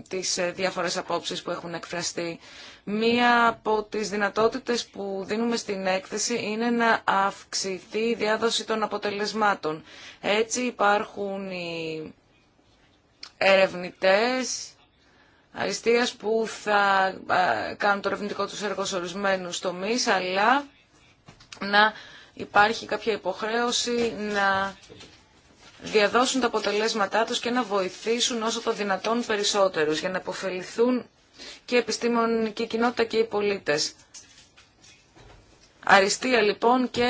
τις ε, διάφορες απόψεις που έχουν εκφραστεί. Μία από τις δυνατότητες που δίνουμε στην έκθεση είναι να αυξηθεί η διάδοση των αποτελεσμάτων. Έτσι υπάρχουν οι ερευνητές αριστείας που θα ε, κάνουν το ερευνητικό τους έργο σε ορισμένους τομείς, αλλά να υπάρχει κάποια υποχρέωση να διαδώσουν τα αποτελέσματά τους και να βοηθήσουν όσο το δυνατόν περισσότερους για να αποφεληθούν και η επιστήμονική κοινότητα και οι πολίτες. Αριστεία λοιπόν και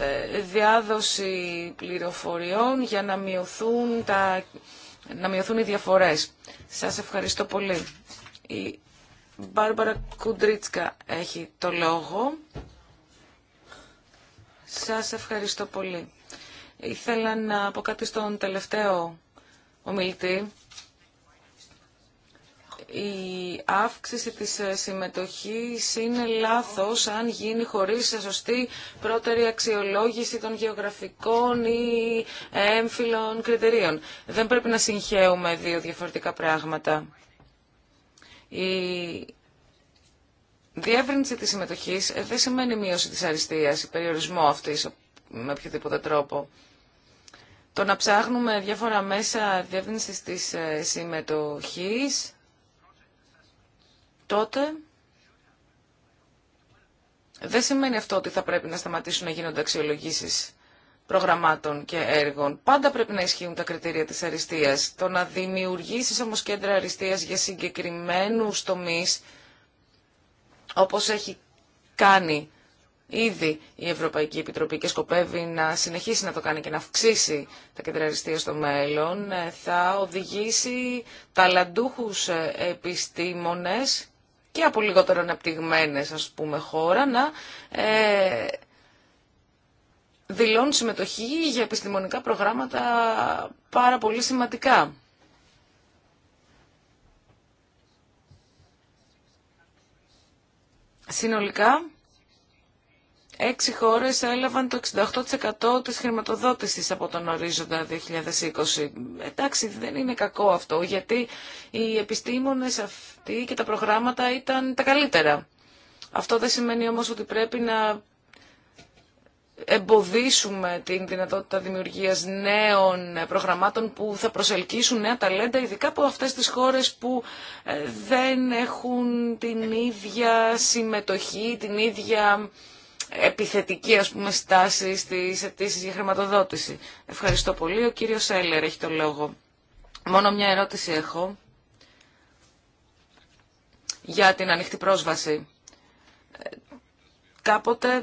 ε, διάδοση πληροφοριών για να μειωθούν, τα... να μειωθούν οι διαφορές. Σας ευχαριστώ πολύ. Η Μπάρμπαρα Κουντρίτσκα έχει το λόγο. Σας ευχαριστώ πολύ. Ήθελα να πω κάτι στον τελευταίο ομιλητή. Η αύξηση της συμμετοχής είναι λάθος αν γίνει χωρίς σωστή πρώτερη αξιολόγηση των γεωγραφικών ή έμφυλων κριτηρίων. Δεν πρέπει να συγχαίουμε δύο διαφορετικά πράγματα. Η διεύρυνση της συμμετοχής δεν σημαίνει μείωση της αριστείας, η περιορισμό αυτής με οποιοδήποτε τρόπο το να ψάχνουμε διάφορα μέσα διεύθυνση της ε, συμμετοχής, τότε δεν σημαίνει αυτό ότι θα πρέπει να σταματήσουν να γίνονται αξιολογήσεις προγραμμάτων και έργων. Πάντα πρέπει να ισχύουν τα κριτήρια της αριστείας. Το να δημιουργήσεις όμως κέντρα αριστείας για συγκεκριμένους τομείς, όπως έχει κάνει ήδη η Ευρωπαϊκή Επιτροπή και σκοπεύει να συνεχίσει να το κάνει και να αυξήσει τα κέντρα στο μέλλον, ε, θα οδηγήσει ταλαντούχους ε, επιστήμονες και από λιγότερο αναπτυγμένες ας πούμε χώρα να ε, δηλώνουν συμμετοχή για επιστημονικά προγράμματα πάρα πολύ σημαντικά. Συνολικά, έξι χώρες έλαβαν το 68% της χρηματοδότησης από τον ορίζοντα 2020. Εντάξει, δεν είναι κακό αυτό, γιατί οι επιστήμονες αυτοί και τα προγράμματα ήταν τα καλύτερα. Αυτό δεν σημαίνει όμως ότι πρέπει να εμποδίσουμε την δυνατότητα δημιουργίας νέων προγραμμάτων που θα προσελκύσουν νέα ταλέντα, ειδικά από αυτές τις χώρες που ε, δεν έχουν την ίδια συμμετοχή, την ίδια επιθετική ας πούμε στάση στις αιτήσει για χρηματοδότηση. Ευχαριστώ πολύ. Ο κύριος Έλερ έχει το λόγο. Μόνο μια ερώτηση έχω για την ανοιχτή πρόσβαση. Ε, κάποτε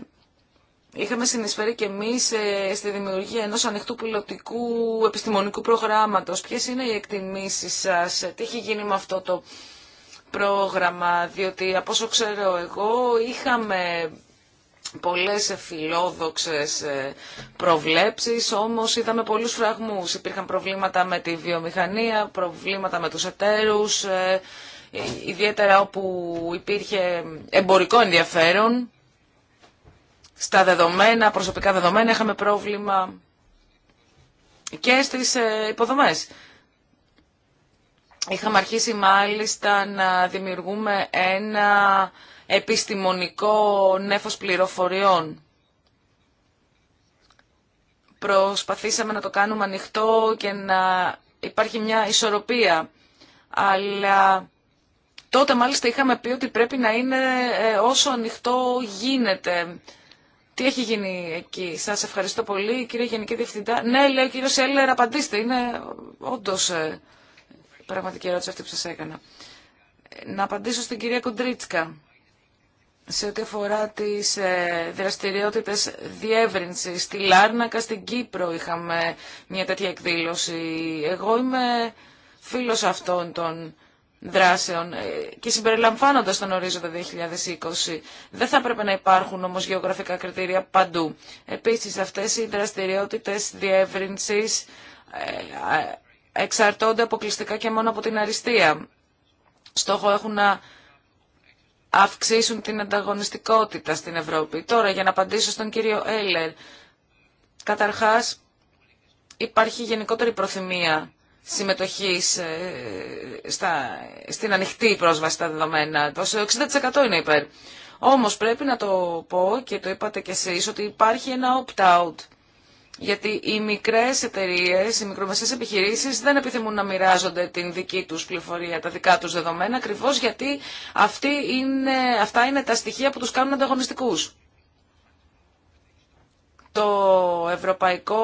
είχαμε συνεισφέρει και εμείς ε, στη δημιουργία ενός ανοιχτού πιλωτικού επιστημονικού προγράμματος. Ποιες είναι οι εκτιμήσεις σας, τι έχει γίνει με αυτό το πρόγραμμα, διότι από όσο ξέρω εγώ είχαμε πολλές φιλόδοξες ε, προβλέψεις, όμως είδαμε πολλούς φραγμούς. Υπήρχαν προβλήματα με τη βιομηχανία, προβλήματα με τους εταίρους, ε, ιδιαίτερα όπου υπήρχε εμπορικό ενδιαφέρον. Στα δεδομένα, προσωπικά δεδομένα, είχαμε πρόβλημα και στις ε, υποδομές. Είχαμε αρχίσει μάλιστα να δημιουργούμε ένα επιστημονικό νέφος πληροφοριών. Προσπαθήσαμε να το κάνουμε ανοιχτό και να υπάρχει μια ισορροπία. Αλλά τότε μάλιστα είχαμε πει ότι πρέπει να είναι ε, όσο ανοιχτό γίνεται. Τι έχει γίνει εκεί. Σας ευχαριστώ πολύ κύριε Γενική Διευθυντά. Ναι, λέει ο κύριος Έλλερ, απαντήστε. Είναι όντως ε, πραγματική ερώτηση αυτή που σας έκανα. Ε, να απαντήσω στην κυρία Κοντρίτσκα σε ό,τι αφορά τις ε, δραστηριότητες διεύρυνσης. Στη Λάρνακα, στην Κύπρο είχαμε μια τέτοια εκδήλωση. Εγώ είμαι φίλος αυτών των δράσεων ε, και συμπεριλαμβάνοντας τον ορίζοντα 2020. Δεν θα έπρεπε να υπάρχουν όμως γεωγραφικά κριτήρια παντού. Επίσης αυτές οι δραστηριότητες διεύρυνσης ε, εξαρτώνται αποκλειστικά και μόνο από την αριστεία. Στόχο έχουν να αυξήσουν την ανταγωνιστικότητα στην Ευρώπη. Τώρα, για να απαντήσω στον κύριο Έλλερ, καταρχάς υπάρχει γενικότερη προθυμία συμμετοχής ε, στα, στην ανοιχτή πρόσβαση στα δεδομένα. Το 60% είναι υπέρ. Όμως πρέπει να το πω και το είπατε κι εσείς ότι υπάρχει ένα opt-out γιατί οι μικρές εταιρείε, οι μικρομεσαίες επιχειρήσεις δεν επιθυμούν να μοιράζονται την δική του πληροφορία, τα δικά του δεδομένα, ακριβώ γιατί είναι, αυτά είναι τα στοιχεία που τους κάνουν ανταγωνιστικού. Το Ευρωπαϊκό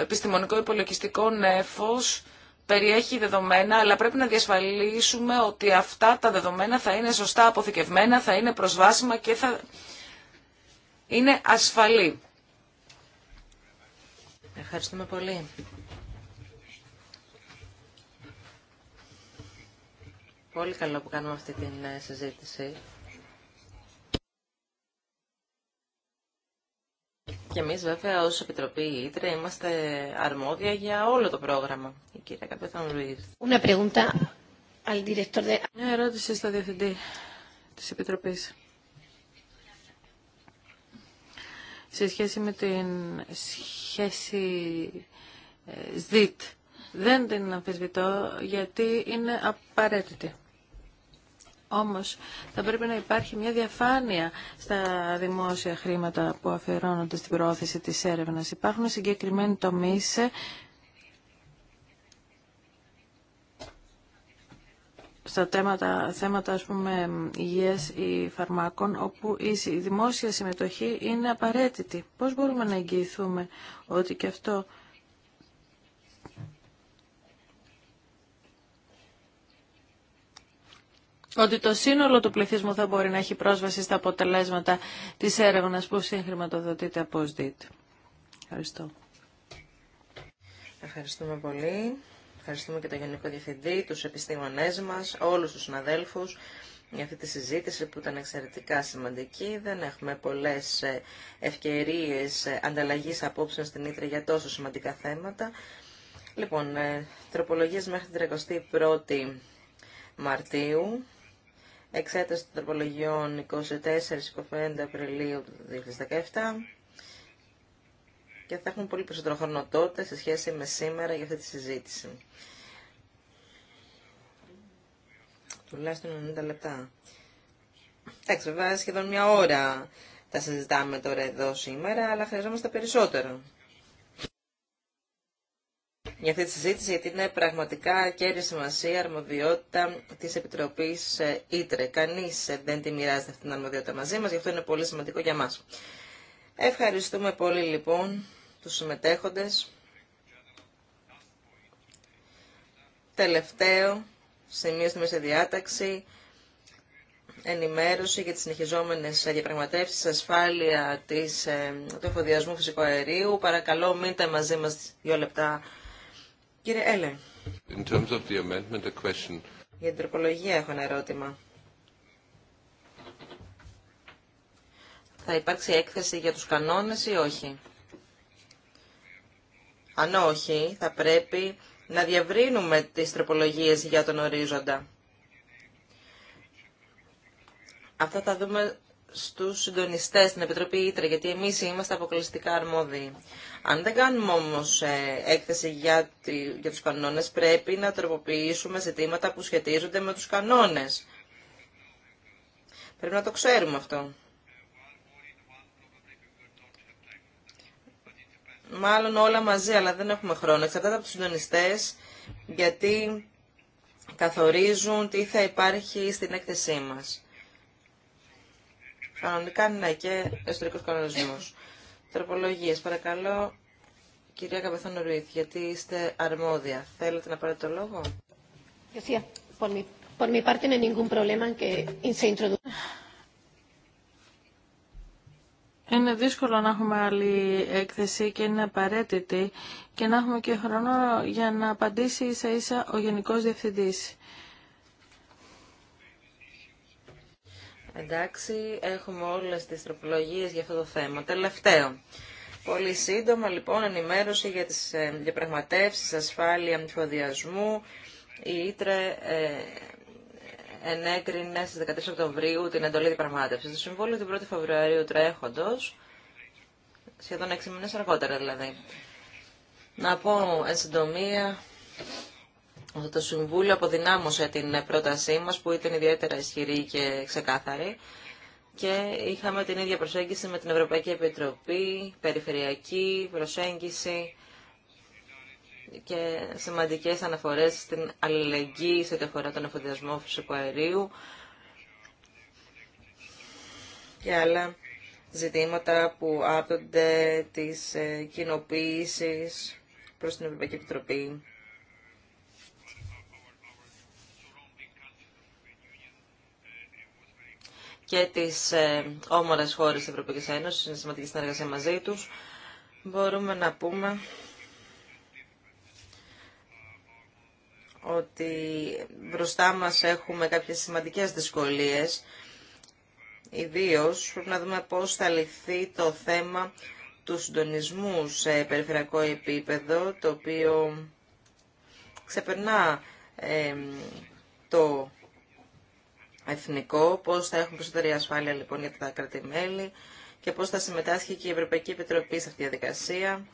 Επιστημονικό Υπολογιστικό Νέφος περιέχει δεδομένα, αλλά πρέπει να διασφαλίσουμε ότι αυτά τα δεδομένα θα είναι σωστά αποθηκευμένα, θα είναι προσβάσιμα και θα είναι ασφαλή. Ευχαριστούμε πολύ. Πολύ καλό που κάνουμε αυτή την ε, συζήτηση. Και εμείς βέβαια ως Επιτροπή Ήτρε είμαστε αρμόδια για όλο το πρόγραμμα. Η κυρία Καπέθαν Ρουίρ. Μια ερώτηση στο Διευθυντή της Επιτροπής. σε σχέση με την σχέση ε, ΣΔΙΤ. Δεν την αμφισβητώ γιατί είναι απαραίτητη. Όμως θα πρέπει να υπάρχει μια διαφάνεια στα δημόσια χρήματα που αφιερώνονται στην προώθηση της έρευνας. Υπάρχουν συγκεκριμένοι τομείς ε, στα θέματα, θέματα ας πούμε, υγείας ή φαρμάκων, όπου η δημόσια συμμετοχή είναι απαραίτητη. Πώς μπορούμε να εγγυηθούμε ότι και αυτό ότι το σύνολο του πληθυσμού θα μπορεί να έχει πρόσβαση στα αποτελέσματα της έρευνας που συγχρηματοδοτείται από ΣΔΙΤ. Ευχαριστώ. Ευχαριστούμε πολύ. Ευχαριστούμε και τον Γενικό Διευθυντή, τους επιστήμονές μας, όλους τους συναδέλφους για αυτή τη συζήτηση που ήταν εξαιρετικά σημαντική. Δεν έχουμε πολλές ε, ευκαιρίες ε, ανταλλαγής απόψεων στην Ήτρα για τόσο σημαντικά θέματα. Λοιπόν, ε, τροπολογίες μέχρι την 31η Μαρτίου, εξέταση των τροπολογιών 24-25 Απριλίου του 2017, και θα έχουμε πολύ περισσότερο χρόνο τότε σε σχέση με σήμερα για αυτή τη συζήτηση. Τουλάχιστον 90 λεπτά. Εντάξει, βέβαια σχεδόν μια ώρα τα συζητάμε τώρα εδώ σήμερα, αλλά χρειαζόμαστε περισσότερο για αυτή τη συζήτηση, γιατί είναι πραγματικά κέρια σημασία αρμοδιότητα τη Επιτροπή ε, Ήτρε. Κανεί ε, δεν τη μοιράζεται αυτή την αρμοδιότητα μαζί μα, γι' αυτό είναι πολύ σημαντικό για μα. Ευχαριστούμε πολύ λοιπόν τους συμμετέχοντες. Τελευταίο σημείο στη μέση διάταξη, ενημέρωση για τις συνεχιζόμενες διαπραγματεύσεις ασφάλεια της, ε, του εφοδιασμού φυσικού αερίου. Παρακαλώ, μείνετε μαζί μας δύο λεπτά. Κύριε Έλε. In terms Για την τροπολογία έχω ένα ερώτημα. Θα υπάρξει έκθεση για τους κανόνες ή όχι. Αν όχι, θα πρέπει να διαβρύνουμε τις τροπολογίες για τον ορίζοντα. Αυτά θα δούμε στους συντονιστές στην Επιτροπή Ήτρα, γιατί εμείς είμαστε αποκλειστικά αρμόδιοι. Αν δεν κάνουμε όμως ε, έκθεση για, τη, για τους κανόνες, πρέπει να τροποποιήσουμε ζητήματα που σχετίζονται με τους κανόνες. Πρέπει να το ξέρουμε αυτό. μάλλον όλα μαζί, αλλά δεν έχουμε χρόνο. Εξαρτάται από τους συντονιστές, γιατί καθορίζουν τι θα υπάρχει στην έκθεσή μας. Κανονικά ναι και εσωτερικός κανονισμός. Τροπολογίες, παρακαλώ, κυρία Καπεθάνου Ρουίτ, γιατί είστε αρμόδια. Θέλετε να πάρετε το λόγο. Είναι δύσκολο να έχουμε άλλη έκθεση και είναι απαραίτητη και να έχουμε και χρόνο για να απαντήσει ίσα ίσα ο Γενικός Διευθυντής. Εντάξει, έχουμε όλες τις τροπολογίες για αυτό το θέμα. Τελευταίο. Πολύ σύντομα, λοιπόν, ενημέρωση για τις ε, διαπραγματεύσεις ασφάλεια μυθοδιασμού. Η Ήτρε ε, ενέκρινε στις 13 Οκτωβρίου την εντολή διπραγμάτευσης του Συμβούλου την 1η Φεβρουαρίου Τρέχοντό, σχεδόν 6 μήνες αργότερα δηλαδή. Να πω εν συντομία ότι το Συμβούλιο αποδυνάμωσε την πρότασή μας που ήταν ιδιαίτερα ισχυρή και ξεκάθαρη και είχαμε την ίδια προσέγγιση με την Ευρωπαϊκή Επιτροπή, περιφερειακή προσέγγιση και σημαντικές αναφορές στην αλληλεγγύη σε ό,τι αφορά τον εφοδιασμό φυσικού αερίου και άλλα ζητήματα που άπτονται της ε, κοινοποίηση προς την Ευρωπαϊκή Επιτροπή. και τις ε, όμορες χώρες της Ευρωπαϊκής Ένωσης, είναι σημαντική συνεργασία μαζί τους, μπορούμε να πούμε ότι μπροστά μας έχουμε κάποιες σημαντικές δυσκολίες. Ιδίως πρέπει να δούμε πώς θα λυθεί το θέμα του συντονισμού σε περιφερειακό επίπεδο, το οποίο ξεπερνά το εθνικό, πώς θα έχουμε περισσότερη ασφάλεια λοιπόν για τα κράτη-μέλη και πώς θα συμμετάσχει και η Ευρωπαϊκή Επιτροπή σε αυτή τη διαδικασία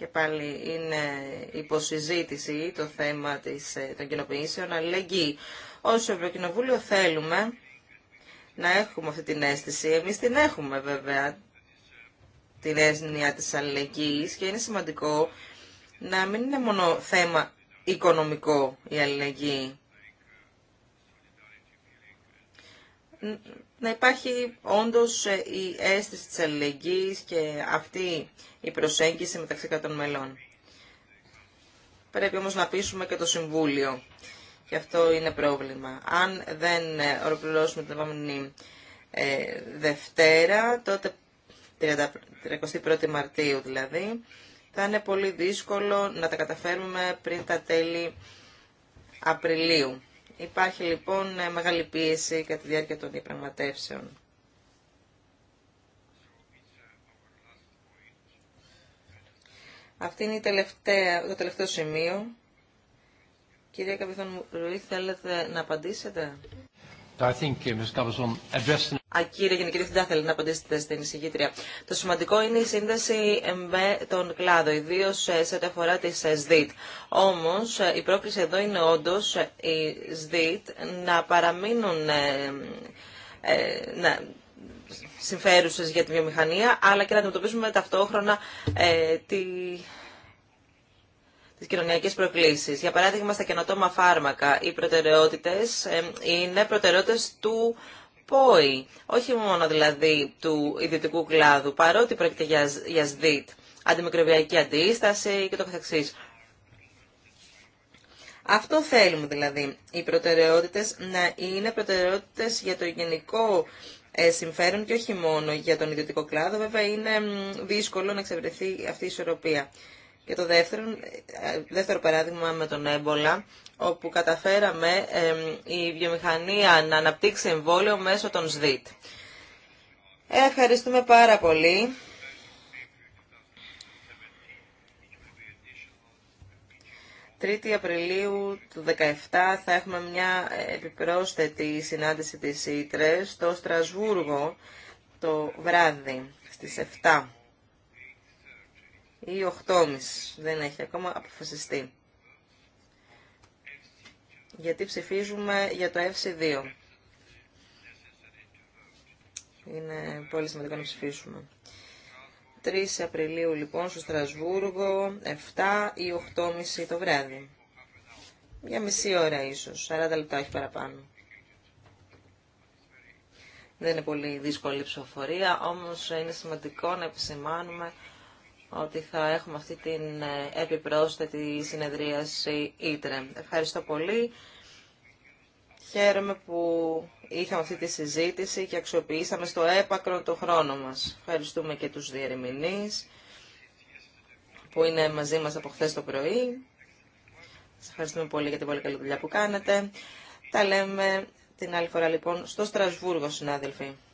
και πάλι είναι υποσυζήτηση το θέμα της, ε, των κοινοποιήσεων αλληλεγγύη. Όσο Ευρωκοινοβούλιο θέλουμε να έχουμε αυτή την αίσθηση. Εμείς την έχουμε βέβαια την έννοια της αλληλεγγύης και είναι σημαντικό να μην είναι μόνο θέμα οικονομικό η αλληλεγγύη να υπάρχει όντως ε, η αίσθηση της αλληλεγγύης και αυτή η προσέγγιση μεταξύ των μελών. Πρέπει όμως να πείσουμε και το Συμβούλιο. Και αυτό είναι πρόβλημα. Αν δεν ε, ολοκληρώσουμε την επόμενη ε, Δευτέρα, τότε 31η Μαρτίου δηλαδή, θα είναι πολύ δύσκολο να τα καταφέρουμε πριν τα τέλη Απριλίου. Υπάρχει λοιπόν μεγάλη πίεση κατά τη διάρκεια των διαπραγματεύσεων. Αυτή είναι η τελευταία, το τελευταίο σημείο. Κυρία Καπιθόν Ρουή, θέλετε να απαντήσετε. Uh, κύριε Γενική Διευθυντά, θέλει να απαντήσετε στην εισηγήτρια. Το σημαντικό είναι η σύνδεση με τον κλάδο, ιδίω ε, σε ό,τι αφορά τη ε, ΣΔΙΤ. Όμω, ε, η πρόκληση εδώ είναι όντω οι ΣΔΙΤ να παραμείνουν να, συμφέρουσες για τη βιομηχανία, αλλά και να αντιμετωπίσουμε ταυτόχρονα τη τις κοινωνιακές προκλήσεις. Για παράδειγμα, στα καινοτόμα φάρμακα, οι προτεραιότητες είναι προτεραιότητε του ΠΟΗ, όχι μόνο δηλαδή του ιδιωτικού κλάδου, παρότι πρόκειται για, για ΣΔΙΤ, αντιμικροβιακή αντίσταση και το καθεξής. Αυτό θέλουμε δηλαδή, οι προτεραιότητε, να είναι προτεραιότητες για το γενικό ε, συμφέρον και όχι μόνο για τον ιδιωτικό κλάδο. Βέβαια είναι δύσκολο να εξευρεθεί αυτή η ισορροπία. Και το δεύτερο, ε, δεύτερο παράδειγμα με τον έμπολα, όπου καταφέραμε η βιομηχανία να αναπτύξει εμβόλιο μέσω των ΣΔΙΤ. Ε, ευχαριστούμε πάρα πολύ. Τρίτη Απριλίου του 2017 θα έχουμε μια επιπρόσθετη συνάντηση της ΙΤΡΕ στο Στρασβούργο το βράδυ στις 7 ή 8,5. Δεν έχει ακόμα αποφασιστεί. Γιατί ψηφίζουμε για το FC2. Είναι πολύ σημαντικό να ψηφίσουμε. 3 Απριλίου λοιπόν στο Στρασβούργο, 7 ή 8.30 το βράδυ. Για μισή ώρα ίσως, 40 λεπτά όχι παραπάνω. Δεν είναι πολύ δύσκολη η ψηφοφορία, όμως είναι σημαντικό να επισημάνουμε ότι θα έχουμε αυτή την ε, επιπρόσθετη συνεδρίαση Ήτρε. Ευχαριστώ πολύ. Χαίρομαι που είχαμε αυτή τη συζήτηση και αξιοποιήσαμε στο έπακρο το χρόνο μας. Ευχαριστούμε και τους διερμηνείς που είναι μαζί μας από χθες το πρωί. Σας ευχαριστούμε πολύ για την πολύ καλή δουλειά που κάνετε. Τα λέμε την άλλη φορά λοιπόν στο Στρασβούργο, συνάδελφοι.